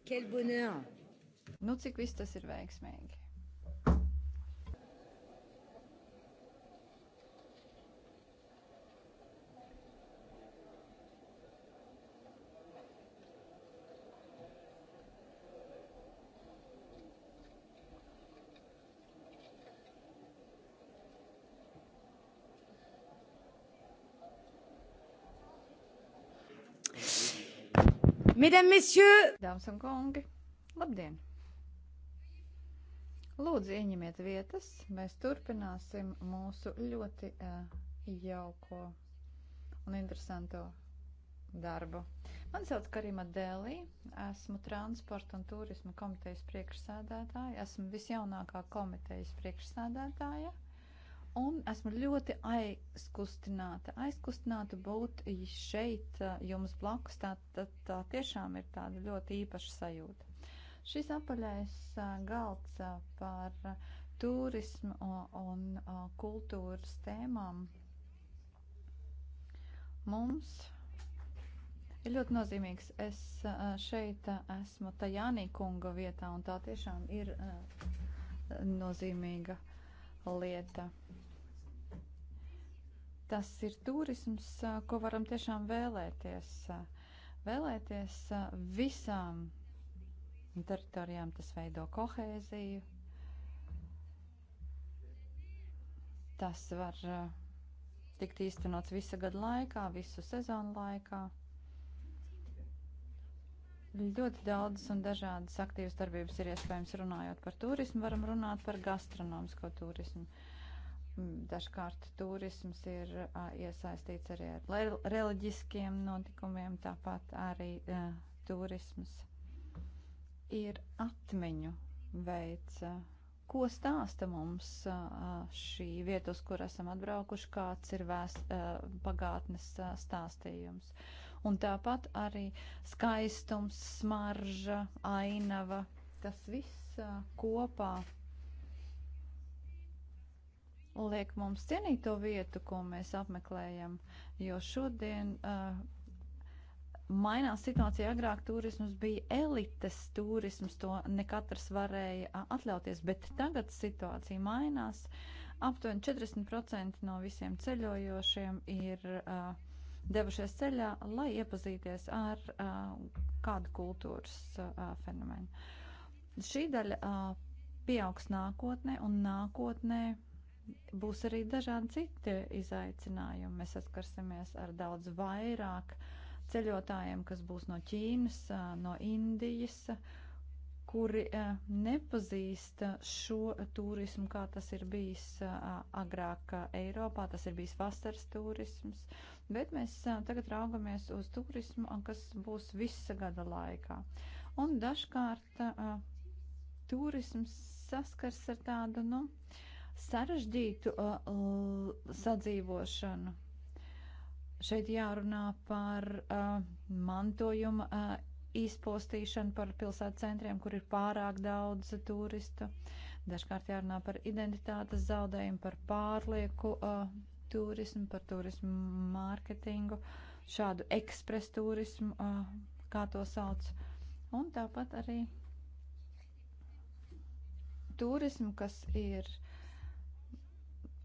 Quel bonheur! Nu, cik viss tas ir veiksmīgi! Mesdames, messieurs! Dāmas un kungi, labdien! Lūdzu, ieņemiet vietas. Mēs turpināsim mūsu ļoti uh, jauko un interesanto darbu. Man sauc Karima Dēlī, esmu transporta un turisma komitejas priekšsēdētāja, esmu visjaunākā komitejas priekšsēdētāja. Un esmu ļoti aizkustināta. Aizkustināta būt šeit jums blakus, tā, tā, tā tiešām ir tāda ļoti īpaša sajūta. Šis apaļais galds par turismu un kultūras tēmām mums ir ļoti nozīmīgs. Es šeit esmu Tajānī kunga vietā, un tā tiešām ir nozīmīga lieta tas ir turisms, ko varam tiešām vēlēties. Vēlēties visām teritorijām, tas veido kohēziju. Tas var tikt īstenots visa gada laikā, visu sezonu laikā. Ļoti daudz un dažādas aktīvas darbības ir iespējams runājot par turismu, varam runāt par gastronomisko turismu. Uh, Mm, dažkārt turisms ir uh, iesaistīts arī ar reliģiskiem notikumiem, tāpat arī uh, turisms ir atmiņu veids. Uh, ko stāsta mums uh, šī vieta, uz kur esam atbraukuši, kāds ir vēst, uh, pagātnes uh, stāstījums. Un tāpat arī skaistums, smarža, ainava, tas viss kopā liek mums cienīt to vietu, ko mēs apmeklējam, jo šodien uh, mainās situācija. Agrāk turisms bija elites turisms, to ne katrs varēja uh, atļauties, bet tagad situācija mainās. Aptuveni 40% no visiem ceļojošiem ir uh, devušies ceļā, lai iepazīties ar uh, kādu kultūras uh, fenomenu. Šī daļa uh, pieaugs nākotnē un nākotnē būs arī dažādi citi izaicinājumi. Mēs saskarsimies ar daudz vairāk ceļotājiem, kas būs no Ķīnas, no Indijas, kuri nepazīst šo turismu, kā tas ir bijis agrāk Eiropā, tas ir bijis vasaras turisms, bet mēs tagad raugamies uz turismu, kas būs visa gada laikā. Un dažkārt turisms saskars ar tādu, nu, uh, sarežģītu uh, sadzīvošanu. Šeit jārunā par uh, mantojuma uh, izpostīšanu, par pilsētu centriem, kur ir pārāk daudz turistu. Dažkārt jārunā par identitātes zaudējumu, par pārlieku uh, turismu, par turismu mārketingu, šādu ekspres turismu, uh, kā to sauc. Un tāpat arī turismu, kas ir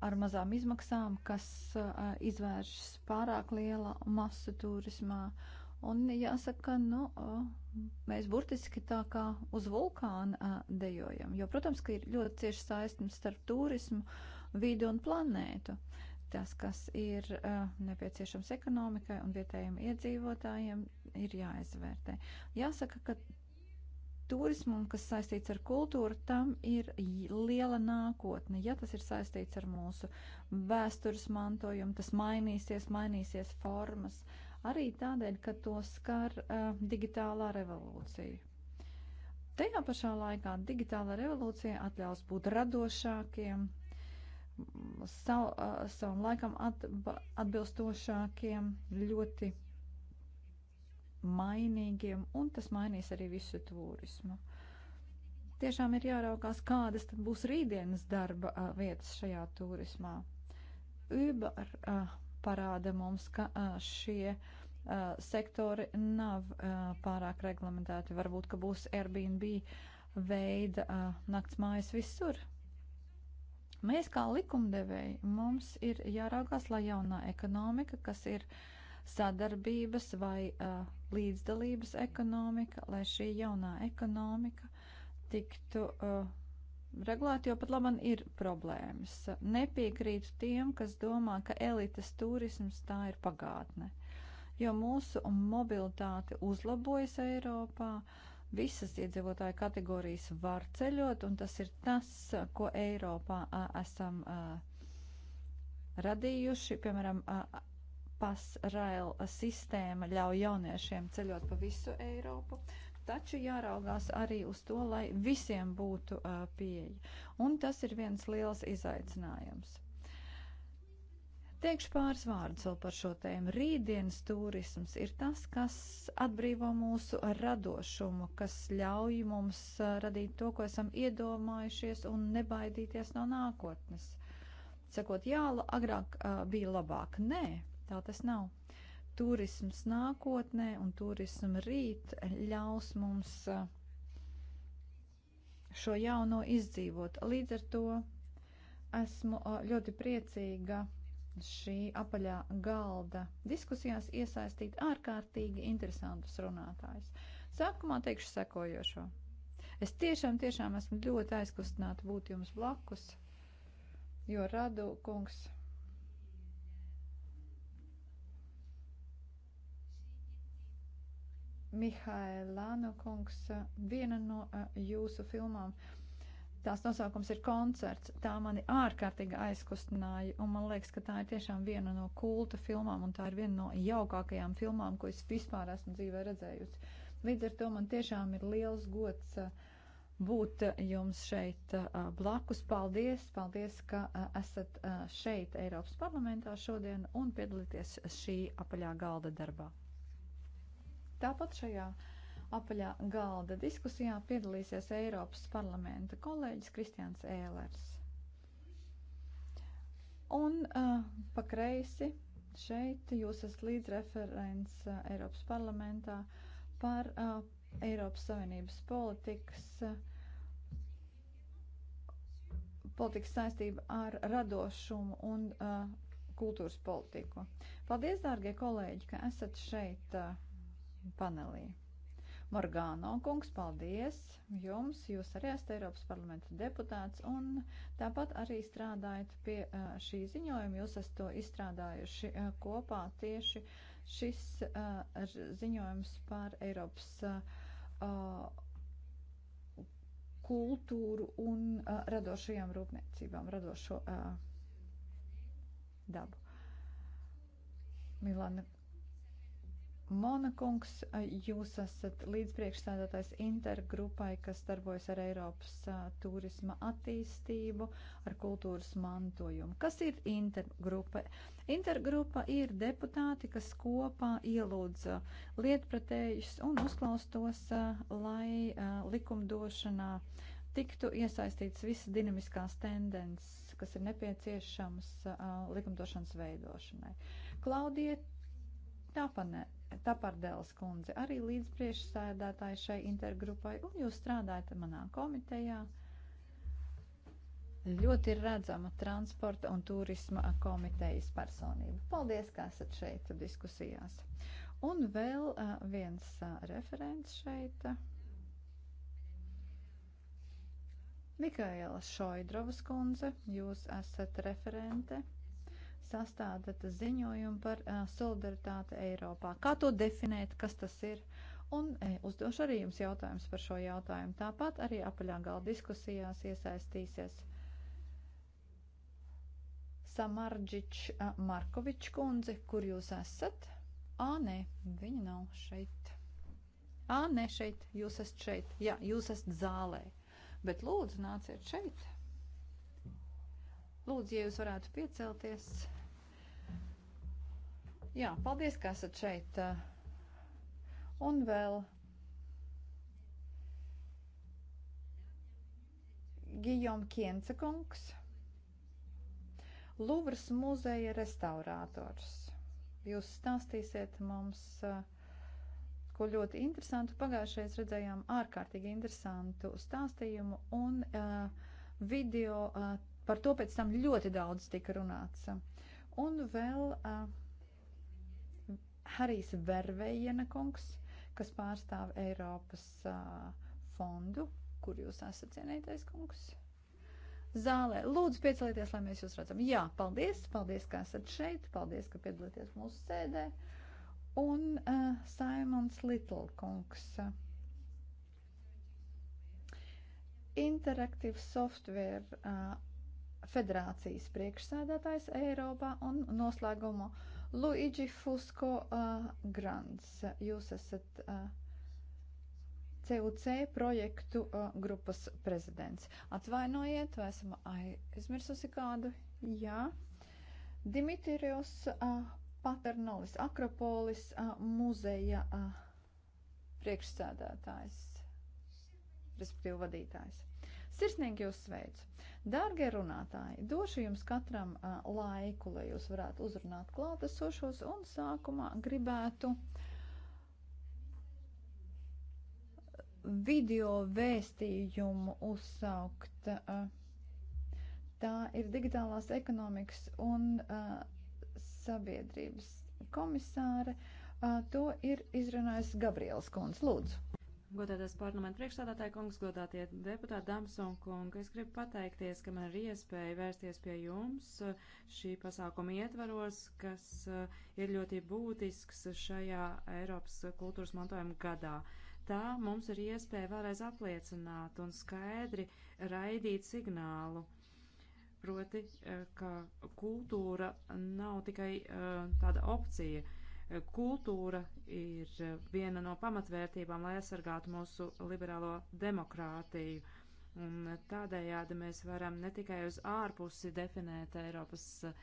ar mazām izmaksām, kas uh, izvēršas pārāk liela masu turismā. Un jāsaka, nu, uh, mēs burtiski tā kā uz vulkāna uh, dejojam, jo, protams, ka ir ļoti cieši saistums starp turismu, vidu un planētu. Tas, kas ir uh, nepieciešams ekonomikai un vietējiem iedzīvotājiem, ir jāizvērtē. Jāsaka, ka turismu un kas saistīts ar kultūru, tam ir liela nākotne. Ja tas ir saistīts ar mūsu vēstures mantojumu, tas mainīsies, mainīsies formas. Arī tādēļ, ka to skar uh, digitālā revolūcija. Tajā pašā laikā digitāla revolūcija atļaus būt radošākiem, sav, uh, savam laikam atba, atbilstošākiem, ļoti mainīgiem, un tas mainīs arī visu turismu. Tiešām ir jāraukās, kādas tad būs rītdienas darba a, vietas šajā turismā. Uber a, parāda mums, ka a, šie a, sektori nav a, pārāk reglamentēti. Varbūt, ka būs Airbnb veida a, nakts mājas visur. Mēs kā likumdevēji mums ir jārākās, lai jaunā ekonomika, kas ir uh, sadarbības vai uh, līdzdalības ekonomika, lai šī jaunā ekonomika tiktu uh, regulēta, jo pat labam ir problēmas. Nepiekrītu tiem, kas domā, ka elites turisms tā ir pagātne, jo mūsu mobilitāte uzlabojas Eiropā. Visas iedzīvotāju kategorijas var ceļot, un tas ir tas, ko Eiropā a, esam a, radījuši, piemēram, a, Pasrail sistēma ļauj jauniešiem ceļot pa visu Eiropu, taču jāraugās arī uz to, lai visiem būtu uh, pieeja. Un tas ir viens liels izaicinājums. Teikšu pāris vārdus vēl par šo tēmu. Rītdienas turisms ir tas, kas atbrīvo mūsu radošumu, kas ļauj mums radīt to, ko esam iedomājušies un nebaidīties no nākotnes. Sakot, jā, agrāk uh, bija labāk. Nē, Tā tas nav. Turisms nākotnē un turismu rīt ļaus mums eh, šo jauno izdzīvot. Līdz ar to esmu eh, ļoti priecīga šī apaļā galda diskusijās iesaistīt ārkārtīgi interesantus runātājus. Sākumā teikšu sekojošo. Es tiešām, tiešām esmu ļoti aizkustināta būt jums blakus, jo radu kungs Mihailāno kungs, viena no jūsu filmām. Tās nosaukums ir koncerts. Tā mani ārkārtīgi aizkustināja, un man liekas, ka tā ir tiešām viena no kulta filmām, un tā ir viena no jaukākajām filmām, ko es vispār esmu dzīvē redzējusi. Līdz ar to man tiešām ir liels gods būt jums šeit blakus. Paldies, paldies, ka esat šeit Eiropas parlamentā šodien un piedalīties šī apaļā galda darbā. Tāpat šajā apaļā galda diskusijā piedalīsies Eiropas parlamenta kolēģis Kristians Ēlers. Un uh, pa kreisi šeit jūs esat līdzreferents uh, Eiropas parlamentā par uh, Eiropas Savienības politikas, uh, politikas saistību ar radošumu un uh, kultūras politiku. Paldies, dārgie kolēģi, ka esat šeit. Uh, panelī. Morgāno kungs, paldies jums! Jūs arī esat Eiropas parlamenta deputāts un tāpat arī strādājat pie šī ziņojuma. Jūs esat to izstrādājuši kopā tieši šis ziņojums par Eiropas kultūru un radošajām rūpniecībām, radošo dabu. Milana Monakungs, jūs esat līdzpriekšstādātais intergrupai, kas darbojas ar Eiropas turisma attīstību, ar kultūras mantojumu. Kas ir intergrupa? Intergrupa ir deputāti, kas kopā ielūdz lietpratējus un uzklaustos, lai likumdošanā tiktu iesaistīts visas dinamiskās tendences, kas ir nepieciešams likumdošanas veidošanai. Klaudiet, tāpanē. Tapardēls kundze, arī līdzpriekšsēdētāji šai intergrupai, un jūs strādājat manā komitejā. Ļoti redzama transporta un turisma komitejas personība. Paldies, ka esat šeit diskusijās. Un vēl uh, viens uh, referents šeit. Mikaela Šoidrovas kundze, jūs esat referente sastādat ziņojumu par uh, solidaritāti Eiropā. Kā to definēt, kas tas ir? Un e, uzdošu arī jums jautājumus par šo jautājumu. Tāpat arī apaļā galda diskusijās iesaistīsies Samarģič uh, Markovič kundze, kur jūs esat? Ā, nē, viņa nav šeit. Ā, nē, šeit, jūs esat šeit. Jā, jūs esat zālē. Bet lūdzu, nāciet šeit. Lūdzu, ja jūs varētu piecelties. Jā, paldies, ka esat šeit. Uh, un vēl Gijom Kienca kungs, Luvras muzeja restaurātors. Jūs stāstīsiet mums, uh, ko ļoti interesantu pagājušais redzējām ārkārtīgi interesantu stāstījumu un uh, video uh, par to pēc tam ļoti daudz tika runāts. Un vēl uh, Harijs Vervejena kungs, kas pārstāv Eiropas uh, fondu, kur jūs esat cienītais kungs. Zālē. Lūdzu, piecelieties, lai mēs jūs redzam. Jā, paldies, paldies, ka esat šeit, paldies, ka piedalāties mūsu sēdē. Un uh, Saimons Little kungs. Uh, interaktīvu software uh, federācijas priekšsēdētājs Eiropā un noslēgumu Luigi Fusco uh, Grants. Jūs esat uh, CUC projektu uh, grupas prezidents. Atvainojiet, vai esam aizmirsusi kādu? Jā. Dimitrios uh, Paternolis, Akropolis uh, muzeja uh, priekšsēdētājs, respektīvi vadītājs. Sirsnīgi jūs sveicu! Dārgie runātāji, došu jums katram uh, laiku, lai jūs varētu uzrunāt klātesošos un sākumā gribētu video vēstījumu uzsaukt. Uh, tā ir digitālās ekonomikas un uh, sabiedrības komisāre. Uh, to ir izrunājis Gabriels Kunds. Lūdzu! Godātais parlamenta priekšstādātāja kungs, godātie deputāti Dams un kungi, es gribu pateikties, ka man ir iespēja vērsties pie jums eh, šī pasākuma ietvaros, kas eh, ir ļoti būtisks šajā Eiropas kultūras mantojuma gadā. Tā mums ir iespēja vēlreiz apliecināt un skaidri raidīt signālu. Proti, eh, ka kultūra nav tikai tāda opcija Kultūra ir viena no pamatvērtībām, lai aizsargātu mūsu liberālo demokrātiju. Un tādējādi mēs varam ne tikai uz ārpusi definēt Eiropas uh,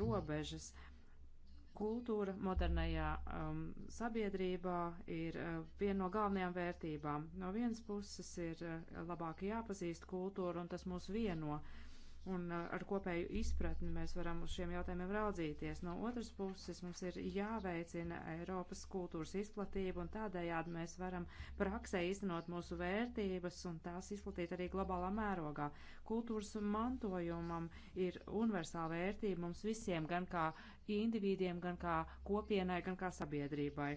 robežas. Kultūra modernajā um, sabiedrībā ir uh, viena no galvenajām vērtībām. No vienas puses ir uh, labāk jāpazīst kultūru, un tas mūs vieno. Uh, un uh, ar kopēju izpratni mēs varam uz šiem jautājumiem raudzīties. No otras puses mums ir jāveicina Eiropas kultūras izplatība, un tādējādi mēs varam praksē iztenot mūsu vērtības un tās izplatīt arī globālā mērogā. Kultūras mantojumam ir universāla vērtība mums visiem, gan kā individiem, gan kā kopienai, gan kā sabiedrībai.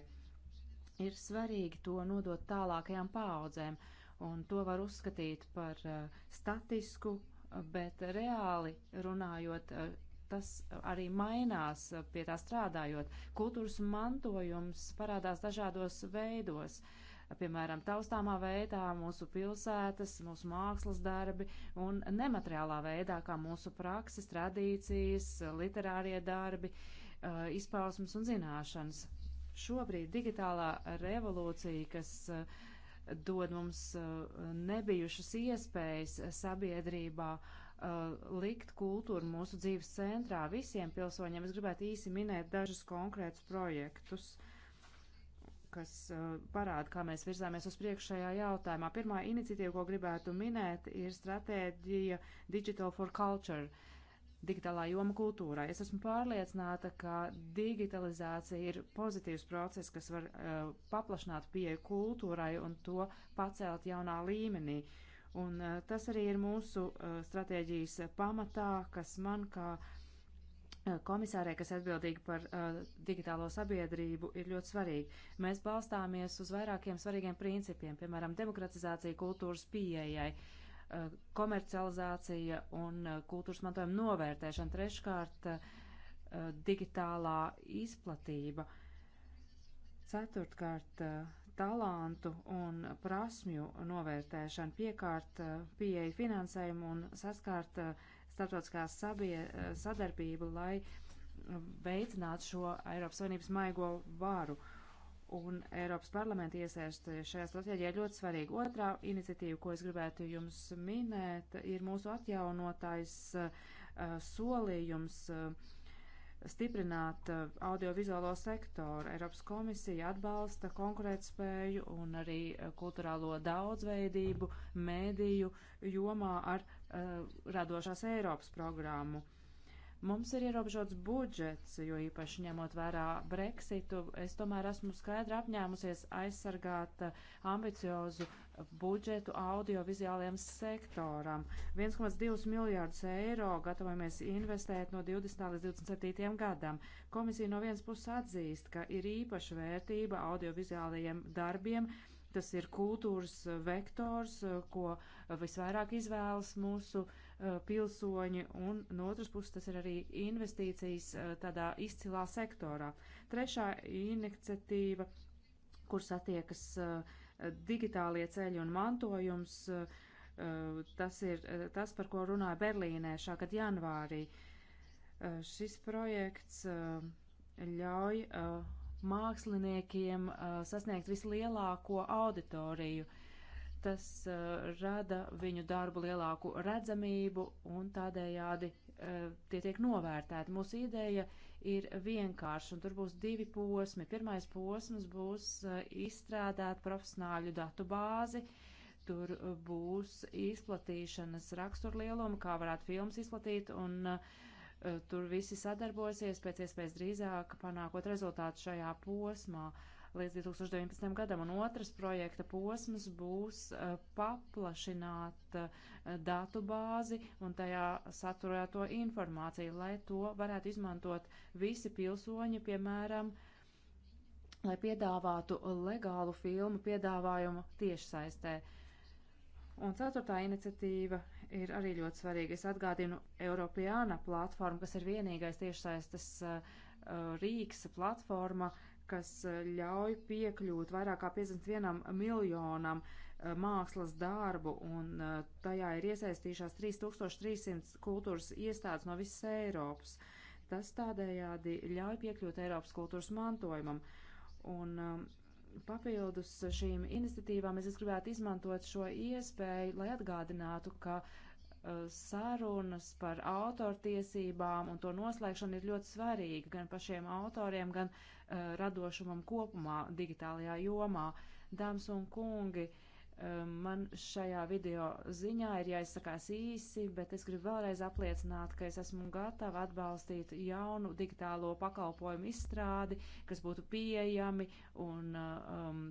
Ir svarīgi to nodot tālākajām paaudzēm un to var uzskatīt par uh, statisku bet reāli runājot, eh, tas arī mainās eh, pie tā strādājot. Kultūras mantojums parādās dažādos veidos. Piemēram, taustāmā veidā mūsu pilsētas, mūsu mākslas darbi un nemateriālā veidā, kā mūsu prakses, tradīcijas, literārie darbi, eh, izpausmes un zināšanas. Šobrīd digitālā revolūcija, kas uh, dod mums eh, nebijušas iespējas sabiedrībā eh, likt kultūru mūsu dzīves centrā visiem pilsoņiem. Es gribētu īsi minēt dažus konkrētus projektus kas eh, parāda, kā mēs virzāmies uz priekšējā jautājumā. Pirmā iniciatīva, ko gribētu minēt, ir stratēģija Digital for Culture. Uh, digitālā joma kultūrā. Es esmu pārliecināta, ka digitalizācija ir pozitīvs process, kas var uh, paplašināt pieeju kultūrai un to pacelt jaunā līmenī. Un uh, tas arī ir mūsu uh, stratēģijas pamatā, kas man kā uh, komisārē, kas atbildīgi par uh, digitālo sabiedrību, ir ļoti svarīgi. Mēs balstāmies uz vairākiem svarīgiem principiem, piemēram, demokratizācija kultūras pieejai. Uh, Eh, komercializācija un eh, kultūras mantojuma novērtēšana, treškārt eh, digitālā izplatība, ceturtkārt talantu un prasmju novērtēšana, piekārt pieeja finansējumu un saskārt starptautiskā sabie, sadarbība, lai veicinātu šo Eiropas Savienības maigo varu. Uh, un Eiropas parlamenta iesaist šajā stratēģijā ir ļoti svarīga. Otrā iniciatīva, ko es gribētu jums minēt, ir mūsu atjaunotājs uh, solījums uh, stiprināt uh, audiovizuālo sektoru. Eiropas komisija atbalsta konkurētspēju un arī kulturālo daudzveidību mēdīju jomā ar radošās Eiropas programmu. Mums ir ierobežots budžets, jo īpaši ņemot vērā Brexitu, es tomēr esmu skaidri apņēmusies aizsargāt ambiciozu budžetu audiovizuālajiem sektoram. 1,2 miljārdus eiro gatavojamies investēt no 20. līdz 27. gadam. Komisija no vienas puses atzīst, ka ir īpaša vērtība audiovizuālajiem darbiem. Tas ir kultūras vektors, ko visvairāk izvēlas mūsu uh, Uh, pilsoņi, un no otras puses tas ir arī investīcijas uh, tādā izcilā sektorā. Trešā iniciatīva, kur satiekas uh, digitālie ceļi un mantojums, tas ir tas, par ko runāja Berlīnē šā gada janvārī. Šis projekts ļauj māksliniekiem sasniegt vislielāko auditoriju uh, tas uh, rada viņu darbu lielāku redzamību un tādējādi uh, tie tiek novērtēti. Mūsu ideja ir vienkārša, un tur būs divi posmi. Pirmais posms būs uh, izstrādāt profesionāļu datu bāzi. Tur būs izplatīšanas raksturlieluma, kā varētu filmas izplatīt, un tur visi sadarbosies pēc iespējas drīzāk panākot rezultātu šajā posmā. Uh, līdz 2019. gadam, un otrs projekta posms būs eh, paplašināt eh, datu bāzi un tajā saturēto informāciju, lai to varētu izmantot visi pilsoņi, piemēram, lai piedāvātu legālu filmu piedāvājumu tiešsaistē. Un ceturtā iniciatīva ir arī ļoti svarīga. Es atgādinu Eiropijāna platformu, kas ir vienīgais tiešsaistes uh, rīks platforma, kas eh, ļauj piekļūt vairāk kā 51 miljonam eh, mākslas darbu, un eh, tajā ir iesaistījušās 3300 kultūras iestādes no visas Eiropas. Tas tādējādi ļauj piekļūt Eiropas kultūras mantojumam. Un papildus šīm iniciatīvām es gribētu izmantot šo iespēju, lai atgādinātu, ka sarunas par autortiesībām un to noslēgšanu ir ļoti svarīga gan pašiem autoriem, gan uh, Eh, radošumam kopumā digitālajā jomā. Dāmas un kungi, eh, man šajā video ziņā ir jāizsakās īsi, bet es gribu vēlreiz apliecināt, ka es esmu gatava atbalstīt jaunu digitālo pakalpojumu izstrādi, kas būtu pieejami un eh, um,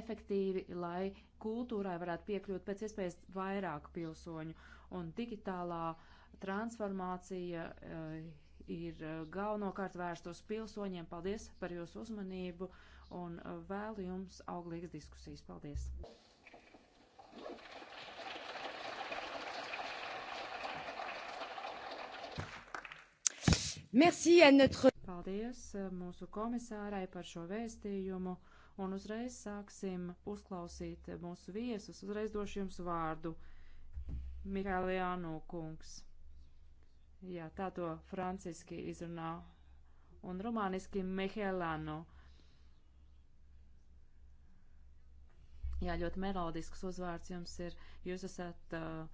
efektīvi, lai kultūrai varētu piekļūt pēc iespējas vairāk pilsoņu. Un digitālā transformācija uh, ir eh, galvenokārt vērst uz pilsoņiem. Paldies par jūsu uzmanību un eh, vēlu jums auglīgas diskusijas. Paldies! Merci à notre. Paldies eh, mūsu komisārai par šo vēstījumu un uzreiz sāksim uzklausīt mūsu viesus. Uzreiz došu jums vārdu. Mihālijānu kungs. Jā, tā to franciski izrunā. Un romāniski Mihēlānu. Jā, ļoti melodisks uzvārds jums ir. Jūs esat uh,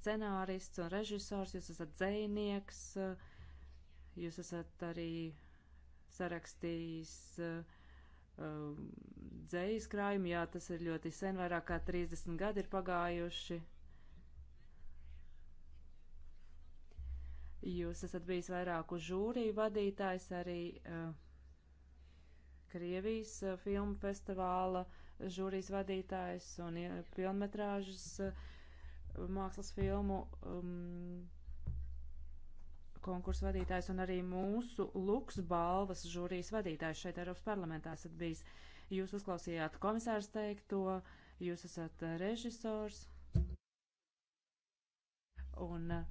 scenārists un režisors, jūs esat dzēnieks, uh, jūs esat arī sarakstījis uh, uh, dzējas krājumu. Jā, tas ir ļoti sen, vairāk kā 30 gadi ir pagājuši. Jūs esat bijis vairāku žūriju vadītājs arī uh, Krievijas uh, filmu festivāla žūrijas vadītājs un uh, pilnmetrāžas uh, eh, mākslas filmu um, konkursu vadītājs un arī mūsu Luks balvas žūrijas vadītājs šeit Eiropas parlamentā esat bijis. Jūs uzklausījāt komisārs teikto, jūs esat režisors. Un uh,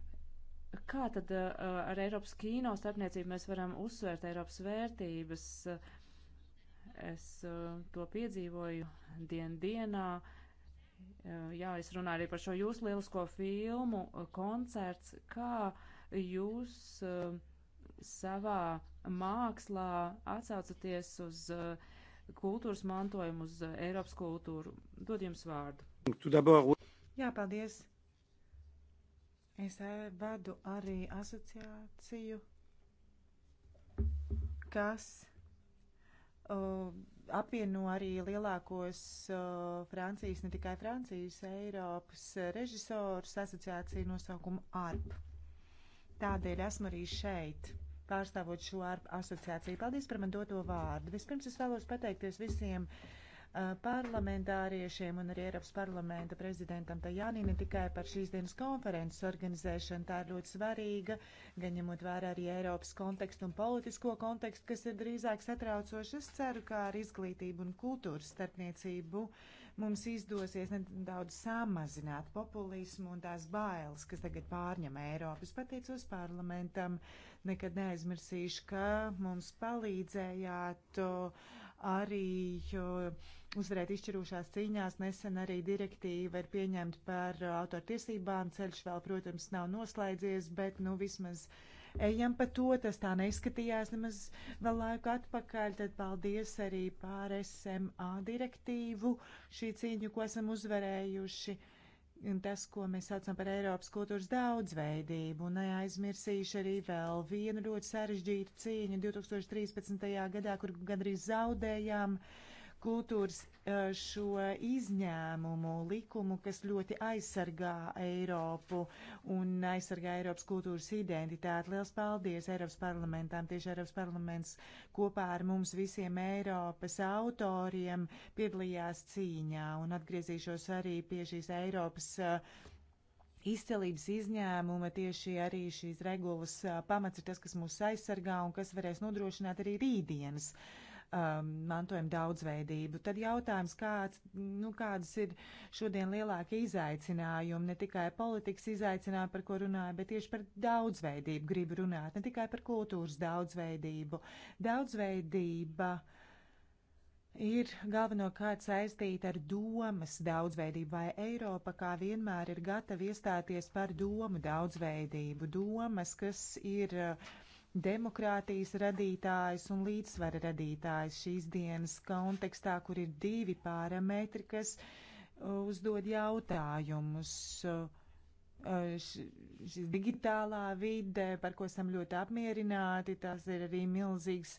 Kā tad eh, ar Eiropas kīno starpniecību mēs varam uzsvērt Eiropas vērtības? Es eh, to piedzīvoju dien dienā. Eh, jā, es runāju arī par šo jūsu lielisko filmu, koncerts. Kā jūs savā mākslā atsaucaties uz kultūras mantojumu, uz Eiropas kultūru? Dod jums vārdu. Jā, paldies. Es vadu arī asociāciju, kas uh, apvieno arī lielākos uh, Francijas, ne tikai Francijas, Eiropas režisors asociāciju nosaukumu ARP. Tādēļ esmu arī šeit pārstāvot šo ARP asociāciju. Paldies par man doto vārdu. Vispirms es vēlos pateikties visiem uh, parlamentāriešiem un arī Eiropas parlamenta prezidentam Tajānī ne tikai par šīs dienas konferences organizēšanu. Tā ir ļoti svarīga, gan ņemot vērā arī Eiropas kontekstu un politisko kontekstu, kas ir drīzāk satraucoši. Es ceru, kā ar izglītību un kultūras starpniecību mums izdosies nedaudz samazināt populismu un tās bailes, kas tagad pārņem Eiropas. Pateicos parlamentam, nekad neaizmirsīšu, ka mums palīdzējāt arī. Jo, uzvarēt izšķirošās cīņās. Nesen arī direktīva ir pieņemta par uh, autortiesībām. Ceļš vēl, protams, nav noslēdzies, bet nu vismaz ejam pa to. Tas tā neizskatījās nemaz vēl laiku atpakaļ. Tad paldies arī pār SMA direktīvu šī cīņu, ko esam uzvarējuši. Un tas, ko mēs saucam par Eiropas kultūras daudzveidību, un neaizmirsīšu arī vēl vienu ļoti sarežģītu cīņu 2013. gadā, kur gandrīz zaudējām uh, kultūras e, šo izņēmumu likumu, kas ļoti aizsargā Eiropu un aizsargā Eiropas kultūras identitāti. Liels paldies Eiropas parlamentām, tieši Eiropas parlaments kopā ar mums visiem Eiropas autoriem piedalījās cīņā un atgriezīšos arī pie šīs Eiropas e, Izcelības izņēmuma tieši arī šīs regulas e, pamats ir tas, kas mūs aizsargā un kas varēs nodrošināt arī rītdienas uh, um, mantojuma daudzveidību. Tad jautājums, kāds, nu, kādas ir šodien lielākie izaicinājumi, ne tikai politikas izaicinājumi, par ko runāju, bet tieši par daudzveidību gribu runāt, ne tikai par kultūras daudzveidību. Daudzveidība. Ir galvenokārt saistīta ar domas daudzveidību, vai Eiropa kā vienmēr ir gatava iestāties par domu daudzveidību, domas, kas ir uh, demokrātijas radītājs un līdzsvara radītājs šīs dienas kontekstā, kur ir divi parametri, kas uh, uzdod jautājumus. Uh, uh, šis digitālā vide, par ko esam ļoti apmierināti, tas ir arī milzīgs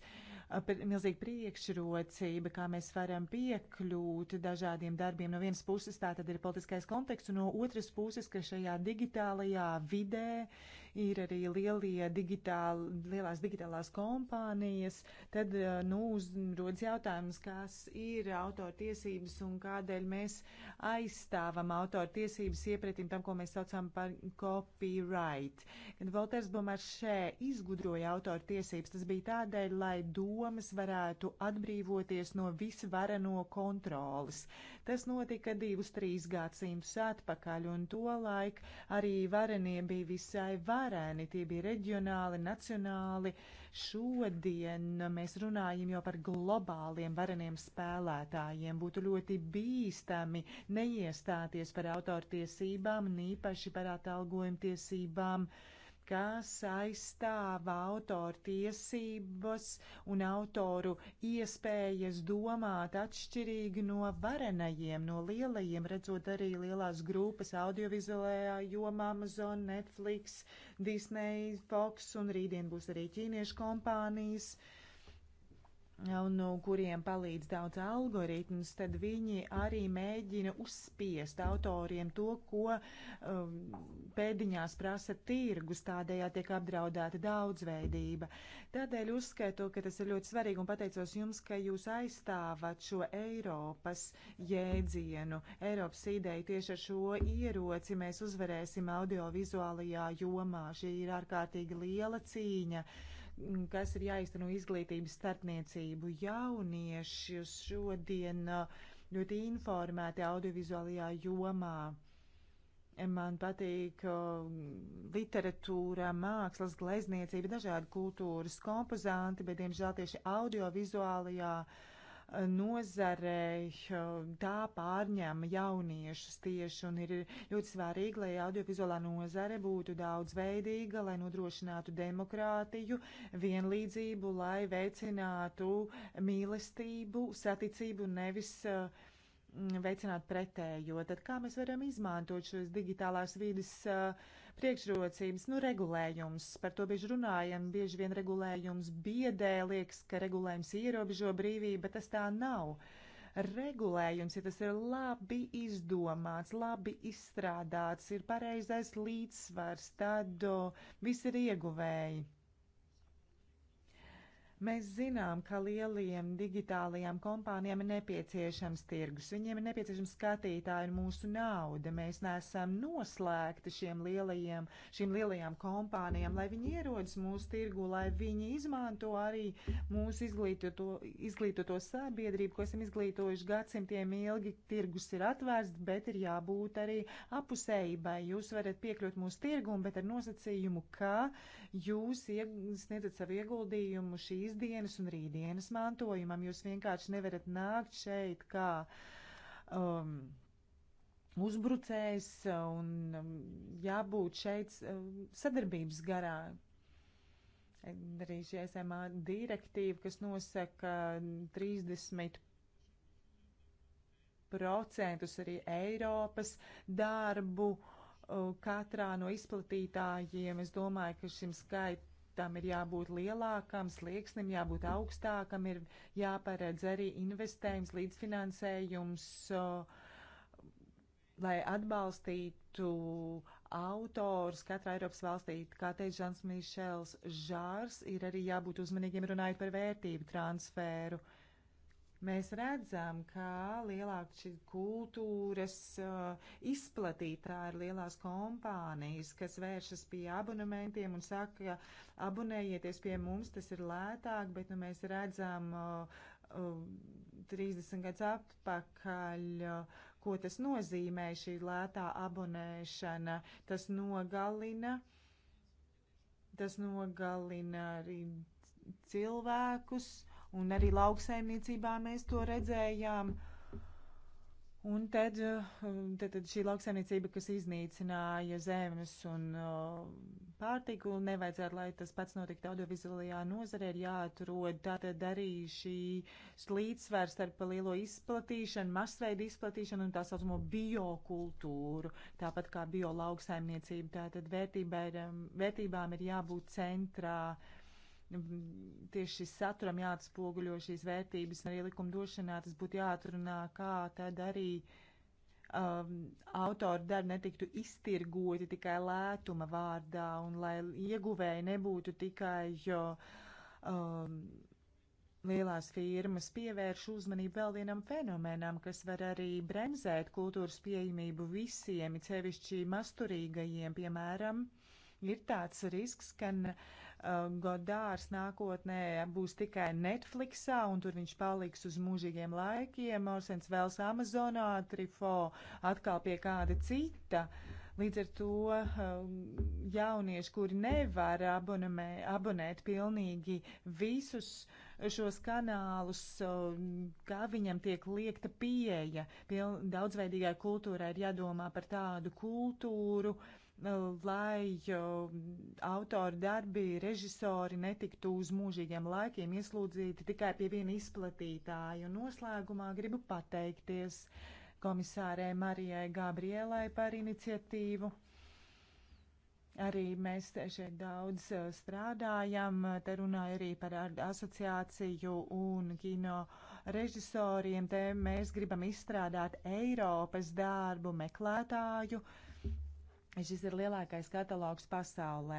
uh, milzīga priekšrocība, kā mēs varam piekļūt dažādiem darbiem. No vienas puses tā tad ir politiskais konteksts, un no otras puses, ka šajā digitālajā vidē ir arī lielie digitāli, lielās digitālās kompānijas, tad, eh, nu, uzrodas jautājums, kas ir autortiesības un kādēļ mēs aizstāvam autortiesības iepretim tam, ko mēs saucam par copyright. Kad Volters Bomārs šē izgudroja autortiesības, tas bija tādēļ, lai domas varētu atbrīvoties no visvarano kontrolas. Tas notika divus, trīs gadsimtus atpakaļ, un tolaik arī varenie bija visai varēni. Tie bija reģionāli, nacionāli. Šodien mēs runājam jau par globāliem vareniem spēlētājiem. Būtu ļoti bīstami neiestāties par autortiesībām, un īpaši par atalgojumu tiesībām. Uh, kas aizstāv autoru tiesības un autoru iespējas domāt atšķirīgi no varenajiem, no lielajiem, redzot arī lielās grupas audiovizuālajā jomā Amazon, Netflix, Disney, Fox un rītdien būs arī ķīniešu kompānijas. Uh, un no nu, kuriem palīdz daudz algoritmus, tad viņi arī mēģina uzspiest autoriem to, ko um, pēdiņās prasa tirgus, tādējā tiek apdraudēta daudzveidība. Tādēļ uzskaitu, ka tas ir ļoti svarīgi un pateicos jums, ka jūs aizstāvat šo Eiropas jēdzienu, Eiropas ideju tieši ar šo ieroci mēs uzvarēsim audiovizuālajā jomā. Šī ir ārkārtīgi liela cīņa. Uh, kas ir jāizteno izglītības starpniecību. Jaunieši šodien uh, ļoti informēti audiovizuālajā jomā. Man patīk uh, literatūra, mākslas, glezniecība, dažādi kultūras kompozanti, bet, diemžēl, tieši audiovizuālajā jomā nozarei tā pārņēma jauniešus tieši un ir ļoti svarīgi, lai audiovizuālā nozare būtu daudzveidīga, lai nodrošinātu demokrātiju, vienlīdzību, lai veicinātu mīlestību, saticību un nevis uh, veicināt pretējo. Tad kā mēs varam izmantot šos digitālās vīdes uh, priekšrocības, nu, regulējums. Par to bieži runājam, bieži vien regulējums biedē, liekas, ka regulējums ierobežo brīvību, bet tas tā nav. Regulējums, ja tas ir labi izdomāts, labi izstrādāts, ir pareizais līdzsvars, tad o, visi ir ieguvēji. Mēs zinām, ka lieliem digitālajām kompānijām ir nepieciešams tirgus, viņiem ir nepieciešams skatītāji un mūsu nauda. Mēs neesam noslēgti šiem lielajiem, šīm lielajām kompānijām, lai viņi ierodas mūsu tirgu, lai viņi izmanto arī mūsu izglītoto, izglītoto sabiedrību, ko esam izglītojuši gadsimtiem ilgi. Tirgus ir atvērts, bet ir jābūt arī apusējībai. Jūs varat piekļūt mūsu tirgumu, bet ar nosacījumu, ka jūs sniedzat savu ieguldījumu šīs šīs dienas un rītdienas mantojumam. Jūs vienkārši nevarat nākt šeit kā um, uzbrucējs un um, jābūt šeit um, sadarbības garā. Arī šī SMA direktīva, kas nosaka 30 procentus arī Eiropas darbu uh, katrā no izplatītājiem. Es domāju, ka šim skait, tam ir jābūt lielākam, slieksnim jābūt augstākam, ir jāparedz arī investējums, līdzfinansējums, lai atbalstītu autors katrā Eiropas valstī. Kā teica Žans Mišels Žārs, ir arī jābūt uzmanīgiem runājot par vērtību transferu. Uh, Mēs redzam, ka lielāk šī kultūras uh, izplatītāji ir lielās kompānijas, kas vēršas pie abonementiem un saka, ka abonējieties pie mums, tas ir lētāk, bet nu, mēs redzam uh, uh, 30 gadus atpakaļ. Uh, Ko tas nozīmē šī lētā abonēšana? Tas nogalina uh, tas nogalina arī cilvēkus, Un arī lauksaimniecībā mēs to redzējām. Un tad, eh, tad, tad šī lauksaimniecība, kas iznīcināja zemes un eh, pārtiku, nevajadzētu, lai tas pats notiktu audiovizuālajā nozarē, ir jāatrod tātad arī šī līdzsvers starp lielo izplatīšanu, masveidu izplatīšanu un tā saucamo biokultūru, tāpat kā biolauksaimniecība. Tātad vērtībā ir, eh, vērtībām ir jābūt centrā. Uh, tieši saturam jāatspoguļo šīs vērtības, arī likumdošanā tas būtu jāatrunā, kā tad arī um, autori darbi netiktu iztirgoti tikai lētuma vārdā un lai ieguvēji nebūtu tikai jo, um, lielās firmas pievērš uzmanību vēl vienam fenomenam, kas var arī bremzēt kultūras pieejamību visiem, it sevišķi masturīgajiem, piemēram, ir tāds risks, ka uh, Um, Godārs nākotnē būs tikai Netflixā, un tur viņš paliks uz mūžīgiem laikiem. Morsens vēls Amazonā, Trifo atkal pie kāda cita. Līdz ar to um, jaunieši, kuri nevar abonamē, abonēt pilnīgi visus šos kanālus, um, kā viņam tiek liekta pieeja, Piln, daudzveidīgai kultūrai ir jādomā par tādu kultūru, uh, lai autori darbi, režisori netiktu uz mūžīgiem laikiem ieslūdzīti tikai pie viena izplatītāja. Un noslēgumā gribu pateikties komisārē Marijai Gabrielai par iniciatīvu. Arī mēs šeit daudz e, strādājam, te runāju arī par asociāciju un kino režisoriem, te mēs gribam izstrādāt Eiropas darbu meklētāju uh, Šis ir lielākais katalogs pasaulē.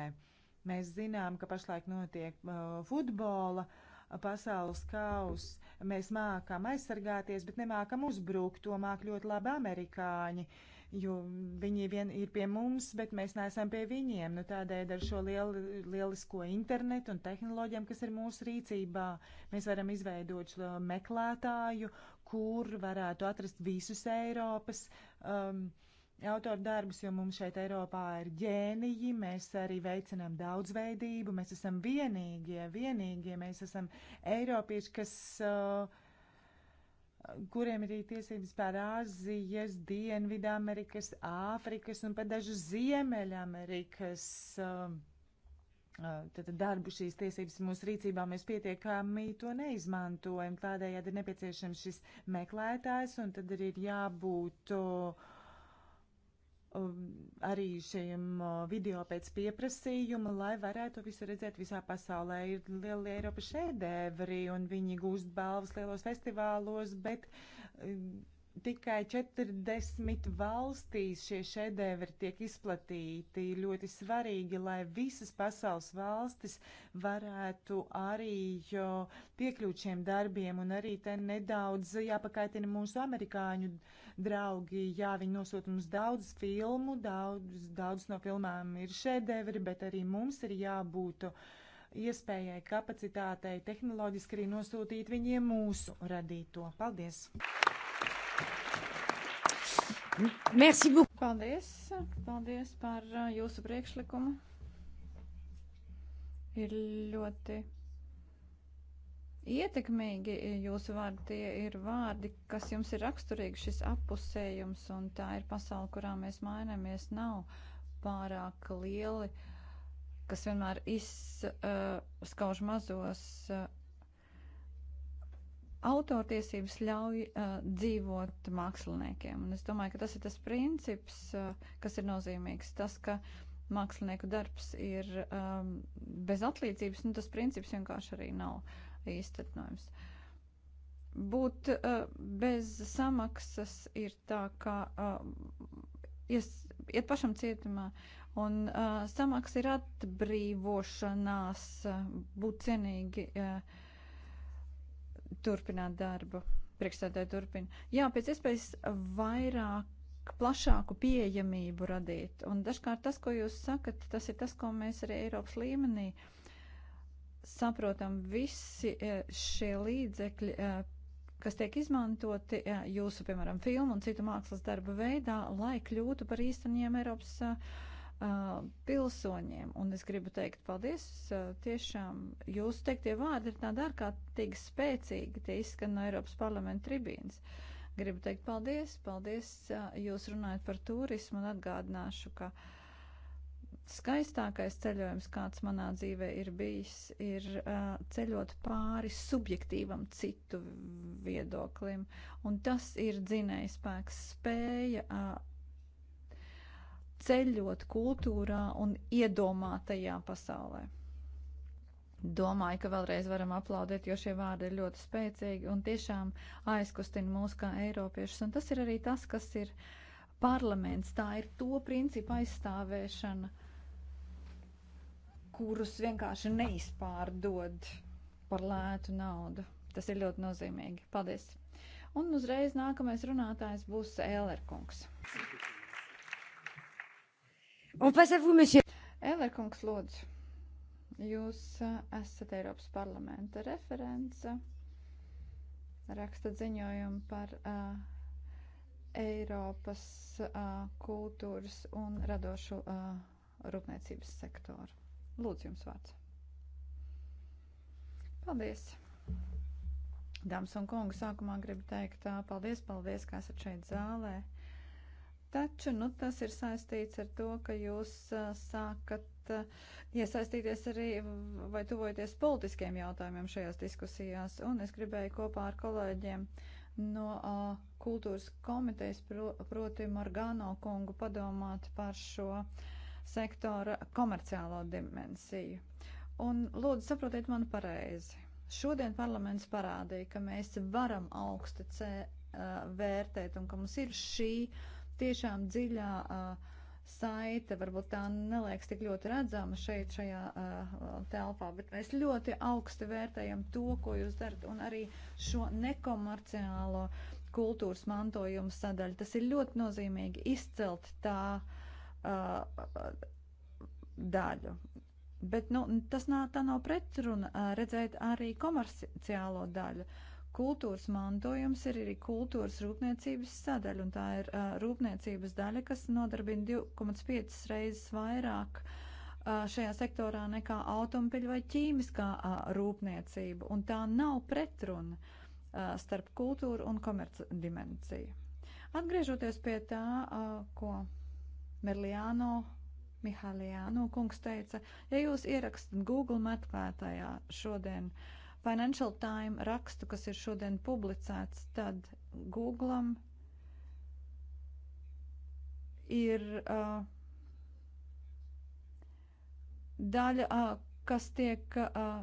Mēs zinām, ka pašlaik notiek uh, futbola uh, pasaules kaus. Mēs mākam aizsargāties, bet nemākam uzbrukt. To māk ļoti labi amerikāņi, jo viņi vien ir pie mums, bet mēs neesam pie viņiem. Nu, tādēļ ar šo liel, lielisko internetu un tehnoloģiem, kas ir mūsu rīcībā, mēs varam izveidot meklētāju, kur varētu atrast visus Eiropas. Um, autoru darbus, jo mums šeit Eiropā ir ģēniji, mēs arī veicinām daudzveidību, mēs esam vienīgie, vienīgie, mēs esam eiropieši, kas, uh, kuriem ir tiesības pār Āzijas, Dienvidamerikas, Āfrikas un pat dažu Ziemeļamerikas. Uh, uh, tad darbu šīs tiesības mūsu rīcībā mēs pietiekami to neizmantojam. Tādējādi ir nepieciešams šis meklētājs, un tad arī ir jābūt uh, Um, arī šiem video pēc pieprasījuma, lai varētu visu redzēt visā pasaulē. Ir lieli Eiropas šedevri un viņi gūst balvas lielos festivālos, bet um, Tikai 40 valstīs šie šedevri tiek izplatīti. Ļoti svarīgi, lai visas pasaules valstis varētu arī piekļūt šiem darbiem, un arī te nedaudz jāpakaitina mūsu amerikāņu draugi. Jā, viņi nosūta mums daudz filmu, daudz, daudz no filmām ir šedevri, bet arī mums ir jābūt iespējai, kapacitātei, tehnoloģiski arī nosūtīt viņiem mūsu radīto. Paldies! Merci beaucoup. Paldies. Paldies par uh, jūsu priekšlikumu. Ir ļoti ietekmīgi jūsu vārdi. Tie ir vārdi, kas jums ir raksturīgi, šis apusējums, un tā ir pasaule, kurā mēs mainamies, nav pārāk lieli, kas vienmēr izskauž uh, mazos. Uh, Autortiesības ļauj uh, dzīvot māksliniekiem, un es domāju, ka tas ir tas princips, uh, kas ir nozīmīgs. Tas, ka mākslinieku darbs ir um, bez atlīdzības, nu, tas princips vienkārši arī nav īstenojams. Būt uh, bez samaksas ir tā, ka uh, ies, iet pašam cietumā, un uh, samaksa ir atbrīvošanās, uh, būt cienīgi. Uh, turpināt darbu. Priekšstādāja turpina. Jā, pēc iespējas vairāk plašāku pieejamību radīt. Un dažkārt tas, ko jūs sakat, tas ir tas, ko mēs arī Eiropas līmenī saprotam. Visi e, šie līdzekļi, e, kas tiek izmantoti e, jūsu, piemēram, filmu un citu mākslas darbu veidā, lai kļūtu par īsteniem Eiropas līmenī pilsoņiem. Un es gribu teikt paldies, tiešām jūsu teiktie vārdi ir tādi ārkārtīgi spēcīgi, tie izskan no Eiropas parlamenta tribīnas. Gribu teikt paldies, paldies, jūs runājat par turismu un atgādināšu, ka skaistākais ceļojums, kāds manā dzīvē ir bijis, ir ceļot pāri subjektīvam citu viedoklim. Un tas ir dzinējspēks spēja ceļot kultūrā un iedomātajā pasaulē. Domāju, ka vēlreiz varam aplaudēt, jo šie vārdi ir ļoti spēcīgi un tiešām aizkustina mūs kā eiropiešus. Un tas ir arī tas, kas ir parlaments. Tā ir to principu aizstāvēšana, kurus vienkārši neizpārdod par lētu naudu. Tas ir ļoti nozīmīgi. Paldies! Un uzreiz nākamais runātājs būs Ēlerkungs. Thank you. Un pasavu, monsieur. Ellerkungs, lūdzu. Jūs uh, esat Eiropas parlamenta referents, raksta ziņojumu par uh, Eiropas uh, kultūras un radošu uh, rūpniecības sektoru. Lūdzu, jums vārds. Paldies! Dāmas un kungi, sākumā gribu teikt uh, paldies, paldies, ka esat šeit zālē. Uh, Taču nu, tas ir saistīts ar to, ka jūs sākat iesaistīties arī vai tuvojoties politiskiem jautājumiem šajās diskusijās. Un es gribēju kopā ar kolēģiem no uh, kultūras komitejas, pro, proti Morgano kungu, padomāt par šo sektora komerciālo dimensiju. Un lūdzu, saprotiet mani pareizi. Šodien parlaments parādīja, ka mēs varam augsti C, uh, vērtēt un ka mums ir šī uh, tiešām dziļā uh, saite, varbūt tā neliekas tik ļoti redzama šeit šajā uh, telpā, bet mēs ļoti augsti vērtējam to, ko jūs darat, un arī šo nekomerciālo kultūras mantojumu sadaļu. Tas ir ļoti nozīmīgi izcelt tā uh, daļu. Bet nu, tas nā, tā nav pretruna uh, redzēt arī komerciālo daļu. Uh, Kultūras mantojums ir arī kultūras rūpniecības sadaļa, un tā ir uh, rūpniecības daļa, kas nodarbina 2,5 reizes vairāk uh, šajā sektorā nekā automobiļu vai ķīmiskā uh, rūpniecība, un tā nav pretruna uh, starp kultūru un komerc dimensiju. Atgriežoties pie tā, uh, ko Merliāno Mihālijāno kungs teica, ja jūs ierakstat Google meklētājā šodien, uh, Financial Time rakstu, kas ir šodien publicēts, tad Googlam ir uh, daļa, uh, kas tiek uh,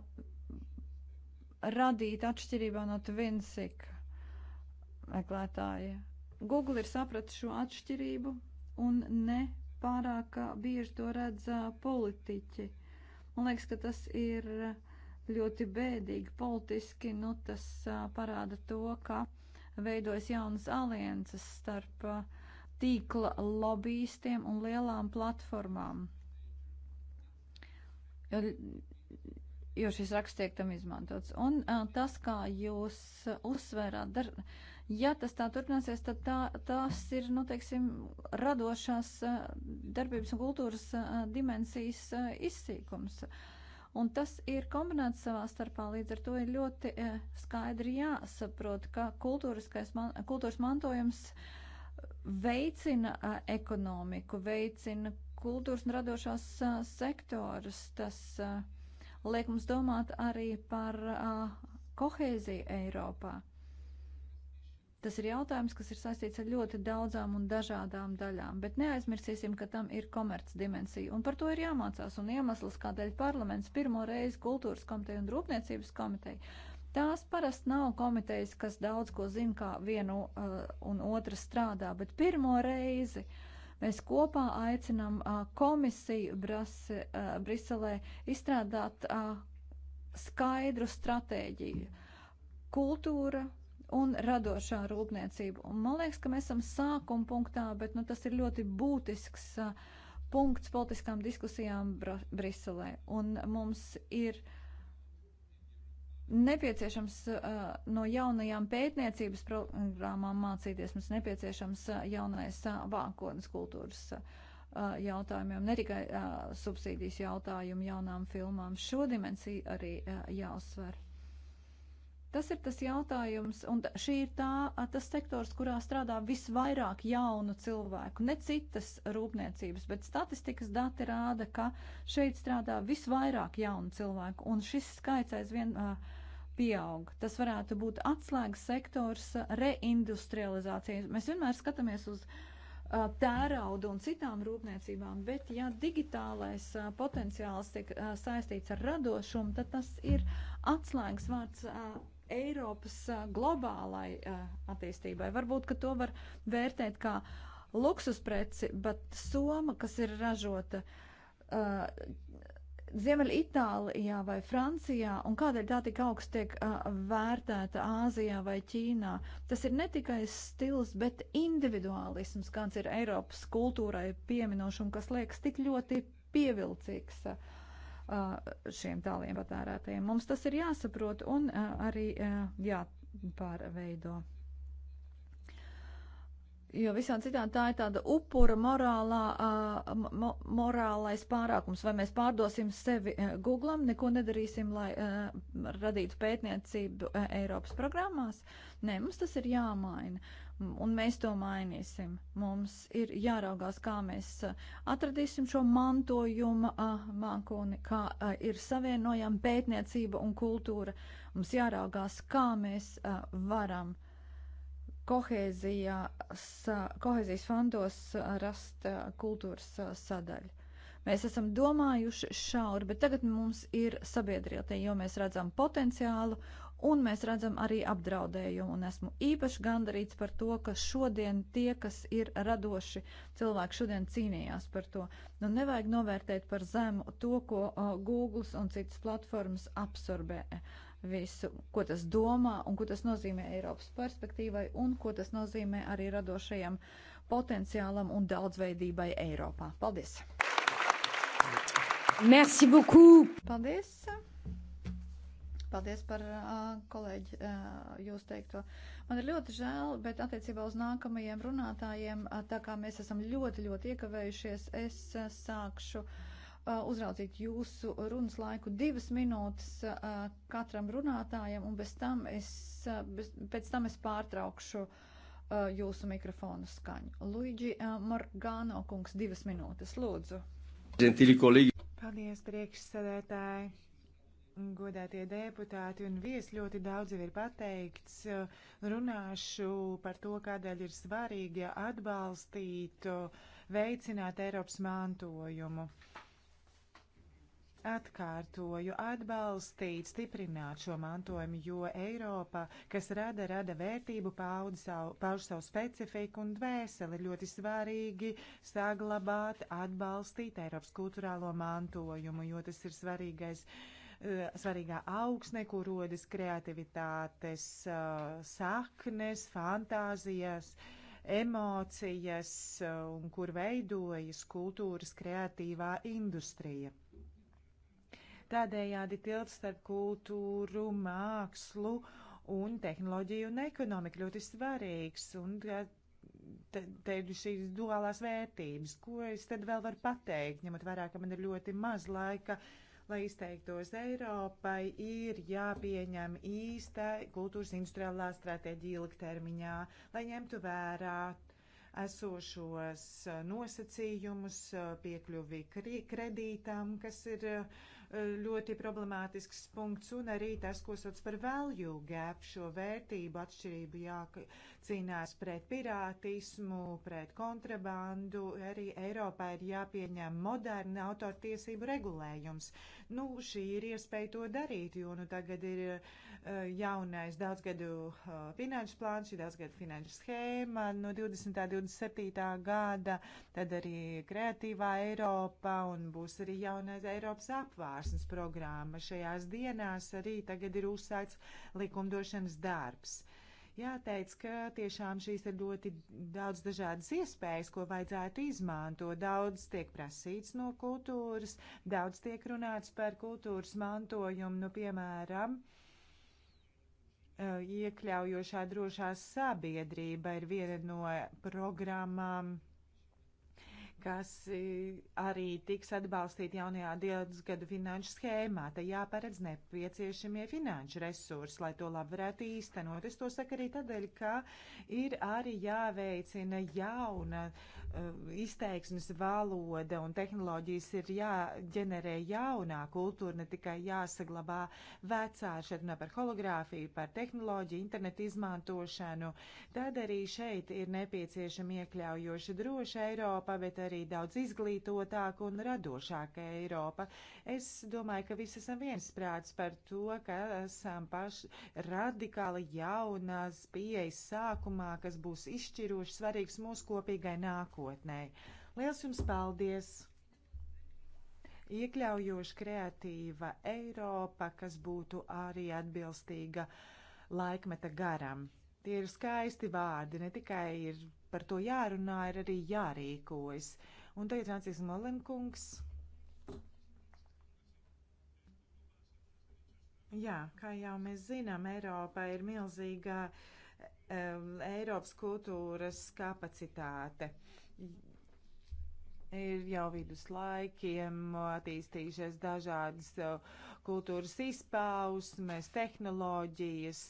radīta atšķirībā no Twinsika meklētāja. Google ir sapratis šo atšķirību un ne pārāk bieži to redz uh, politiķi. Man liekas, ka tas ir. Uh, ļoti bēdīgi politiski, nu tas uh, parāda to, ka veidojas jaunas alianses starp uh, tīkla lobbyistiem un lielām platformām. Jo, jo šis raksts tiek tam izmantots. Un uh, tas, kā jūs uh, uzsvērāt, dar, ja tas tā turpināsies, tad tā, tās ir, nu, teiksim, radošās uh, darbības un kultūras uh, dimensijas uh, izsīkums. Uh, Un tas ir kombinēts savā starpā, līdz ar to ir ļoti eh, skaidri jāsaprot, ka man, kultūras mantojums veicina eh, ekonomiku, veicina kultūras un radošās eh, sektorus. Tas liek mums domāt arī par kohēziju Eiropā. Tas ir jautājums, kas ir saistīts ar ļoti daudzām un dažādām daļām, bet neaizmirsīsim, ka tam ir komerc dimensija, un par to ir jāmācās, un iemesls, kādēļ parlaments pirmo reizi kultūras komiteja un rūpniecības komiteja. Tās parasti nav komitejas, kas daudz ko zina, kā vienu uh, un otru strādā, bet pirmo reizi uh, mēs kopā aicinām uh, komisiju Brase, uh, Briselē izstrādāt uh, skaidru stratēģiju. Kultūra, un radošā rūpniecība. Un man liekas, ka mēs esam sākuma punktā, bet nu, tas ir ļoti būtisks uh, punkts politiskām diskusijām Br Briselē. Un mums ir nepieciešams uh, no jaunajām pētniecības programmām mācīties, mums nepieciešams uh, jaunais uh, vākotnes kultūras uh, jautājumiem, ne tikai uh, subsīdijas jautājumu jaunām filmām. Šo dimensiju arī uh, jāuzsver. Tas ir tas jautājums, un šī ir tā, tas sektors, kurā strādā visvairāk jaunu cilvēku, ne citas rūpniecības, bet statistikas dati rāda, ka šeit strādā visvairāk jaunu cilvēku, un šis skaits aizvien uh, pieaug. Tas varētu būt atslēgas sektors reindustrializācijas. Mēs vienmēr skatāmies uz uh, tērauda un citām rūpniecībām, bet ja digitālais uh, potenciāls tiek saistīts ar radošumu, tad tas ir atslēgas vārds Eiropas globālai attīstībai. Varbūt, ka to var vērtēt kā luksuspreci, bet soma, kas ir ražota uh, Ziemeļa Itālijā vai Francijā, un kādēļ tā tik augsti tiek uh, vērtēta Āzijā vai Ķīnā, tas ir ne tikai stils, bet individuālisms, kāds ir Eiropas kultūrai pieminošs un kas liekas tik ļoti pievilcīgs. Uh, šiem tāliem patērētājiem. Mums tas ir jāsaprot un arī jāpārveido. Jo visā citādi tā ir tāda upura morālā, uh, mo morālais pārākums. Vai mēs pārdosim sevi uh, Googlam, neko nedarīsim, lai uh, radītu pētniecību uh, Eiropas programmās? Nē, mums tas ir jāmaina un mēs to mainīsim. Mums ir jāraugās, kā mēs uh, atradīsim šo mantojuma uh, mākoni, kā uh, ir savienojama pētniecība un kultūra. Mums jāraugās, kā mēs varam kohēzijas fondos rast kultūras sadaļu. Mēs esam domājuši šauri, bet tagad mums ir sabiedrietie, jo mēs redzam potenciālu un mēs redzam arī apdraudējumu. Un esmu īpaši gandarīts par to, ka šodien tie, kas ir radoši cilvēki, šodien cīnījās par to. Nu, nevajag novērtēt par zemu to, ko uh, Google un citas platformas absorbē. E, visu, ko tas domā un ko tas nozīmē Eiropas perspektīvai un ko tas nozīmē arī radošajam potenciālam un daudzveidībai Eiropā. Paldies! Merci beaucoup! Paldies! Paldies par kolēģi jūs teikto. Man ir ļoti žēl, bet attiecībā uz nākamajiem runātājiem, tā kā mēs esam ļoti, ļoti iekavējušies, es sākšu uzraudzīt jūsu runas laiku divas minūtes katram runātājam, un bez tam es, bez, pēc tam es pārtraukšu jūsu mikrofonu skaņu. Luigi Morgano kungs, divas minūtes, lūdzu. Gentili kolēģi. Paldies, priekšsēdētāji. Godātie deputāti un viesi ļoti daudz jau ir pateikts. Runāšu par to, kādēļ ir svarīgi atbalstīt, veicināt Eiropas mantojumu. Atkārtoju, atbalstīt, stiprināt šo mantojumu, jo Eiropa, kas rada, rada vērtību, pauž savu, pauž savu specifiku un dvēseli. Ļoti svarīgi saglabāt, atbalstīt Eiropas kultūrālo mantojumu, jo tas ir svarīgais. Uh, E, svarīgā augsne, kur rodas kreativitātes e, saknes, fantāzijas, emocijas e, un kur veidojas kultūras kreatīvā industrija. Tādējādi tilts starp kultūru, mākslu un tehnoloģiju un ekonomiku ļoti svarīgs. Un teidu šīs duālās vērtības. Ko es tad vēl varu pateikt, ņemot vērā, ka man ir ļoti maz laika lai izteiktos Eiropai, ir jāpieņem īsta kultūras industriālā stratēģija ilgtermiņā, lai ņemtu vērā esošos nosacījumus, piekļuvi kredītam, kas ir e, ļoti problemātisks punkts, un arī tas, ko sauc par value gap, šo vērtību atšķirību, jā, cīnās pret pirātismu, pret kontrabandu. Arī Eiropā ir jāpieņem moderna autortiesību regulējums. Nu, šī ir iespēja to darīt, jo nu, tagad ir uh, jaunais daudzgadu uh, finanšu plāns, šī daudzgadu finanšu schēma no 20. 27. gada, tad arī kreatīvā Eiropa un būs arī jaunais Eiropas apvārsnes programma. Šajās dienās arī tagad ir uzsāks likumdošanas darbs. Uh, Jāteic, ka tiešām šīs ir ļoti daudz dažādas iespējas, ko vajadzētu izmantot. Daudz tiek prasīts no kultūras, daudz tiek runāts par kultūras mantojumu, nu, piemēram, iekļaujošā drošā sabiedrība ir viena no programmām kas e, arī tiks atbalstīti jaunajā dienas gadu finanšu schēmā. Te jāparedz nepieciešamie finanšu resursi, lai to labi varētu īstenot. Es to saku arī tādēļ, ka ir arī jāveicina jauna uh, izteiksmes valoda un tehnoloģijas ir jāģenerē jaunā kultūra, ne tikai jāsaglabā vecā. Šeit runā par hologrāfiju, par tehnoloģiju, internetu izmantošanu. Tad arī šeit ir nepieciešama iekļaujoša droša Eiropa, bet arī arī daudz izglītotāka un radošāka Eiropa. Es domāju, ka visi esam viensprāts par to, ka esam paši radikāli jaunās pieejas sākumā, kas būs izšķiroši svarīgs mūsu kopīgai nākotnē. Liels jums paldies! Iekļaujoša kreatīva Eiropa, kas būtu arī atbilstīga laikmeta garam tie ir skaisti vārdi. Ne tikai ir par to jārunā, ir arī jārīkojas. Un tagad Francis Molenkungs. Jā, kā jau mēs zinām, Eiropa ir milzīga um, Eiropas kultūras kapacitāte. Ir jau viduslaikiem attīstījušies dažādas kultūras izpausmes, tehnoloģijas,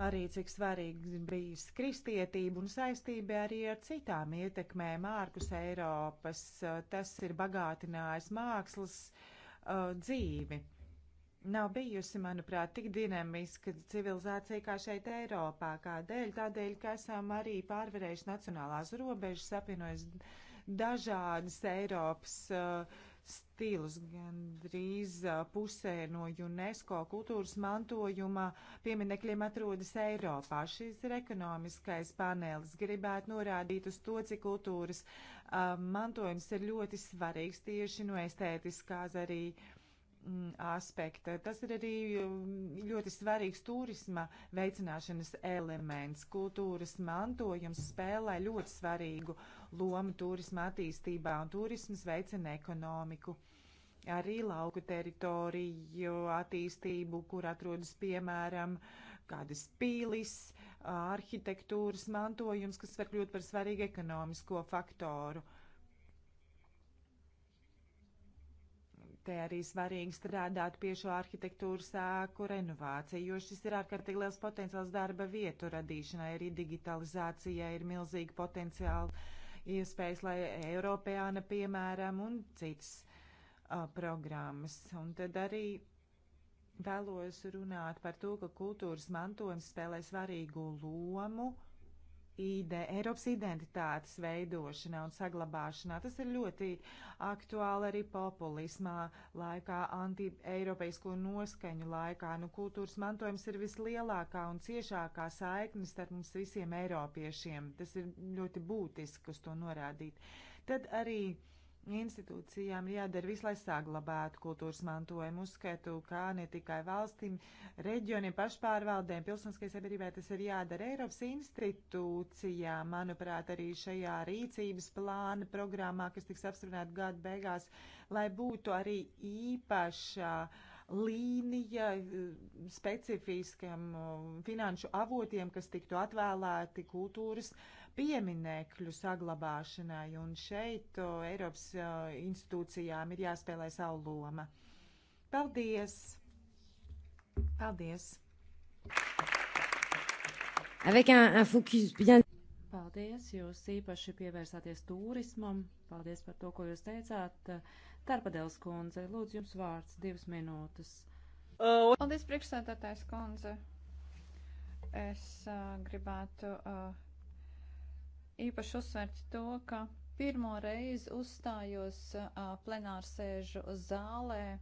arī cik svarīgi bijis kristietība un saistība arī ar citām ietekmēm ārpus Eiropas. Eh, tas ir bagātinājis mākslas uh, dzīvi. Nav bijusi, manuprāt, tik dinamiska civilizācija kā šeit Eiropā. Kādēļ? Tādēļ, ka esam arī pārvarējuši nacionālās robežas, apvienojis dažādas Eiropas uh, stilus. Gan drīz pusē no UNESCO kultūras mantojuma pieminekļiem atrodas Eiropā. Šis ir ekonomiskais panelis. Gribētu norādīt uz to, cik kultūras uh, mantojums ir ļoti svarīgs tieši no estētiskās arī mm, aspekta. Tas ir arī ļoti svarīgs turisma veicināšanas elements. Kultūras mantojums spēlē ļoti svarīgu loma turisma attīstībā, un turisms veicina ekonomiku. Arī lauku teritoriju attīstību, kur atrodas, piemēram, kādas pīlis, arhitektūras mantojums, kas var kļūt par svarīgu ekonomisko faktoru. te arī svarīgi strādāt pie šo arhitektūras sēku renovāciju, jo šis ir ārkārtīgi liels potenciāls darba vietu radīšanai, arī digitalizācijai ir milzīgi potenciāli iespējas, lai Eiropēāna, piemēram, un citas uh, programmas. Un tad arī vēlos runāt par to, ka kultūras mantojums spēlē svarīgu lomu ide, Eiropas identitātes veidošanā un saglabāšanā. Tas ir ļoti aktuāli arī populismā laikā, anti-eiropeisko noskaņu laikā. Nu, kultūras mantojums ir vislielākā un ciešākā saikne starp mums visiem eiropiešiem. Tas ir ļoti būtiski uz to norādīt. Tad arī uh, Institūcijām jādara viss, lai saglabātu kultūras mantojumu. Uzskatu, kā ne tikai valstīm, reģioniem, pašpārvaldēm, pilsoniskajai sabiedrībai tas ir jādara Eiropas institūcijām. Manuprāt, arī šajā rīcības plāna programmā, kas tiks apstrunāta gada beigās, lai būtu arī īpašā līnija eh, specifiskam eh, finanšu avotiem, kas tiktu atvēlēti kultūras uh, pieminekļu saglabāšanai, un šeit uh, Eiropas uh, institūcijām ir jāspēlē savu loma. Paldies! Paldies! Avec un, un focus bien. Paldies, jūs īpaši pievērsāties turismam. Paldies par to, ko jūs teicāt. Tarpadēls kundze, lūdzu jums vārds divas minūtes. Paldies, priekšsēdētājs kundze. Es uh, gribētu uh, īpaši uzsvērts to, ka pirmo reizi uzstājos uh, plenārsēžu zālē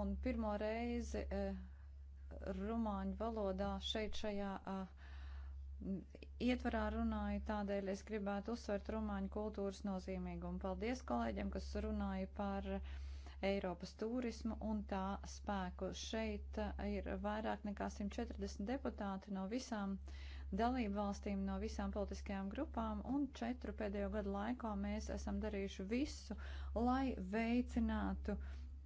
un pirmo reizi uh, rumāņu valodā šeit šajā uh, ietvarā runāju, tādēļ es gribētu uzsvērt rumāņu kultūras nozīmīgumu. Paldies kolēģiem, kas runāja par Eiropas turismu un tā spēku. Šeit ir vairāk nekā 140 deputāti no visām uh, dalību valstīm no visām politiskajām grupām, un četru pēdējo gadu laikā mēs esam darījuši visu, lai veicinātu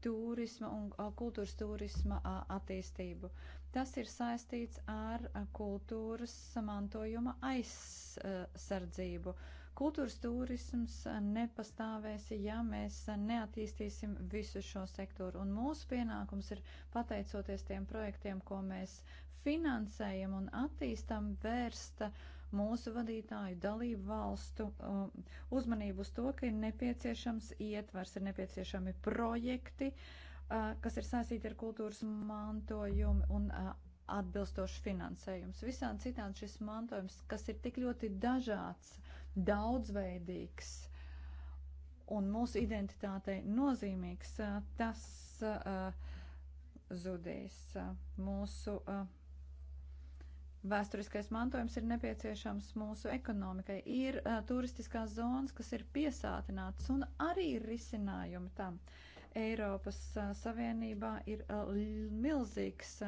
turisma un kultūras turisma attīstību. Tas ir saistīts ar kultūras mantojuma aizsardzību. Uh, Kultūras turisms nepastāvēs, ja mēs neattīstīsim visu šo sektoru. Un mūsu pienākums ir, pateicoties tiem projektiem, ko mēs finansējam un attīstam, vērsta mūsu vadītāju dalību valstu uh, uzmanību uz to, ka ir nepieciešams ietvers, ir nepieciešami projekti, uh, kas ir saistīti ar kultūras mantojumu un uh, atbilstošu finansējums. Visādi citādi šis mantojums, kas ir tik ļoti dažāds, daudzveidīgs un mūsu identitātei nozīmīgs, tas zudīs. Mūsu vēsturiskais mantojums ir nepieciešams mūsu ekonomikai. Ir turistiskās zonas, kas ir piesātinātas un arī ir risinājumi tam. Eiropas Savienībā ir milzīgs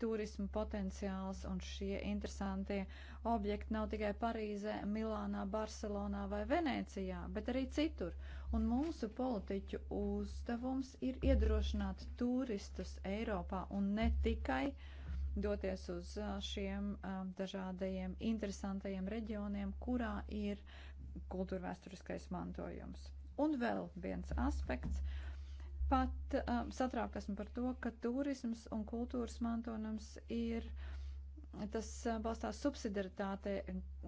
turismu potenciāls un šie interesantie objekti nav tikai Parīzē, Milānā, Barcelonā vai Venecijā, bet arī citur. Un mūsu politiķu uzdevums ir iedrošināt turistus Eiropā un ne tikai doties uz šiem dažādajiem interesantajiem reģioniem, kurā ir kultūrvēsturiskais mantojums. Un vēl viens aspekts Pat um, satrāk esmu par to, ka turisms un kultūras mantojums ir tas uh, balstās subsidaritātei,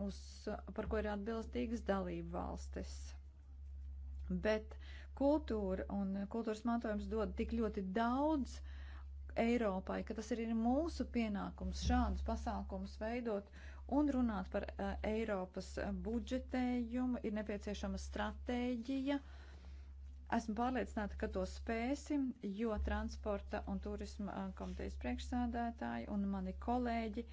uz, par ko ir atbilstīgas dalību valstis. Bet kultūra un kultūras mantojums dod tik ļoti daudz Eiropai, ka tas ir mūsu pienākums šādus pasākumus veidot un runāt par uh, Eiropas uh, budžetējumu. Ir nepieciešama stratēģija. Uh, Esmu pārliecināta, ka to spēsim, jo transporta un turisma komitejas priekšsēdētāji un mani kolēģi,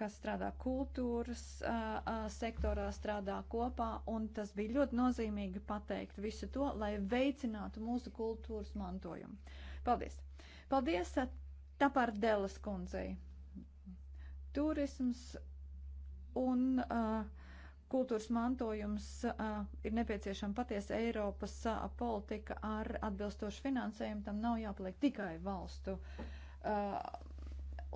kas strādā kultūras uh, sektorā, strādā kopā, un tas bija ļoti nozīmīgi pateikt visu to, lai veicinātu mūsu kultūras mantojumu. Paldies! Paldies Tapārdelas kundzei! Turisms un uh, kultūras mantojums uh, ir nepieciešama patiesa Eiropas uh, politika ar atbilstošu finansējumu. Tam nav jāpaliek tikai valstu uh,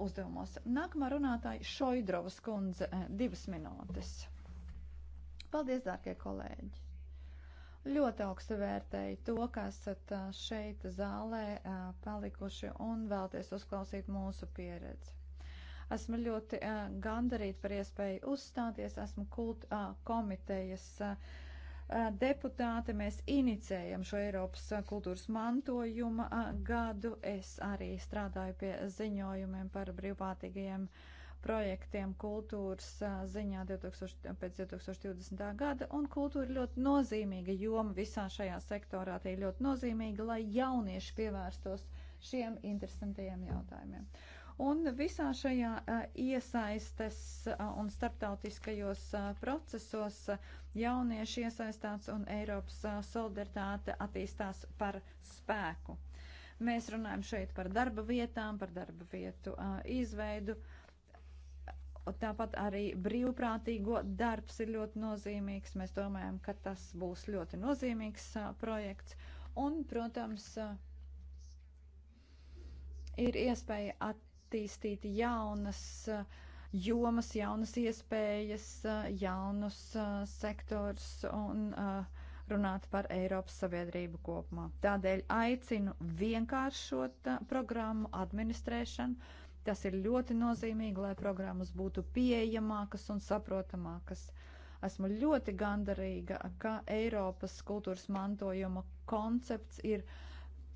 uzdevumos. Nākamā runātāja Šoidrovas kundze uh, divas minūtes. Paldies, dārgie kolēģi! Ļoti augstu vērtēju to, ka esat šeit zālē palikuši un vēlties uzklausīt mūsu pieredzi. Esmu ļoti uh, gandarīta par iespēju uzstāties, esmu kult uh, komitejas. Uh, deputāti, mēs inicējam šo Eiropas kultūras mantojuma gadu. Es arī strādāju pie ziņojumiem par brīvprātīgajiem projektiem kultūras ziņā 2000, pēc 2020. gada, un kultūra ļoti nozīmīga joma visā šajā sektorā. Tie ir ļoti nozīmīgi, lai jaunieši pievērstos šiem interesantajiem jautājumiem. Uh, Un visā šajā iesaistes un starptautiskajos procesos jaunieši iesaistāts un Eiropas solidaritāte attīstās par spēku. Mēs runājam šeit par darba vietām, par darba vietu izveidu. Tāpat arī brīvprātīgo darbs ir ļoti nozīmīgs. Mēs domājam, ka tas būs ļoti nozīmīgs projekts. Un, protams, ir iespēja at attīstīt jaunas eh, jomas, jaunas iespējas, eh, jaunus eh, sektors un runāt par Eiropas sabiedrību kopumā. Tādēļ aicinu vienkāršot programmu administrēšanu. Tas ir ļoti nozīmīgi, lai programmas būtu pieejamākas un saprotamākas. Esmu ļoti gandarīga, ka Eiropas kultūras mantojuma koncepts ir uh,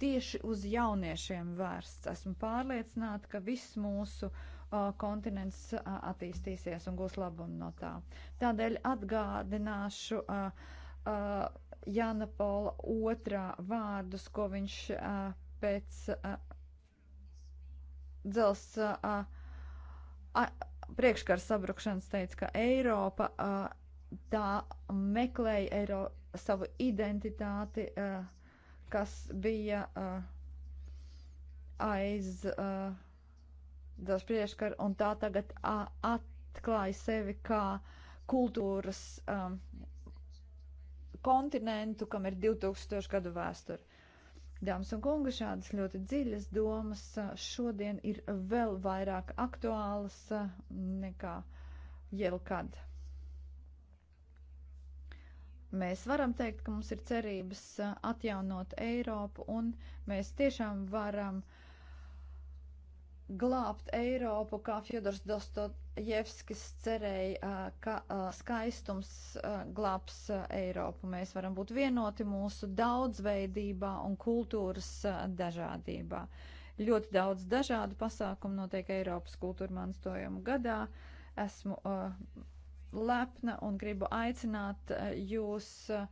tieši uz jauniešiem vērsts. Esmu pārliecināta, ka viss mūsu uh, kontinents uh, attīstīsies un gūs labumu no tā. Tādēļ atgādināšu uh, uh, Jana Paula otrā vārdus, ko viņš uh, pēc uh, dzels. Uh, uh, Priekškara sabrukšanas teica, ka Eiropa uh, tā meklēja Eiro, savu identitāti, uh, kas bija uh, aiz uh, dažu priekškaru, un tā tagad uh, atklāja sevi kā kultūras um, kontinentu, kam ir 2000 gadu vēsture. Dāmas un kungi, šādas ļoti dziļas domas šodien ir vēl vairāk aktuālas nekā jebkad. Mēs varam teikt, ka mums ir cerības atjaunot Eiropu, un mēs tiešām varam glābt Eiropu, kā Fjodors Dostojevskis cerēja, ka skaistums glābs Eiropu. Mēs varam būt vienoti mūsu daudzveidībā un kultūras dažādībā ļoti daudz dažādu pasākumu notiek Eiropas kultūra mantojuma gadā. Esmu uh, lepna un gribu aicināt eh, jūs eh,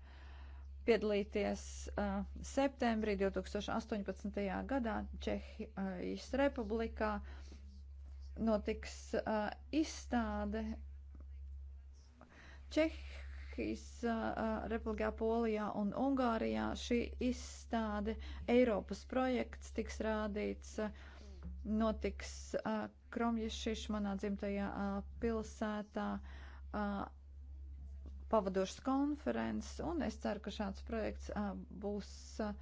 piedalīties eh, septembrī 2018. gadā Čehijas Republikā. Notiks izstāde Čehijas Republikā, Polijā un Ungārijā. Šī izstāde Eiropas projekts tiks rādīts notiks uh, Kromješiš manā dzimtajā uh, pilsētā uh, pavadošas konferences, un es ceru, ka šāds projekts uh, būs uh,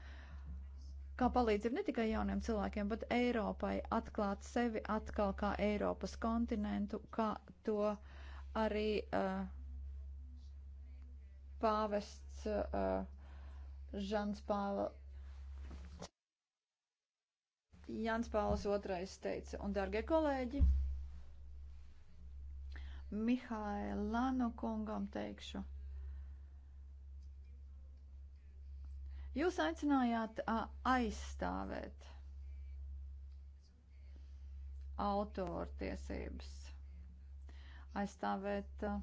kā palīdzība ne tikai jauniem cilvēkiem, bet Eiropai atklāt sevi atkal kā Eiropas kontinentu, kā to arī uh, pāvests uh, Žans Pāla. Jans Pāvils II teica, un darbie kolēģi, Mihailānu kungam teikšu. Jūs aicinājāt a, aizstāvēt autortiesības, aizstāvēt a,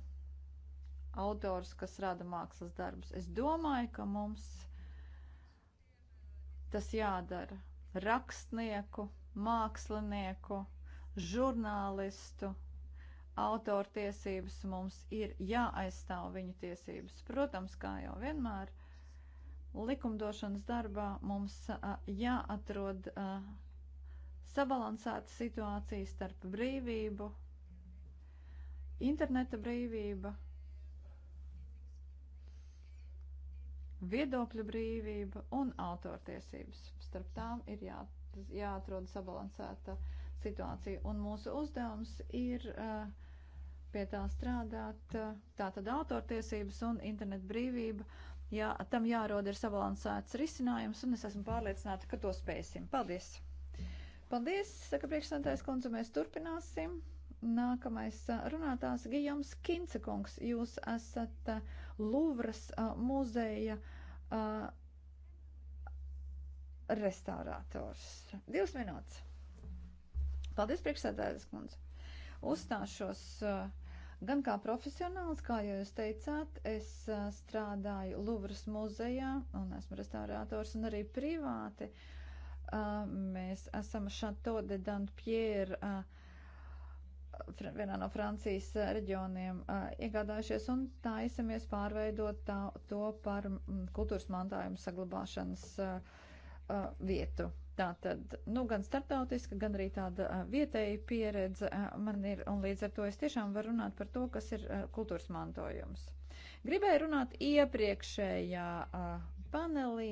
autors, kas rada mākslas darbus. Es domāju, ka mums tas jādara rakstnieku, mākslinieku, žurnālistu, autortiesības, mums ir jāaizstāv viņu tiesības. Protams, kā jau vienmēr, likumdošanas darbā mums a, jāatrod a, sabalansēta situācija starp brīvību, interneta brīvība, viedokļu brīvība un autortiesības. Starp tām ir jā, jāatrod sabalansēta situācija, un mūsu uzdevums ir uh, pie tā strādāt. Tā tad autortiesības un internetu brīvība. Jā, tam jārod ir sabalansēts risinājums, un es esmu pārliecināta, ka to spēsim. Paldies! Paldies, saka priekšsēdētājs kundze, mēs turpināsim. Nākamais runātājs Gijoms Kincekungs. Jūs esat Luvras muzeja restaurātors. Divas minūtes. Paldies, priekšsēdētājs kundze. Uzstāšos uh, Gan kā profesionāls, kā jau jūs teicāt, es strādāju Luvras muzejā un esmu restaurātors un arī privāti. Mēs esam Chateau de Dampierre vienā no Francijas reģioniem iegādājušies un taisamies pārveidot tā, to par kultūras mantājumu saglabāšanas vietu. Tātad, nu, gan startautiska, gan arī tāda vietēja pieredze man ir, un līdz ar to es tiešām varu runāt par to, kas ir kultūras mantojums. Gribēju runāt iepriekšējā panelī,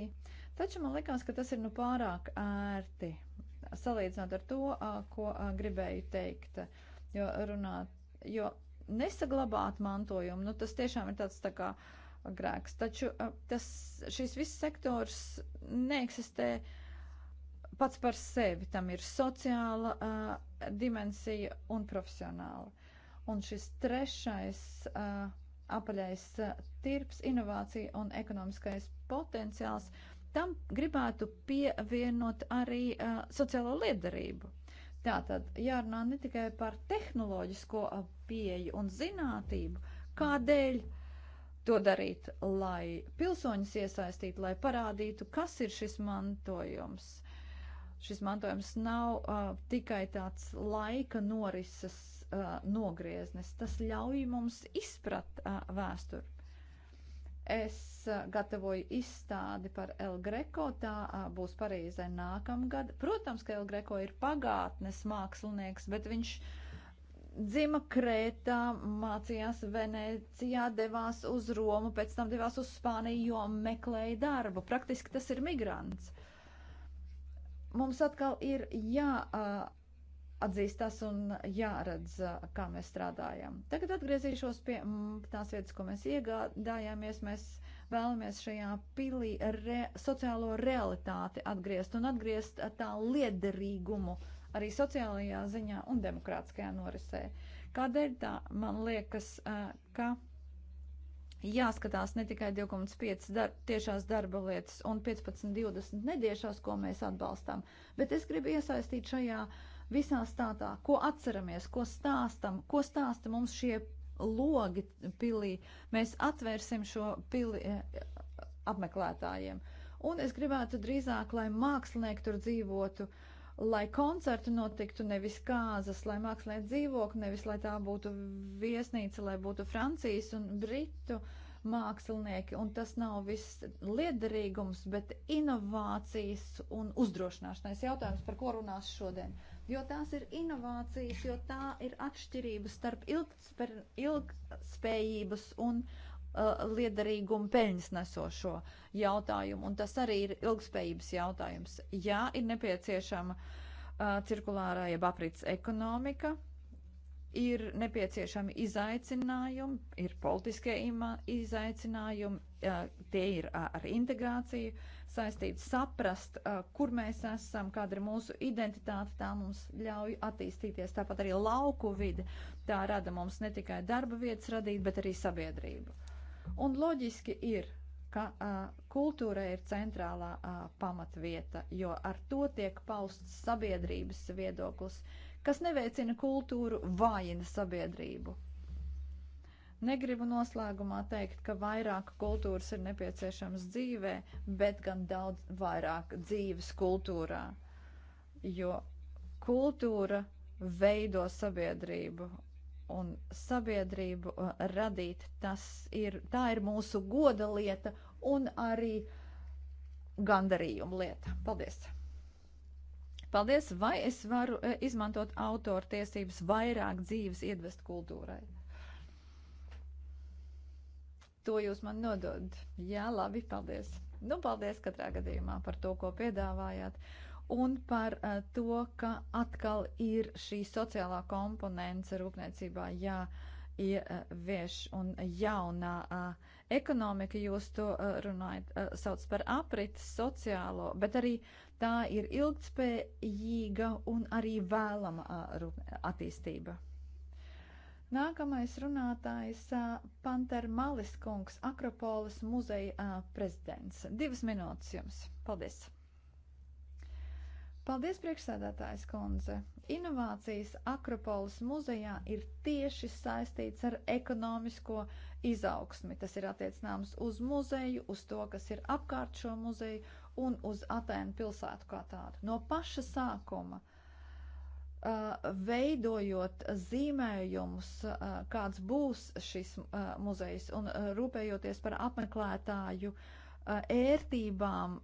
taču man likās, ka tas ir nu pārāk ērti salīdzināt ar to, ko gribēju teikt, jo runāt, jo nesaglabāt mantojumu, nu, tas tiešām ir tāds tā kā grēks. Taču tas, šis viss sektors neeksistē pats par sevi. Tam ir sociāla uh, dimensija un profesionāla. Un šis trešais uh, apaļais uh, tirps, inovācija un ekonomiskais potenciāls, tam gribētu pievienot arī uh, sociālo liederību. Tātad jārunā ne tikai par tehnoloģisko pieeju un zinātību, kādēļ uh, to darīt, lai pilsoņus iesaistītu, lai parādītu, kas ir šis mantojums. Šis mantojums nav uh, tikai tāds laika norises uh, nogrieznis, tas ļauj mums izprat uh, vēsturi. Es uh, gatavoju izstādi par El Greco, tā uh, būs Parīzē nākamgad. Protams, ka El Greco ir pagātnes mākslinieks, bet viņš uh, dzima Krētā, mācījās Venecijā, devās uz Romu, pēc tam devās uz Spāniju, jo meklēja darbu. Praktiski tas ir migrants. Mums atkal ir jāatzīst tas un jāredz, kā mēs strādājam. Tagad atgriezīšos pie tās vietas, ko mēs iegādājāmies. Mēs vēlamies šajā pilī re, sociālo realitāti atgriezt un atgriezt tā liederīgumu arī sociālajā ziņā un demokrātiskajā norisē. Kādēļ tā man liekas, ka jāskatās ne tikai 2,5 dar tiešās darba lietas un 15,20 nediešās, ko mēs atbalstām, bet es gribu iesaistīt šajā visā stātā, ko atceramies, ko stāstam, ko stāsta mums šie logi pilī. Mēs atvērsim šo pili e, apmeklētājiem. Un es gribētu drīzāk, lai mākslinieki tur dzīvotu. Uh, lai koncerti notiktu nevis kāzas, lai mākslinieci dzīvokļi, nevis lai tā būtu viesnīca, lai būtu Francijas un Britu mākslinieki. Un tas nav viss liederīgums, bet inovācijas un uzdrošināšanais jautājums, par ko runās šodien. Jo tās ir inovācijas, jo tā ir atšķirība starp ilgspējības un uh, liederīgumu peļņas nesošo jautājumu, un tas arī ir ilgspējības jautājums. Jā, ir nepieciešama uh, cirkulārā jeb aprits ekonomika, ir nepieciešami izaicinājumi, ir politiskie izaicinājumi, eh, tie ir ar integrāciju saistīti, saprast, kur mēs esam, kāda ir mūsu identitāte, tā mums ļauj attīstīties. Tāpat arī lauku vide, tā rada mums ne tikai darba vietas radīt, bet arī sabiedrību. Un loģiski ir, ka a, kultūra ir centrālā a, pamatvieta, jo ar to tiek pausts sabiedrības viedoklis, kas neveicina kultūru, vājina sabiedrību. Negribu noslēgumā teikt, ka vairāk kultūras ir nepieciešams dzīvē, bet gan daudz vairāk dzīves kultūrā, jo kultūra veido sabiedrību un sabiedrību uh, radīt, tas ir, tā ir mūsu goda lieta un arī gandarījuma lieta. Paldies! Paldies! Vai es varu uh, izmantot autoru tiesības vairāk dzīves iedvest kultūrai? To jūs man nodod. Jā, labi, paldies. Nu, paldies katrā gadījumā par to, ko piedāvājāt. Uh, un par uh, to, ka atkal ir šī sociālā komponence rūpniecībā jāievieš un jaunā uh, ekonomika, jūs to uh, runājat, uh, sauc par aprites sociālo, bet arī tā ir ilgtspējīga un arī vēlama uh, attīstība. Nākamais runātājs - Panter Maliskungs, Akropolis muzeja prezidents. Divas minūtes jums. Paldies! Paldies, priekšsēdētājs kundze! Inovācijas Akropolis muzejā ir tieši saistīts ar ekonomisko izaugsmi. Tas ir attiecināms uz muzeju, uz to, kas ir apkārt šo muzeju un uz Atēnu pilsētu kā tādu. No paša sākuma uh, veidojot zīmējumus, uh, kāds būs šis uh, muzejs un rūpējoties par apmeklētāju ērtībām,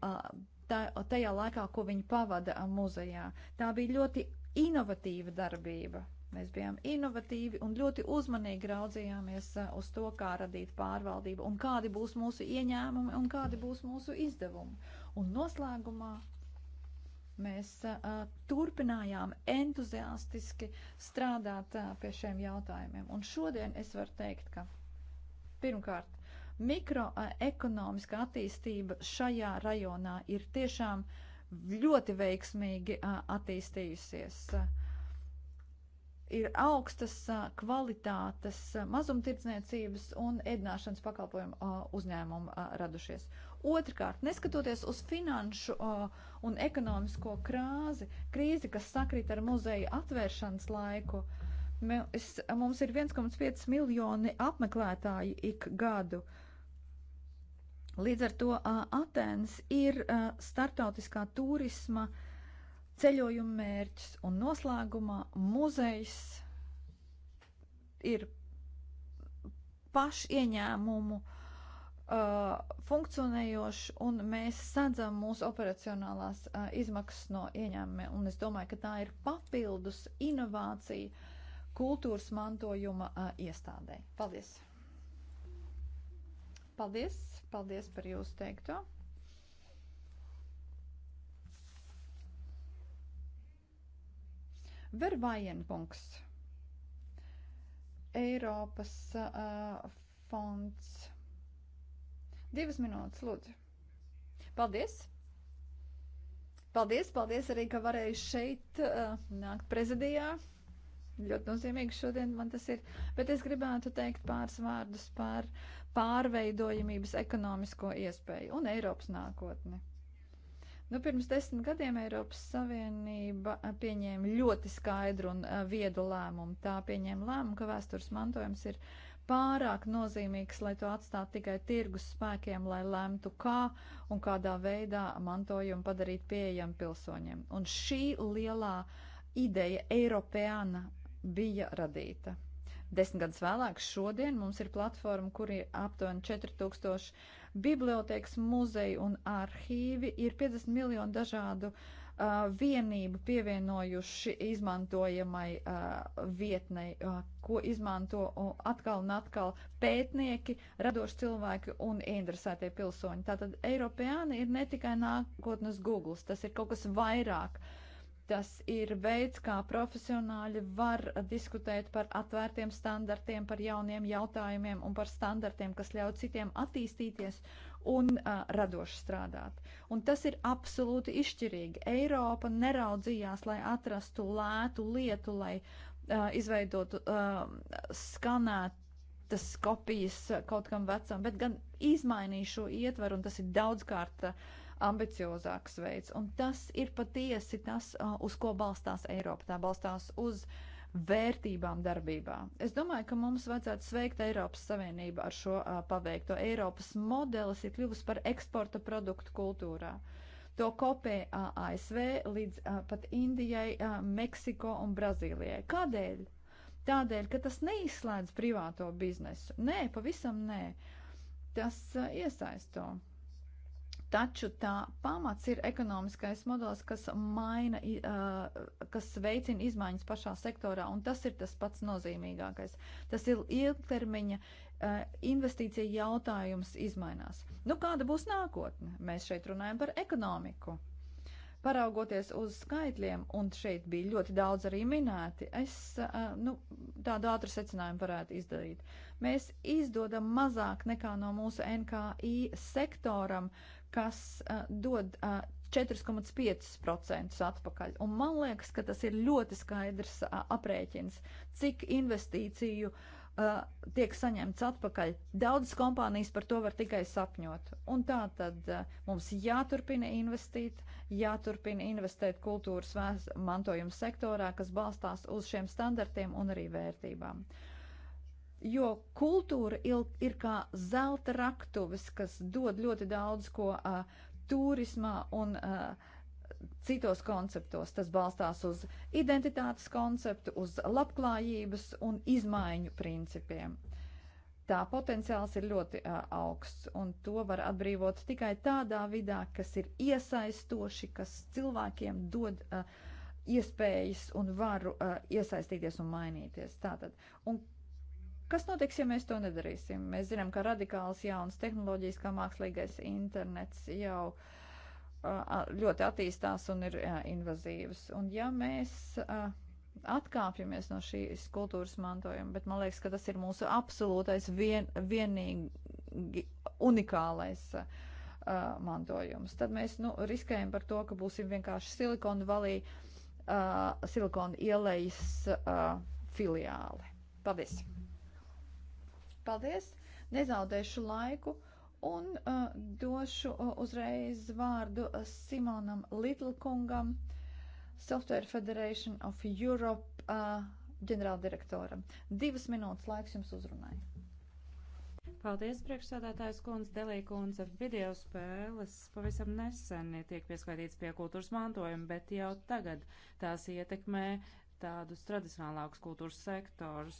tā, tajā laikā, ko viņi pavada muzejā. Tā bija ļoti inovatīva darbība. Mēs bijām inovatīvi un ļoti uzmanīgi raudzījāmies uz to, kā radīt pārvaldību un kādi būs mūsu ieņēmumi un kādi būs mūsu izdevumi. Un noslēgumā mēs a, turpinājām entuziastiski strādāt a, pie šiem jautājumiem. Un šodien es varu teikt, ka pirmkārt Mikroekonomiskā attīstība šajā rajonā ir tiešām ļoti veiksmīgi attīstījusies. Ir augstas kvalitātes mazumtirdzniecības un ēdināšanas pakalpojumu uzņēmumu radušies. Otrkārt, neskatoties uz finanšu un ekonomisko krāzi, krīzi, kas sakrīt ar muzeja atvēršanas laiku, mēs, mums ir 1,5 miljoni apmeklētāji ik gadu. Uh, Līdz ar to Atēnas ir startautiskā turisma ceļojuma mērķis un noslēgumā muzejs ir pašieņēmumu funkcionējoši un mēs sadzam mūsu operacionālās izmaksas no ieņēmumiem. Un es domāju, ka tā ir papildus inovācija kultūras mantojuma iestādē. Paldies! Paldies! Paldies par jūsu teikto. Vervajenkungs. Eiropas uh, fonds. Divas minūtes, lūdzu. Paldies! Paldies, paldies arī, ka varēju šeit uh, nākt prezidijā. Ļoti nozīmīgi šodien man tas ir. Bet es gribētu teikt pāris vārdus par uh, pārveidojamības ekonomisko iespēju un Eiropas nākotni. Nu, pirms desmit gadiem Eiropas Savienība eh, pieņēma ļoti skaidru un eh, viedu lēmumu. Tā pieņēma lēmumu, ka vēstures mantojums ir pārāk nozīmīgs, lai to atstātu tikai tirgus spēkiem, lai lemtu, kā un kādā veidā mantojumu padarīt pieejamu pilsoņiem. Un šī lielā ideja Eiropēna bija radīta. Desmit gadus vēlāk šodien mums ir platforma, kuri aptuveni 4000 bibliotekas, muzeji un arhīvi ir 50 miljonu dažādu uh, vienību pievienojuši izmantojamai uh, vietnei, uh, ko izmanto atkal un atkal pētnieki, radoši cilvēki un interesētie pilsoņi. Tātad Eiropēni ir ne tikai nākotnes Google, tas ir kaut kas vairāk. Uh, Tas ir veids, kā profesionāļi var diskutēt par atvērtiem standartiem, par jauniem jautājumiem un par standartiem, kas ļauj citiem attīstīties un uh, radoši strādāt. Un tas ir absolūti izšķirīgi. Eiropa neraudzījās, lai atrastu lētu lietu, lai uh, izveidotu uh, skanētu tas kopijas kaut kam vecam, bet gan izmainīju šo ietvaru, un tas ir daudzkārt uh, ambiciozāks veids. Un tas ir patiesi tas, uz ko balstās Eiropa. Tā balstās uz vērtībām darbībā. Es domāju, ka mums vajadzētu sveikt Eiropas Savienību ar šo uh, paveikto. Eiropas modelis ir kļuvis par eksporta produktu kultūrā. To kopē uh, ASV līdz uh, pat Indijai, uh, Meksiko un Brazīlijai. Kādēļ? Tādēļ, ka tas neizslēdz privāto biznesu. Nē, pavisam nē. Tas uh, iesaisto taču tā pamats ir ekonomiskais modelis, kas maina, kas veicina izmaiņas pašā sektorā, un tas ir tas pats nozīmīgākais. Tas ir ilgtermiņa investīcija jautājums izmainās. Nu, kāda būs nākotne? Mēs šeit runājam par ekonomiku. Paraugoties uz skaitļiem, un šeit bija ļoti daudz arī minēti, es nu, tādu ātru secinājumu varētu izdarīt. Mēs izdodam mazāk nekā no mūsu NKI sektoram uh, kas uh, dod uh, 4,5% atpakaļ. Un man liekas, ka tas ir ļoti skaidrs a, aprēķins, cik investīciju a, tiek saņemts atpakaļ. Daudzas kompānijas par to var tikai sapņot. Un tā tad a, mums jāturpina investīt, jāturpina investēt kultūras mantojuma sektorā, kas balstās uz šiem standartiem un arī vērtībām. Uh, Jo kultūra il, ir kā zelta raktuves, kas dod ļoti daudz ko uh, turismā un uh, citos konceptos. Tas balstās uz identitātes konceptu, uz labklājības un izmaiņu principiem. Tā potenciāls ir ļoti uh, augsts, un to var atbrīvot tikai tādā vidā, kas ir iesaistoši, kas cilvēkiem dod. Uh, iespējas un varu uh, iesaistīties un mainīties. Tātad, un Kas notiks, ja mēs to nedarīsim? Mēs zinām, ka radikāls jaunas tehnoloģijas, kā mākslīgais internets, jau ļoti attīstās un ir invazīvas. Un ja mēs atkāpjamies no šīs kultūras mantojuma, bet man liekas, ka tas ir mūsu absolūtais vien, vienīgi unikālais mantojums, tad mēs nu, riskējam par to, ka būsim vienkārši silikona valī, silikona ielejas filiāli. Paldies! Paldies! Nezaudēšu laiku un uh, došu uh, uzreiz vārdu uh, Simonam Litlkungam, Software Federation of Europe uh, ģenerāldirektoram. Divas minūtes laiks jums uzrunai. Paldies, priekšsādātājs kundze, Delija kundze. Video spēles pavisam nesen tiek pieskaitīts pie kultūras mantojuma, bet jau tagad tās ietekmē uh, tādus tradicionālākus kultūras sektorus.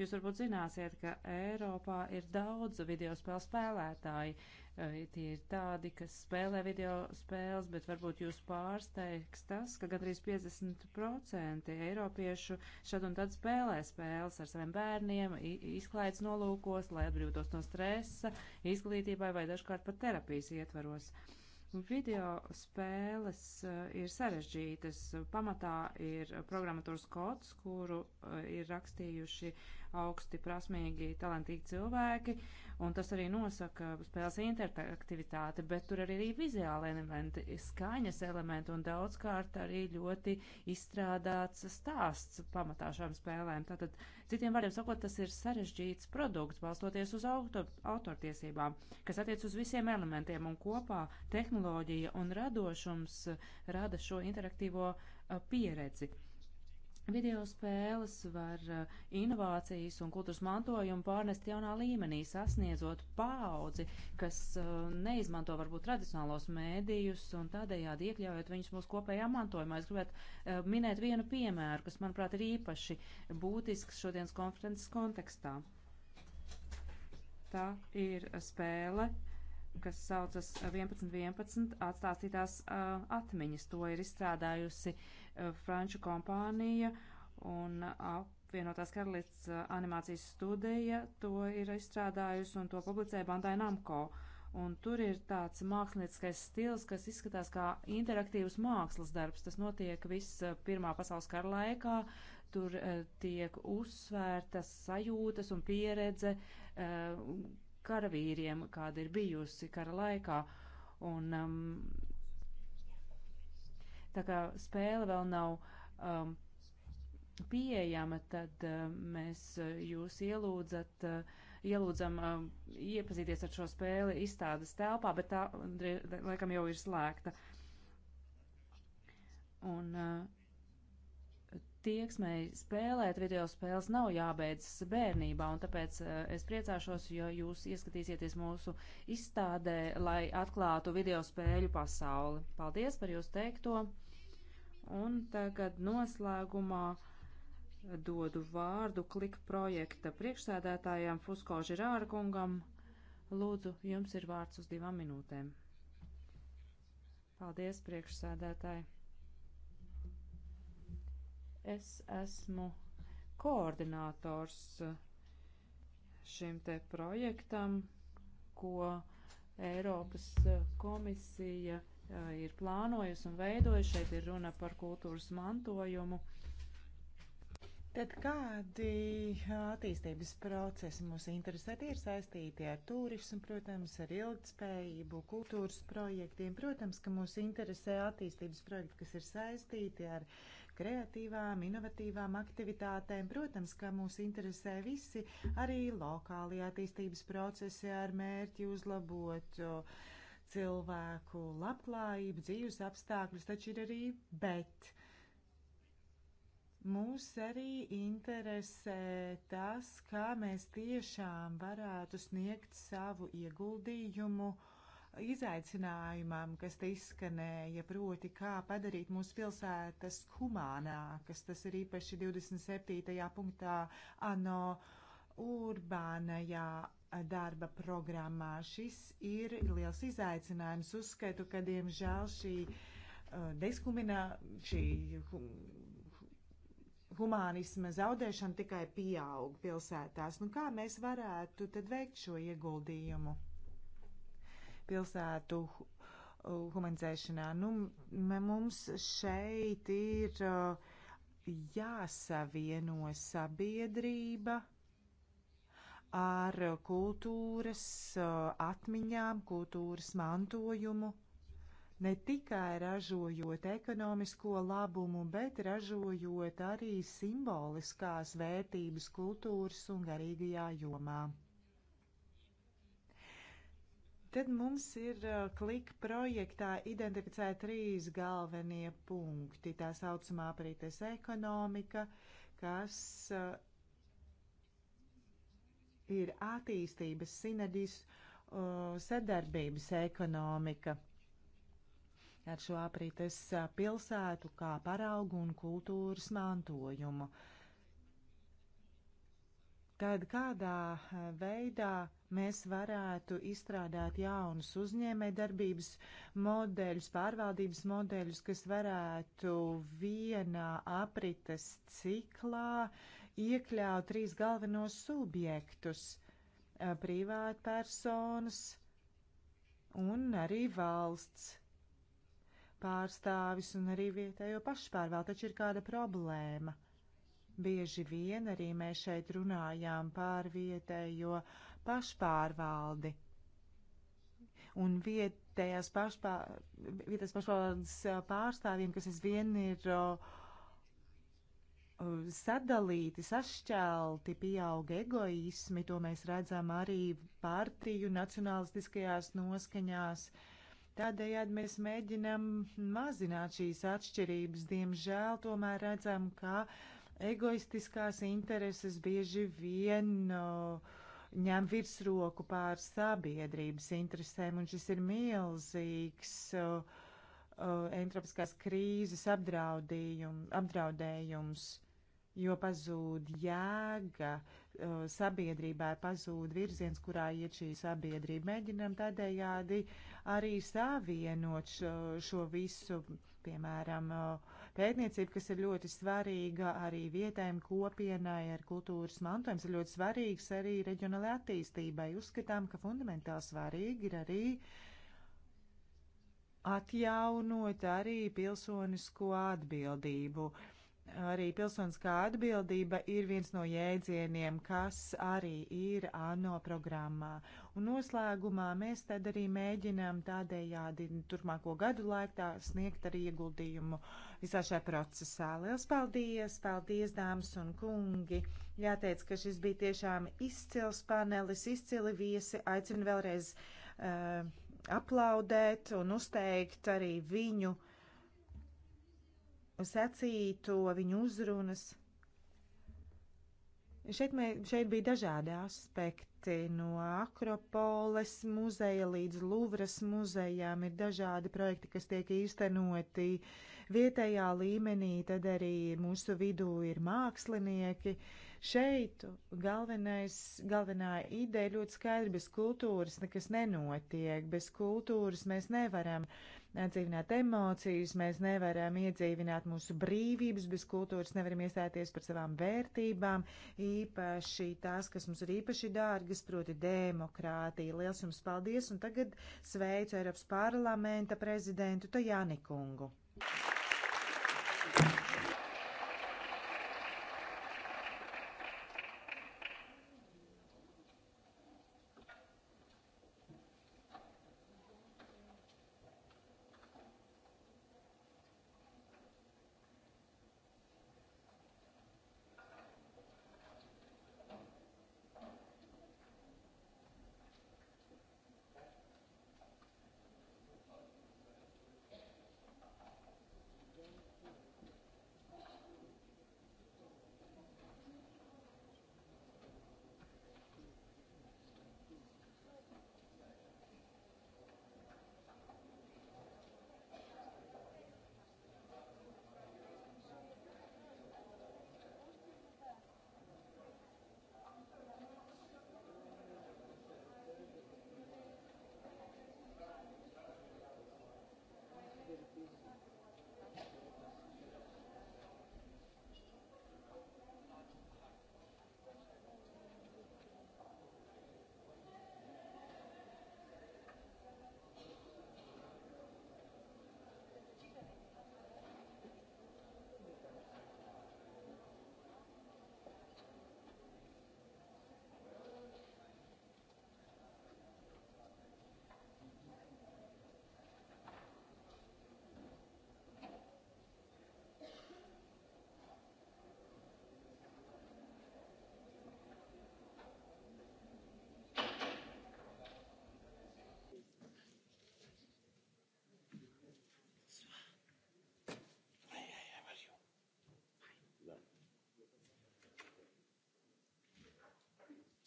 Jūs varbūt zināsiet, ka Eiropā ir daudz video spēļu spēlētāji. E, tie ir tādi, kas spēlē video spēles, bet varbūt jūs pārsteigs tas, ka gandrīz 50% eiropiešu šad un tad spēlē spēles ar saviem bērniem, izklaides nolūkos, lai atbrīvotos no stresa, izglītībai vai dažkārt pat terapijas ietvaros. Uh, Video spēles eh, ir sarežģītas. Pamatā ir programmatūras kods, kuru eh, ir rakstījuši uh, augsti prasmīgi, talantīgi cilvēki, un tas arī nosaka spēles interaktivitāti, bet tur arī ir vizuāli elementi, skaņas elementi un daudzkārt arī ļoti izstrādāts stāsts pamatā šām spēlēm. Tātad, citiem vārdiem sakot, tas ir sarežģīts produkts, balstoties uz auto, autortiesībām, kas attiec uz visiem elementiem, un kopā tehnoloģija un radošums rada šo interaktīvo pieredzi. Video spēles var eh, inovācijas un kultūras mantojumu pārnest jaunā līmenī, sasniedzot paudzi, kas eh, neizmanto varbūt tradicionālos mēdījus un tādējādi iekļaujot viņus mūsu kopējā mantojumā. Es gribētu eh, minēt vienu piemēru, kas, manuprāt, ir īpaši būtisks šodienas konferences kontekstā. Tā ir spēle kas saucas 11.11. 11, atstāstītās uh, atmiņas. To ir izstrādājusi uh, Eh, franču kompānija un apvienotās karalists eh, animācijas studija to ir izstrādājusi un to publicēja Bandai Namco. Un tur ir tāds mākslinieckais stils, kas izskatās kā interaktīvs mākslas darbs. Tas notiek viss eh, Pirmā pasaules kara laikā. Tur tiek uzsvērtas sajūtas un pieredze karavīriem, kāda ir bijusi kara laikā. Un um, Tā kā spēle vēl nav um, pieejama, tad uh, mēs uh, jūs ielūdzat, uh, ielūdzam uh, iepazīties ar šo spēli izstādes telpā, bet tā laikam jau ir slēgta. Un uh, tieksmei spēlēt video spēles nav jābeidzas bērnībā, un tāpēc uh, es priecāšos, ja jūs ieskatīsieties mūsu izstādē, lai atklātu video spēļu pasauli. Paldies par jūsu teikto! Un tagad noslēgumā dodu vārdu klik projekta priekšsēdētājiem Fusko Žirāra kungam. Lūdzu, jums ir vārds uz divām minūtēm. Paldies, priekšsēdētāji. Es esmu koordinators šim te projektam, ko Eiropas komisija ir plānojusi un veidojusi. Šeit ir runa par kultūras mantojumu. Tad kādi attīstības procesi mūs interesē? Tie ir saistīti ar turismu, protams, ar ilgtspējību, kultūras projektiem. Protams, ka mūs interesē attīstības projekti, kas ir saistīti ar kreatīvām, inovatīvām aktivitātēm. Protams, ka mūs interesē visi arī lokālie attīstības procesi ar mērķi uzlabot uh, cilvēku labklājību, dzīves apstākļus, taču ir arī bet. Mūs arī interesē tas, kā mēs tiešām varētu sniegt savu ieguldījumu izaicinājumam, kas te izskanēja, proti, kā padarīt mūsu pilsētas humānākas. Tas ir īpaši 27. punktā ANO. Uh, urbānajā darba programmā. Šis ir liels izaicinājums. Uzskatu, ka diemžēl šī uh, diskumina, šī hum, humānisma zaudēšana tikai pieaug pilsētās. Nu, kā mēs varētu tad veikt šo ieguldījumu pilsētu uh, humanizēšanā? Nu, mums šeit ir uh, jāsavieno sabiedrība ar kultūras atmiņām, kultūras mantojumu, ne tikai ražojot ekonomisko labumu, bet ražojot arī simboliskās vērtības kultūras un garīgajā jomā. Tad mums ir klika projektā identificēt trīs galvenie punkti. Tā saucamā aprītes ekonomika, kas ir attīstības, sinerģijas, uh, sadarbības ekonomika. Ar šo aprītes uh, pilsētu kā paraugu un kultūras mantojumu. Tad kādā uh, veidā mēs varētu izstrādāt jaunus uzņēmējdarbības modeļus, pārvaldības modeļus, kas varētu vienā aprites ciklā uh, iekļaut trīs galvenos subjektus - privātpersonas un arī valsts pārstāvis un arī vietējo pašpārvēl, taču ir kāda problēma. Bieži vien arī mēs šeit runājām par vietējo pašpārvaldi. Un vietējās pašpār, vietējās pašpārvaldes pārstāvjiem, kas es vien ir uh, Eh, sadalīti, sašķelti, pieauga egoismi, to mēs redzam arī partiju nacionalistiskajās noskaņās. Tādējādi mēs mēģinam mazināt šīs atšķirības. Diemžēl tomēr redzam, ka egoistiskās intereses bieži vien eh, ņem virsroku pār sabiedrības interesēm, un šis ir milzīgs uh, uh, entropiskās krīzes apdraudējum, apdraudējums, jo pazūd jēga, uh, sabiedrībā pazūd virziens, kurā iet šī sabiedrība. Mēģinam tādējādi arī savienot šo, šo visu, piemēram, uh, pētniecību, kas ir ļoti svarīga arī vietējiem kopienai ar kultūras mantojums, ir ļoti svarīgs arī reģionālajai attīstībai. Uzskatām, ka fundamentāli svarīgi ir arī uh, atjaunot arī pilsonisko atbildību. Arī pilsoniskā atbildība ir viens no jēdzieniem, kas arī ir ANO programmā. Un noslēgumā mēs tad arī mēģinām tādējādi turpmāko gadu laikā sniegt arī ieguldījumu visā šajā procesā. Liels paldies! Paldies, dāmas un kungi! Jāteic, ka šis bija tiešām izcils panelis, izcili viesi. Aicinu vēlreiz. Uh, aplaudēt un uzteikt arī viņu sacīto, viņu uzrunas. Šeit, mē, šeit bija dažādi aspekti, no Akropoles muzeja līdz Luvras muzejām ir dažādi projekti, kas tiek īstenoti vietējā līmenī, tad arī mūsu vidū ir mākslinieki, uh, Šeit galvenā ideja ļoti skaidra, bez kultūras nekas nenotiek, bez kultūras mēs nevaram atdzīvināt emocijas, mēs nevaram iedzīvināt mūsu brīvības, bez kultūras nevaram iestāties par savām vērtībām, īpaši tās, kas mums ir īpaši dārgas, proti demokrātija. Liels jums paldies, un tagad sveicu Eiropas parlamenta prezidentu Tajānikungu. Thank you.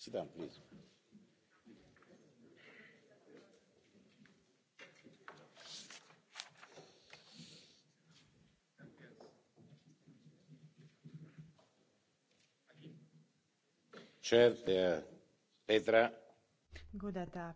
Sit down, please. Chair, uh, Petra. Godātā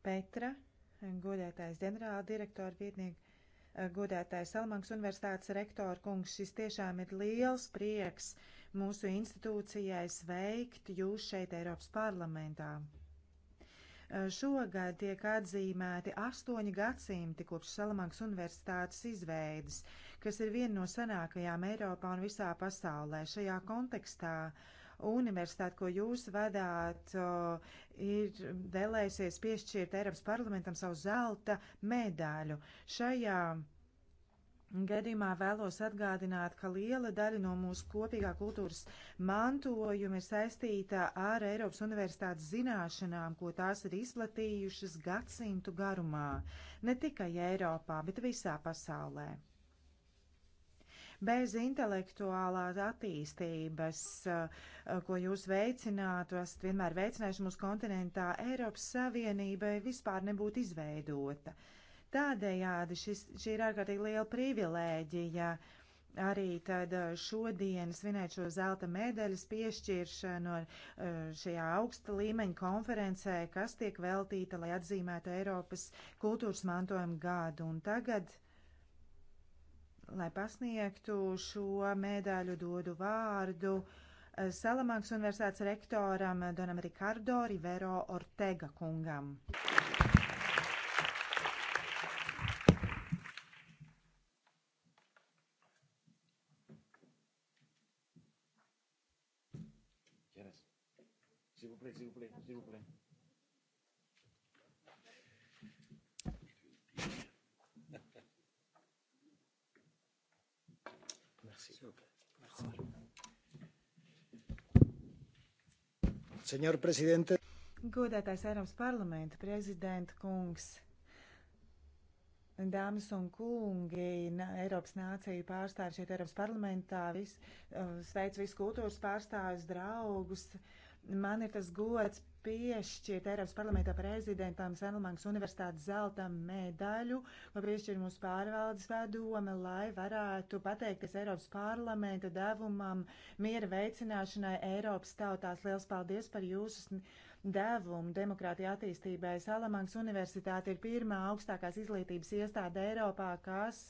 Petra, godātais ģenerāla direktora vietnieks uh, godētais Salmankas Universitātes rektora kungs, šis tiešām ir liels prieks mūsu institūcijai sveikt jūs šeit Eiropas parlamentā. Šogad tiek atzīmēti astoņi gadsimti kopš Salamankas universitātes izveidas, kas ir viena no senākajām Eiropā un visā pasaulē. Šajā kontekstā universitāte, ko jūs vadāt, ir vēlējusies piešķirt Eiropas parlamentam savu zelta medaļu. Šajā gadījumā vēlos atgādināt, ka liela daļa no mūsu kopīgā kultūras mantojuma ir saistīta ar Eiropas universitātes zināšanām, ko tās ir izplatījušas gadsimtu garumā, ne tikai Eiropā, bet visā pasaulē. Bez intelektuālās attīstības, eh, ko jūs veicinātu, esat vienmēr veicinājuši mūsu kontinentā, Eiropas Savienībai vispār nebūtu izveidota. Uh, Tādējādi šis, šī ir ārkārtīgi liela privilēģija arī tad eh, šodien svinēt šo zelta medaļas piešķiršanu eh, šajā augsta līmeņa konferencē, kas tiek veltīta, lai atzīmētu Eiropas kultūras mantojumu gadu. Un tagad, lai pasniegtu šo medaļu, dodu vārdu eh, Salamankas universitātes rektoram Donam Ricardo Rivero Ortega kungam. plaît, s'il vous plaît, s'il vous plaît. Merci. Merci. Senor prezidente. Godātais Eiropas parlamenta prezidenta kungs. Dāmas un kungi, Eiropas nācija pārstāvja šeit Eiropas parlamentā, vis, uh, sveic visu kultūras pārstāvjus, draugus, uh, Man ir tas gods piešķirt Eiropas parlamentā prezidentam Sanlamankas universitātes zelta medaļu, ko piešķir mūsu pārvaldes padome, lai varētu pateikties Eiropas parlamenta devumam miera veicināšanai Eiropas tautās. Liels paldies par jūsu devumu demokrātija attīstībai. Salamankas universitāte ir pirmā augstākās izglītības iestāde Eiropā, kas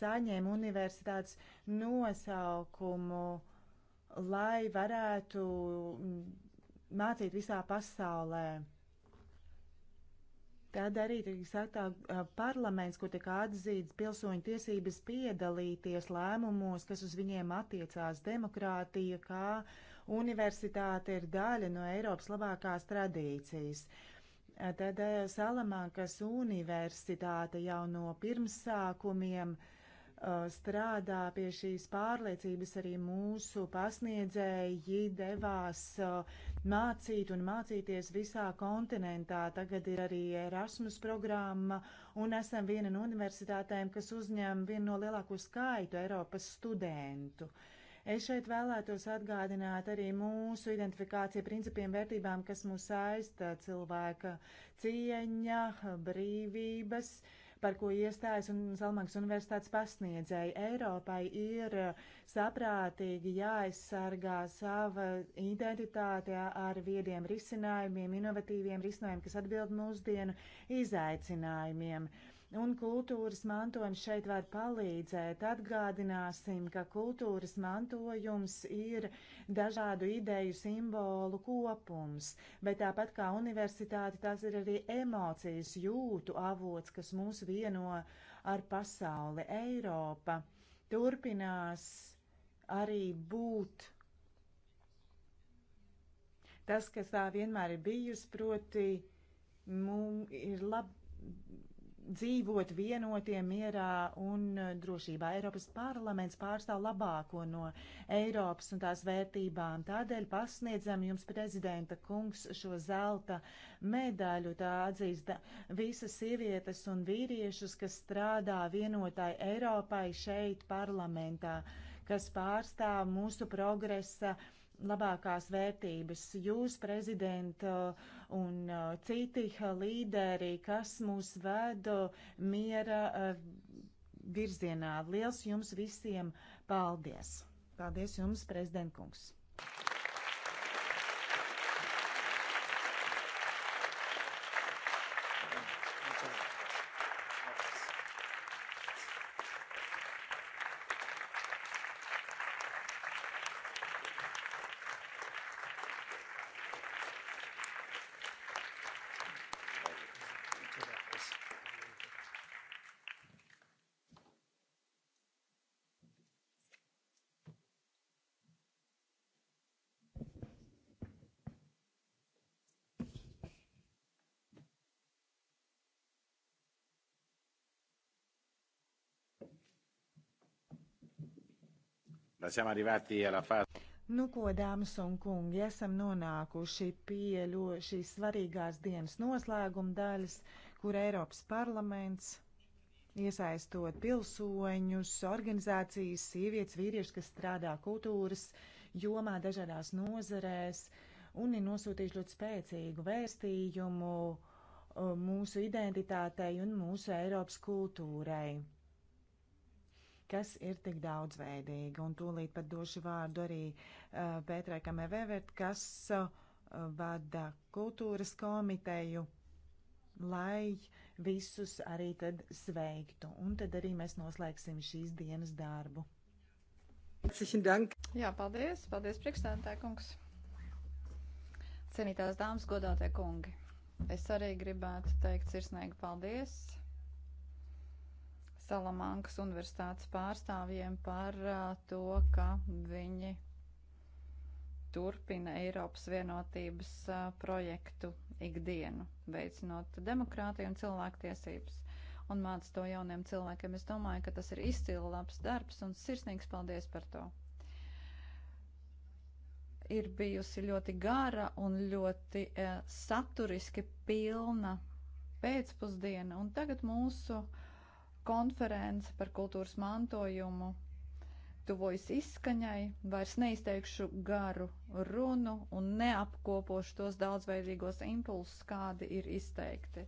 saņēma universitātes nosaukumu, lai varētu mācīt visā pasaulē. Tad arī tiek sētā parlaments, kur tiek atzīts pilsoņu tiesības piedalīties lēmumos, kas uz viņiem attiecās demokrātija, kā universitāte ir daļa no Eiropas labākās tradīcijas. Tad Salamankas universitāte jau no pirmsākumiem strādā pie šīs pārliecības, arī mūsu pasniedzēji devās uh, mācīt un mācīties visā kontinentā. Tagad ir arī Erasmus programma, un esam viena no universitātēm, kas uzņem vienu no lielāko skaitu Eiropas studentu. Es šeit vēlētos atgādināt arī mūsu identifikāciju principiem, vērtībām, kas mūs saista cilvēka cieņa, brīvības, uh, par ko iestājas un Salmankas universitātes pasniedzēji. Eiropai ir eh, saprātīgi jāaizsargā sava identitāte ar viediem risinājumiem, inovatīviem risinājumiem, kas atbild mūsdienu izaicinājumiem. Uh, un kultūras mantojums šeit var palīdzēt. Atgādināsim, ka kultūras mantojums ir dažādu ideju simbolu kopums, bet tāpat kā universitāte, tas ir arī emocijas jūtu avots, kas mūs vieno ar pasauli. Eiropa turpinās arī būt tas, kas tā vienmēr ir bijusi, proti, mums ir lab, dzīvot vienotiem mierā un eh, drošībā. Eiropas parlaments pārstāv labāko no Eiropas un tās vērtībām. Tādēļ pasniedzam jums prezidenta kungs šo zelta medaļu. Tā atzīst visas sievietes un vīriešus, kas strādā vienotai Eiropai šeit parlamentā, kas pārstāv mūsu progresa labākās vērtības. Jūs, prezidenta, uh, eh, un uh, citi uh, līderi, kas mūs veda miera uh, virzienā. Liels jums visiem paldies! Paldies jums, prezidentkungs! siamo arrivati alla fase. Nu, ko, dāmas un kungi, esam nonākuši pie šīs svarīgās dienas noslēguma daļas, kur Eiropas parlaments, iesaistot pilsoņus, organizācijas, sievietes, vīriešus, kas strādā kultūras jomā dažādās nozarēs, un ir nosūtījuši ļoti spēcīgu vēstījumu uh, mūsu identitātei un mūsu Eiropas kultūrai kas ir tik daudzveidīga. Un tūlīt pat došu vārdu arī uh, eh, Pētrai Kamevēvert, kas uh, vada kultūras komiteju, lai visus arī tad sveiktu. Un tad arī mēs noslēgsim šīs dienas darbu. Jā, paldies, paldies priekšstādātāja kungs. Cienītās dāmas, godātie kungi. Es arī gribētu teikt sirsnīgi paldies Salamankas universitātes pārstāvjiem par to, ka viņi turpina Eiropas vienotības projektu ikdienu, veicinot demokrātiju un cilvēktiesības un māca to jauniem cilvēkiem. Es domāju, ka tas ir izcili labs darbs un sirsnīgs paldies par to. Ir bijusi ļoti gara un ļoti e, saturiski pilna pēcpusdiena, un tagad mūsu uh, konference par kultūras mantojumu tuvojas izskaņai, vairs neizteikšu garu runu un neapkopošu tos daudzveidīgos impulsus, kādi ir izteikti.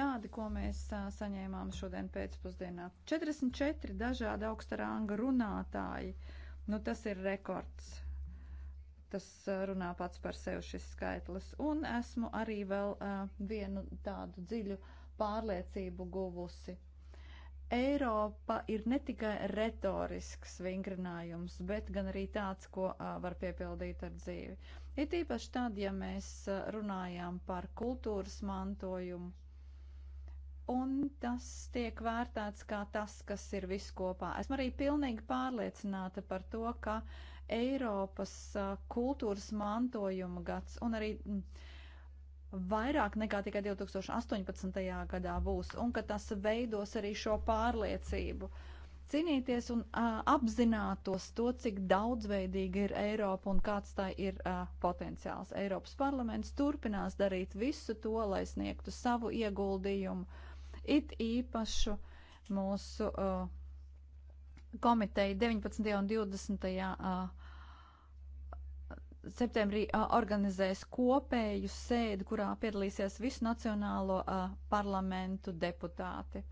Tādi, ko mēs a, saņēmām šodien pēcpusdienā. 44 dažādi augsta ranga runātāji. Nu, tas ir rekords. Tas runā pats par sevi šis skaitlis. Un esmu arī vēl uh, vienu tādu dziļu pārliecību guvusi Eiropa ir ne tikai retorisks vingrinājums, bet gan arī tāds, ko uh, var piepildīt ar dzīvi. Ir tīpaši tad, ja mēs runājām par kultūras mantojumu, un tas tiek vērtēts kā tas, kas ir viss kopā. Esmu arī pilnīgi pārliecināta par to, ka Eiropas kultūras mantojuma gads un arī. Mm, vairāk nekā tikai 2018. gadā būs, un ka tas veidos arī šo pārliecību. Cīnīties un uh, apzinātos to, cik daudzveidīga ir Eiropa un kāds tā ir uh, potenciāls. Eiropas parlaments turpinās darīt visu to, lai sniegtu savu ieguldījumu, it īpašu mūsu uh, komiteju 19. un 20. Uh, septembrī a, organizēs kopēju sēdi, kurā piedalīsies visu nacionālo a, parlamentu deputāti.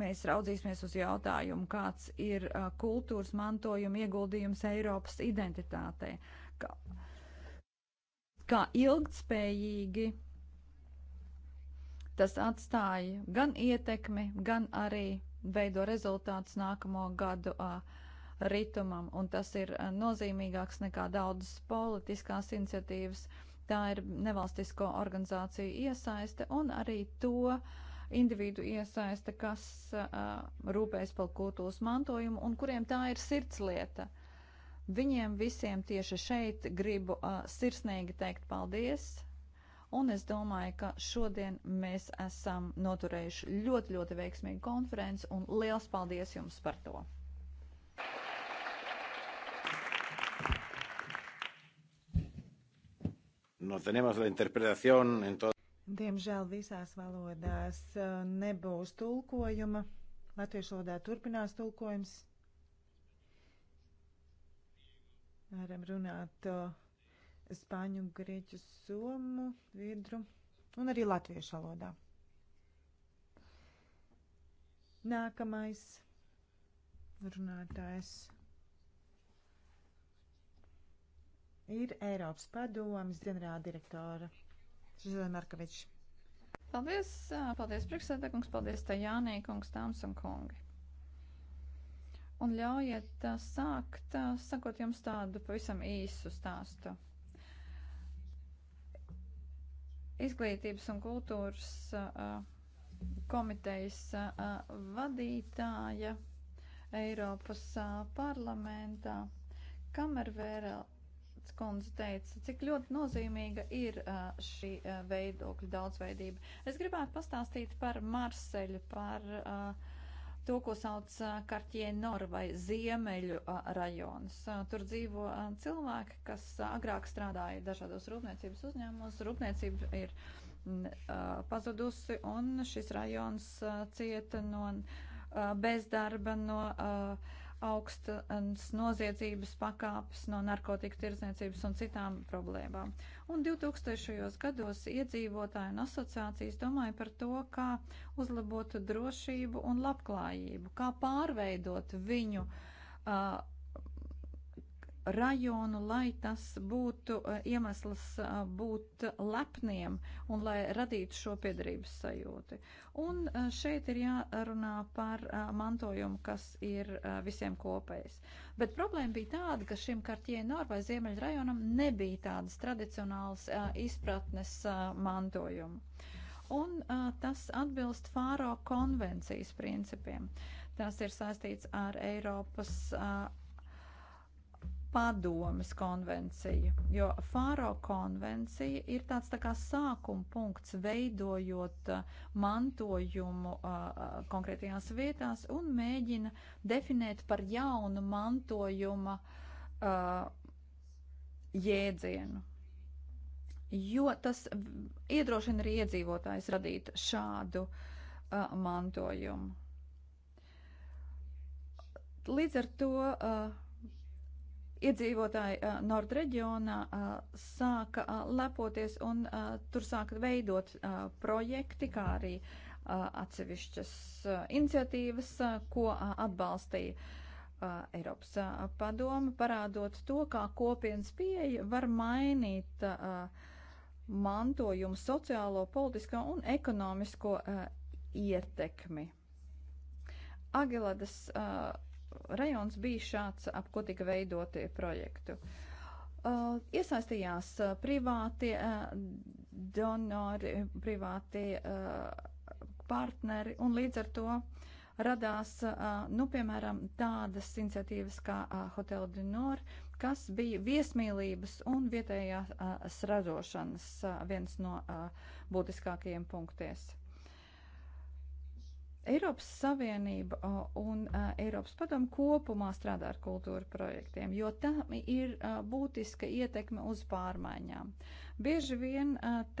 Mēs raudzīsimies uz jautājumu, kāds ir a, kultūras mantojuma ieguldījums Eiropas identitātei. Kā, kā ilgtspējīgi tas atstāja gan ietekmi, gan arī veido rezultātus nākamo gadu. A, ritumam, un tas ir eh, nozīmīgāks nekā daudzas politiskās iniciatīvas. Tā ir nevalstisko organizāciju iesaiste un arī to individu iesaiste, kas uh, rūpējas par kultūras mantojumu un kuriem tā ir sirdslieta. Viņiem visiem tieši šeit gribu uh, sirsnīgi teikt paldies, Un es domāju, ka šodien mēs esam noturējuši ļoti, ļoti veiksmīgu konferenci, un liels paldies jums par to! No tenemos la interpretación en todo. Diemžēl visās valodās uh, nebūs tulkojuma. Latviešu valodā turpinās tulkojums. Varam runāt uh, spāņu, grieķu, somu, vidru un arī latviešu valodā. Nākamais runātājs. ir Eiropas padomas ģenerāldirektora Žilē Markovičs. Paldies, paldies priekšsēdētājkungs, paldies Tajānī, kungs, tāms un kungi. Un ļaujiet sākt, sakot jums tādu pavisam īsu stāstu. Izglītības un kultūras komitejas vadītāja Eiropas parlamentā Kamervērela Gebhārts kundze teica, cik ļoti nozīmīga ir šī veidokļa daudzveidība. Es gribētu pastāstīt par Marseļu, par to, ko sauc Kartie Nor vai Ziemeļu rajonus. Tur dzīvo cilvēki, kas agrāk strādāja dažādos rūpniecības uzņēmumos. Rūpniecība ir pazudusi un šis rajons cieta no bezdarba, no. Uh, augstas noziedzības pakāpes no narkotiku tirdzniecības un citām problēmām. Un 2000. gados iedzīvotāji un asociācijas domāja par to, kā uzlabot drošību un labklājību, kā pārveidot viņu uh, rajonu, lai tas būtu eh, iemesls eh, būt lepniem un lai radītu šo piedarības sajūti. Un eh, šeit ir jārunā par mantojumu, kas ir visiem kopējs. Bet problēma bija tāda, ka šim kartie Nor vai Ziemeļa rajonam nebija tādas tradicionālas izpratnes mantojumu. Un uh, tas atbilst Fāro konvencijas principiem. Uh, Tas ir saistīts ar Eiropas uh, padomas konvencija, jo Fāro konvencija ir tāds tā kā sākuma punkts veidojot uh, mantojumu uh, uh, konkrētajās vietās un mēģina definēt par jaunu mantojuma jēdzienu. Jo tas iedrošina arī iedzīvotājs radīt šādu uh, mantojumu. Līdz ar to uh, Iedzīvotāji Nord reģionā sāka lepoties un tur sāka veidot projekti, kā arī atsevišķas iniciatīvas, ko atbalstīja. Eiropas padoma, parādot to, kā kopienas pieeja var mainīt mantojumu sociālo, politisko un ekonomisko ietekmi. Ageladas uh, rajons bija šāds, ap ko tika veidotie projektu. Uh, iesaistījās uh, privāti uh, donori, privāti uh, partneri un līdz ar to radās, uh, nu, piemēram, tādas iniciatīvas kā uh, Hotel du Nord, kas bija viesmīlības un vietējās ražošanas viens no būtiskākajiem punkties. Eiropas Savienība un Eiropas Padoma kopumā strādā ar kultūra projektiem, jo tam ir būtiska ietekme uz pārmaiņām. Bieži vien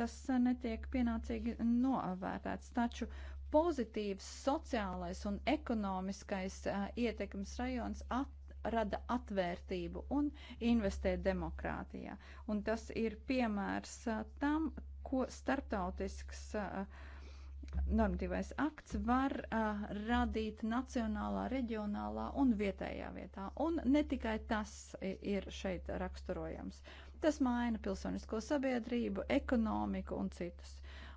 tas netiek pienācīgi novērtēts, taču pozitīvs sociālais un ekonomiskais ietekmes rajons at rada atvērtību un investē demokrātijā. Un tas ir piemērs tam, ko starptautisks uh, normatīvais akts var uh, radīt nacionālā, reģionālā un vietējā vietā. Un ne tikai tas ir šeit raksturojams. Tas maina pilsonisko sabiedrību, ekonomiku un citus.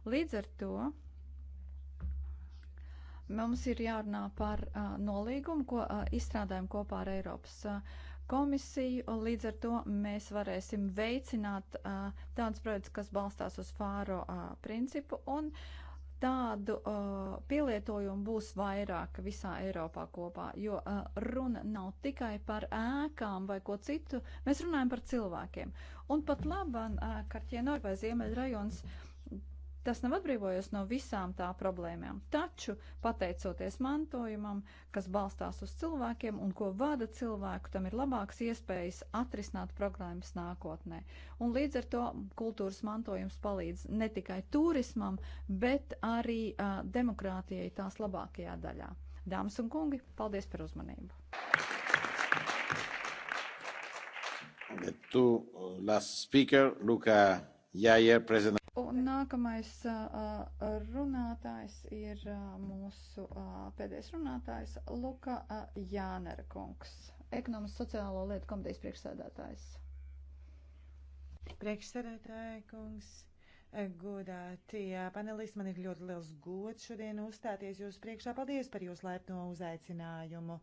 Līdz ar to mums ir jārunā par uh, nolīgumu, ko uh, izstrādājam kopā ar Eiropas. Uh, komisiju, un līdz ar to mēs varēsim veicināt uh, tādus projektus, kas balstās uz fāro uh, principu, un tādu uh, pielietojumu būs vairāk visā Eiropā kopā, jo uh, runa nav tikai par ēkām vai ko citu, mēs runājam par cilvēkiem. Un pat labam, uh, Karķienor vai Ziemeļrajons. Uh, Tas nav atbrīvojies no visām tā problēmām. Taču, pateicoties mantojumam, kas balstās uz cilvēkiem un ko vada cilvēku, tam ir labāks iespējas atrisināt problēmas nākotnē. Un līdz ar to kultūras mantojums palīdz ne tikai turismam, bet arī uh, demokrātijai tās labākajā daļā. Dāmas un kungi, paldies par uzmanību! To last speaker, Luca Jair, President. Un nākamais runātājs ir mūsu pēdējais runātājs Luka Jānera kungs, ekonomikas sociālo lietu komitejas priekšsēdētājs. Priekšsēdētāja kungs, godātie panelisti, man ir ļoti liels gods šodien uzstāties jūs priekšā. Paldies par jūsu laipno uzaicinājumu.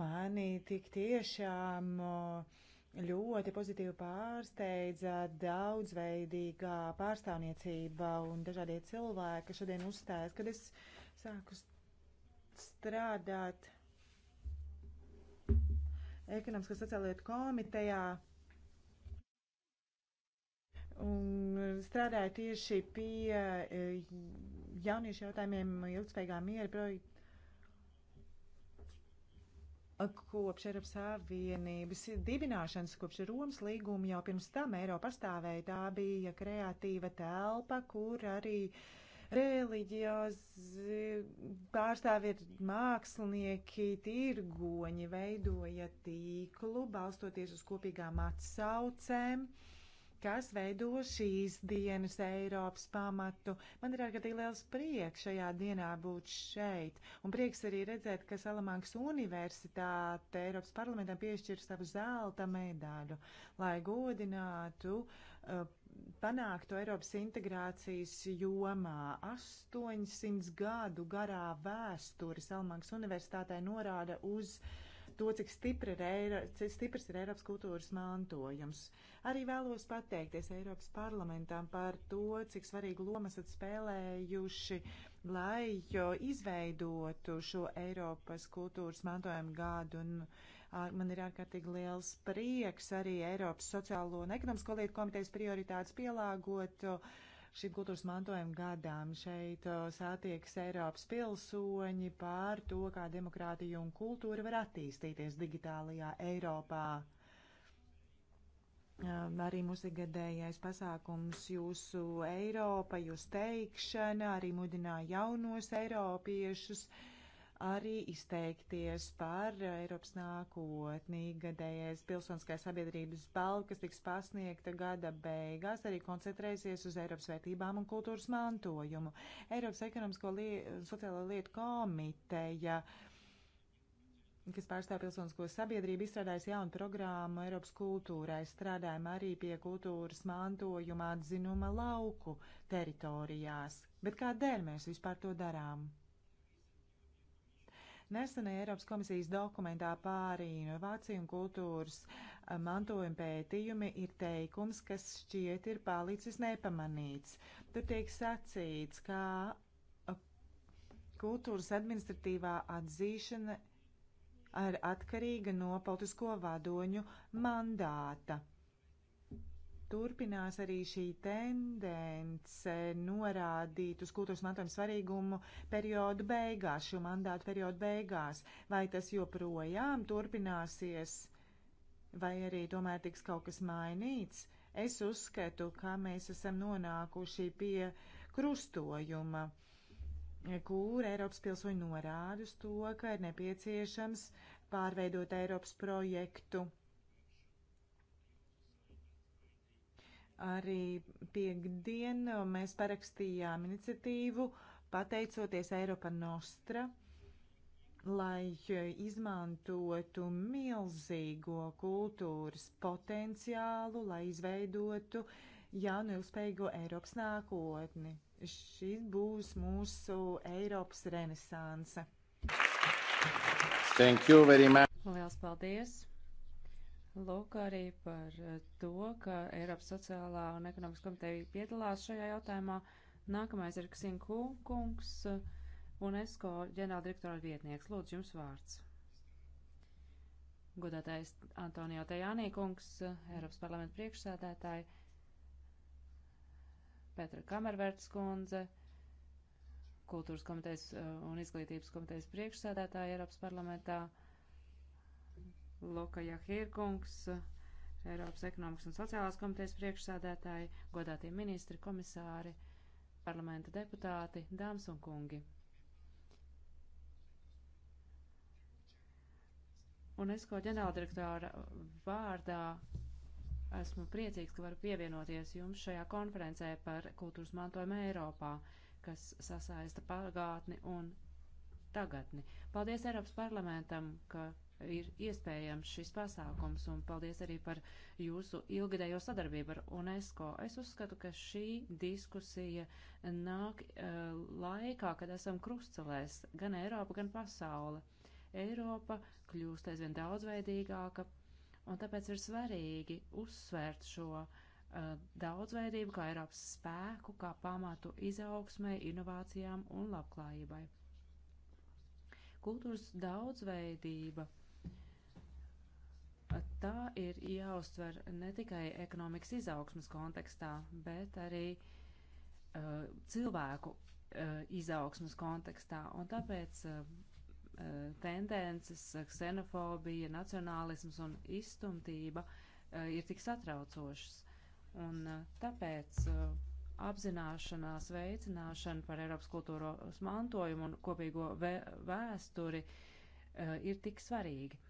Mani tik tiešām uh, ļoti pozitīvi pārsteidza daudzveidīgā pārstāvniecība un dažādie cilvēki, kas šodien uzstājas, kad es sāku strādāt ekonomiskās sociālajā komitejā. Un strādāju tieši pie eh, jauniešu jautājumiem ilgspējīgā miera projekta kopš Eiropas Savienības dibināšanas, kopš Romas līguma jau pirms tam Eiropa pastāvēja. Tā bija kreatīva telpa, kur arī reliģiozi pārstāvi ir mākslinieki, tirgoņi veidoja tīklu, balstoties uz kopīgām atsaucēm. Uh, kas veido šīs dienas Eiropas pamatu. Man ir ārkārtīgi liels prieks šajā dienā būt šeit, un prieks arī redzēt, ka Salamankas Universitāte Eiropas parlamentam piešķir savu zelta medaļu, lai godinātu uh, eh, panākto Eiropas integrācijas jomā. 800 gadu garā vēsture Salamankas Universitātē norāda uz uh, to, cik stipri ir Eiro, cik stiprs ir Eiropas kultūras mantojums. Arī vēlos pateikties Eiropas parlamentam par to, cik svarīgu lomu esat spēlējuši, lai izveidotu šo Eiropas kultūras mantojumu gadu. Un, Man ir ārkārtīgi liels prieks arī Eiropas sociālo un ekonomisko lietu komitejas prioritātes pielāgot uh, šīm kultūras mantojuma gadām. Šeit uh, satieks Eiropas pilsoņi pār to, kā demokrātija un kultūra var attīstīties digitālajā Eiropā. Um, arī mūsu gadējais pasākums jūsu Eiropa, jūs teikšana, arī mudināja jaunos eiropiešus uh, arī izteikties par Eiropas nākotnī gadējais pilsoniskās sabiedrības balva, kas tiks pasniegta gada beigās, arī koncentrēsies uz Eiropas vērtībām un kultūras mantojumu. Eiropas ekonomisko lie sociālo lietu komiteja kas pārstāv pilsonisko sabiedrību, izstrādājis jaunu programmu Eiropas kultūrai. Strādājam arī pie kultūras mantojuma atzinuma lauku teritorijās. Bet kādēļ mēs vispār to darām? Nesenē Eiropas komisijas dokumentā pāri inovāciju un kultūras eh, mantojuma pētījumi ir teikums, kas šķiet ir palicis nepamanīts. Tur tiek sacīts, ka eh, kultūras administratīvā atzīšana ir atkarīga no politisko vadoņu mandāta turpinās arī šī tendence norādīt uz kultūras mantojuma svarīgumu periodu beigās, šo mandātu periodu beigās. Vai tas joprojām turpināsies, vai arī tomēr tiks kaut kas mainīts? Es uzskatu, ka mēs esam nonākuši pie krustojuma, kur Eiropas pilsoņi norāda uz to, ka ir nepieciešams pārveidot Eiropas projektu Arī piekdien uh, mēs parakstījām iniciatīvu pateicoties Eiropa Nostra, lai uh, izmantotu milzīgo kultūras potenciālu, lai izveidotu jaunu ilgspējīgo Eiropas nākotni. Šis būs mūsu Eiropas renesanse. Thank you very much. Lielas paldies! Lūk arī par eh, to, ka Eiropas sociālā un ekonomikas komiteja piedalās šajā jautājumā. Nākamais ir Ksinku kungs, eh, UNESCO ģenerāldirektora vietnieks. Lūdzu, jums vārds. Godātais Antonio Tajānī kungs, eh, Eiropas parlamenta priekšsēdētāji, Petra Kamervērts kundze, Kultūras komitejas un izglītības komitejas priekšsēdētāji Eiropas parlamentā. Luka Jahirkungs, Eiropas ekonomikas un sociālās komitejas priekšsādētāji, godātie ministri, komisāri, parlamenta deputāti, dāmas un kungi. UNESCO ģenerāldirektora vārdā esmu priecīgs, ka varu pievienoties jums šajā konferencē par kultūras mantojumu Eiropā, kas sasaista pagātni un tagadni. Paldies Eiropas parlamentam, ka ir iespējams šis pasākums, un paldies arī par jūsu ilgadējo sadarbību ar UNESCO. Es uzskatu, ka šī diskusija nāk uh, laikā, kad esam krustcelēs gan Eiropa, gan pasaule. Eiropa kļūst aizvien daudzveidīgāka, un tāpēc ir svarīgi uzsvērt šo uh, daudzveidību kā Eiropas spēku, kā pamatu izaugsmai, inovācijām un labklājībai kultūras daudzveidība tā ir jāuztver ne tikai ekonomikas izaugsmas kontekstā, bet arī uh, cilvēku uh, izaugsmas kontekstā. Un tāpēc uh, uh, tendences, ksenofobija, nacionālisms un izstumtība uh, ir tik satraucošas. Un uh, tāpēc uh, apzināšanās veicināšana par Eiropas kultūros mantojumu un kopīgo vē vēsturi uh, ir tik svarīgi.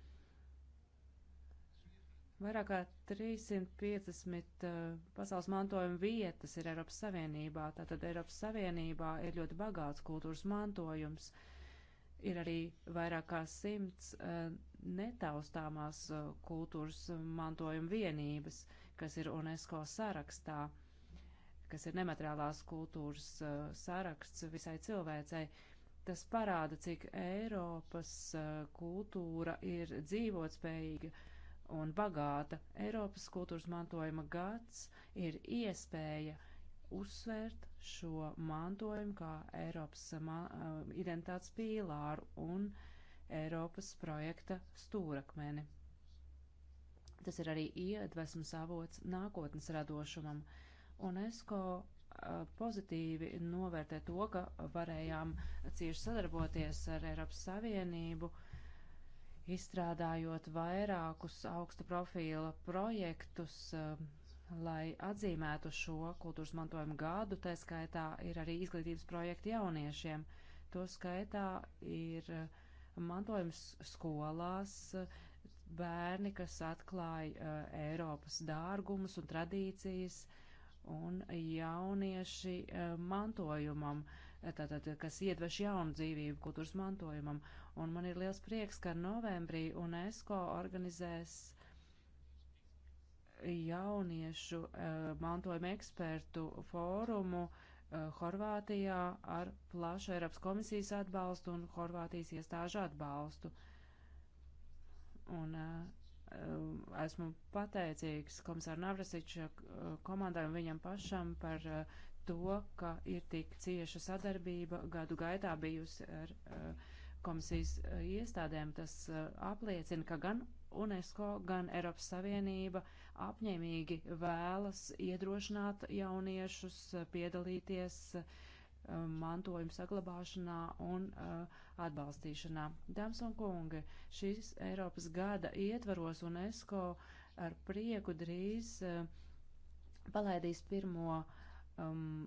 Vairāk kā 350 uh, eh, pasaules mantojuma vietas ir Eiropas Savienībā, tātad Eiropas Savienībā ir ļoti bagāts kultūras mantojums. Ir arī vairāk kā simts uh, netaustāmās uh, kultūras mantojuma vienības, kas ir UNESCO sarakstā, kas ir nemateriālās kultūras saraksts visai cilvēcei tas parāda, cik Eiropas kultūra ir dzīvotspējīga un bagāta. Eiropas kultūras mantojuma gads ir iespēja uzsvērt šo mantojumu kā Eiropas uh, ma uh, identitātes pīlāru un Eiropas projekta stūrakmeni. Tas ir arī iedvesmas avots nākotnes radošumam. UNESCO uh, pozitīvi novērtē to, ka varējām cieši sadarboties ar Eiropas Savienību izstrādājot vairākus augsta profīla projektus, um, lai atzīmētu šo kultūras mantojuma gadu. Tā skaitā ir arī izglītības projekti jauniešiem. To skaitā ir uh, mantojums skolās, uh, bērni, kas atklāja uh, Eiropas dārgumus un tradīcijas, un jaunieši mantojumam, tātad, kas iedveš jaunu dzīvību kultūras mantojumam. Un man ir liels prieks, ka novembrī UNESCO organizēs jauniešu uh, mantojuma ekspertu fórumu uh, Horvātijā ar plašu Eiropas komisijas atbalstu un Horvātijas iestāžu atbalstu. Un uh, esmu pateicīgs komisāru Navrasiča komandai un viņam pašam par to, ka ir tik cieša sadarbība gadu gaitā bijusi ar uh, komisijas eh, iestādēm, tas eh, apliecina, ka gan UNESCO, gan Eiropas Savienība apņēmīgi vēlas iedrošināt jauniešus eh, piedalīties mantojuma saglabāšanā un uh, atbalstīšanā. Dāmas un kungi, šīs Eiropas gada ietvaros UNESCO ar prieku drīz uh, palaidīs pirmo um,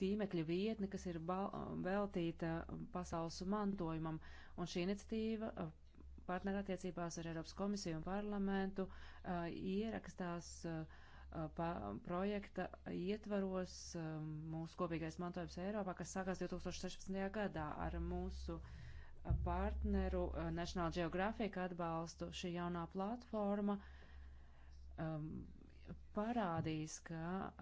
tīmekļa vietne, kas ir um, veltīta pasaules mantojumam, un šī iniciatīva uh, partnerattiecībās ar Eiropas komisiju un parlamentu uh, ierakstās uh, uh pa, projekta ietvaros uh, mūsu kopīgais mantojums Eiropā, kas sākās 2016. gadā ar mūsu uh, partneru National Geographic atbalstu šī jaunā platforma um, parādīs, ka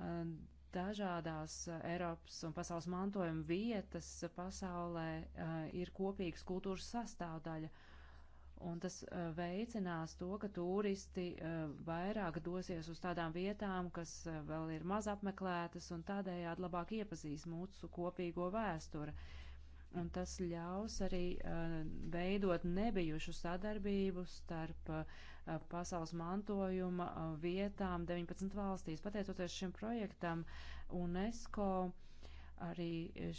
dažādās eh, Eiropas un pasaules mantojuma vietas pasaulē eh, ir kopīgas kultūras sastāvdaļa. Un tas eh, veicinās to, ka turisti vairāk dosies uz tādām vietām, kas vēl ir maz apmeklētas un tādējādi labāk iepazīs mūsu kopīgo vēsturi. Un tas ļaus arī veidot nebijušu sadarbību starp uh, Eh, pasaules mantojuma eh, vietām 19 valstīs. Pateicoties šim projektam, UNESCO arī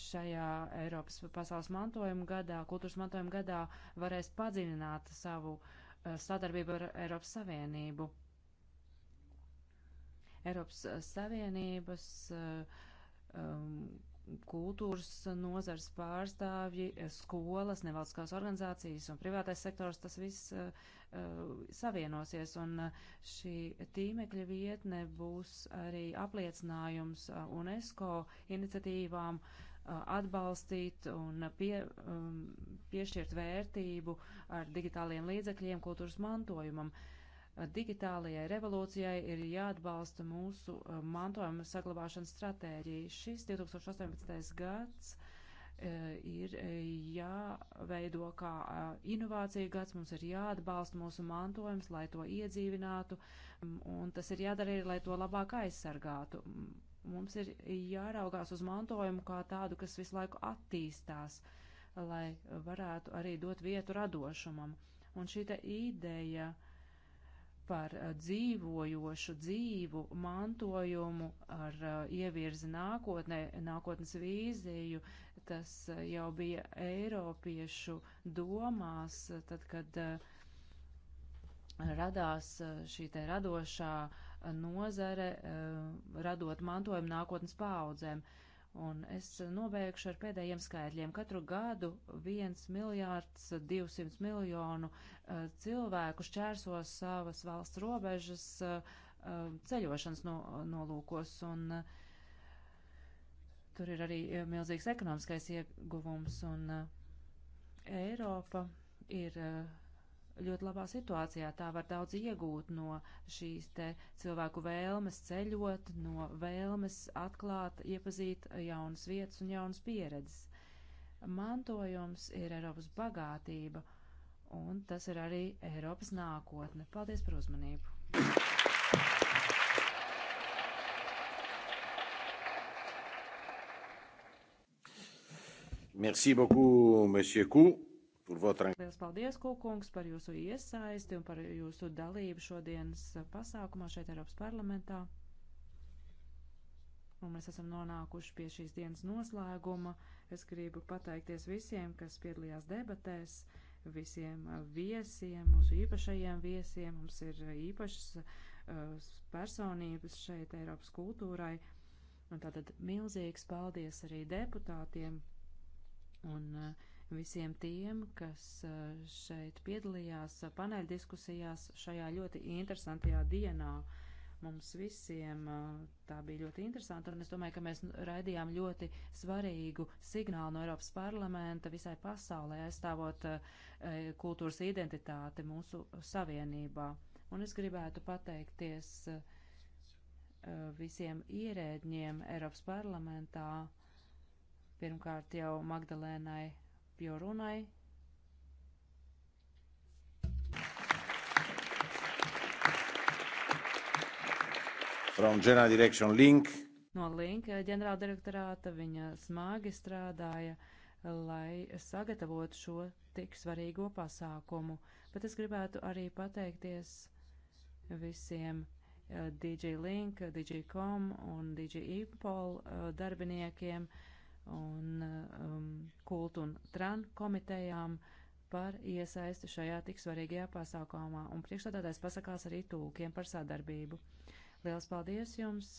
šajā Eiropas pasaules mantojuma gadā, kultūras mantojuma gadā varēs padziļināt savu eh, sadarbību ar Eiropas Savienību. Eiropas Savienības um, kultūras nozars pārstāvji, skolas, nevalstiskās organizācijas un privātais sektors, tas viss uh, savienosies. Un eh, šī tīmekļa vietne būs arī apliecinājums UNESCO iniciatīvām uh, atbalstīt un pie, um, piešķirt vērtību ar digitāliem līdzekļiem kultūras mantojumam. Uh, digitālajai revolūcijai ir jāatbalsta mūsu uh, mantojuma saglabāšanas stratēģija. Šis 2018. gads uh, ir uh, jāveido kā inovācija gads, mums ir jāatbalsta mūsu mantojums, lai to iedzīvinātu, um, un tas ir jādara arī, lai to labāk aizsargātu. Mums ir jāraugās uz mantojumu kā tādu, kas visu laiku attīstās, lai varētu arī dot vietu radošumam. Un šī ideja uh, par eh, dzīvojošu dzīvu mantojumu ar eh, ievirzi nākotnē, nākotnes vīziju. Tas eh, jau bija Eiropiešu domās, tad, kad radās šī te radošā nozare, radot mantojumu nākotnes paaudzēm. Uh, Un es nobeigšu ar pēdējiem skaidriem. Katru gadu 1 miljārds 200 miljonu uh, cilvēku šķērso savas valsts robežas uh, ceļošanas no, nolūkos. Un, uh, tur ir arī milzīgs ekonomiskais ieguvums. Un Eiropa ir ļoti labā situācijā. Tā var daudz iegūt no šīs te cilvēku vēlmes ceļot, no vēlmes atklāt, iepazīt jaunas vietas un jaunas pieredzes. Mantojums ir Eiropas bagātība, un tas ir arī Eiropas nākotne. Paldies par uzmanību! Merci beaucoup, Monsieur Kou. Lielas paldies, Kūkungs, par jūsu iesaisti un par jūsu dalību šodienas pasākumā šeit Eiropas parlamentā. Un mēs esam nonākuši pie šīs dienas noslēguma. Es gribu pateikties visiem, kas piedalījās debatēs, visiem uh, viesiem, mūsu īpašajiem viesiem. Mums ir uh, īpašas uh, personības šeit Eiropas kultūrai. Un tātad milzīgs paldies arī deputātiem. Un, uh, visiem tiem, kas šeit piedalījās paneļdiskusijās šajā ļoti interesantajā dienā. Mums visiem tā bija ļoti interesanti, un es domāju, ka mēs raidījām ļoti svarīgu signālu no Eiropas parlamenta visai pasaulē, aizstāvot kultūras identitāti mūsu savienībā. Un es gribētu pateikties visiem ierēdņiem Eiropas parlamentā, pirmkārt jau Magdalēnai jo runai. From General Direction Link. No Link eh, ģenerāldirektorāta viņa smagi strādāja, lai sagatavotu šo tik svarīgo pasākumu. Bet es gribētu arī pateikties visiem eh, DigiLink, DigiCom un DigiImpol eh, darbiniekiem, uh, un um, kultu un tran komitejām par iesaisti šajā tik svarīgajā pasākumā, un priekšstādātājs pasakās arī tūkiem par sadarbību. Liels paldies jums!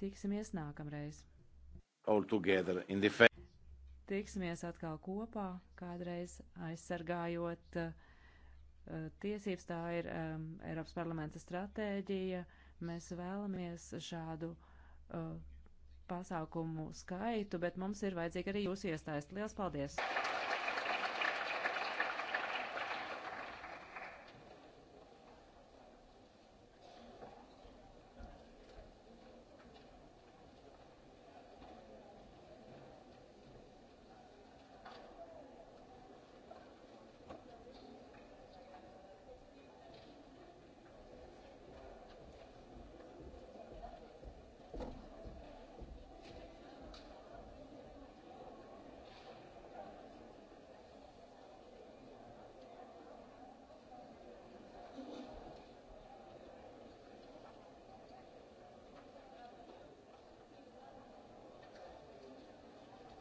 Tiksimies nākamreiz! Tiksimies atkal kopā, kādreiz aizsargājot uh, tiesības, tā ir um, Eiropas parlamenta stratēģija. Mēs vēlamies šādu uh, pasākumu skaitu, bet mums ir vajadzīga arī jūsu iesaist. Lielas paldies!